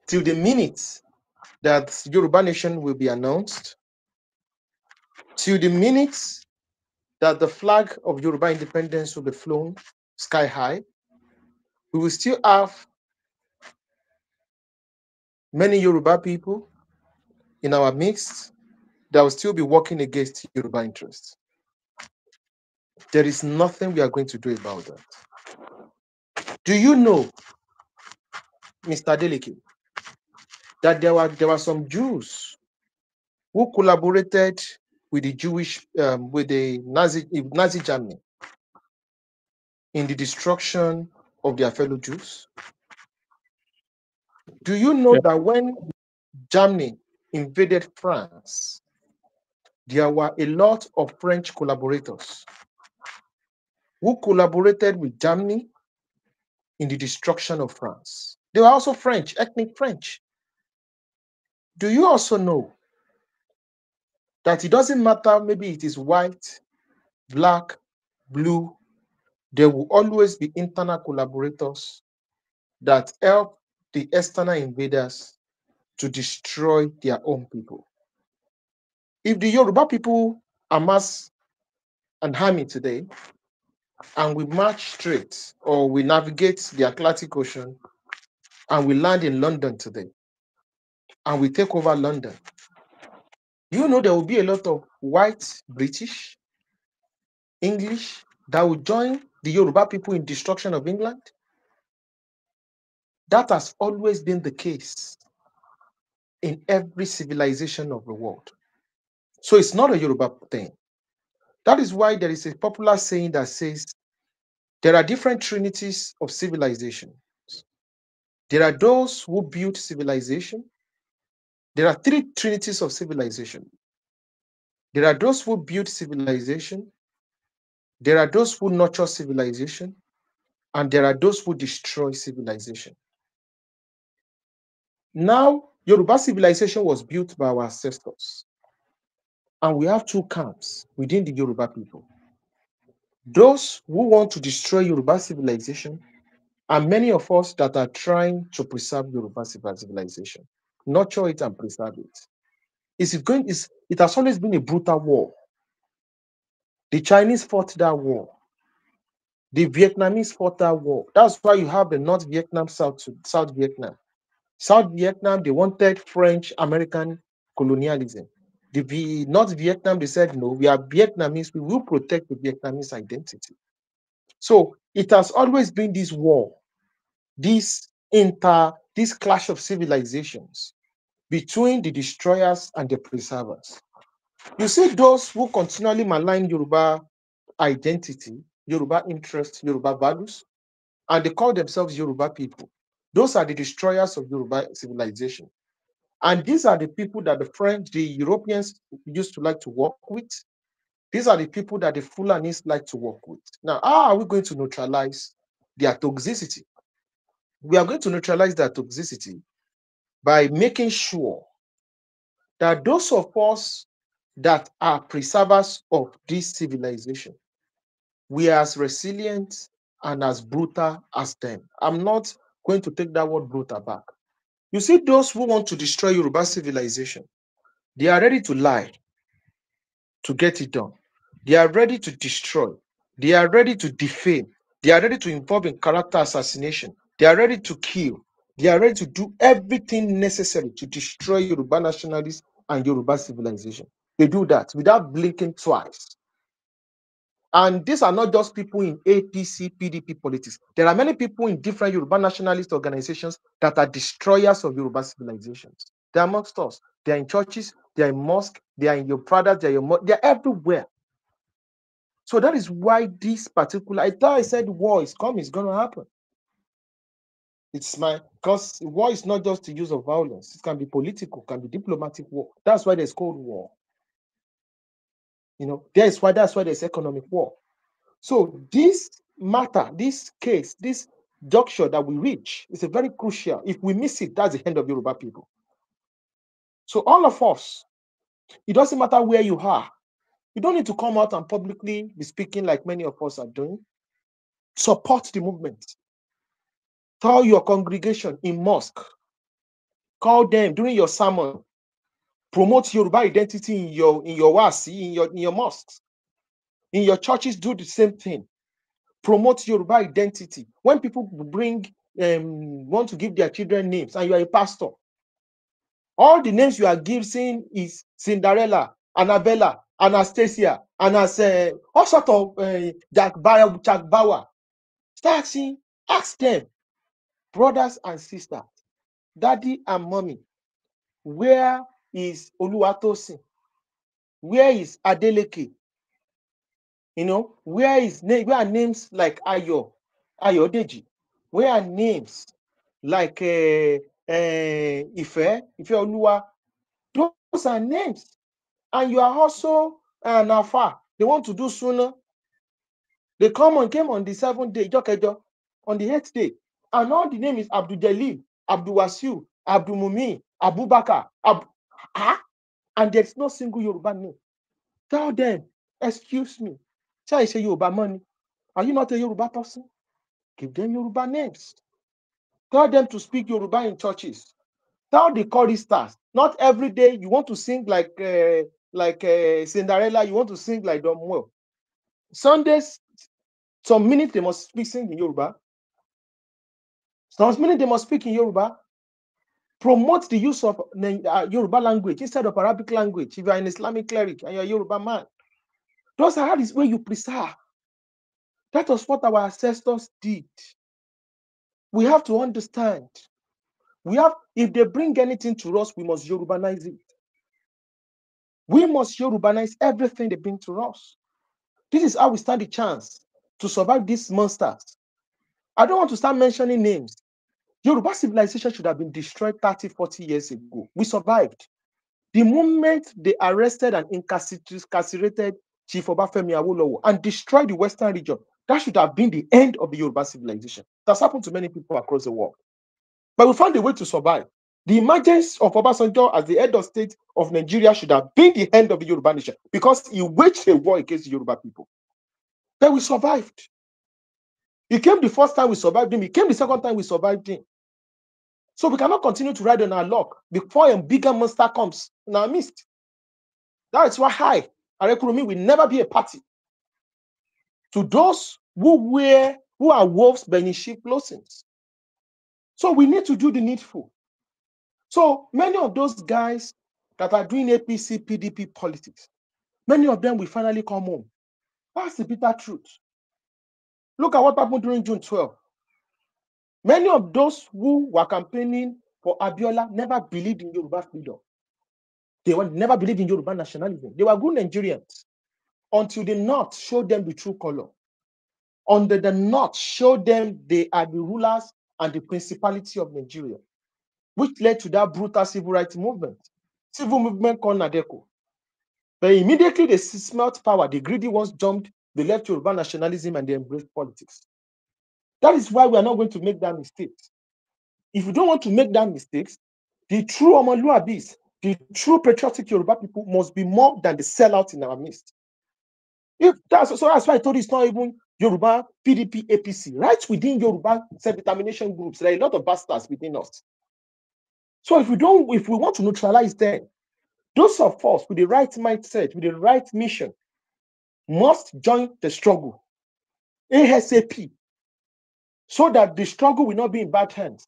till the minute that Yoruba Nation will be announced, till the minute that the flag of Yoruba independence will be flown sky high, we will still have many Yoruba people in our midst that will still be working against Yoruba interests. There is nothing we are going to do about that. Do you know Mr. Deliki, that there were there were some Jews who collaborated with the Jewish um, with the Nazi Nazi Germany in the destruction of their fellow Jews. Do you know yeah. that when Germany invaded France, there were a lot of French collaborators who collaborated with Germany in the destruction of France. They were also French, ethnic French. Do you also know that it doesn't matter, maybe it is white, black, blue, there will always be internal collaborators that help the external invaders to destroy their own people. If the Yoruba people amass and harm today, and we march straight or we navigate the Atlantic Ocean and we land in London today and we take over London, you know there will be a lot of white British, English that will join the Yoruba people in destruction of England. That has always been the case in every civilization of the world. So it's not a Yoruba thing. That is why there is a popular saying that says there are different trinities of civilization there are those who built civilization. There are three trinities of civilization. There are those who build civilization. There are those who nurture civilization. And there are those who destroy civilization. Now, Yoruba civilization was built by our ancestors. And we have two camps within the Yoruba people. Those who want to destroy Yoruba civilization and many of us that are trying to preserve Yoruba civilization, nurture it and preserve it. Is it going? Is it has always been a brutal war. The Chinese fought that war. The Vietnamese fought that war. That's why you have the North Vietnam, South South Vietnam. South Vietnam, they wanted French American colonialism. The, the North Vietnam, they said, no, we are Vietnamese. We will protect the Vietnamese identity. So it has always been this war this inter this clash of civilizations between the destroyers and the preservers. You see those who continually malign Yoruba identity, Yoruba interests, Yoruba values, and they call themselves Yoruba people. Those are the destroyers of Yoruba civilization. And these are the people that the French, the Europeans used to like to work with. These are the people that the Fulanis like to work with. Now, how are we going to neutralize their toxicity? we are going to neutralize that toxicity by making sure that those of us that are preservers of this civilization, we are as resilient and as brutal as them. I'm not going to take that word brutal back. You see, those who want to destroy Yoruba civilization, they are ready to lie to get it done. They are ready to destroy. They are ready to defame. They are ready to involve in character assassination. They are ready to kill. They are ready to do everything necessary to destroy Yoruba nationalists and Yoruba civilization. They do that without blinking twice. And these are not just people in APC, PDP politics. There are many people in different Yoruba nationalist organizations that are destroyers of Yoruba civilizations. They're amongst us. They're in churches, they're in mosques, they're in your products, they're, your they're everywhere. So that is why this particular, I thought I said war is coming, it's going to happen. It's my because war is not just the use of violence. It can be political, can be diplomatic war. That's why there's Cold War. You know, that's why that's why there's economic war. So this matter, this case, this juncture that we reach is a very crucial. If we miss it, that's the end of Yoruba people. So all of us, it doesn't matter where you are. You don't need to come out and publicly be speaking like many of us are doing. Support the movement. Tell your congregation in mosque. Call them during your sermon. Promote Yoruba identity in your in your wasi, in your in your mosques. In your churches, do the same thing. Promote Yoruba identity. When people bring um, want to give their children names, and you are a pastor, all the names you are giving is Cinderella, Annabella, Anastasia, and as uh, all sort of uh, Jack Bauer, Jack Bauer. Start ask them, brothers and sisters, daddy and mommy, where is Oluwatosin? Where is Adeleke? You know, where is where are names like Ayo, Ayodeji? Where are names like uh, uh, Ife, Ife Oluwa? Those are names, and you are also an Afa. They want to do sooner. They come and came on the seventh day, on the eighth day. And all the name is Abdul Jalil, Abdul Wasiu, Abdul Mumi, Abubakar, Ab- ah? and there's no single Yoruba name. Tell them, excuse me, shall I say Yoruba money? Are you not a Yoruba person? Give them Yoruba names. Tell them to speak Yoruba in churches. Tell the choristers, not every day you want to sing like uh, like uh, Cinderella, you want to sing like Domwell. Sundays, some minutes they must be singing Yoruba. Sounds meaning they must speak in Yoruba. Promote the use of uh, Yoruba language instead of Arabic language. If you are an Islamic cleric and you're a Yoruba man, those are is way you preserve. That was what our ancestors did. We have to understand. We have, if they bring anything to us, we must Yorubanize it. We must Yorubanize everything they bring to us. This is how we stand a chance to survive these monsters I don't want to start mentioning names. Yoruba civilization should have been destroyed 30, 40 years ago. We survived. The moment they arrested and incarcerated Chief Obafemi Awolowo and destroyed the Western region, that should have been the end of the Yoruba civilization. That's happened to many people across the world. But we found a way to survive. The emergence of Obasanjo as the head of state of Nigeria should have been the end of the Yoruba nation because he waged a war against the Yoruba people. But we survived. He came the first time we survived him. He came the second time we survived him. So we cannot continue to ride on our luck before a bigger monster comes in our midst. That is why reckon Arekurumi will never be a party to those who wear who are wolves beneath sheep clothings. So we need to do the needful. So many of those guys that are doing APC, PDP politics, many of them will finally come home. That's the bitter truth. Look at what happened during June 12. Many of those who were campaigning for Abiola never believed in Yoruba freedom. They were, never believed in Yoruba nationalism. They were good Nigerians until the North showed them the true color. Under the North showed them they are the rulers and the principality of Nigeria, which led to that brutal civil rights movement, civil movement called Nadeko. But immediately they smelt power, the greedy ones jumped they left Yoruba nationalism and they embraced politics. That is why we are not going to make that mistake. If you don't want to make that mistake, the true Omoluabis, the true patriotic Yoruba people must be more than the sellout in our midst. If that's so, that's why I told you it's not even Yoruba, PDP, APC. Right within Yoruba self-determination groups, there are a lot of bastards within us. So if we don't, if we want to neutralize them, those of us with the right mindset, with the right mission, must join the struggle ASAP so that the struggle will not be in bad hands.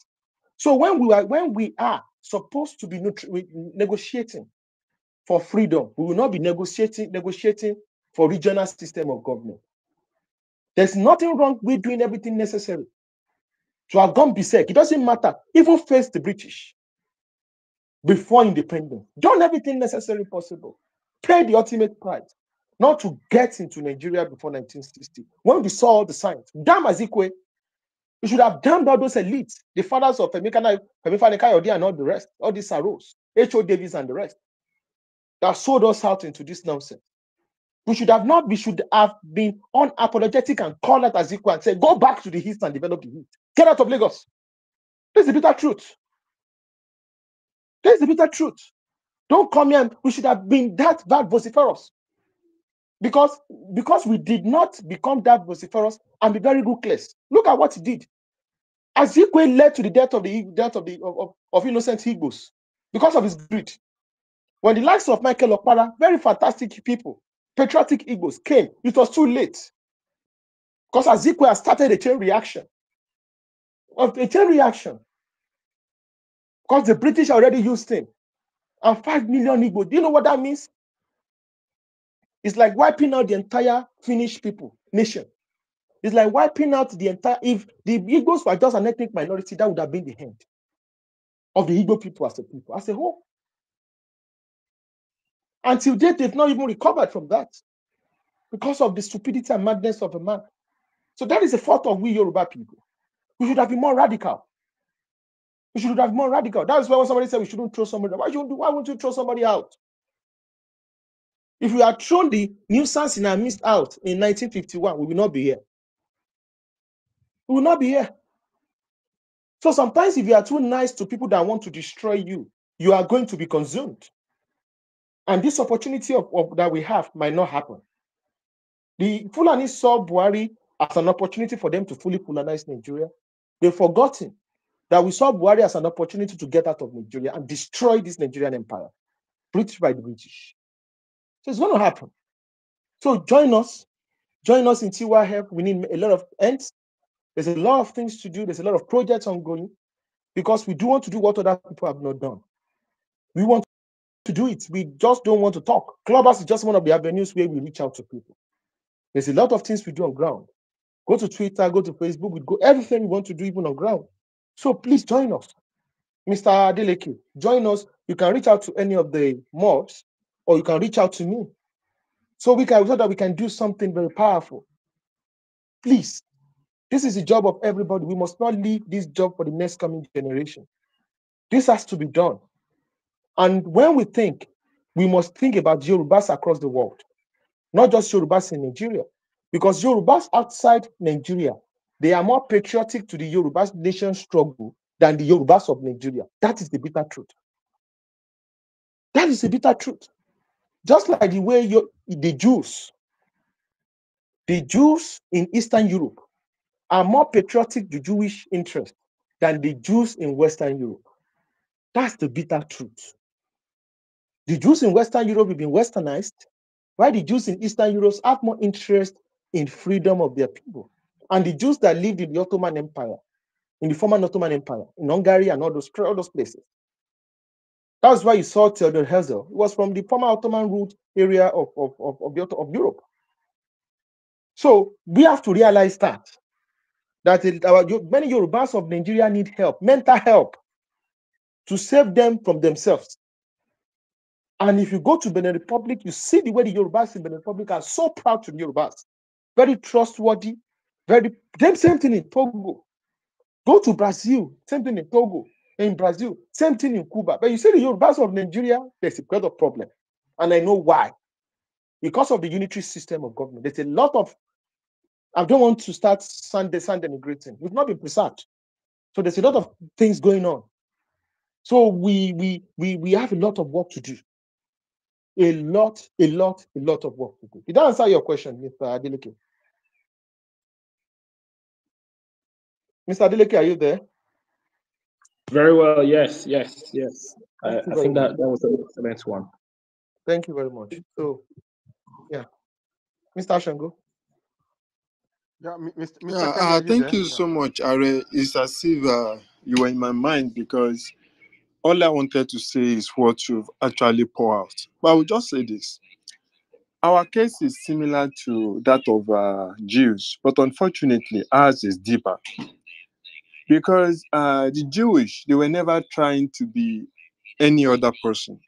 So when we are when we are supposed to be negotiating for freedom, we will not be negotiating negotiating for regional system of government. There's nothing wrong with doing everything necessary to have gone berserk. It doesn't matter. Even face the British before independence. Done everything necessary possible. Pay the ultimate price not to get into Nigeria before 1960. When we saw all the signs, damn Azikwe, we should have damned all those elites, the fathers of Femifani Kayode and all the rest, all these Saros, H.O. Davis and the rest, that sold us out into this nonsense. We should have not, we should have been unapologetic and called out Azikwe and said, go back to the East and develop the East. Get out of Lagos. This is the bitter truth. This is the bitter truth. Don't come here. We should have been that bad vociferous because because we did not become that vociferous and be very ruthless. Look at what he did. Azekwe led to the death of the death of the of, of innocent Igbos because of his greed. When the likes of Michael Okpara, very fantastic people, patriotic Igbos came, it was too late. Because Azekwe has started a chain reaction. Of a chain reaction. Because the British already used him. And five million Igbo. Do you know what that means? It's like wiping out the entire Finnish people, nation. It's like wiping out the entire, if the Igbos were just an ethnic minority, that would have been the end of the Igbo people as a people, as a whole. Until date, they've not even recovered from that because of the stupidity and madness of a man. So that is a fault of we Yoruba people. We should have been more radical. We should have been more radical. That is why when somebody said we shouldn't throw somebody out, why, shouldn't, why won't you throw somebody out? If we had thrown the nuisance in our midst out in 1951, we will not be here. We will not be here. So sometimes, if you are too nice to people that want to destroy you, you are going to be consumed. And this opportunity of, of, that we have might not happen. The Fulani saw Buhari as an opportunity for them to fully Fulanize Nigeria. They've forgotten that we saw Buhari as an opportunity to get out of Nigeria and destroy this Nigerian empire, British by the British. So it's going to happen. So join us. Join us in Tiwa Help. We need a lot of ends. There's a lot of things to do. There's a lot of projects ongoing because we do want to do what other people have not done. We want to do it. We just don't want to talk. Clubhouse is just one of the avenues where we reach out to people. There's a lot of things we do on ground. Go to Twitter, go to Facebook, we go everything we want to do even on ground. So please join us. Mr. Adeleke, join us. You can reach out to any of the mobs or you can reach out to me. So we can so that we can do something very powerful. Please, this is the job of everybody. We must not leave this job for the next coming generation. This has to be done. And when we think, we must think about Yorubas across the world, not just Yorubas in Nigeria, because Yorubas outside Nigeria, they are more patriotic to the Yorubas nation struggle than the Yorubas of Nigeria. That is the bitter truth. That is the bitter truth. Just like the way the Jews, the Jews in Eastern Europe are more patriotic to Jewish interests than the Jews in Western Europe. That's the bitter truth. The Jews in Western Europe have been westernized, while the Jews in Eastern Europe have more interest in freedom of their people. And the Jews that lived in the Ottoman Empire, in the former Ottoman Empire, in Hungary and all those, all those places, that's why you saw Theodore Herzl. It was from the former Ottoman route area of, of, of, of, the, of Europe. So we have to realize that that it, our, many Yorubas of Nigeria need help, mental help, to save them from themselves. And if you go to Benin Republic, you see the way the Yorubas in Benin Republic are so proud to the Yorubas, very trustworthy, very same thing in Togo. Go to Brazil, same thing in Togo in Brazil, same thing in Cuba. But you see the Yorubas of Nigeria, there's a greater problem. And I know why. Because of the unitary system of government. There's a lot of, I don't want to start Sunday, Sunday migrating. We've not been preserved. So there's a lot of things going on. So we we we we have a lot of work to do. A lot, a lot, a lot of work to do. Did I answer your question, Mr. Adeleke? Mr. Adeleke, are you there? Very well. Yes. Yes. Yes. Uh, I, I think that, that was the best one. Thank you very much. So, yeah, Mr. Shango. Yeah, Mr. Mr. Yeah, uh, thank you, so much, Are. It's as if uh, you were in my mind because all I wanted to say is what you've actually poured out. But I will just say this. Our case is similar to that of uh, Jews, but unfortunately, ours is deeper because uh, the Jewish they were never trying to be any other person,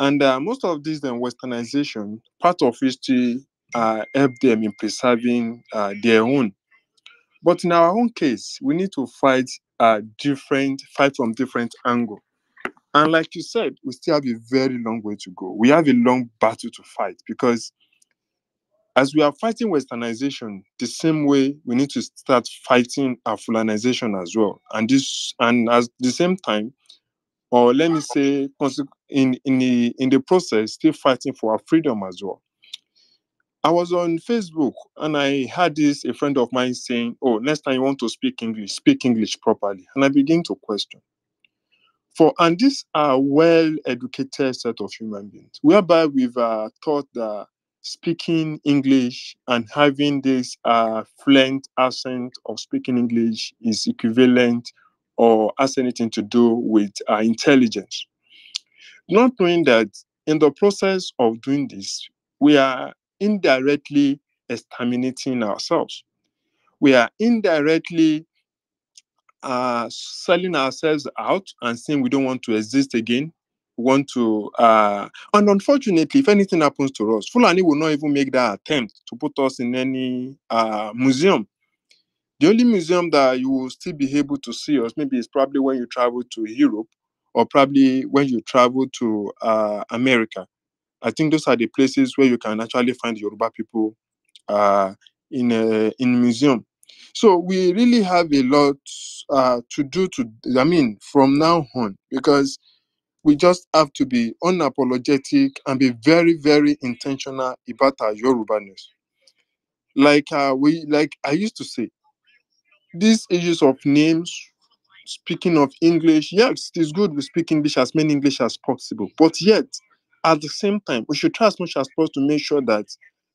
and uh, most of this then um, westernization part of history uh, helped them in preserving uh, their own. But in our own case, we need to fight a uh, different fight from different angle. And like you said, we still have a very long way to go. We have a long battle to fight because as we are fighting westernization, the same way we need to start fighting our fulanization as well. And this and at the same time, or let me say in, in the in the process, still fighting for our freedom as well. I was on Facebook and I had this a friend of mine saying, Oh, next time you want to speak English, speak English properly. And I begin to question. For and these are well educated set of human beings, whereby we've uh, thought that speaking English and having this uh, fluent accent of speaking English is equivalent or has anything to do with uh, intelligence. Not knowing that in the process of doing this, we are indirectly exterminating ourselves. We are indirectly uh, selling ourselves out and saying we don't want to exist again want to uh, and unfortunately if anything happens to us fulani will not even make that attempt to put us in any uh, museum the only museum that you will still be able to see us maybe is probably when you travel to europe or probably when you travel to uh, america i think those are the places where you can actually find yoruba people uh, in a, in museum so we really have a lot uh, to do to i mean from now on because we just have to be unapologetic and be very, very intentional about our Yoruba news. Like uh, we, like I used to say, these issues of names, speaking of English, yes, it is good we speak English as many English as possible. But yet, at the same time, we should try as much as possible to make sure that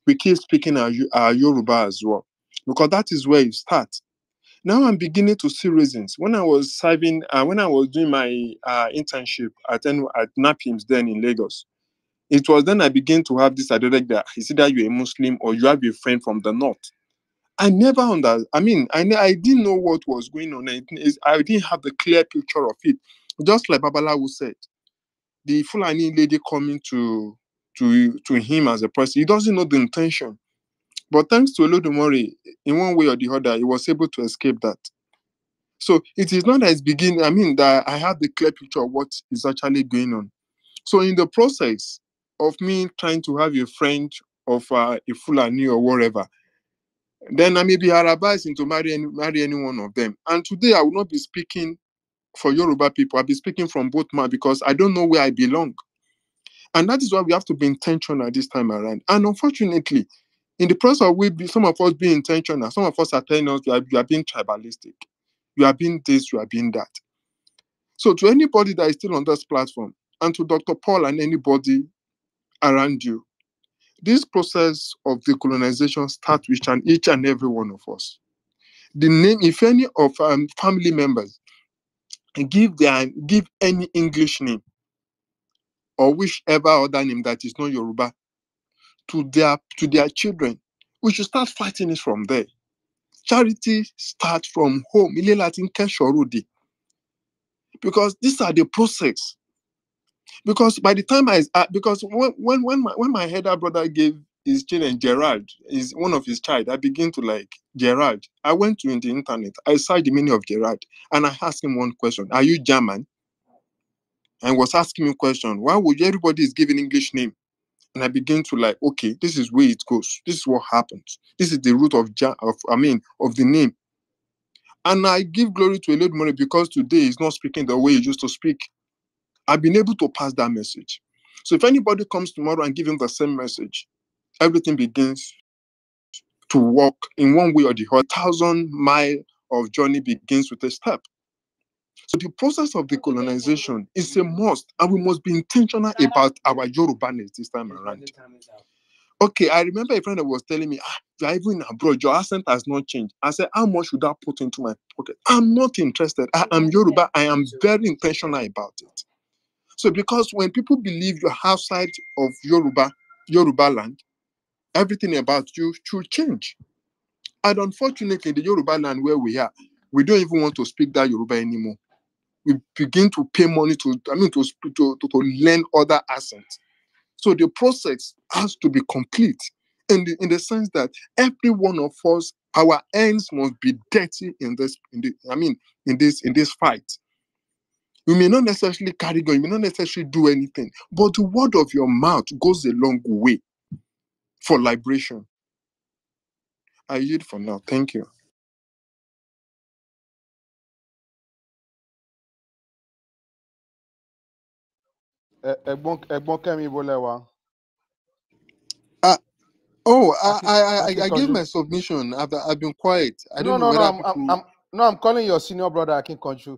we keep speaking our, our Yoruba as well, because that is where you start. Now I'm beginning to see reasons. When I was serving, uh, when I was doing my uh, internship at at NAPIMS then in Lagos, it was then I began to have this idea that it's either you're a Muslim or you have a friend from the north. I never under, I mean, I, I didn't know what was going on. I, I didn't have the clear picture of it. Just like Babalawo said, the Fulani lady coming to to to him as a person, he doesn't know the intention. But thanks to Olodumare, in one way or the other, he was able to escape that. So it is not that it's beginning, I mean, that I have the clear picture of what is actually going on. So in the process of me trying to have a friend of uh, a Fulani or whatever, then I may be advising to marry any, marry any one of them. And today I will not be speaking for Yoruba people. I'll be speaking from both my because I don't know where I belong. And that is why we have to be intentional this time around. And unfortunately, in the process of we be, some of us being intentional, some of us are telling us you are, you are being tribalistic, you are being this, you are being that. So to anybody that is still on this platform, and to Dr. Paul and anybody around you, this process of decolonization starts with an, each and every one of us. The name, if any of um, family members give their give any English name or whichever other name that is not Yoruba, to their to their children. We should start fighting it from there. Charity starts from home. Keshorudi. Because these are the process. Because by the time I uh, because when when when my, when my elder brother gave his children Gerard is one of his child. I begin to like Gerard. I went to the internet. I saw the meaning of Gerard and I asked him one question: Are you German? And was asking me a question. Why would everybody is giving English name? and I begin to like, okay, this is where it goes. This is what happens. This is the root of, ja- of I mean, of the name. And I give glory to Elodumare because today he's not speaking the way he used to speak. I've been able to pass that message. So if anybody comes tomorrow and give him the same message, everything begins to walk in one way or the other. A thousand mile of journey begins with a step. So the process of decolonization is a must, and we must be intentional about our Yorubaness this time around. Okay, I remember a friend that was telling me, ah, you're even abroad, your accent has not changed. I said, how much should I put into my pocket? I'm not interested. I am Yoruba. I am very intentional about it. So because when people believe you're outside of Yoruba, Yoruba land, everything about you should change. And unfortunately, the Yoruba land where we are, we don't even want to speak that Yoruba anymore we begin to pay money to, I mean, to, to, to, to other assets. So the process has to be complete in the, in the sense that every one of us, our ends must be dirty in this, in the, I mean, in this, in this fight. You may not necessarily carry on, you may not necessarily do anything, but the word of your mouth goes a long way for liberation. I yield for now. Thank you. ẹ̀gbọ́n ẹ̀gbọ́n Kẹ́mi ibo lẹ ah, Oh, I I I, I, gave my submission. I've I've been quiet. I no, don't no, know no, no, people... I'm, I'm, no, I'm calling your senior brother Akin Konju.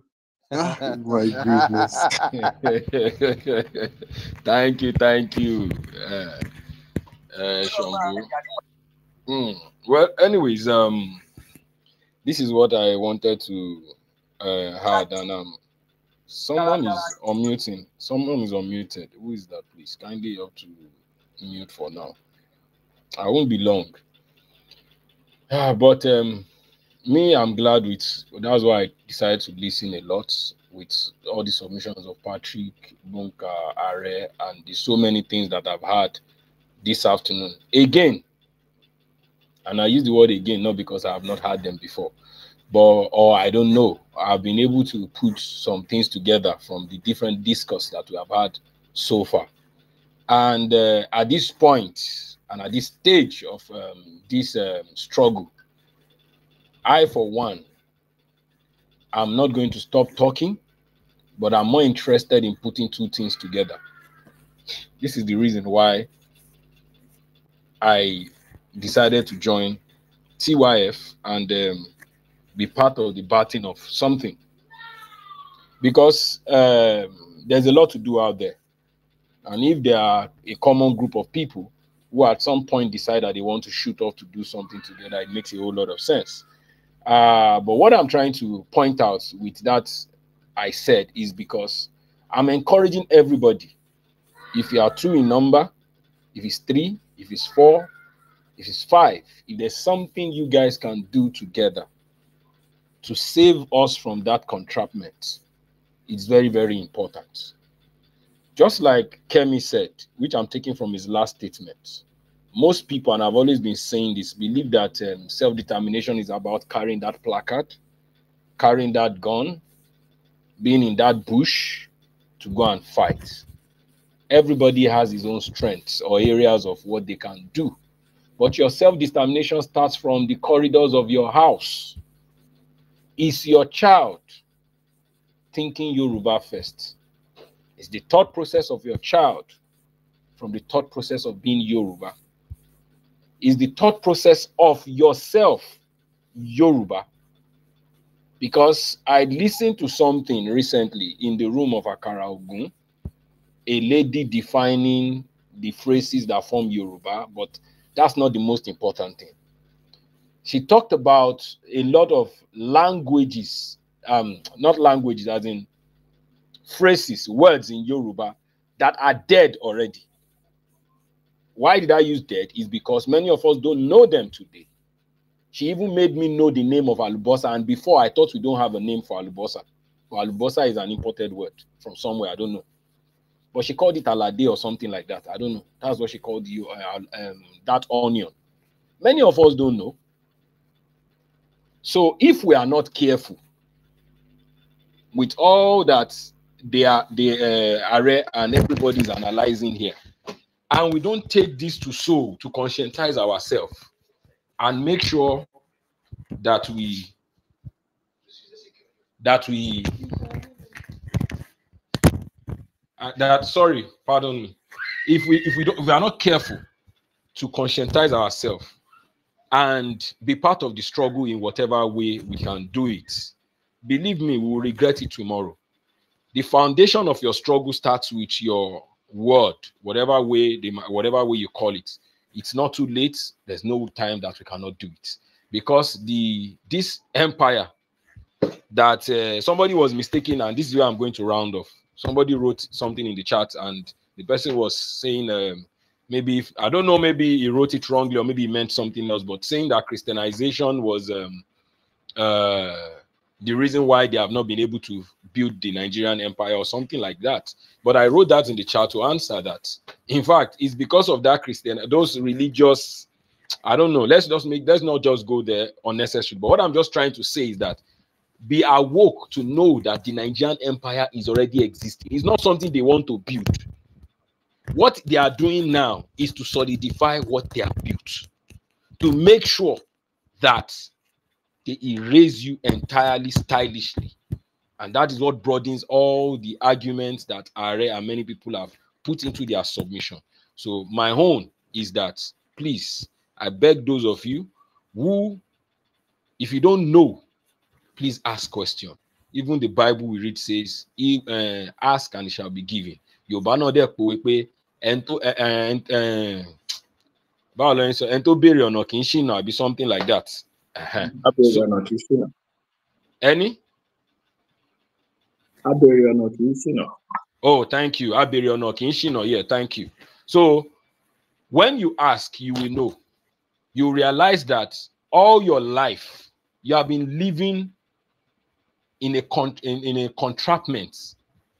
Ah, oh my goodness. thank you, thank you. Uh, uh, Shango. Mm. Hmm, well, anyways, um, this is what I wanted to uh, add, and um, Someone is uh, unmuting. Someone is unmuted. Who is that, please? Kindly up to mute for now. I won't be long. Ah, but um, me, I'm glad with. That's why I decided to listen a lot with all the submissions of Patrick, Bunker, Are, and the so many things that I've had this afternoon. Again, and I use the word again, not because I have not had them before but or I don't know. I've been able to put some things together from the different discuss that we have had so far. And uh, at this point and at this stage of um, this um, struggle, I, for one, I'm not going to stop talking, but I'm more interested in putting two things together. This is the reason why I decided to join TYF and um, be part of the batting of something because um, there's a lot to do out there. And if there are a common group of people who at some point decide that they want to shoot off to do something together, it makes a whole lot of sense. Uh, but what I'm trying to point out with that I said is because I'm encouraging everybody. If you are two in number, if it's three, if it's four, if it's five, if there's something you guys can do together, to save us from that contraptment is very, very important. Just like Kemi said, which I'm taking from his last statement, most people, and I've always been saying this, believe that um, self determination is about carrying that placard, carrying that gun, being in that bush to go and fight. Everybody has his own strengths or areas of what they can do. But your self determination starts from the corridors of your house is your child thinking Yoruba first? Is the thought process of your child from the thought process of being Yoruba? Is the thought process of yourself Yoruba? Because I listened to something recently in the room of Akara Ogun, a lady defining the phrases that form Yoruba, but that's not the most important thing she talked about a lot of languages, um, not languages, as in phrases, words in Yoruba that are dead already. Why did I use dead? Is because many of us don't know them today. She even made me know the name of Alubosa, and before I thought we don't have a name for Alubosa. Well, Alubosa is an imported word from somewhere, I don't know. But she called it Alade or something like that. I don't know. That's what she called you, uh, um, that onion. Many of us don't know. So if we are not careful with all that they are they uh, are and everybody's analyzing here, and we don't take this to soul to conscientize ourselves and make sure that we that we uh, that sorry pardon me if we if we don't if we are not careful to conscientize ourselves and be part of the struggle in whatever way we can do it. Believe me, we will regret it tomorrow. The foundation of your struggle starts with your word, whatever way they, whatever way you call it. It's not too late. There's no time that we cannot do it because the this empire that uh, somebody was mistaken, and this is where I'm going to round off. Somebody wrote something in the chat, and the person was saying. Um, maybe if, I don't know, maybe he wrote it wrongly or maybe he meant something else, but saying that Christianization was um, uh, the reason why they have not been able to build the Nigerian empire or something like that. But I wrote that in the chat to answer that. In fact, it's because of that Christian, those religious, I don't know, let's just make, let's not just go there unnecessary. But what I'm just trying to say is that be awoke to know that the Nigerian empire is already existing. It's not something they want to build what they are doing now is to solidify what they have built, to make sure that they erase you entirely stylishly. And that is what broadens all the arguments that Are and many people have put into their submission. So my own is that please, I beg those of you who, if you don't know, please ask question. Even the Bible we read says, if, uh, eh, ask and it shall be given. You náà dẹ̀ and tó and, uh, sọ and tó béèrè ọ̀nà kì í something like that. Any? ọ̀nà kì í oh thank you abèrè ọ̀nà yeah thank you so when you ask you will know you realize that all your life you have been living in a con in, in a contraptment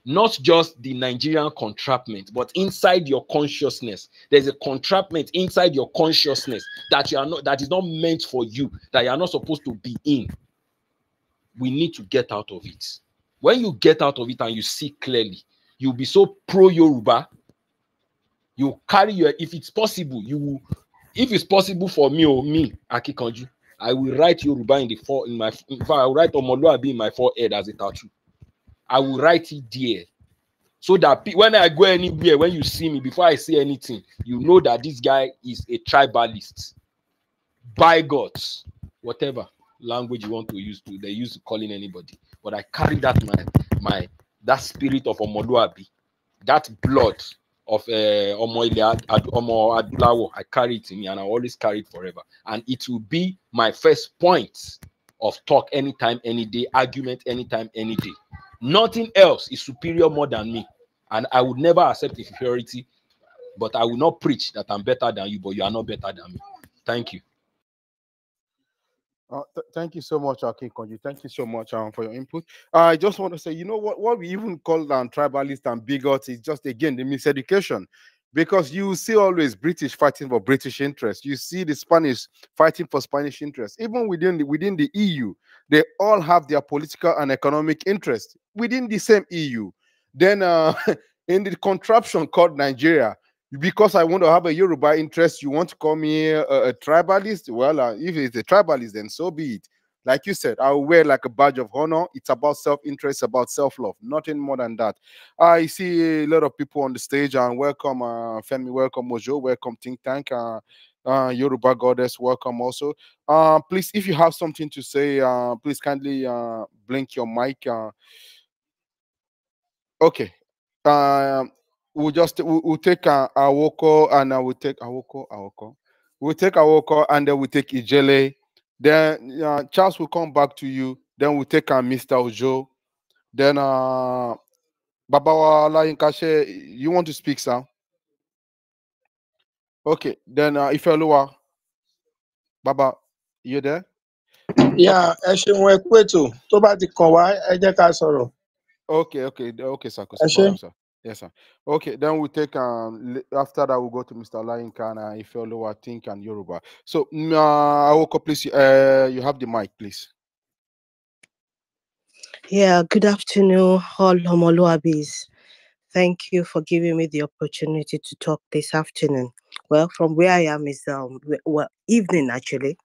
not just the Nigerian contraptment, but inside your consciousness. There's a contraptment inside your consciousness that you are not that is not meant for you, that you are not supposed to be in. We need to get out of it. When you get out of it and you see clearly, you'll be so pro Yoruba. You carry your if it's possible, you will, if it's possible for me or me, Akikanju, I will write Yoruba in the fore in my in fact, I will write Omoluabi in my forehead as a tattoo. I will write it there. So that when I go anywhere, when you see me, before I say anything, you know that this guy is a tribalist. By God, whatever language you want to use to, they use calling anybody. But I carry that my my that spirit of Omoluabi, that blood of uh, Omo Adulawo. I carry it in me, and I always carry it forever. And it will be my first point of talk anytime, any day, argument anytime, any day. Nothing else is superior more than me. And I would never accept inferiority, but I will not preach that I'm better than you, but you are not better than me. Thank you. Uh, th thank you so much, Akin Konji. Thank you so much um, for your input. Uh, I just want to say, you know what? What we even call them tribalist and bigots is just again the miseducation, because you see always British fighting for British interests. You see the Spanish fighting for Spanish interests. Even within the, within the EU, they all have their political and economic interests within the same EU. Then uh, in the contraption called Nigeria, because I want to have a Yoruba interest, you want to call me a, a tribalist? Well, uh, if it's a tribalist, then so be it. Like you said, I wear like a badge of honor. It's about self-interest, about self-love, nothing more than that. I see a lot of people on the stage, and welcome, uh, Femi, welcome Mojo, welcome Think Tank, uh, uh, Yoruba Goddess, welcome also. Uh, please, if you have something to say, uh, please kindly uh, blink your mic. Uh, Okay. Um, we'll just we'll, we'll take uh, Awoko and I will take Awoko Awoko. We'll take Awoko and then we'll take Ijele. Then uh, Charles will come back to you. Then we'll take uh, Mr. Ojo. Then uh, Babawa Layinkashe, you want to speak, sir? Okay. Then uh, Ifelua, Baba, you there? Yeah, ẹ ṣeun ẹ pé tó tó bá ti kàn wá ẹ jẹ́ ká sọ̀rọ̀. Okay, okay, okay, sir. Ashe? sir. Yes, sir. Okay, then we take um after that we will go to Mr. Lainkana, Ifeoluwa, Think, and Yoruba. So, mm, uh, I will Awoko, please, uh, you have the mic, please. Yeah, good afternoon, all Homoluabis. Thank you for giving me the opportunity to talk this afternoon. Well, from where I am is um well evening actually,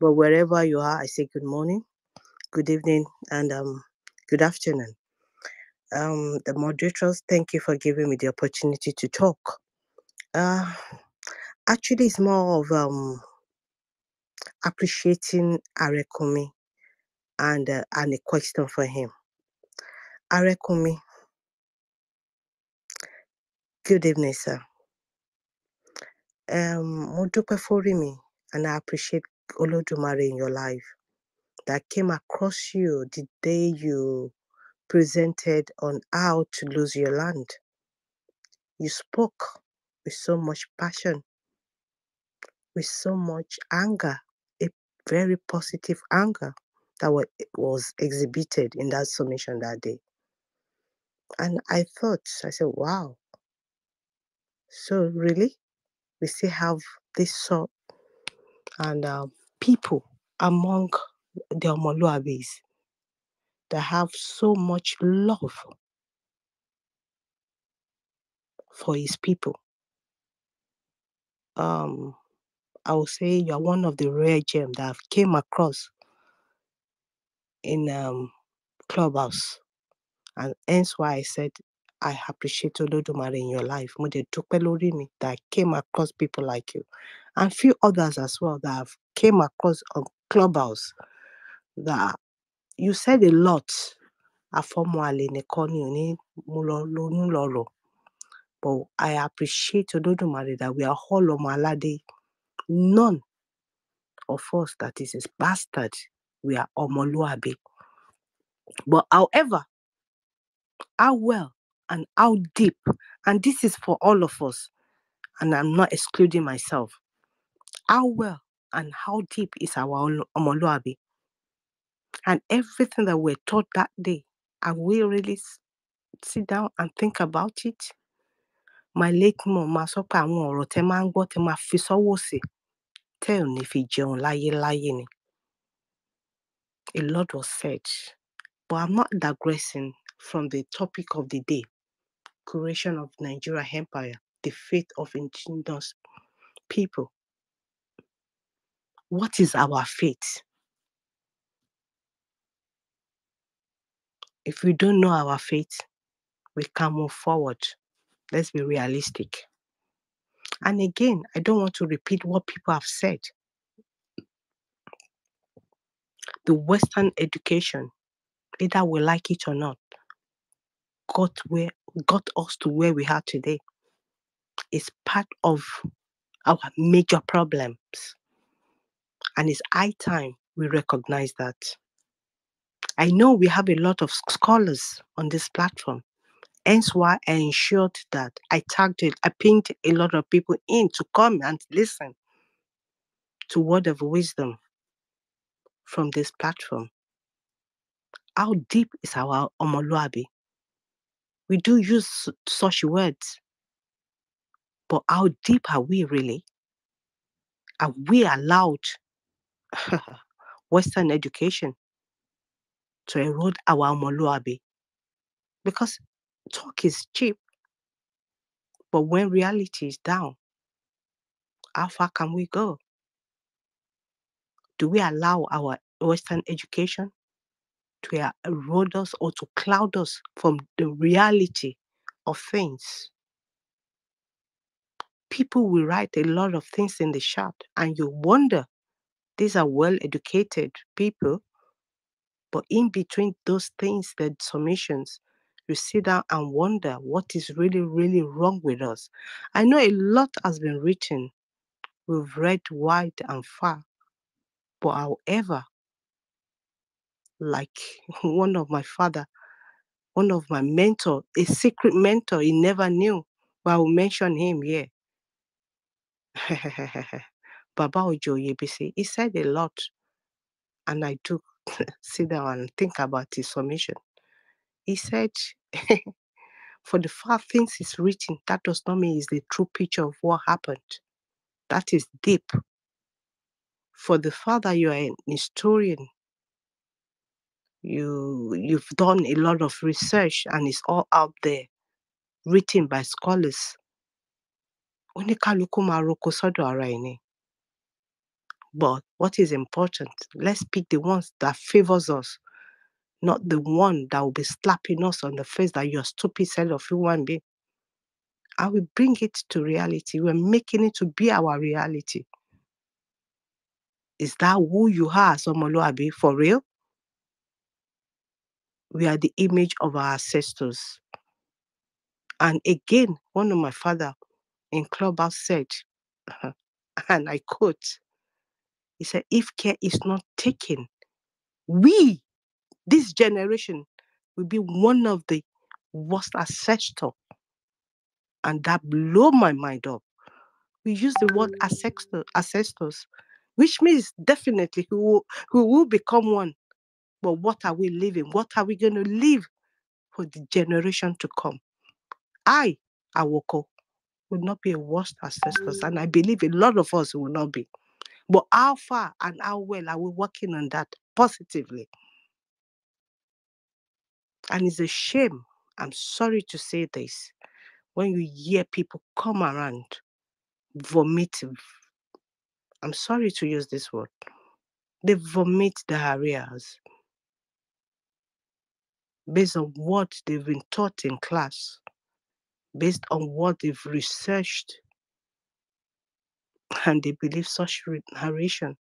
but wherever you are, I say good morning, good evening, and um good afternoon um, the moderators. Thank you for giving me the opportunity to talk. Uh, actually, it's more of um, appreciating Arekumi and, uh, and a question for him. Arekumi, good evening, sir. Um, Modupe and I appreciate Olodumare in your life that came across you the day you presented on how to lose your land. You spoke with so much passion, with so much anger, a very positive anger that was exhibited in that summation that day. And I thought, I said, wow. So, really? We still have this sort and uh, people among the Omoluabis that have so much love for his people. Um, I would say you are one of the rare gems that I've came across in um, Clubhouse. And hence why I said I appreciate Olodumare in your life. That came across people like you. And few others as well that have came across on Clubhouse that you said a lot afọmọàlè nìkan ni ò ní mo but i appreciate olódùmarè that we are all ọmọ none of us that is a bastard we are ọmọlúàbí but however how well and how deep and this is for all of us and i'm not excluding myself how well and how deep is our ọmọlúàbí and everything that we're taught that day, and we really sit down and think about it? My late mama mo sọ pé àwọn ọ̀rọ̀ tẹ máa ń gbọ́ tẹ máa fi sọ́wọ́ sí tẹ ò ní fi jẹun láyéláyé ni. A lot was said, but I'm not digressing from the topic of the day, creation of Nigeria Empire, the fate of indigenous people. What is our fate? If we don't know our faith, we can move forward. Let's be realistic. And again, I don't want to repeat what people have said. The Western education, either we like it or not, got where got us to where we are today. It's part of our major problems. And it's high time we recognize that. I know we have a lot of scholars on this platform. Hence why I ensured that I tagged it, I pinged a lot of people in to come and listen to word of wisdom from this platform. How deep is our omoluabi? We do use such words, but how deep are we really? Are we allowed Western education to erode our Omoluabi. Because talk is cheap. But when reality is down, how far can we go? Do we allow our Western education to er, erode us or to cloud us from the reality of things? People will write a lot of things in the chat, and you wonder these are well educated people but in between those things, the submissions, you sit down and wonder what is really, really wrong with us. I know a lot has been written. We've read wide and far. But however, like one of my father, one of my mentor, a secret mentor, he never knew, but I will mention him here. Baba Ojo Yebisi, he said a lot, and I took sit down and think about his submission. He said, For the far things is written, that does not mean is the true picture of what happened. That is deep. For the father, you are an historian. You you've done a lot of research and it's all out there, written by scholars. But what is important, let's pick the ones that favors us, not the one that will be slapping us on the face that you're stupid self of human being. And we bring it to reality. We're making it to be our reality. Is that who you are, Somoluabi, for real? We are the image of our ancestors. And again, one of my father in clubhouse said, and I quote, he said, if care is not taken, we, this generation, will be one of the worst ancestors. And that blew my mind up. We use the word ancestor, ancestors, which means definitely who will, who will become one. But what are we living? What are we going to live for the generation to come? I, Awoko, will not be a worst ancestors. And I believe a lot of us will not be. But how far and how well are we working on that positively? And it's a shame, I'm sorry to say this, when you hear people come around vomiting. I'm sorry to use this word. They vomit areas based on what they've been taught in class, based on what they've researched and they believe such narration.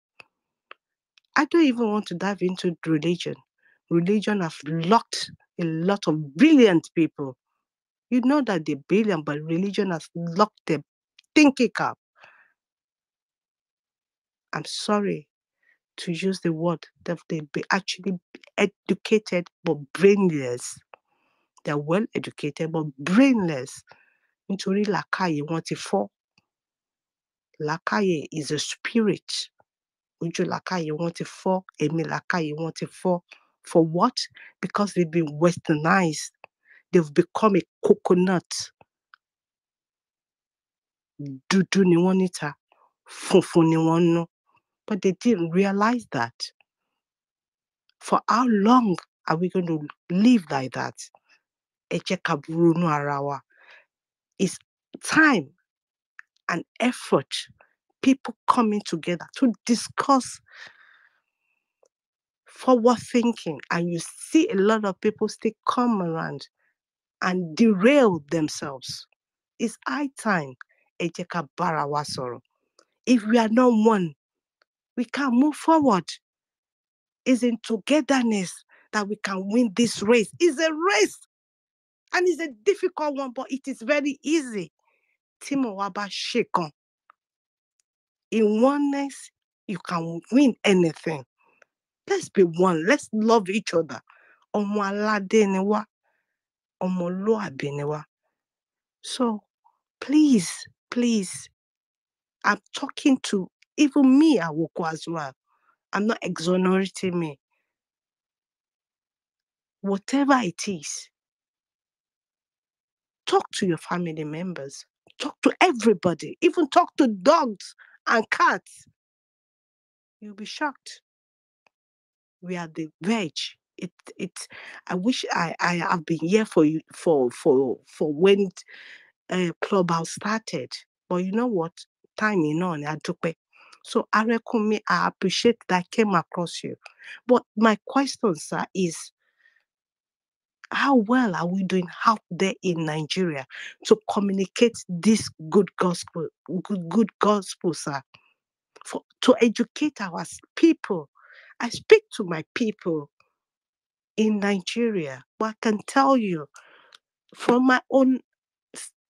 I don't even want to dive into religion. Religion have locked a lot of brilliant people. You know that they're brilliant, but religion has locked them thinking up. I'm sorry to use the word that they be actually educated but brainless. They're well educated but brainless. Nítorí làkàyè wọn ti for. Lakaye is a spirit Uju lakaye want ti fọ́ ẹ̀mí lakaye want ti fọ́ for what because they've been westernized they've become a coconut dúdú ni wọ́n níta funfun ni wọ́n nú but they didn't realize that for how long are we going to live like that ẹ kaburu ká it's time an effort, people coming together to discuss forward thinking. And you see a lot of people still come around and derail themselves. It's high time. Ejeka Barawasoro. If we are not one, we can not move forward. It's in togetherness that we can win this race. It's a race and it's a difficult one, but it is very easy tí mo wá bá ṣe kan in oneness you can win anything let's be one let's love each other ọmọ aládé ni wá ọmọlúàbí ni wá so please please i'm talking to even me awoko as well i'm not exonerating me whatever it is talk to your family members Talk to everybody, even talk to dogs and cats. You'll be shocked. We are the veg. It it I wish I, I have been here for you for for for when uh, clubhouse started. But you know what? Time in on I So I So Arekumi, I appreciate that I came across you. But my question, sir, is how well are we doing out there in Nigeria to communicate this good gospel, good, good gospel, sir, for, to educate our people? I speak to my people in Nigeria, but I can tell you from my own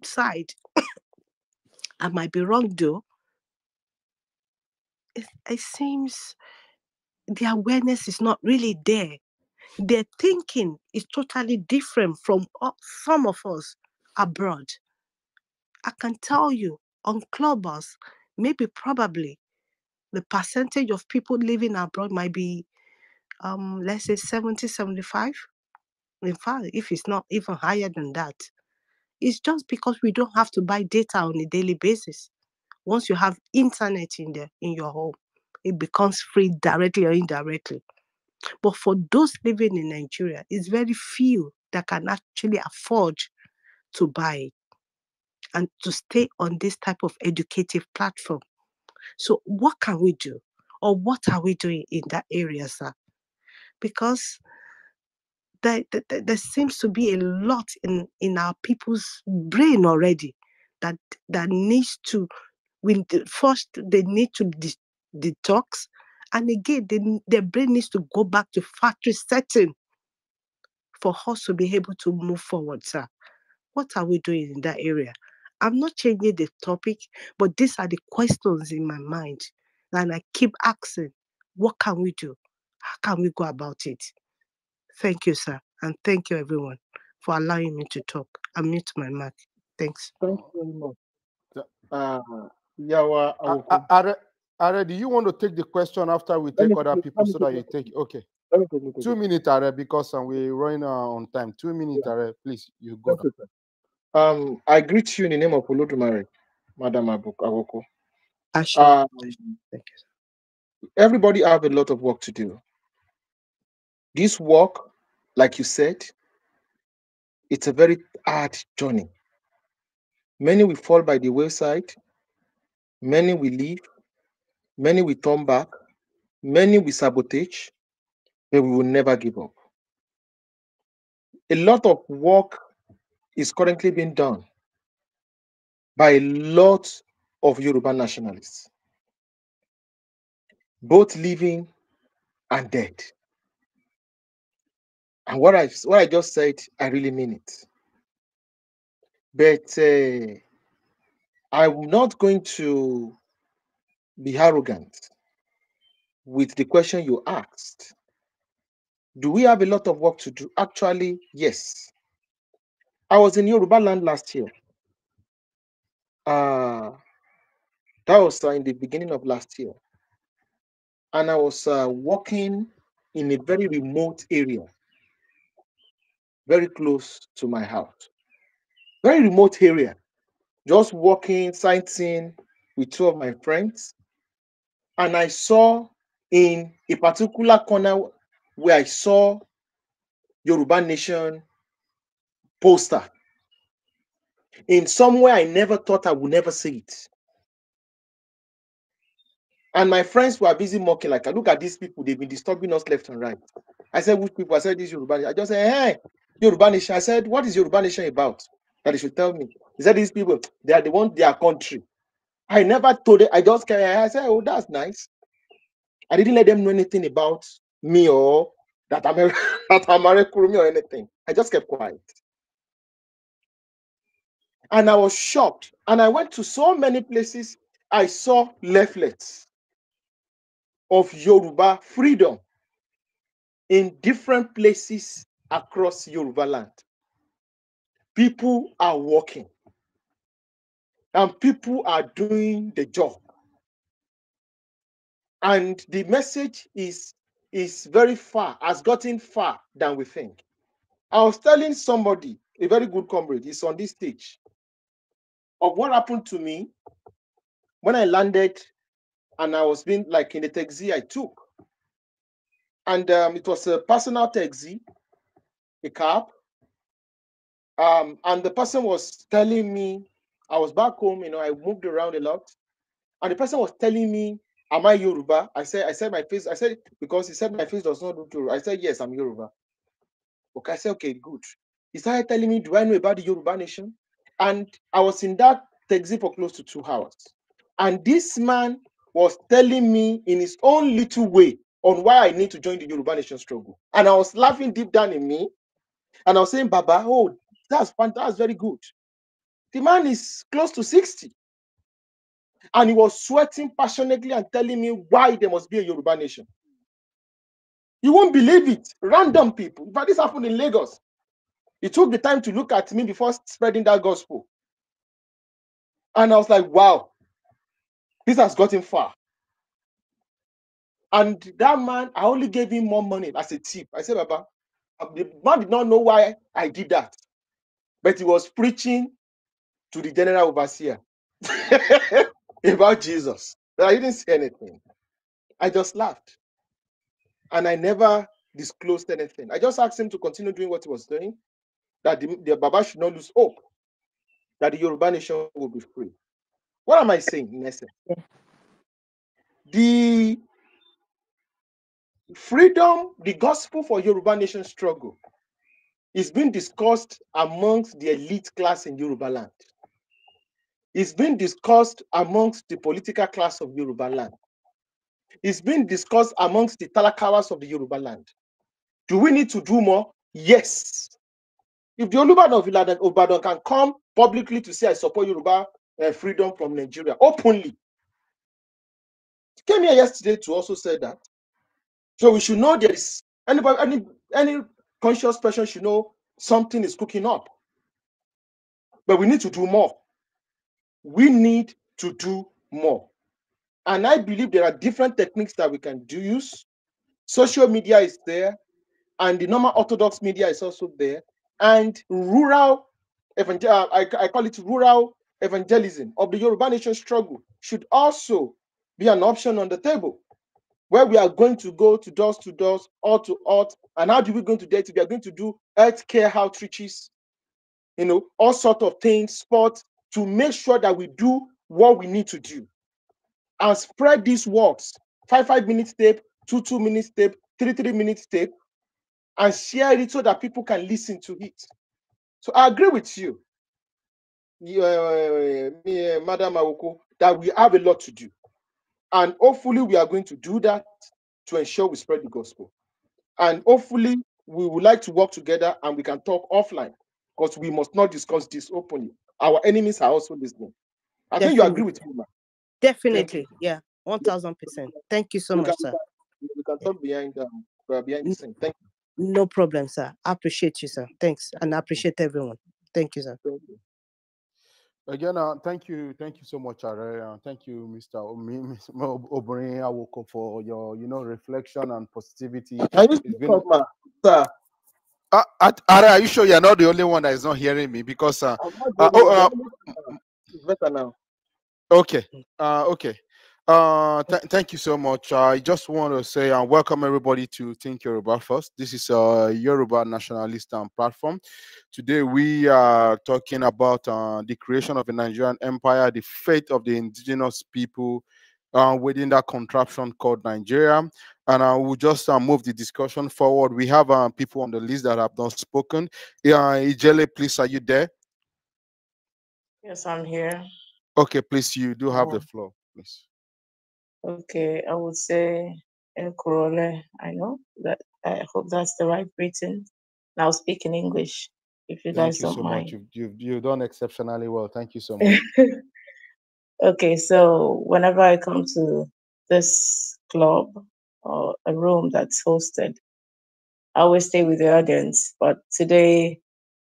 side, I might be wrong though. It, it seems the awareness is not really there their thinking is totally different from some of us abroad. I can tell you on Clubhouse, maybe probably the percentage of people living abroad might be, um, let's say 70, 75. In fact, if it's not even higher than that, it's just because we don't have to buy data on a daily basis. Once you have internet in there in your home, it becomes free directly or indirectly. But for those living in Nigeria, it's very few that can actually afford to buy and to stay on this type of educative platform. So, what can we do? Or what are we doing in that area, sir? Because there, there, there seems to be a lot in, in our people's brain already that that needs to we first they need to detox and again, the, their brain needs to go back to factory setting for us to be able to move forward, sir. What are we doing in that area? I'm not changing the topic, but these are the questions in my mind. And I keep asking, what can we do? How can we go about it? Thank you, sir. And thank you, everyone, for allowing me to talk. I mute my mic. Thanks. Thank you very much. Uh, I, I, I, are do you want to take the question after we take other people so that you take? Okay. Two minutes, Ara, because um, we're running uh, on time. Two minutes, Are, please, you go. Um, I greet you in the name of Olodumare, Madam Awoko. Um, everybody have a lot of work to do. This work, like you said, it's a very hard journey. Many will fall by the wayside. Many will leave Many will turn back. Many will sabotage, but we will never give up. A lot of work is currently being done by a lot of Yoruba nationalists, both living and dead. And what I what I just said, I really mean it. But uh, I'm not going to be arrogant with the question you asked. Do we have a lot of work to do? Actually, yes. I was in Yoruba land last year. Uh, that was uh, in the beginning of last year. And I was uh, walking in a very remote area, very close to my house. Very remote area. Just walking, sightseeing with two of my friends and I saw in a particular corner where I saw Yoruba Nation poster. In somewhere I never thought I would never see it. And my friends were busy mocking, like, I look at these people, they've been disturbing us left and right. I said, which people? I said, this Yoruba Nation. I just said, hey, Yoruba Nation. I said, what is Yoruba Nation about? That they should tell me. He said, these people, they are the one, their country. I never told it. I just came I said, Oh, that's nice. I didn't let them know anything about me or that I'm a, that I'm a Kurumi or anything. I just kept quiet. And I was shocked. And I went to so many places. I saw leaflets of Yoruba freedom in different places across Yoruba land. People are walking and people are doing the job. And the message is is very far, has gotten far than we think. I was telling somebody, a very good comrade, is on this stage, of what happened to me when I landed and I was being like in the taxi I took. And um, it was a personal taxi, a cab. Um, and the person was telling me I was back home, you know, I moved around a lot. And the person was telling me, Am I Yoruba? I said, I said my face, I said, because he said my face does not look Yoruba. I said, Yes, I'm Yoruba. Okay, I said, okay, good. He started telling me, Do I know about the Yoruba nation? And I was in that taxi for close to two hours. And this man was telling me in his own little way on why I need to join the Yoruba nation struggle. And I was laughing deep down in me. And I was saying, Baba, oh, that's fun, that's very good. The man is close to 60. And he was sweating passionately and telling me why there must be a Yoruba nation. You won't believe it. Random people. But this happened in Lagos. He took the time to look at me before spreading that gospel. And I was like, wow, this has gotten far. And that man, I only gave him more money as a tip. I said, Baba, the man did not know why I did that. But he was preaching to the general overseer about Jesus. But I didn't say anything. I just laughed. And I never disclosed anything. I just asked him to continue doing what he was doing, that the, the Baba should not lose hope, that the Yoruba nation will be free. What am I saying Nessa? The freedom, the gospel for Yoruba nation struggle is being discussed amongst the elite class in Yoruba land. It's being discussed amongst the political class of Yoruba land. It's being discussed amongst the talakawas of the Yoruba land. Do we need to do more? Yes. If the Olubadan of Ibadan can come publicly to say, I support Yoruba uh, freedom from Nigeria, openly. He came here yesterday to also say that. So we should know there is anybody, any, any conscious person should know something is cooking up. But we need to do more we need to do more. And I believe there are different techniques that we can do use. Social media is there, and the normal orthodox media is also there. And rural, evangel- uh, I, I call it rural evangelism of the Yoruba nation struggle should also be an option on the table where we are going to go to doors to doors, or to art And how do we going to do it? We are going to do health care outreaches, you know, all sort of things, sports, to make sure that we do what we need to do and spread these words five five minute step, two two two-minute step, three three three-minute and share it so that people can listen to it so i agree with you yeah, uh, madam awoko that we have a lot to do and hopefully we are going to do that to ensure we spread the gospel and hopefully we would like to work together and we can talk offline because we must not discuss this openly. Our enemies are also listening. I Definitely. think you agree with me, ma'am. Definitely, yeah, one thousand percent. Thank you so much, can, sir. We can talk behind um, uh, behind the scene. Thank you. No problem, sir. I appreciate you, sir. Thanks, and I appreciate everyone. Thank you, sir. Thank you. Again, uh, thank you, thank you so much, Are. Uh, thank you, Mr. Oborin Awoko, for your, you know, reflection and positivity. Can you speak been... up, sir? Uh, uh Ara, are you sure you're not the only one that is not hearing me? Because uh, uh oh, uh, it's better now. Okay. Uh, okay. Uh, th thank you so much. I just want to say and uh, welcome everybody to Think Yoruba First. This is a uh, Yoruba nationalist and um, platform. Today we are talking about uh, the creation of a Nigerian empire, the fate of the indigenous people uh, within that contraption called Nigeria, and I will just uh, move the discussion forward. We have um, people on the list that have not spoken. Uh, Ijele, please, are you there? Yes, I'm here. Okay, please, you do have yeah. the floor, please. Okay, I would say El Corole. I know that. I hope that's the right written. Now speak in English, if you Thank guys you don't so mind. Much. You've, you've, you've done exceptionally well. Thank you so much. okay, so whenever I come to this club, or a room that's hosted. I always stay with the audience, but today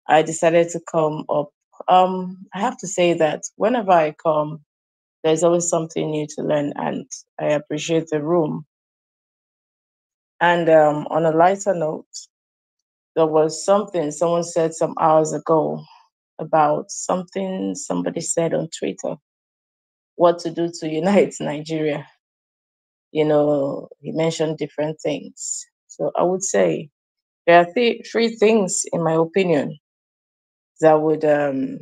I decided to come up. Um, I have to say that whenever I come, there's always something new to learn, and I appreciate the room. And um, on a lighter note, there was something someone said some hours ago about something somebody said on Twitter what to do to unite Nigeria you know, he mentioned different things. So I would say there are th- three things, in my opinion, that would, um,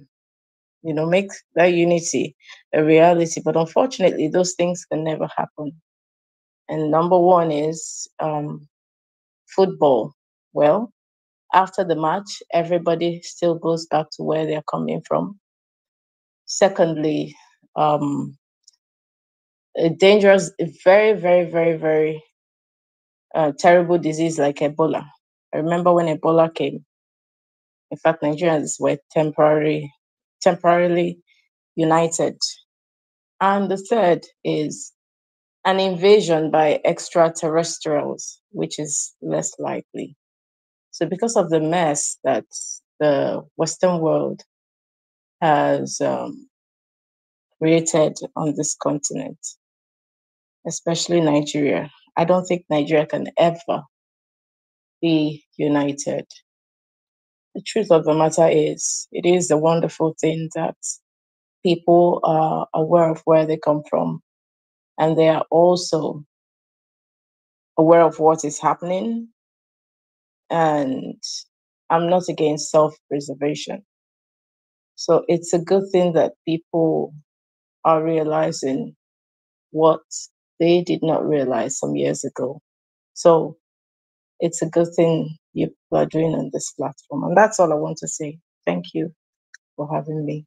you know, make that unity a reality. But unfortunately, those things can never happen. And number one is um, football. Well, after the match, everybody still goes back to where they're coming from. Secondly, um, dangerous, very, very, very, very uh, terrible disease like Ebola. I remember when Ebola came. In fact, Nigerians were temporary, temporarily united. And the third is an invasion by extraterrestrials, which is less likely. So, because of the mess that the Western world has um, created on this continent, especially Nigeria. I don't think Nigeria can ever be united. The truth of the matter is, it is a wonderful thing that people are aware of where they come from and they are also aware of what is happening. And I'm not against self preservation. So it's a good thing that people are realizing what they did not realize some years ago. So it's a good thing you are doing on this platform. And that's all I want to say. Thank you for having me.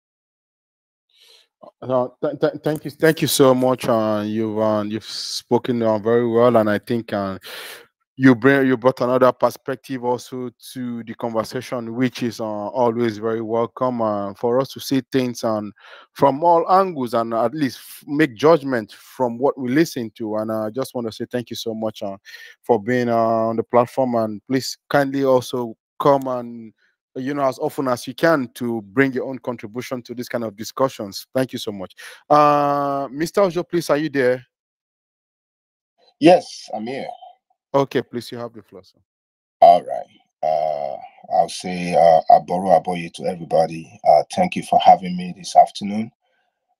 No, th th thank you, thank you so much. Uh, you've uh, you've spoken uh, very well, and I think uh, you bring you brought another perspective also to the conversation, which is uh, always very welcome uh, for us to see things and um, from all angles and at least make judgment from what we listen to. And I uh, just want to say thank you so much uh, for being uh, on the platform, and please kindly also come and you know as often as you can to bring your own contribution to this kind of discussions. Thank you so much, uh, Mr. Ojo. Please, are you there? Yes, I'm here. Okay, please, you have the floor, sir. All right. Uh, I'll say uh, aboro aboye to everybody. Uh, thank you for having me this afternoon.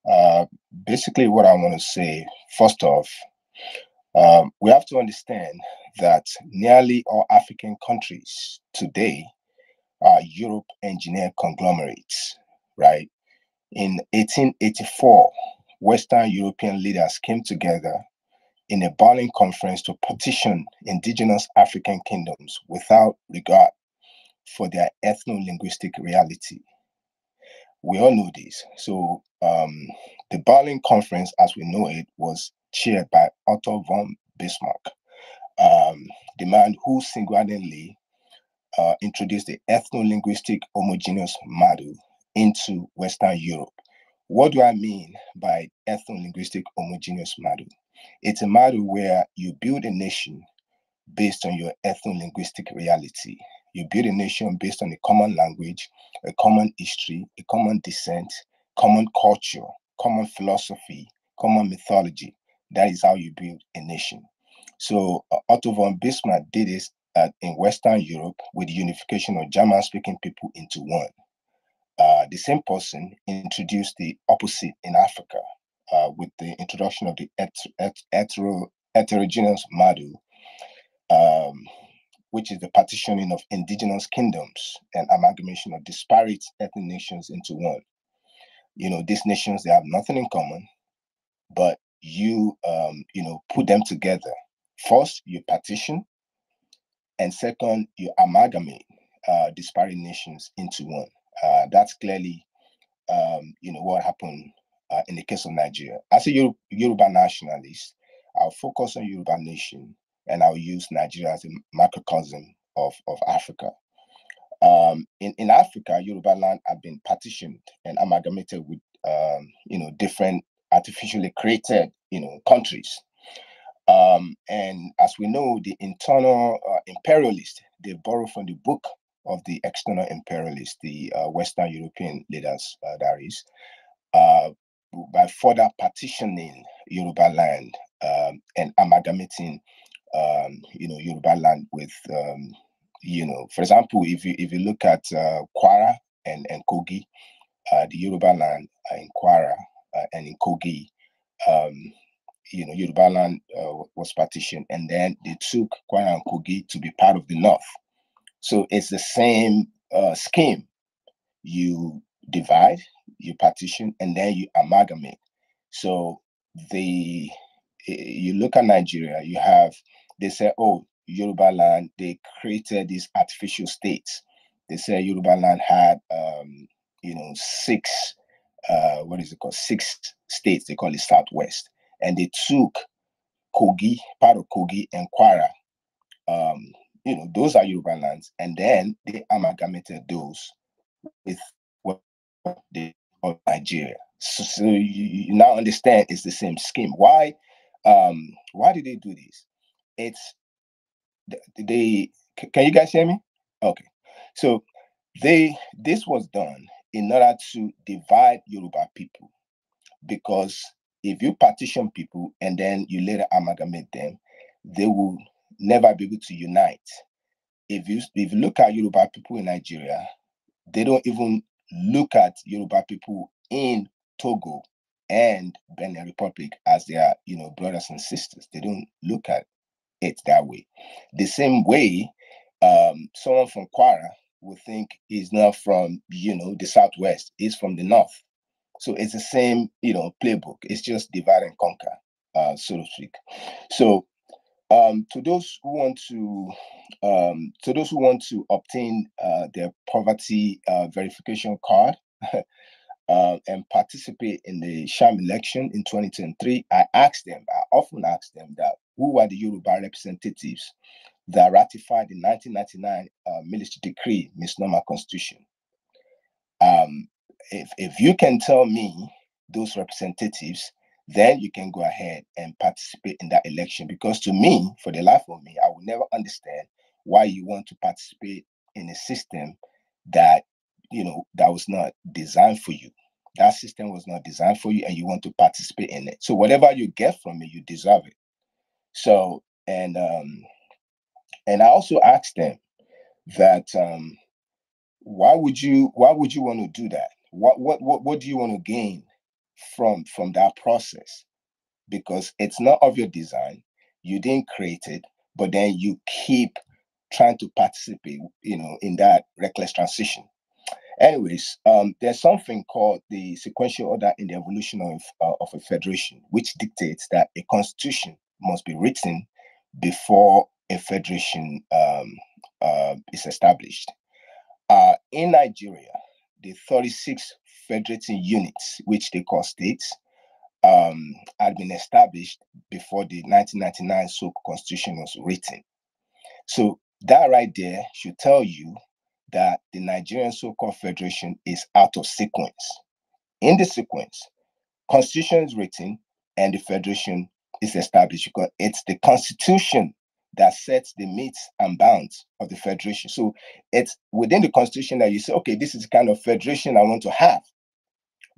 Uh, basically, what I want to say, first off, um, we have to understand that nearly all African countries today are Europe engineered conglomerates, right? In 1884, Western European leaders came together in a Berlin conference to partition indigenous African kingdoms without regard for their ethno linguistic reality. We all know this. So, um, the Berlin conference, as we know it, was chaired by Otto von Bismarck, um, the man who single-handedly uh, introduced the ethno-linguistic homogeneous model into Western Europe. What do I mean by ethno-linguistic homogeneous model? It's a model where you build a nation based on your ethno linguistic reality. You build a nation based on a common language, a common history, a common descent, common culture, common philosophy, common mythology. That is how you build a nation. So uh, Otto von Bismarck did this at, uh, in Western Europe with the unification of German-speaking people into one. Uh, the same person introduced the opposite in Africa uh, with the introduction of the heter- heter- heterogeneous model, um, which is the partitioning of indigenous kingdoms and amalgamation of disparate ethnic nations into one. You know, these nations they have nothing in common, but you um, you know put them together. First, you partition, and second, you amalgamate uh, disparate nations into one. Uh, that's clearly um, you know what happened uh, in the case of Nigeria. As a Euro- Yoruba nationalist, I'll focus on Yoruba nation and I'll use Nigeria as a microcosm of, of Africa. Um, in, in Africa, Yoruba land had been partitioned and amalgamated with, um, you know, different artificially created, you know, countries. Um, and as we know, the internal uh, imperialists, they borrow from the book of the external imperialists, the uh, Western European leaders, uh, that is, uh, by further partitioning Yoruba land um, and amalgamating, um, you know, Yoruba land with, um, you know, for example, if you if you look at uh, Kwara and and Kogi, uh, the Yoruba land in Kwara uh, and in Kogi, um, you know, Yoruba land uh, was partitioned, and then they took Kwara and Kogi to be part of the North. So it's the same uh, scheme. You divide, you partition, and then you amalgamate. So the eh, you look at Nigeria, you have they say, oh, Yoruba land, they created these artificial states. They say Yoruba land had um, you know six uh, what is it called? Six states, they call it Southwest. And they took Kogi, part of Kogi and Kwara. Um, you know, those are Yoruba lands. And then they amalgamated those with the of Nigeria. So, so you, you, now understand it's the same scheme. Why? Um, why do they do this? It's they. Can you guys hear me? Okay. So they this was done in order to divide Yoruba people because if you partition people and then you later amalgamate them, they will never be able to unite. If you if you look at Yoruba people in Nigeria, they don't even look at Yoruba people in Togo and Benin Republic as their, you know, brothers and sisters. They don't look at it that way. The same way, um, someone from Kwara would think is not from, you know, the Southwest, is from the North. So it's the same, you know, playbook. It's just divide and conquer, uh, so to speak. So um, to those who want to um, to those who want to obtain uh, their poverty uh, verification card uh, and participate in the sham election in 2023, I ask them, I often ask them that who were the Yoruba representatives that ratified the 1999 uh, military decree, misnomer constitution. Um, if, if you can tell me those representatives then you can go ahead and participate in that election. Because to me, for the life of me, I will never understand why you want to participate in a system that you know that was not designed for you. That system was not designed for you, and you want to participate in it. So whatever you get from it, you deserve it. So and um, and I also asked them that um, why would you why would you want to do that? What what what what do you want to gain from from that process because it's not of your design you didn't create it but then you keep trying to participate you know in that reckless transition anyways um, there's something called the sequential order in the evolution of, uh, of a federation which dictates that a constitution must be written before a federation um, uh, is established uh, in nigeria the 36 federating units, which they call states, um, had been established before the 1999 SOAP constitution was written. So that right there should tell you that the Nigerian so-called federation is out of sequence. In the sequence, constitution is written and the federation is established because it's the constitution that sets the meets and bounds of the federation. So it's within the constitution that you say, okay, this is the kind of federation I want to have.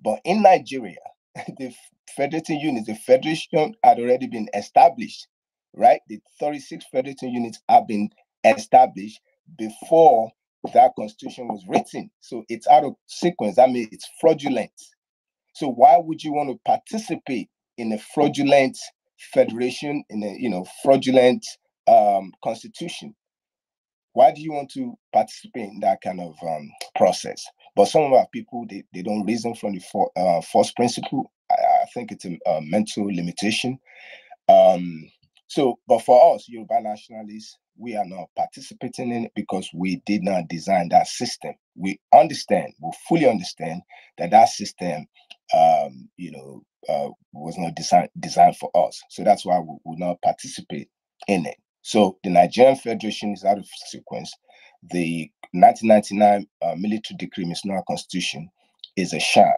But in Nigeria, the federating units, the federation had already been established, right? The 36 federating units have been established before that constitution was written. So it's out of sequence. I mean, it's fraudulent. So why would you want to participate in a fraudulent federation, in a you know fraudulent um, constitution. Why do you want to participate in that kind of um, process? But some of our people, they, they don't reason from the for, uh, first principle. I, I, think it's a, a mental limitation. Um, so, but for us, Yoruba nationalists, we are not participating in it because we did not design that system. We understand, we fully understand that that system, um, you know, uh, was not designed designed for us. So that's why we will not participate in it. So the Nigerian Federation is out of sequence. The 1999 uh, military decree, Noah Constitution, is a sham.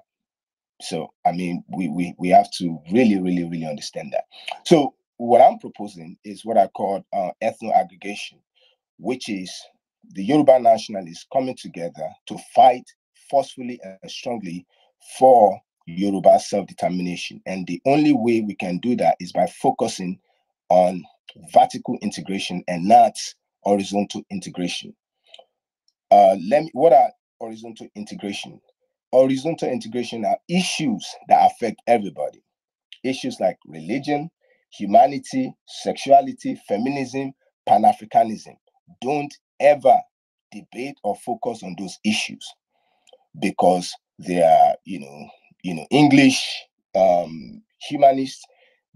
So, I mean, we, we, we have to really, really, really understand that. So, what I'm proposing is what I call uh, ethno aggregation, which is the Yoruba nationalists coming together to fight forcefully and strongly for Yoruba self determination. And the only way we can do that is by focusing on vertical integration and not horizontal integration. Uh, let me, what are horizontal integration? Horizontal integration are issues that affect everybody. Issues like religion, humanity, sexuality, feminism, Pan Africanism. Don't ever debate or focus on those issues because they are, you know, you know, English um, humanists,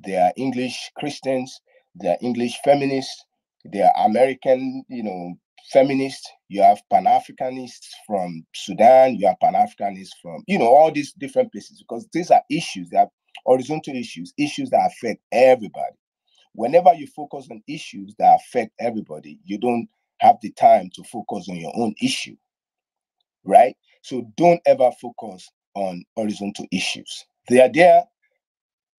they are English Christians, they are English feminists. They are American, you know, feminists. You have Pan Africanists from Sudan. You have Pan Africanists from, you know, all these different places because these are issues that horizontal issues, issues that affect everybody. Whenever you focus on issues that affect everybody, you don't have the time to focus on your own issue, right? So don't ever focus on horizontal issues. They are there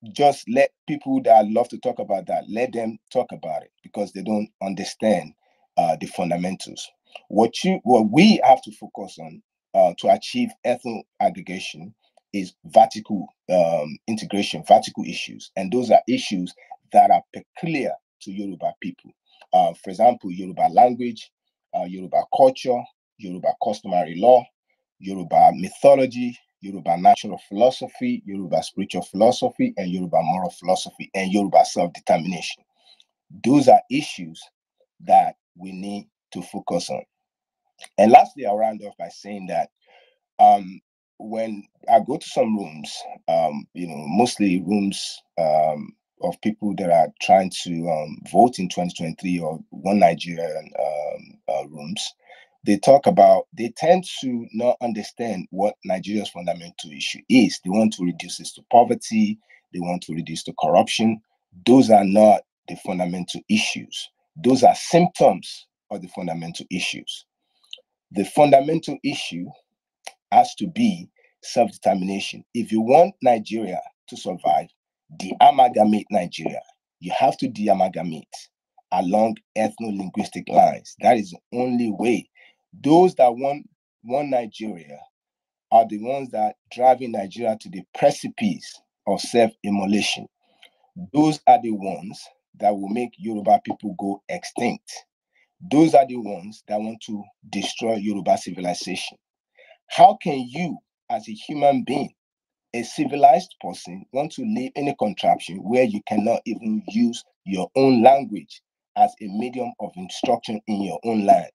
just let people that love to talk about that let them talk about it because they don't understand uh, the fundamentals. What you what we have to focus on uh, to achieve ethno aggregation is vertical um, integration, vertical issues, and those are issues that are peculiar to Yoruba people. Uh, for example, Yoruba language, uh, Yoruba culture, Yoruba customary law, Yoruba mythology, Yoruba national philosophy, Yoruba spiritual philosophy, and Yoruba moral philosophy, and Yoruba self determination. Those are issues that we need to focus on. And lastly, I'll round off by saying that um, when I go to some rooms, um, you know, mostly rooms um, of people that are trying to um, vote in 2023 or one Nigerian um, uh, rooms, they talk about, they tend to not understand what Nigeria's fundamental issue is. They want to reduce this to poverty, they want to reduce to corruption. Those are not the fundamental issues. Those are symptoms of the fundamental issues. The fundamental issue has to be self determination. If you want Nigeria to survive, the amalgamate Nigeria. You have to de amalgamate along ethno linguistic lines. That is the only way those that want one Nigeria are the ones that driving Nigeria to the precipice of self-immolation. Those are the ones that will make Yoruba people go extinct. Those are the ones that want to destroy Yoruba civilization. How can you, as a human being, a civilized person, want to live in a contraption where you cannot even use your own language as a medium of instruction in your own land?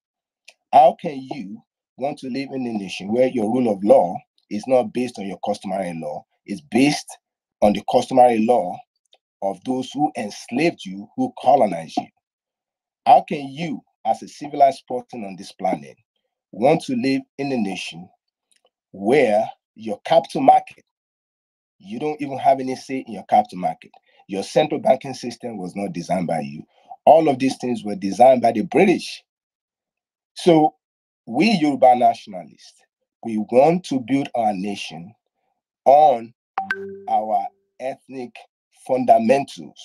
How can you want to live in a nation where your rule of law is not based on your customary law, it's based on the customary law of those who enslaved you, who colonized you? How can you, as a civilized person on this planet, want to live in a nation where your capital market, you don't even have any say in your capital market? Your central banking system was not designed by you. All of these things were designed by the British so we Yoruba nationalists, we want to build our nation on our ethnic fundamentals,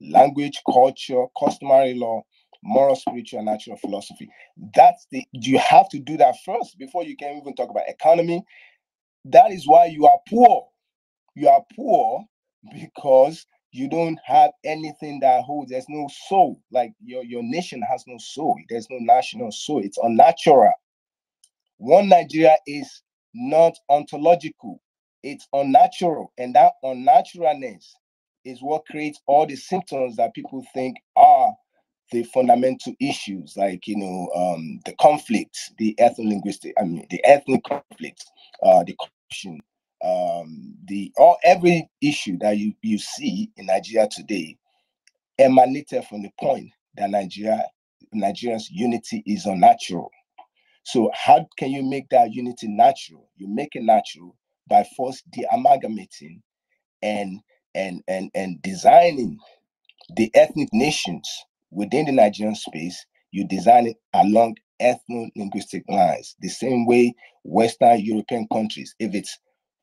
language, culture, customary law, moral, spiritual, natural philosophy. That's the you have to do that first before you can even talk about economy. That is why you are poor. You are poor because you don't have anything that holds. There's no soul. Like your, your nation has no soul. There's no national soul. It's unnatural. One Nigeria is not ontological. It's unnatural. And that unnaturalness is what creates all the symptoms that people think are the fundamental issues, like you know, um, the conflicts, the ethno-linguistic, I mean the ethnic conflicts, uh, the corruption, um, the all every issue that you, you see in Nigeria today emanated from the point that Nigeria Nigeria's unity is unnatural. So how can you make that unity natural? You make it natural by 1st the de-amalgamating and and and and designing the ethnic nations within the Nigerian space. You design it along ethno-linguistic lines, the same way Western European countries, if it's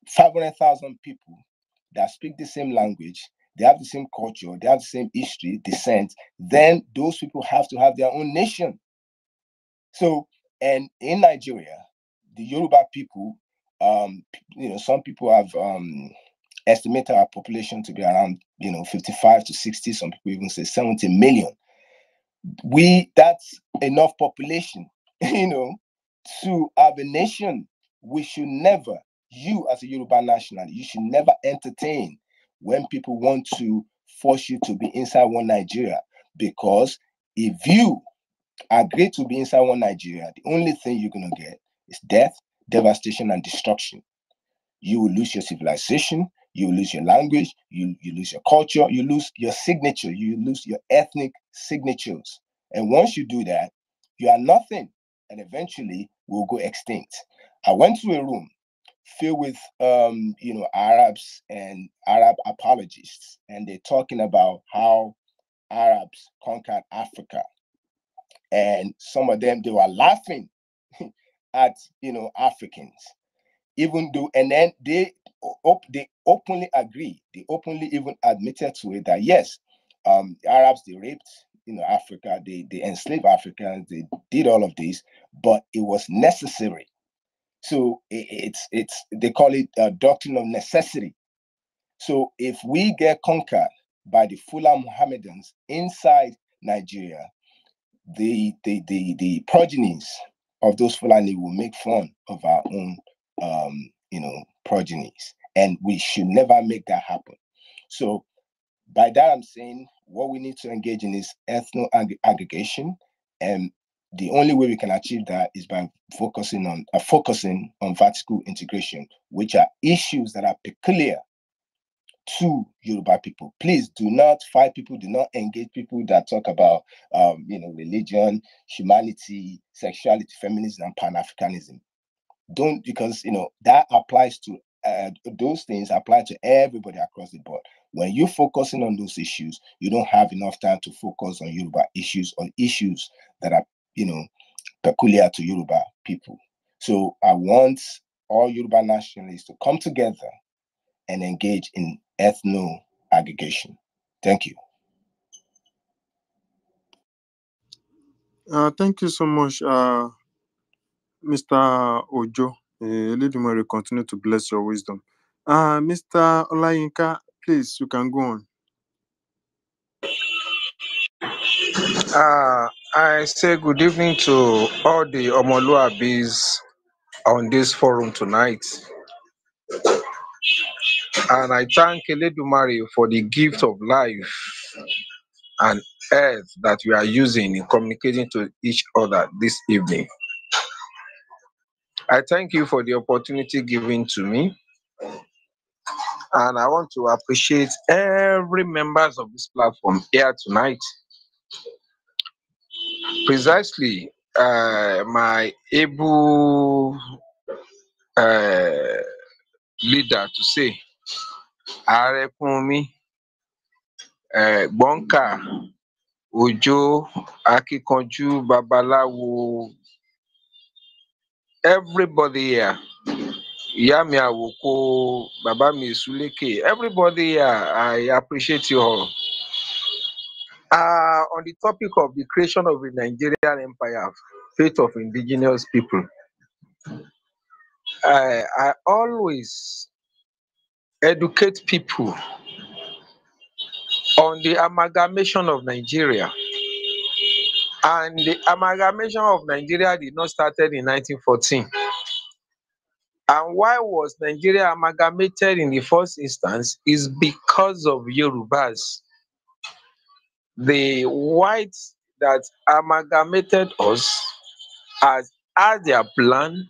500,000 people that speak the same language, they have the same culture, they have the same history, descent, then those people have to have their own nation. So, and in Nigeria, the Yoruba people, um, you know, some people have um, estimated our population to be around, you know, 55 to 60, some people even say 70 million. We, that's enough population, you know, to have a nation. We should never you as a Yoruba national, you should never entertain when people want to force you to be inside one Nigeria. Because if you agree to be inside one Nigeria, the only thing you're going to get is death, devastation, and destruction. You will lose your civilization, you will lose your language, you, you lose your culture, you lose your signature, you lose your ethnic signatures. And once you do that, you are nothing and eventually will go extinct. I went to a room filled with um, you know Arabs and Arab apologists, and they're talking about how Arabs conquered Africa, and some of them they were laughing at you know Africans, even though and then they op- they openly agree, they openly even admitted to it that yes, um, the Arabs they raped you know Africa, they they enslaved Africans, they did all of this, but it was necessary so it's it's they call it a doctrine of necessity. So if we get conquered by the Fulham Muhammadans inside Nigeria, the the the, the progenies of those Fulani will make fun of our own um, you know progenies, and we should never make that happen. So by that I'm saying what we need to engage in is ethno aggregation and the only way we can achieve that is by focusing on uh, focusing on vertical integration, which are issues that are peculiar to Yoruba people. Please do not fight people, do not engage people that talk about um, you know religion, humanity, sexuality, feminism, and Pan-Africanism. Don't because you know that applies to uh, those things apply to everybody across the board. When you're focusing on those issues, you don't have enough time to focus on Yoruba issues or issues that are you know, peculiar to Yoruba people. So I want all Yoruba nationalists to come together and engage in ethno aggregation. Thank you. Uh, thank you so much, uh, Mr. Ojo. Uh, Lady Mary, continue to bless your wisdom. Uh, Mr. Olayinka, please, you can go on. Uh, I say good evening to all the Omoluabis on this forum tonight. And I thank Eledumare for the gift of life and earth that we are using in communicating to each other this evening. I thank you for the opportunity given to me. And I want to appreciate every members of this platform here tonight precisely uh, my able uh, leader to say Arekunmi uh, Gbọ́nkà Òjó akíkanjú babaláwo everybody here ìyá mi àwòkọ bàbá mi ìsúlékè everybody here I appreciate you all. Uh, on the topic of the creation of a Nigerian empire, fate of indigenous people, I, I always educate people on the amalgamation of Nigeria. And the amalgamation of Nigeria did not started in 1914. And why was Nigeria amalgamated in the first instance is because of Yorubas the whites that amalgamated us as as their plan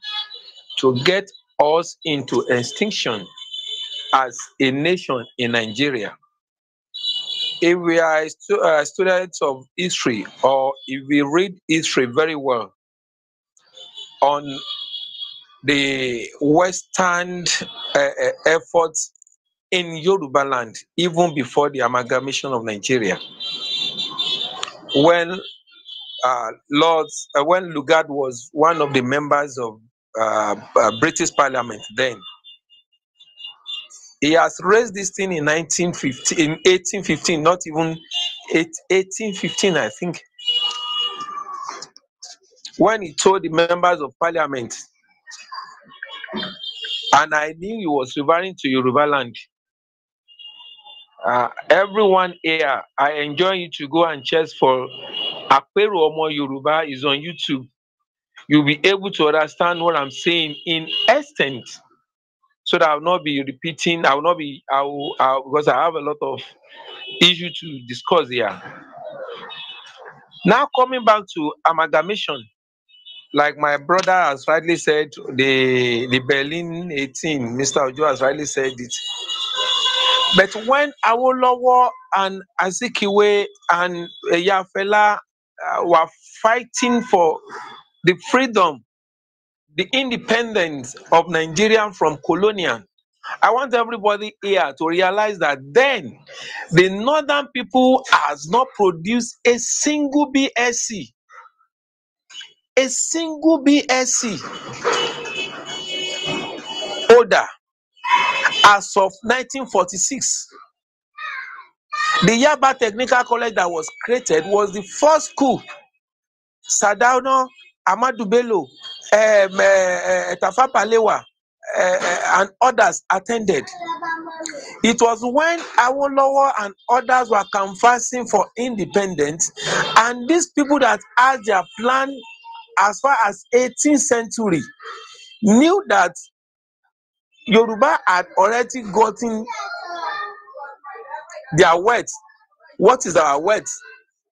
to get us into extinction as a nation in Nigeria. If we are stu uh, students of history, or if we read history very well, on the Western uh, uh efforts in Yoruba land, even before the amalgamation of Nigeria, when uh, Lord, uh, when Lugard was one of the members of uh, uh British Parliament then, he has raised this thing in 1915, in 1815, not even 1815, I think, when he told the members of Parliament, and I knew he was referring to Yoruba land uh, everyone here, I enjoy you to go and check for Apero Omo Yoruba is on YouTube. You'll be able to understand what I'm saying in extent, so that I'll not be repeating. I will not be. I will, I, because I have a lot of issue to discuss here. Now coming back to amalgamation, like my brother has rightly said, the the Berlin 18, Mr. Ojo has rightly said it but when Awolowo and Azikiwe and Yafela uh, were fighting for the freedom, the independence of Nigeria from colonial, I want everybody here to realize that then the northern people has not produced a single BSc. A single BSc. Order as of 1946. The Yaba Technical College that was created was the first school Sardauna Amadu Bello um, uh, eh, eh, Tafa Balewa uh, and others attended. It was when Awolowo and others were canvassing for independence, and these people that had their plan as far as 18th century knew that Yoruba had already gotten their wealth. What is our wealth?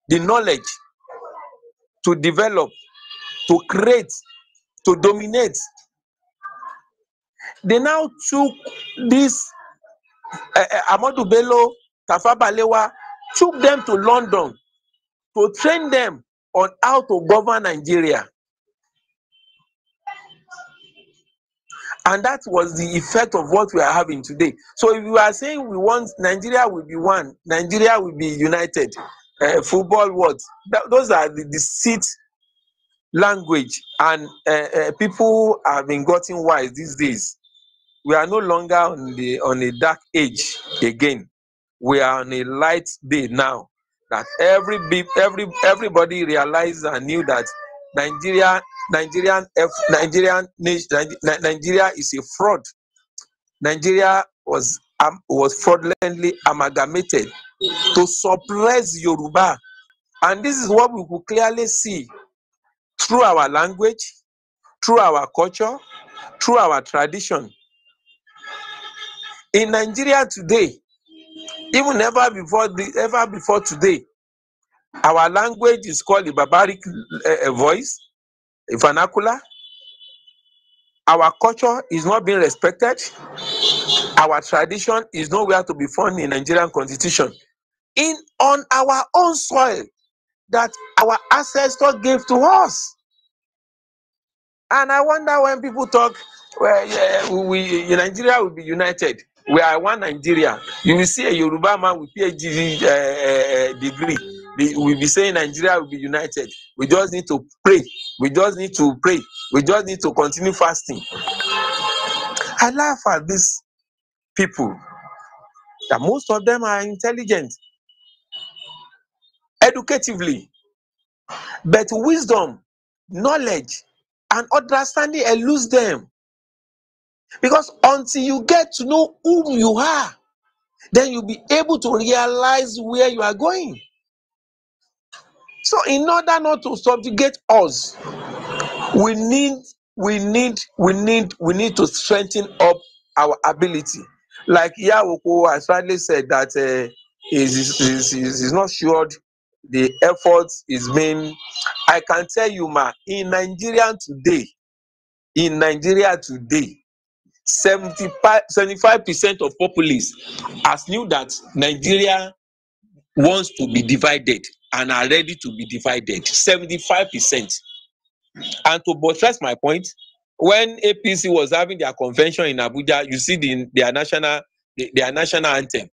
The knowledge to develop, to create, to dominate. They now took this uh, Amadu Bello, Tafa Balewa, took them to London to train them on how to govern Nigeria. and that was the effect of what we are having today so if you are saying we want nigeria will be one nigeria will be united uh, football world that, those are the deceit language and uh, uh, people have been gotten wise these days we are no longer on the on a dark age again we are on a light day now that every every everybody realized and knew that Nigeria, Nigerian, Nigerian, Nigeria is a fraud. Nigeria was um, was fraudulently amalgamated to suppress Yoruba, and this is what we could clearly see through our language, through our culture, through our tradition. In Nigeria today, even ever before the, ever before today, Our language is called a barbaric uh, voice, a vernacular. Our culture is not being respected. Our tradition is nowhere to be found in Nigerian constitution. In on our own soil that our ancestors gave to us. And I wonder when people talk, well, yeah, we, we Nigeria will be united. We are one Nigeria. You will see a Yoruba man with PhD uh, eh, degree we will be saying Nigeria will be united. We just need to pray. We just need to pray. We just need to continue fasting. I laugh at these people that most of them are intelligent, educatively, but wisdom, knowledge, and understanding elude them. Because until you get to know whom you are, then you'll be able to realize where you are going. So, in order not to subjugate us, we need, we need, we need, we need to strengthen up our ability. Like Yahweh has rightly said that uh, is is is not sure the effort is being. I can tell you, ma, in Nigeria today, in Nigeria today, 75 percent of populace has knew that Nigeria wants to be divided and are ready to be divided Seventy-five percent and to buttress my point when apc was having their convention in abuja you see the, their national their national anthem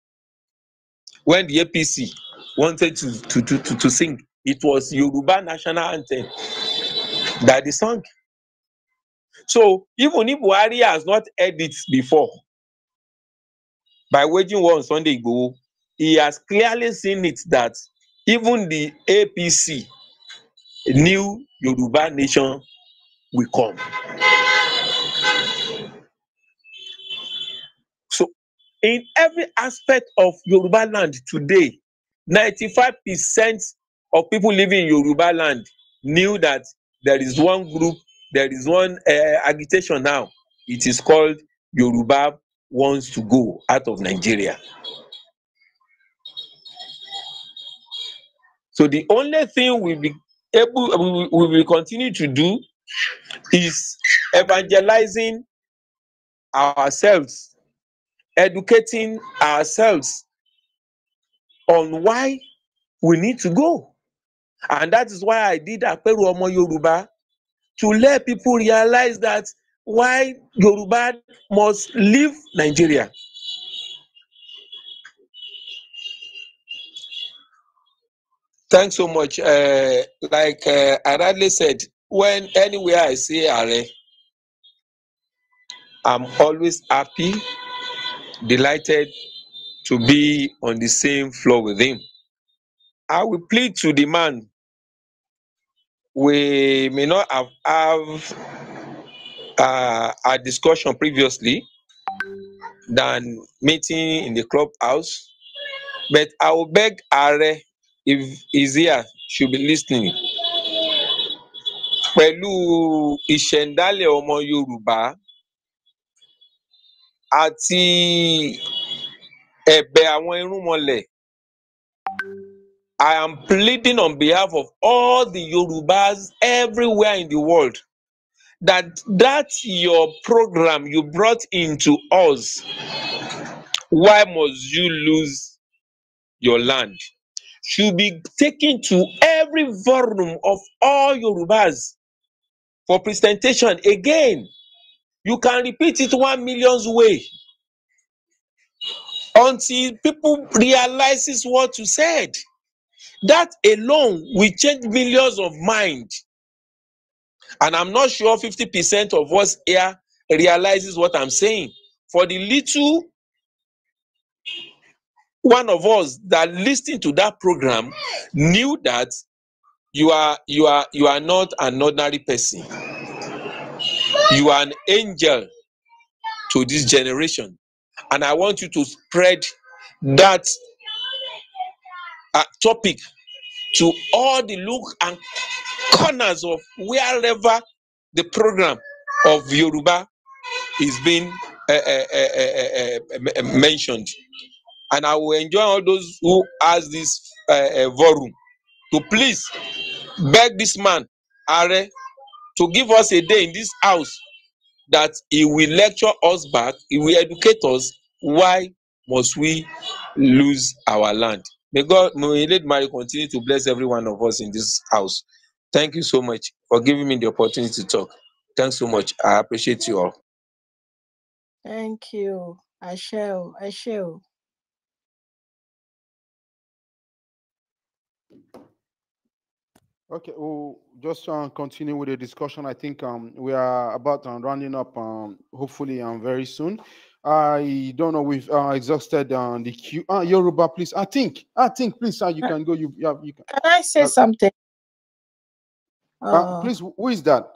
when the apc wanted to to to to, to sing it was yoruba national anthem that they sang. so even if buhari has not heard it before by waging war on sunday igboho he has clearly seen it that even the APC new Yoruba nation will come. So in every aspect of Yoruba land today, percent of people living in Yoruba land knew that there is one group, there is one uh, agitation now. It is called Yoruba wants to go out of Nigeria. So the only thing we be able we will continue to do is evangelizing ourselves, educating ourselves on why we need to go. And that is why I did Aperu Omo Yoruba to let people realize that why Yoruba must leave Nigeria. Thanks so much. Uh, like uh, I rightly said, when anywhere I see Are, I'm always happy, delighted to be on the same floor with him. I will plead to the man. We may not have, have uh, a discussion previously than meeting in the clubhouse, but I will beg Are if his ear should be listening. Pẹ̀lú ìṣẹ̀ǹdálẹ̀ ọmọ Yorùbá àti ẹ̀bẹ̀ àwọn irúnmọlẹ̀ I am pleading on behalf of all the Yorubas everywhere in the world that that your program you brought into us why must you lose your land? should be taken to every forum of all Yorubas for presentation. Again, you can repeat it one millionth way until people realizes what you said. That alone will change millions of mind. And I'm not sure 50% of us here realizes what I'm saying. For the little one of us that listening to that program knew that you are you are you are not an ordinary person you are an angel to this generation and i want you to spread that uh, topic to all the look and corners of wherever the program of yoruba is being uh, uh, mentioned and I will enjoy all those who ask this uh, uh, forum to please beg this man Are to give us a day in this house that he will lecture us back, he will educate us why must we lose our land. May God, may Lady Mary continue to bless every one of us in this house. Thank you so much for giving me the opportunity to talk. Thanks so much. I appreciate you all. Thank you. I shall. I shall. Okay, well, just uh, continue with the discussion. I think um, we are about um, rounding up, um, hopefully, um, very soon. I don't know. We've uh, exhausted uh, the queue. Uh, Yoruba, please. I think. I think. Please, uh, you can go. You, yeah, you can. Can I say uh, something? Uh, uh, please. Who is that?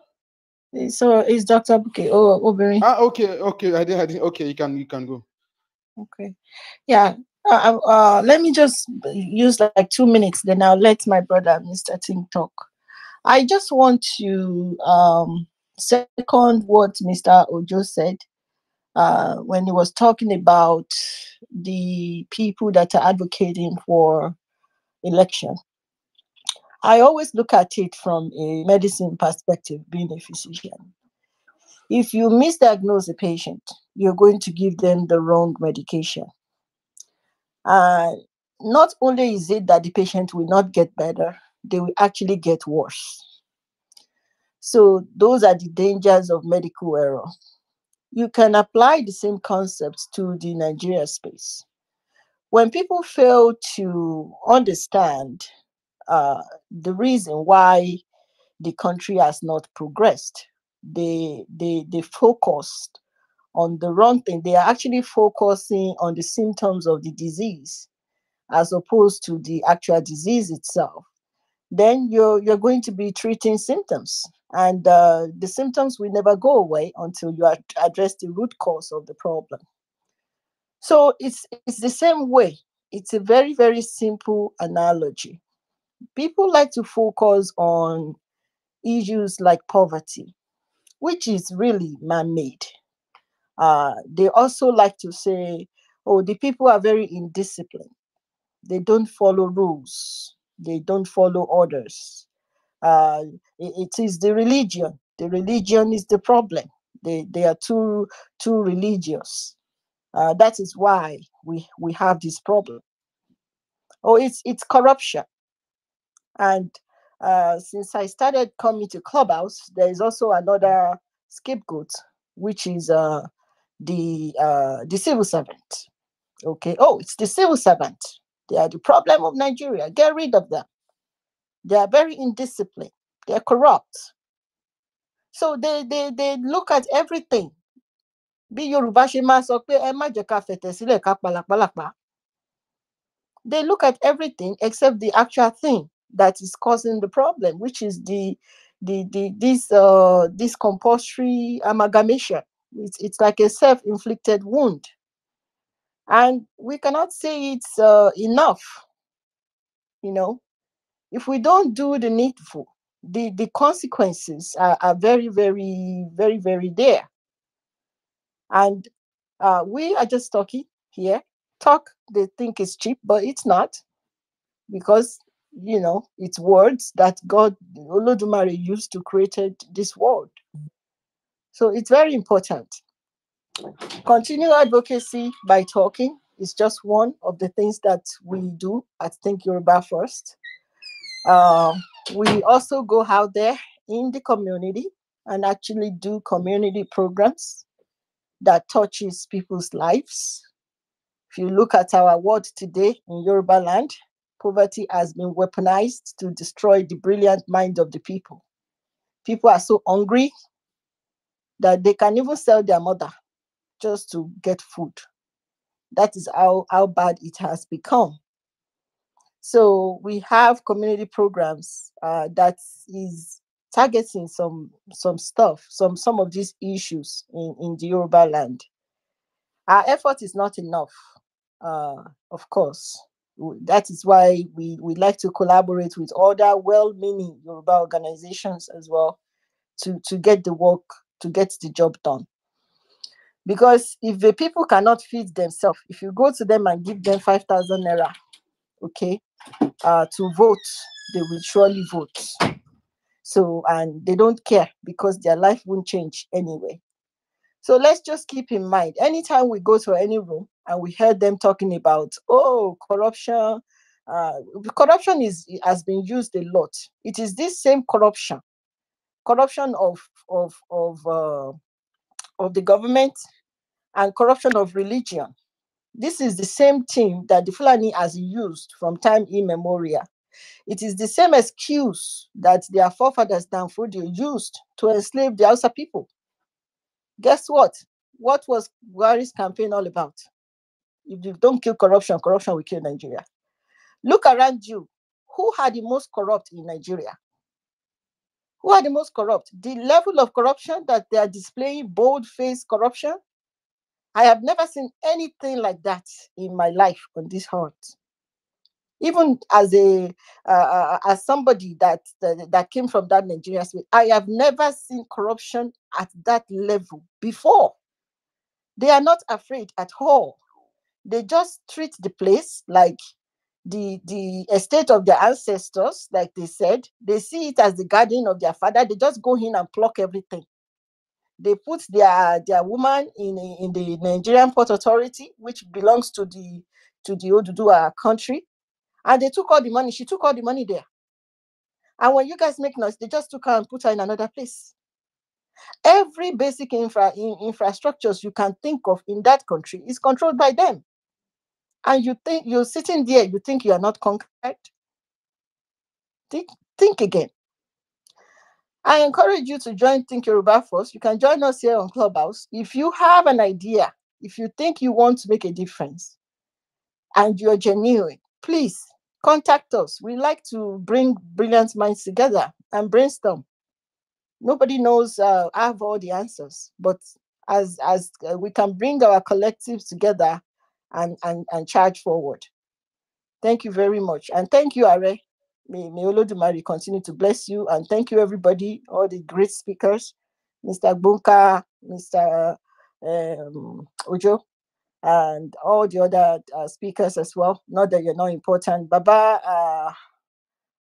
So it's Doctor Buke. Oh, Ah, okay, okay. I did. I did. Okay, you can. You can go. Okay. Yeah. Uh, uh, uh, let me just use like two minutes, then I'll let my brother, Mr. Ting, talk. I just want to um, second what Mr. Ojo said uh, when he was talking about the people that are advocating for election. I always look at it from a medicine perspective, being a physician. If you misdiagnose a patient, you're going to give them the wrong medication uh, not only is it that the patient will not get better, they will actually get worse. So those are the dangers of medical error. You can apply the same concepts to the Nigeria space. When people fail to understand uh, the reason why the country has not progressed, they, they, they focused on the wrong thing. They are actually focusing on the symptoms of the disease as opposed to the actual disease itself. Then you're, you're going to be treating symptoms, and uh, the symptoms will never go away until you address the root cause of the problem. So it's, it's the same way. It's a very, very simple analogy. People like to focus on issues like poverty, which is really man made uh, they also like to say, oh, the people are very indisciplined. They don't follow rules. They don't follow orders. Uh, it, it is the religion. The religion is the problem. They, they are too too religious. Uh, that is why we we have this problem. Oh, it's it's corruption. And uh, since I started coming to Clubhouse, there is also another scapegoat, which is uh, the uh, the civil servant. Okay. Oh, it's the civil servant. They are the problem of Nigeria. Get rid of them. They are very indisciplined. They are corrupt. So they they they look at everything. Be Yorùbá ṣe máa sọ They look at everything except the actual thing that is causing the problem, which is the the the this uh this compulsory amalgamation it's, it's like a self inflicted wound. And we cannot say it's uh, enough. You know, if we don't do the needful, the, the consequences are, are very, very, very, very there. And uh, we are just talking here. Talk, they think is cheap, but it's not because you know it's words that god olodumare used to create this world so it's very important. Continue advocacy by talking is just one of the things that we do at Think Yoruba First. Uh, we also go out there in the community and actually do community programs that touches people's lives. If you look at our world today in Yoruba land, poverty has been weaponized to destroy the brilliant mind of the people. People are so hungry, that they can even sell their mother just to get food. That is how, how bad it has become. So we have community programs uh, that is targeting some some stuff, some some of these issues in, in the Yoruba land. Our effort is not enough, uh, of course. That is why we, we like to collaborate with other well-meaning Yoruba organizations as well to, to get the work to get the job done. Because if the people cannot feed themselves, if you go to them and give them 5,000 naira, okay, uh, to vote, they will surely vote. So, and they don't care because their life won't change anyway. So let's just keep in mind anytime we go to any room and we heard them talking about, oh, corruption, uh, corruption is has been used a lot. It is this same corruption, corruption of of of uh, of the government and corruption of religion. This is the same team that the Fulani has used from time immemorial. It is the same excuse that their forefathers Danfodio used to enslave the Hausa people. Guess what? What was Buhari's campaign all about? If you don't kill corruption, corruption will kill Nigeria. Look around you. Who are the most corrupt in Nigeria? Who are the most corrupt? The level of corruption that they are displaying, bold faced corruption. I have never seen anything like that in my life on this earth. Even as a uh, uh as somebody that, that, that came from that Nigerian state, I have never seen corruption at that level before. They are not afraid at all. They just treat the place like the the estate of their ancestors, like they said. They see it as the garden of their father. They just go in and pluck everything. They put their their woman in in the Nigerian Port Authority, which belongs to the to the Oduduwa country, and they took all the money. She took all the money there. And when you guys make noise, they just took her and put her in another place. Every basic infra in infrastructures you can think of in that country is controlled by them and you think you're sitting there, you think you are not conquered. Think, think again. I encourage you to join Think Yoruba Force. You can join us here on Clubhouse. If you have an idea, if you think you want to make a difference and you're genuine, please contact us. We like to bring brilliant minds together and brainstorm. Nobody knows, uh, I have all the answers, but as, as uh, we can bring our collectives together and, and, and charge forward. Thank you very much. And thank you, Are. May, may Olodumare continue to bless you. And thank you, everybody, all the great speakers, Mr. Bunka, Mr. Um, Ojo, and all the other uh, speakers as well. Not that you're not important. Baba, uh,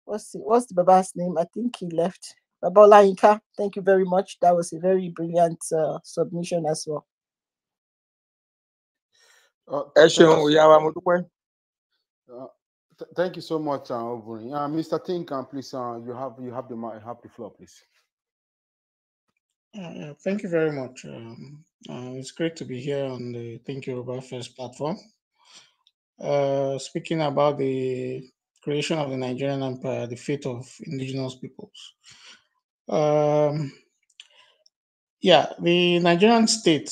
what's, the, what's the Baba's name? I think he left. Baba Olainka, thank you very much. That was a very brilliant uh, submission as well ẹ ṣeun ìyá Thank you so much, uh, uh Mr. Tinkan, please, uh, you have you have the have the floor, please. Uh, thank you very much. Um, uh, it's great to be here on the You Yoruba First platform. Uh, speaking about the creation of the Nigerian Empire, the fate of indigenous peoples. Um, yeah, the Nigerian state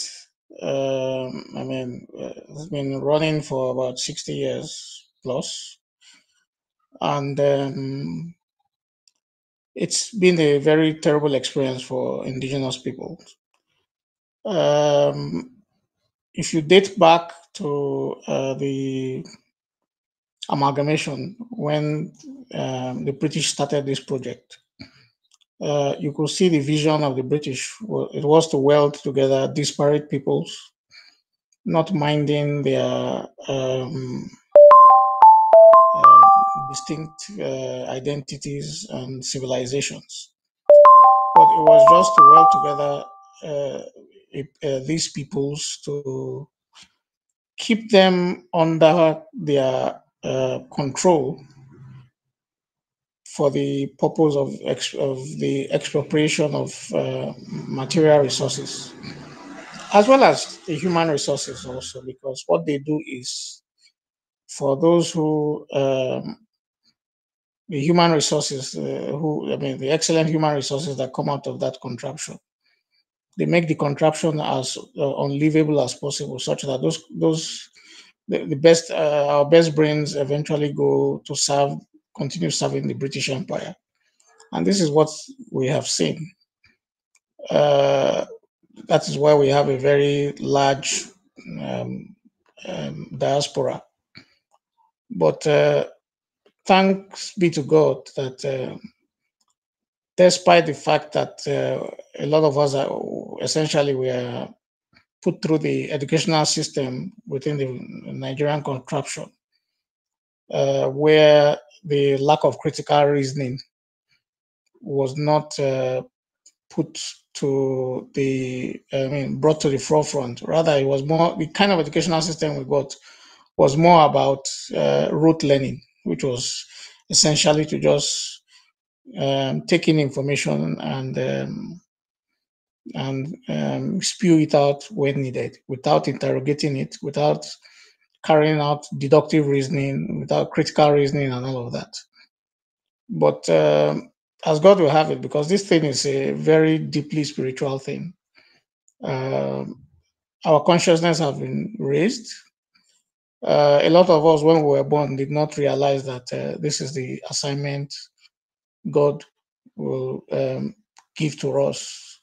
um, I mean, uh, it's been running for about 60 years plus. And um, it's been a very terrible experience for indigenous people. Um, if you date back to uh, the amalgamation when um, the British started this project, uh, you could see the vision of the British. It was to weld together disparate peoples, not minding their um, uh, distinct uh, identities and civilizations. But it was just to weld together uh, it, uh, these peoples to keep them under their uh, control for the purpose of, ex- of the expropriation of uh, material resources, as well as the human resources also, because what they do is for those who um, the human resources, uh, who I mean, the excellent human resources that come out of that contraption, they make the contraption as uh, unlivable as possible, such that those those the, the best uh, our best brains eventually go to serve continue serving the British Empire. And this is what we have seen. Uh, that is why we have a very large um, um, diaspora. But uh, thanks be to God that, uh, despite the fact that uh, a lot of us are essentially we are put through the educational system within the Nigerian contraption, uh, where the lack of critical reasoning was not uh, put to the, I mean, brought to the forefront. Rather, it was more the kind of educational system we got was more about uh, rote learning, which was essentially to just um, in information and um, and um, spew it out when needed, without interrogating it, without carrying out deductive reasoning without critical reasoning and all of that. But um, as God will have it, because this thing is a very deeply spiritual thing. Um, our consciousness have been raised. Uh, a lot of us, when we were born, did not realize that uh, this is the assignment God will um, give to us,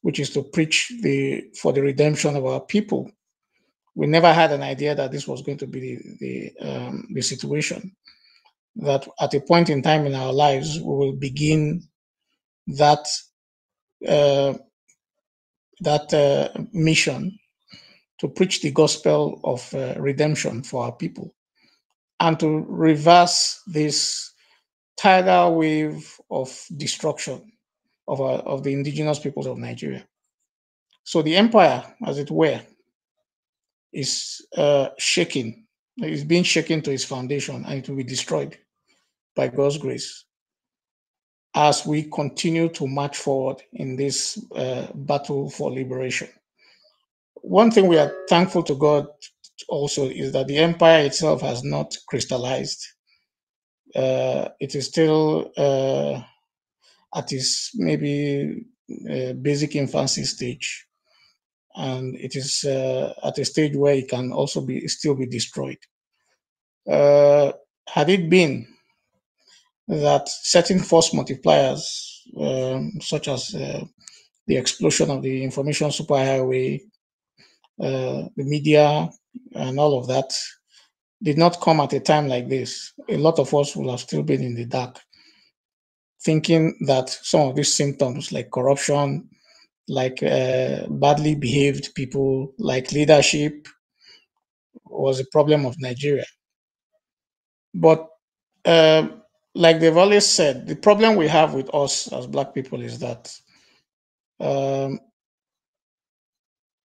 which is to preach the for the redemption of our people we never had an idea that this was going to be the the, um, the situation. That at a point in time in our lives, we will begin that uh, that uh, mission to preach the gospel of uh, redemption for our people and to reverse this tidal wave of destruction of, our, of the indigenous peoples of Nigeria. So the empire, as it were, is uh, shaking. It's being shaken to its foundation and it will be destroyed by God's grace as we continue to march forward in this uh, battle for liberation. One thing we are thankful to God also is that the empire itself has not crystallized. Uh, it is still uh, at its maybe uh, basic infancy stage and it is uh, at a stage where it can also be still be destroyed. Uh, had it been that certain force multipliers, um, such as uh, the explosion of the information superhighway, uh, the media, and all of that, did not come at a time like this, a lot of us would have still been in the dark, thinking that some of these symptoms, like corruption, like uh, badly behaved people, like leadership was a problem of Nigeria. But uh, like they've always said, the problem we have with us as black people is that um,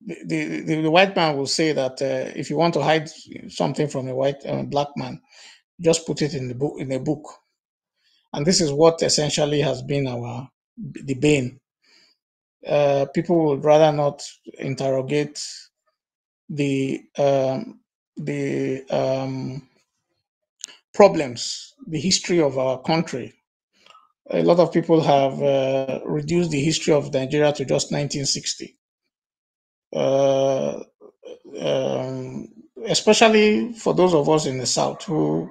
the, the, the, white man will say that uh, if you want to hide something from a white um, black man, just put it in the book in a book, and this is what essentially has been our the bane uh, people would rather not interrogate the um, the um, problems, the history of our country. A lot of people have uh, reduced the history of Nigeria to just 1960. Uh, um, especially for those of us in the South who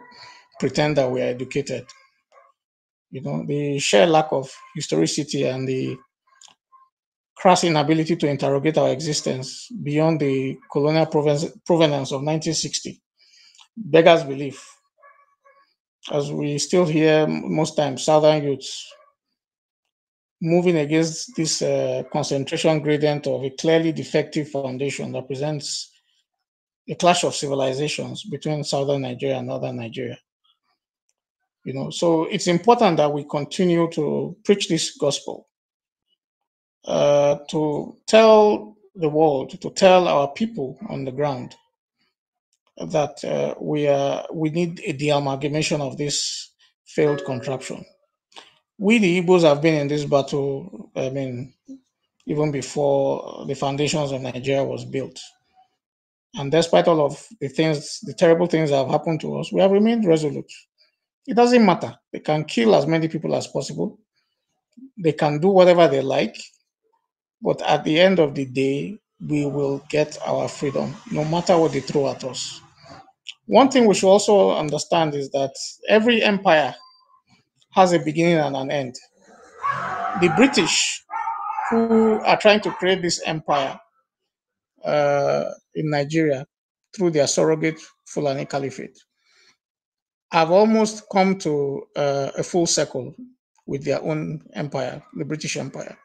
pretend that we are educated. You know, the sheer lack of historicity and the crass inability to interrogate our existence beyond the colonial provenance of 1960 beggars belief. As we still hear most times, Southern youths moving against this uh, concentration gradient of a clearly defective foundation that presents a clash of civilizations between Southern Nigeria and Northern Nigeria. You know, so it's important that we continue to preach this gospel uh, to tell the world, to tell our people on the ground that uh, we are we need a amalgamation of this failed contraption. We the Igbos have been in this battle. I mean, even before the foundations of Nigeria was built, and despite all of the things, the terrible things that have happened to us, we have remained resolute. It doesn't matter. They can kill as many people as possible. They can do whatever they like. But at the end of the day, we will get our freedom, no matter what they throw at us. One thing we should also understand is that every empire has a beginning and an end. The British, who are trying to create this empire uh, in Nigeria through their surrogate Fulani Caliphate, have almost come to uh, a full circle with their own empire, the British Empire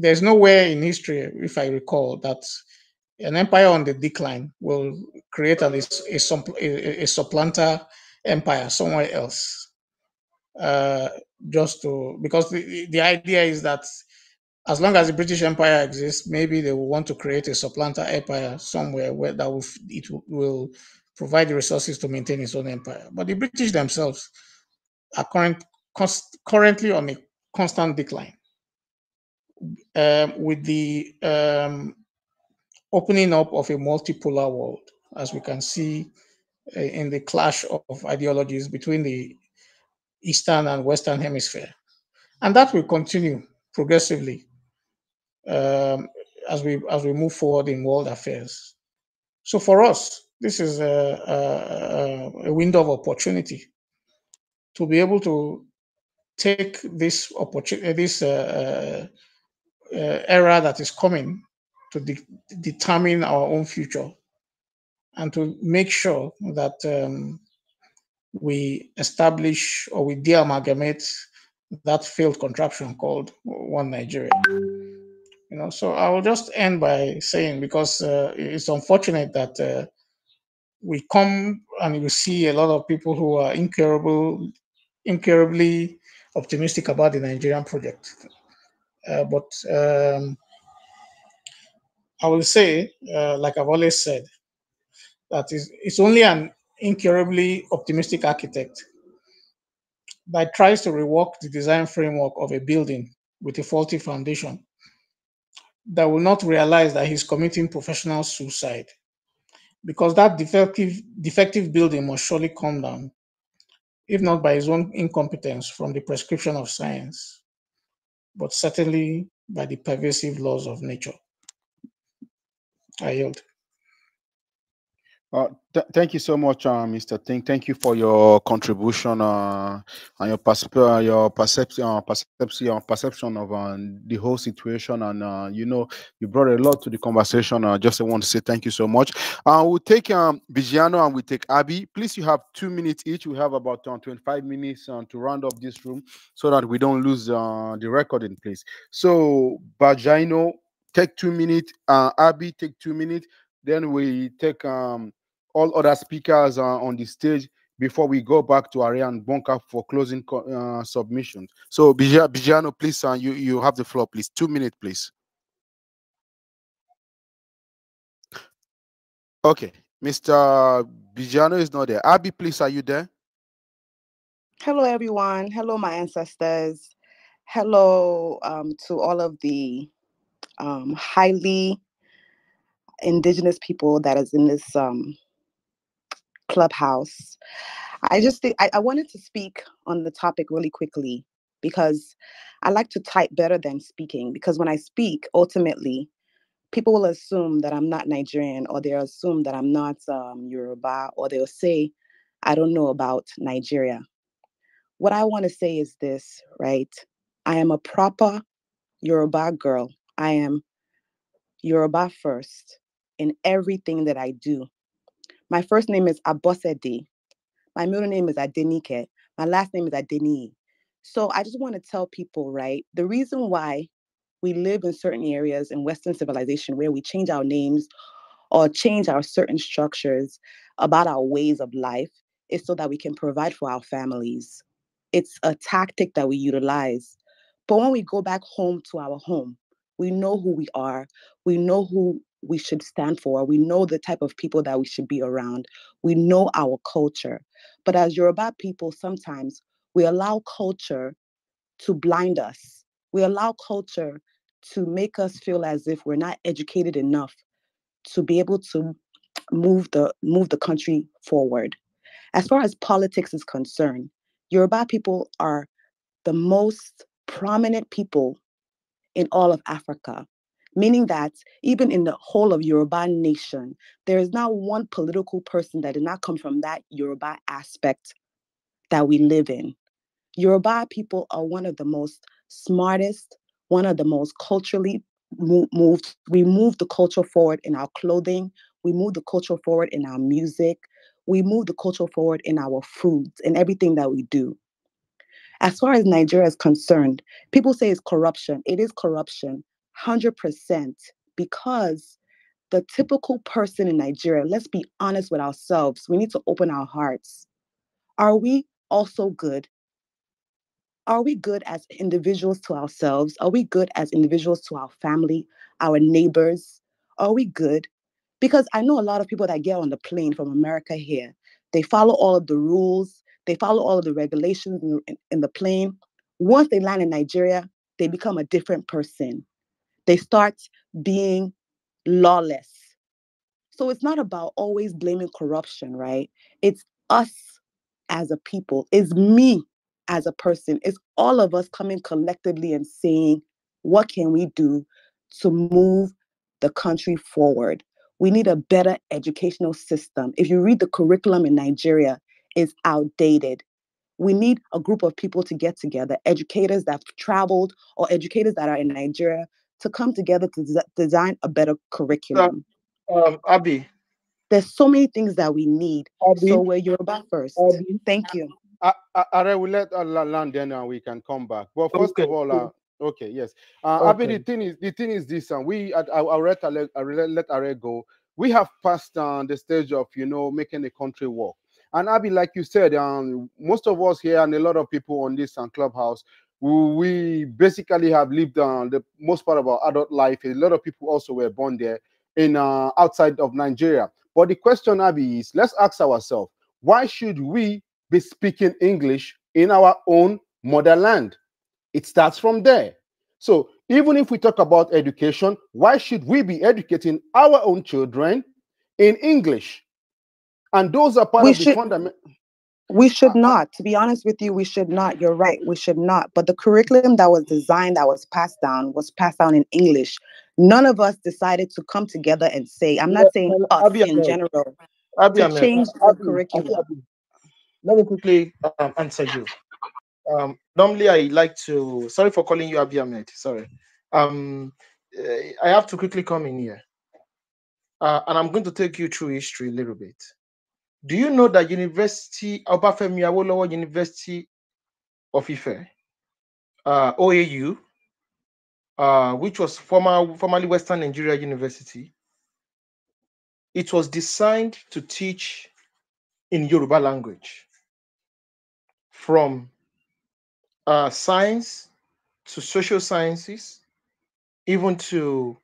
there's nowhere in history, if I recall, that an empire on the decline will create a, a, a supplanter empire somewhere else. Uh, just to because the, the idea is that as long as the British Empire exists, maybe they will want to create a supplanter empire somewhere where that will, it will provide the resources to maintain its own empire. But the British themselves are current, cost, currently on a constant decline um, with the um, opening up of a multipolar world, as we can see eh, in the clash of ideologies between the Eastern and Western hemisphere. And that will continue progressively um, as, we, as we move forward in world affairs. So for us, this is a, a, a window of opportunity to be able to take this opportunity, this uh, uh, uh, era that is coming to de determine our own future and to make sure that um, we establish or we de-amalgamate that failed contraption called One Nigeria. You know, so I will just end by saying because uh, it's unfortunate that uh, we come and we see a lot of people who are incurable, incurably optimistic about the Nigerian project. Uh, but um, I will say, uh, like I've always said, that is, it's only an incurably optimistic architect that tries to rework the design framework of a building with a faulty foundation that will not realize that he's committing professional suicide because that defective defective building must surely come down if not by his own incompetence from the prescription of science but certainly by the pervasive laws of nature. I yield. Uh, th thank you so much, uh, Mr. Ting. Thank you for your contribution uh, and your, pers uh, uh, your perception, uh, perception, uh, perception of the whole situation. And uh, you know, you brought a lot to the conversation. I just want to say thank you so much. Uh, we'll take um, Vigiano and we take Abby. Please, you have two minutes each. We have about 25 minutes to round up this room so that we don't lose the recording, please. So, Bajino, take two minutes. Abby, take two minutes. Then we take um, all other speakers are uh, on the stage before we go back to Ariane Bonka for closing uh, submissions. So Bijano, please, uh, you, you have the floor, please. Two minutes, please. Okay, Mr. Bijano is not there. Abby, please, are you there? Hello, everyone. Hello, my ancestors. Hello um, to all of the um, highly indigenous people that is in this um, Clubhouse. I just think I, wanted to speak on the topic really quickly because I like to type better than speaking because when I speak, ultimately, people will assume that I'm not Nigerian or they'll assume that I'm not um, Yoruba or they'll say, I don't know about Nigeria. What I want to say is this, right? I am a proper Yoruba girl. I am Yoruba first in everything that I do. My first name is Abosede. My middle name is Adenike. My last name is Adeni. So I just want to tell people, right, the reason why we live in certain areas in Western civilization where we change our names or change our certain structures about our ways of life is so that we can provide for our families. It's a tactic that we utilize. But when we go back home to our home, we know who we are, we know who we should stand for. We know the type of people that we should be around. We know our culture. But as Yoruba people, sometimes we allow culture to blind us. We allow culture to make us feel as if we're not educated enough to be able to move the move the country forward. As far as politics is concerned, Yoruba people are the most prominent people in all of Africa meaning that even in the whole of Yoruba nation, there is not one political person that did not come from that Yoruba aspect that we live in. Yoruba people are one of the most smartest, one of the most culturally moved. We move the culture forward in our clothing, we move the culture forward in our music, we move the culture forward in our foods and everything that we do as far as Nigeria is concerned, people say it's corruption. It is corruption, 100% because the typical person in Nigeria, let's be honest with ourselves, we need to open our hearts. Are we also good? Are we good as individuals to ourselves? Are we good as individuals to our family, our neighbors? Are we good? Because I know a lot of people that get on the plane from America here, they follow all of the rules, they follow all of the regulations in, in, in the plane. Once they land in Nigeria, they become a different person they start being lawless. So it's not about always blaming corruption, right? It's us as a people, it's me as a person, it's all of us coming collectively and saying, what can we do to move the country forward? We need a better educational system. If you read the curriculum in Nigeria, it's outdated. We need a group of people to get together, educators that have traveled or educators that are in Nigeria to come together to design a better curriculum. Uh, um, Abby. There's so many things that we need. Abby, so where you're about first. Abby. Thank you. I, I, I will let uh, land then and we can come back. But first okay. of all, uh, okay, yes. Uh, okay. Abby, the thing is, the thing is this, and uh, we, I, I, I let, I let Are go. We have passed on uh, the stage of you know making the country work. And Abby, like you said, um, most of us here and a lot of people on this and uh, clubhouse, we basically have lived on the most part of our adult life. A lot of people also were born there in uh, outside of Nigeria. But the question, Abby, is let's ask ourselves why should we be speaking English in our own motherland? It starts from there. So even if we talk about education, why should we be educating our own children in English? And those are part we of should, the fundamental. We should not. To be honest with you, we should not. You're right. We should not. But the curriculum that was designed, that was passed down, was passed down in English. None of us decided to come together and say, I'm not yeah, saying us in Abby, general, Abby, to change the curriculum. Let me quickly um, answer you. Um, normally, I like to. Sorry for calling you Abby Ahmed. Sorry. Um, eh, I have to quickly come in here. Uh, and I'm going to take you through history a little bit. Do you know that University Obafemi Awolowo University of Ife, uh, OAU, uh, which was former, formerly Western Nigeria University, it was designed to teach in Yoruba language from uh, science to social sciences, even to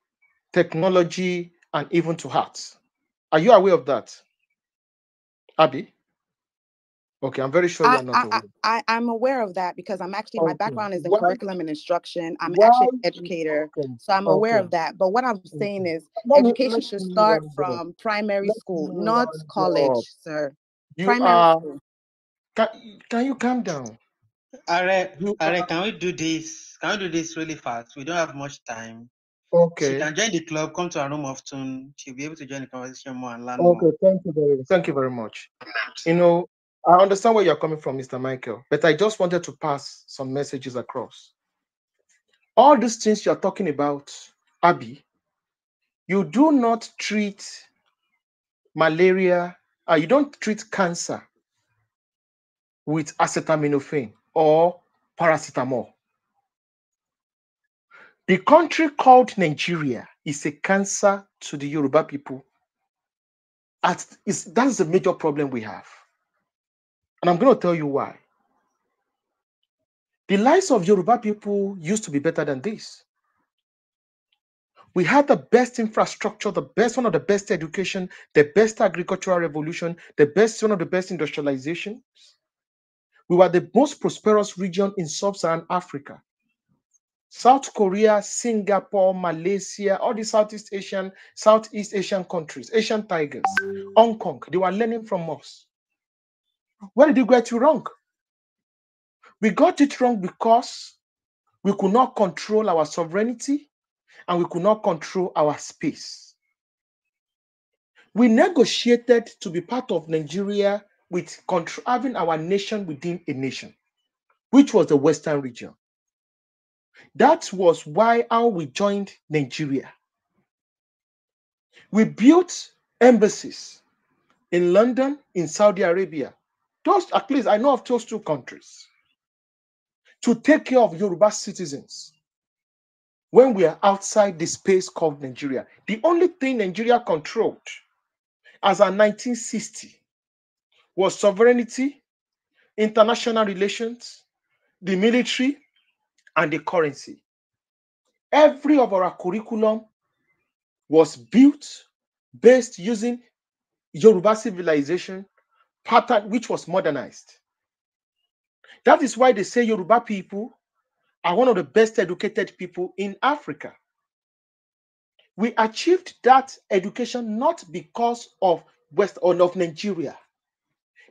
technology, and even to arts. Are you aware of that? Abby? Okay, I'm very sure I, you're not. I, I, am aware of that because I'm actually, okay. my background is in what? curriculum and instruction. I'm actually an educator, okay. so I'm okay. aware of that. But what I'm saying is no, education should start from primary school, not college, sir. You primary are, Can, can you calm down? All right, all right, can we do this? Can we do this really fast? We don't have much time. Okay. She can join the club, come to our room often. She'll be able to join the conversation more and learn. Okay, more. thank you very much. Thank you very much. You know, I understand where you're coming from, Mr. Michael, but I just wanted to pass some messages across. All these things you're talking about, Abby, you do not treat malaria, uh, you don't treat cancer with acetaminophen or paracetamol. The country called Nigeria is a cancer to the Yoruba people. Is, that's the major problem we have. And I'm going to tell you why. The lives of Yoruba people used to be better than this. We had the best infrastructure, the best one of the best education, the best agricultural revolution, the best one of the best industrializations. We were the most prosperous region in sub Saharan Africa. South Korea, Singapore, Malaysia, all the Southeast Asian, Southeast Asian countries, Asian tigers, Hong Kong, they were learning from us. Where did you get it wrong? We got it wrong because we could not control our sovereignty and we could not control our space. We negotiated to be part of Nigeria with having our nation within a nation, which was the Western region. That was why how we joined Nigeria. We built embassies in London, in Saudi Arabia. Those, at least I know of those two countries, to take care of Yoruba citizens when we are outside the space called Nigeria. The only thing Nigeria controlled as a 1960 was sovereignty, international relations, the military, and the currency. Every of our curriculum was built based using Yoruba civilization pattern, which was modernized. That is why they say Yoruba people are one of the best educated people in Africa. We achieved that education not because of West or of Nigeria.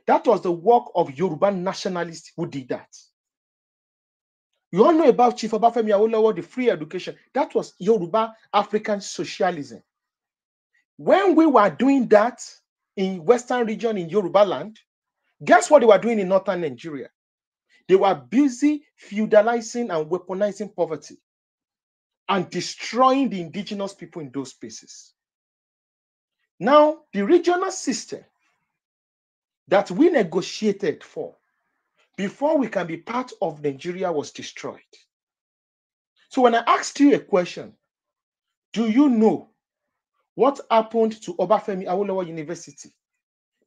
That was the work of Yoruba nationalists who did that. You all know about Chief Obafemi Awolowo, the free education. That was Yoruba African socialism. When we were doing that in Western region in Yoruba land, guess what they were doing in Northern Nigeria? They were busy feudalizing and weaponizing poverty and destroying the indigenous people in those spaces. Now, the regional system that we negotiated for before we can be part of Nigeria was destroyed. So when I asked you a question, do you know what happened to Obafemi Awolowo University?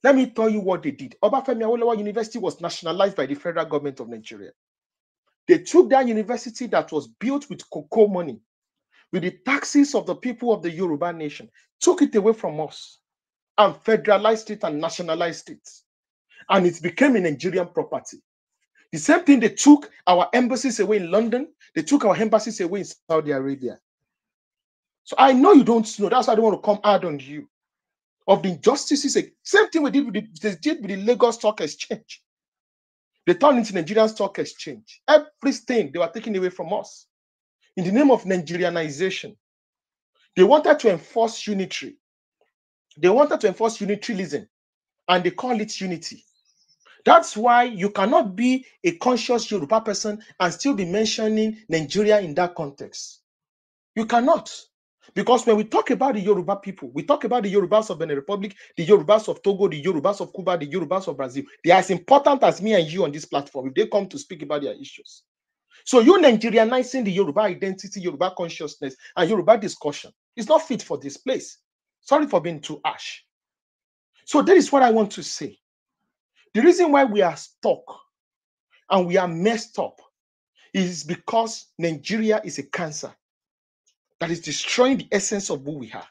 Let me tell you what they did. Obafemi Awolowo University was nationalized by the federal government of Nigeria. They took that university that was built with cocoa money, with the taxes of the people of the Yoruba nation, took it away from us and federalized it and nationalized it. And it became a Nigerian property. The same thing they took our embassies away in London, they took our embassies away in Saudi Arabia. So I know you don't know. That's why I don't want to come hard on you. Of the injustices, same thing we did with the, they did with the Lagos Stock Exchange. They turned into Nigerian Stock Exchange. Everything they were taking away from us in the name of Nigerianization. They wanted to enforce unitary. They wanted to enforce unitarianism, and they call it unity. That's why you cannot be a conscious Yoruba person and still be mentioning Nigeria in that context. You cannot. Because when we talk about the Yoruba people, we talk about the Yorubas of Benin Republic, the Yorubas of Togo, the Yorubas of Cuba, the Yorubas of Brazil. They are as important as me and you on this platform if they come to speak about their issues. So you Nigerianizing the Yoruba identity, Yoruba consciousness, and Yoruba discussion is not fit for this place. Sorry for being too harsh. So that is what I want to say. The reason why we are stuck and we are messed up is because Nigeria is a cancer that is destroying the essence of who we are.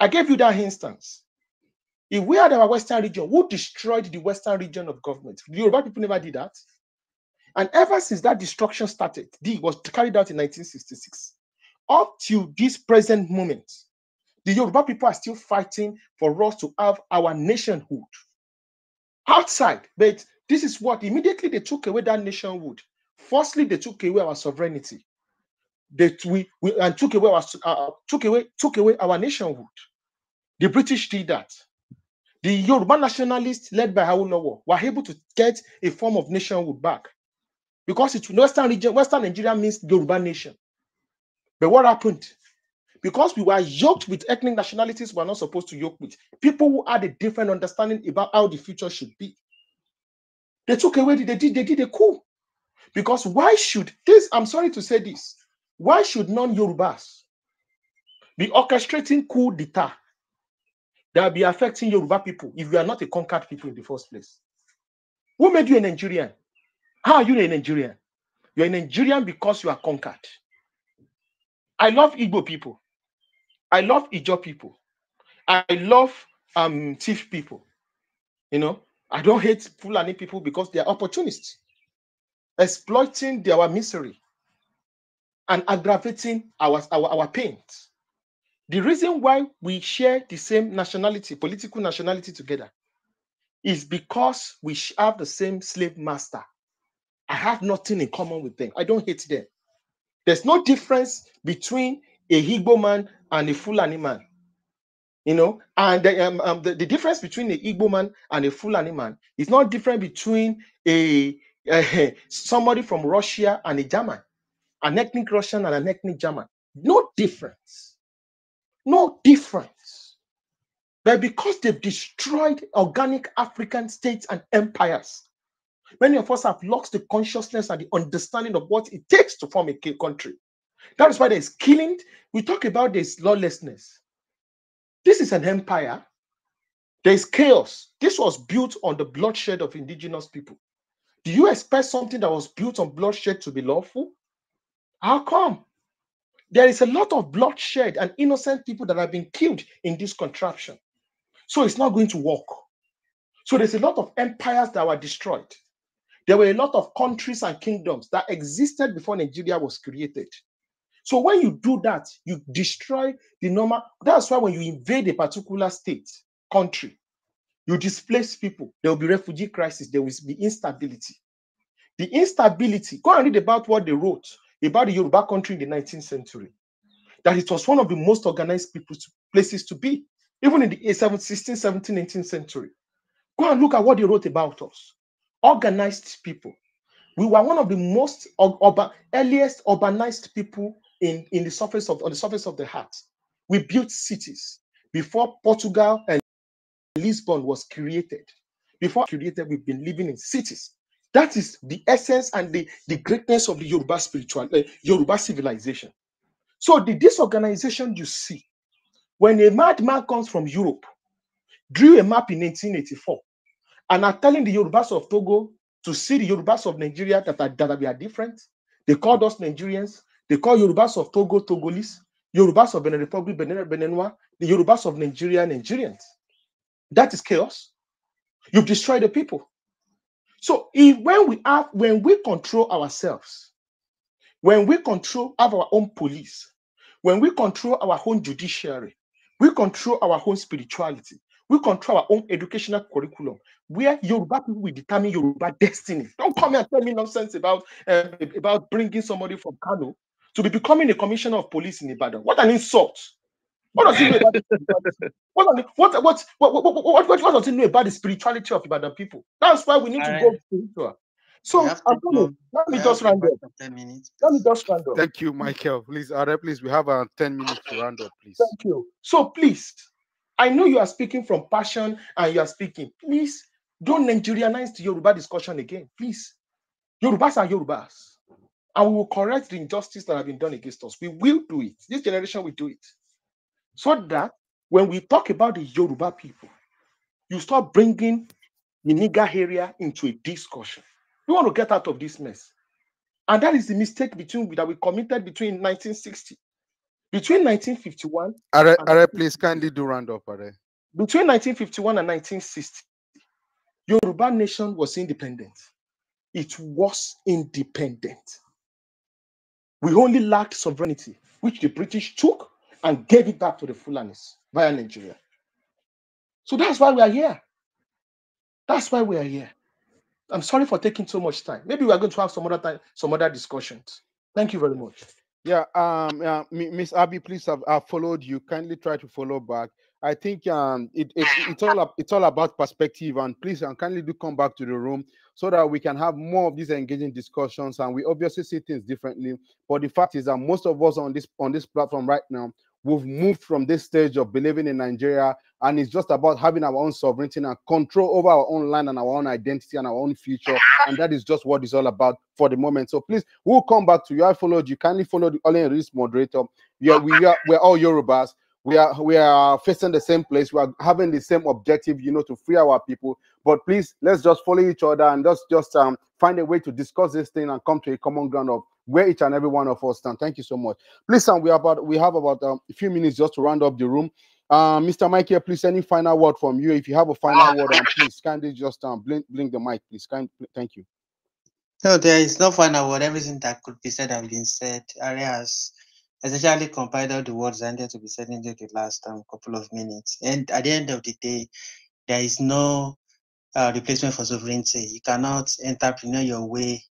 I gave you that instance. If we had our Western region, who destroyed the Western region of government? The Yoruba people never did that. And ever since that destruction started, it was carried out in 1966, up to this present moment, the Yoruba people are still fighting for us to have our nationhood outside. But this is what immediately they took away that nationhood. Firstly, they took away our sovereignty. They we, we and took away our uh, took away took away our nationhood. The British did that. The Yoruba nationalists, led by Haunowo, were able to get a form of nationhood back because it's Western region, Western Nigeria means Yoruba nation. But what happened? because we were yoked with ethnic nationalities we are not supposed to yoke with, people who had a different understanding about how the future should be. They took away, they did, they did a coup. Because why should this, I'm sorry to say this, why should non-Yorubas be orchestrating coup d'etat that will be affecting Yoruba people if you are not a conquered people in the first place? Who made you a Nigerian? How are you a Nigerian? You're a Nigerian because you are conquered. I love Igbo people. I love Ijo people. I love um thief people. You know, I don't hate Fulani people because they are opportunists, exploiting their misery and aggravating our, our, our pains. The reason why we share the same nationality, political nationality together, is because we have the same slave master. I have nothing in common with them. I don't hate them. There's no difference between a Igbo man and a Fulani man. You know, and the, um, um, the, the, difference between a Igbo man and a Fulani man is not different between a, a eh, eh, somebody from Russia and a German, an ethnic Russian and an ethnic German. No difference. No difference. But because they've destroyed organic African states and empires, many of us have lost the consciousness and the understanding of what it takes to form a country. That is why there's killing. We talk about this lawlessness. This is an empire. There's chaos. This was built on the bloodshed of indigenous people. Do you expect something that was built on bloodshed to be lawful? How come? There is a lot of bloodshed and innocent people that have been killed in this contraption. So it's not going to work. So there's a lot of empires that were destroyed. There were a lot of countries and kingdoms that existed before Nigeria was created. So when you do that, you destroy the normal. That's why when you invade a particular state, country, you displace people. There will be refugee crisis. There will be instability. The instability. Go and read about what they wrote about the Yoruba country in the 19th century. That it was one of the most organized people places to be, even in the 16th, 17th, 18th century. Go and look at what they wrote about us. Organized people. We were one of the most earliest urbanized people in, in the surface of on the surface of the heart. We built cities before Portugal and Lisbon was created. Before created, we've been living in cities. That is the essence and the, the greatness of the Yoruba spiritual uh, Yoruba civilization. So the disorganization you see when a madman comes from Europe, drew a map in 1984, and are telling the Yorubas of Togo to see the Yorubas of Nigeria that are, that we are different. They called us Nigerians. They call Yorubas of Togo Togolese, Yorubas of Benin Republic Benin, Beninois, the Yorubas of Nigeria Nigerians. That is chaos. You've destroyed the people. So if when we have when we control ourselves, when we control our own police, when we control our own judiciary, we control our own spirituality, we control our own educational curriculum, where Yoruba people will determine Yoruba destiny. Don't come and tell me nonsense about eh, about bringing somebody from Kano to be becoming a commissioner of police in Ibadan. What an insult! What does he know about what, what, what, what, what, what, what, does he know about the spirituality of Ibadan people? That's why we need All to right. go spiritual. So Antonio, let me just round up. Ten minutes. Let me just round up. Thank you, Michael. Please, Are, please, we have uh, 10 minutes to round up, please. Thank you. So please, I know you are speaking from passion and you are speaking. Please don't Nigerianize the Yoruba discussion again. Please. Yorubas are Yorubas and we will correct the injustice that have been done against us. We will do it. This generation will do it. So that when we talk about the Yoruba people, you stop bringing the Niger area into a discussion. We want to get out of this mess. And that is the mistake between that we committed between 1960, between 1951. Are, are please kindly do round up, Are. Between 1951 and 1960, Yoruba nation was independent. It was independent. We only lacked sovereignty, which the British took and gave it back to the Fulanis via Nigeria. So that's why we are here. That's why we are here. I'm sorry for taking so much time. Maybe we are going to have some other time, some other discussions. Thank you very much. Yeah, um, Miss Abby, please, I've, I've, followed you. Kindly try to follow back. I think um, it, it, it's all it's all about perspective, and please, and kindly do come back to the room so that we can have more of these engaging discussions. And we obviously see things differently. But the fact is that most of us on this on this platform right now, we've moved from this stage of believing in Nigeria, and it's just about having our own sovereignty and control over our own land and our own identity and our own future. And that is just what it's all about for the moment. So please, we'll come back to you. I followed you. Kindly follow the only risk moderator. Yeah, we are we're all Yorubas. We are we are facing the same place. We are having the same objective, you know, to free our people. But please, let's just follow each other and just just um, find a way to discuss this thing and come to a common ground of where each and every one of us stand. Thank you so much. Please, Sam, um, we have about we have about um, a few minutes just to round up the room. Uh, Mr. Mike here, please any final word from you. If you have a final word, um, please kindly just um, blink, blink the mic, please. Kind, thank you. No, there is no final word. Everything that could be said has been said. Ari has essentially compiled all the words and there to be said in the last um, couple of minutes. And at the end of the day, there is no uh, replacement for sovereignty. You cannot entrepreneur your way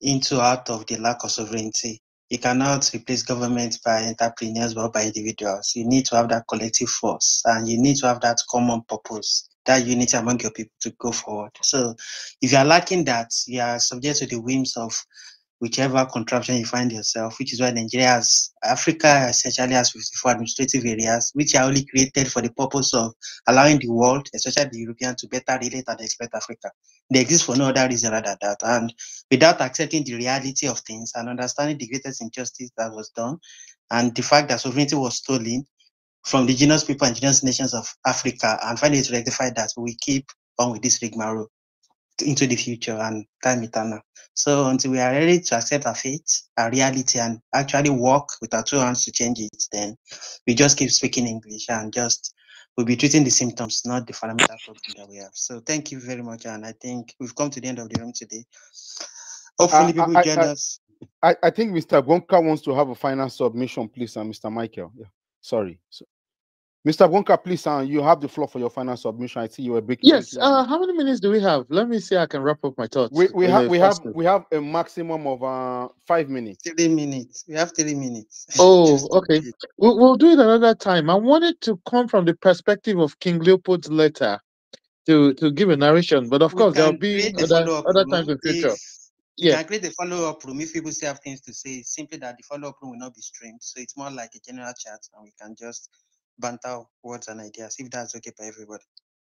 into out of the lack of sovereignty. You cannot replace government by entrepreneurs or by individuals. You need to have that collective force and you need to have that common purpose, that unity among your people to go forward. So if you are lacking that, you are subject to the whims of whichever contraption you find yourself, which is why Nigeria has, Africa essentially has 54 administrative areas, which are only created for the purpose of allowing the world, especially the Europeans, to better relate and expect Africa. They exist for no other reason other than that. And without accepting the reality of things and understanding the greatest injustice that was done, and the fact that sovereignty was stolen from the genus people and genus nations of Africa, and finally to rectify that, we keep on with this rigmarole into the future and time eternal. So until we are ready to accept our fate, our reality, and actually work with our two hands to change it, then we just keep speaking English and just we'll be treating the symptoms, not the fundamental problem that we have. So thank you very much, and I think we've come to the end of the room today. Hopefully, people I, I, join I, us. I, I think Mr. Bonka wants to have a final submission, please, and Mr. Michael. Yeah, sorry. So, Mr. Bonka, uh, you have the floor for your final submission. I see you are breaking. Yes. Uh, how many minutes do we have? Let me see. I can wrap up my thoughts. We, we have we have we have a maximum of uh, five minutes. Three minutes. We have three minutes. Oh, okay. We'll, we'll do it another time. I wanted to come from the perspective of King Leopold's letter to to give a narration, but of we course there'll be other, other times in future. Yeah. You create a follow up room if people still have things to say. simply that the follow up room will not be streamed, so it's more like a general chat, and we can just banter words and ideas, if that's okay for everybody.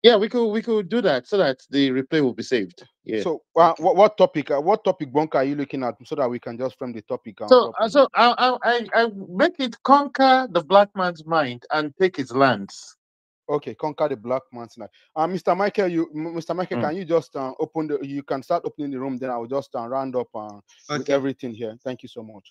Yeah, we could we could do that so that the replay will be saved. Yeah. So, uh, okay. what, what topic? Uh, what topic bunker are you looking at so that we can just frame the topic? So, uh, so I, I I make it conquer the black man's mind and take his lands. Okay, conquer the black man's mind. Uh, Mr. Michael, you, Mr. Michael, mm. can you just uh, open the? You can start opening the room. Then I will just uh, round up uh, okay. with everything here. Thank you so much.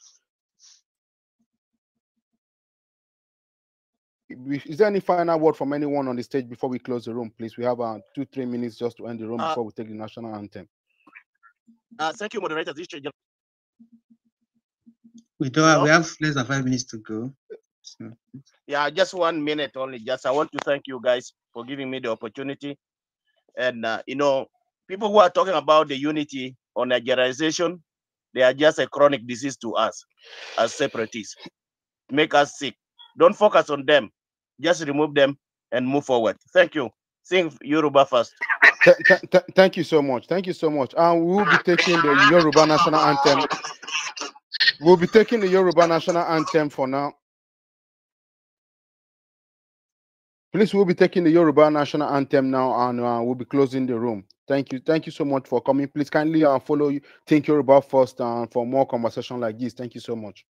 is there any final word from anyone on the stage before we close the room, please? We have uh, two, three minutes just to end the room uh, before we take the national anthem. Uh, thank you, moderator. We don't. Have, we have less than five minutes to go. So. Yeah, just one minute only. Just I want to thank you guys for giving me the opportunity, and uh, you know, people who are talking about the unity or Nigerization, they are just a chronic disease to us as separatists. Make us sick. Don't focus on them just remove them and move forward. Thank you. Sing Yoruba first. Th th thank you so much. Thank you so much. And we'll be taking the Yoruba national anthem. We'll be taking the Yoruba national anthem for now. Please, we'll be taking the Yoruba national anthem now, and uh, we'll be closing the room. Thank you. Thank you so much for coming. Please kindly uh, follow Think Yoruba first uh, for more conversation like this. Thank you so much.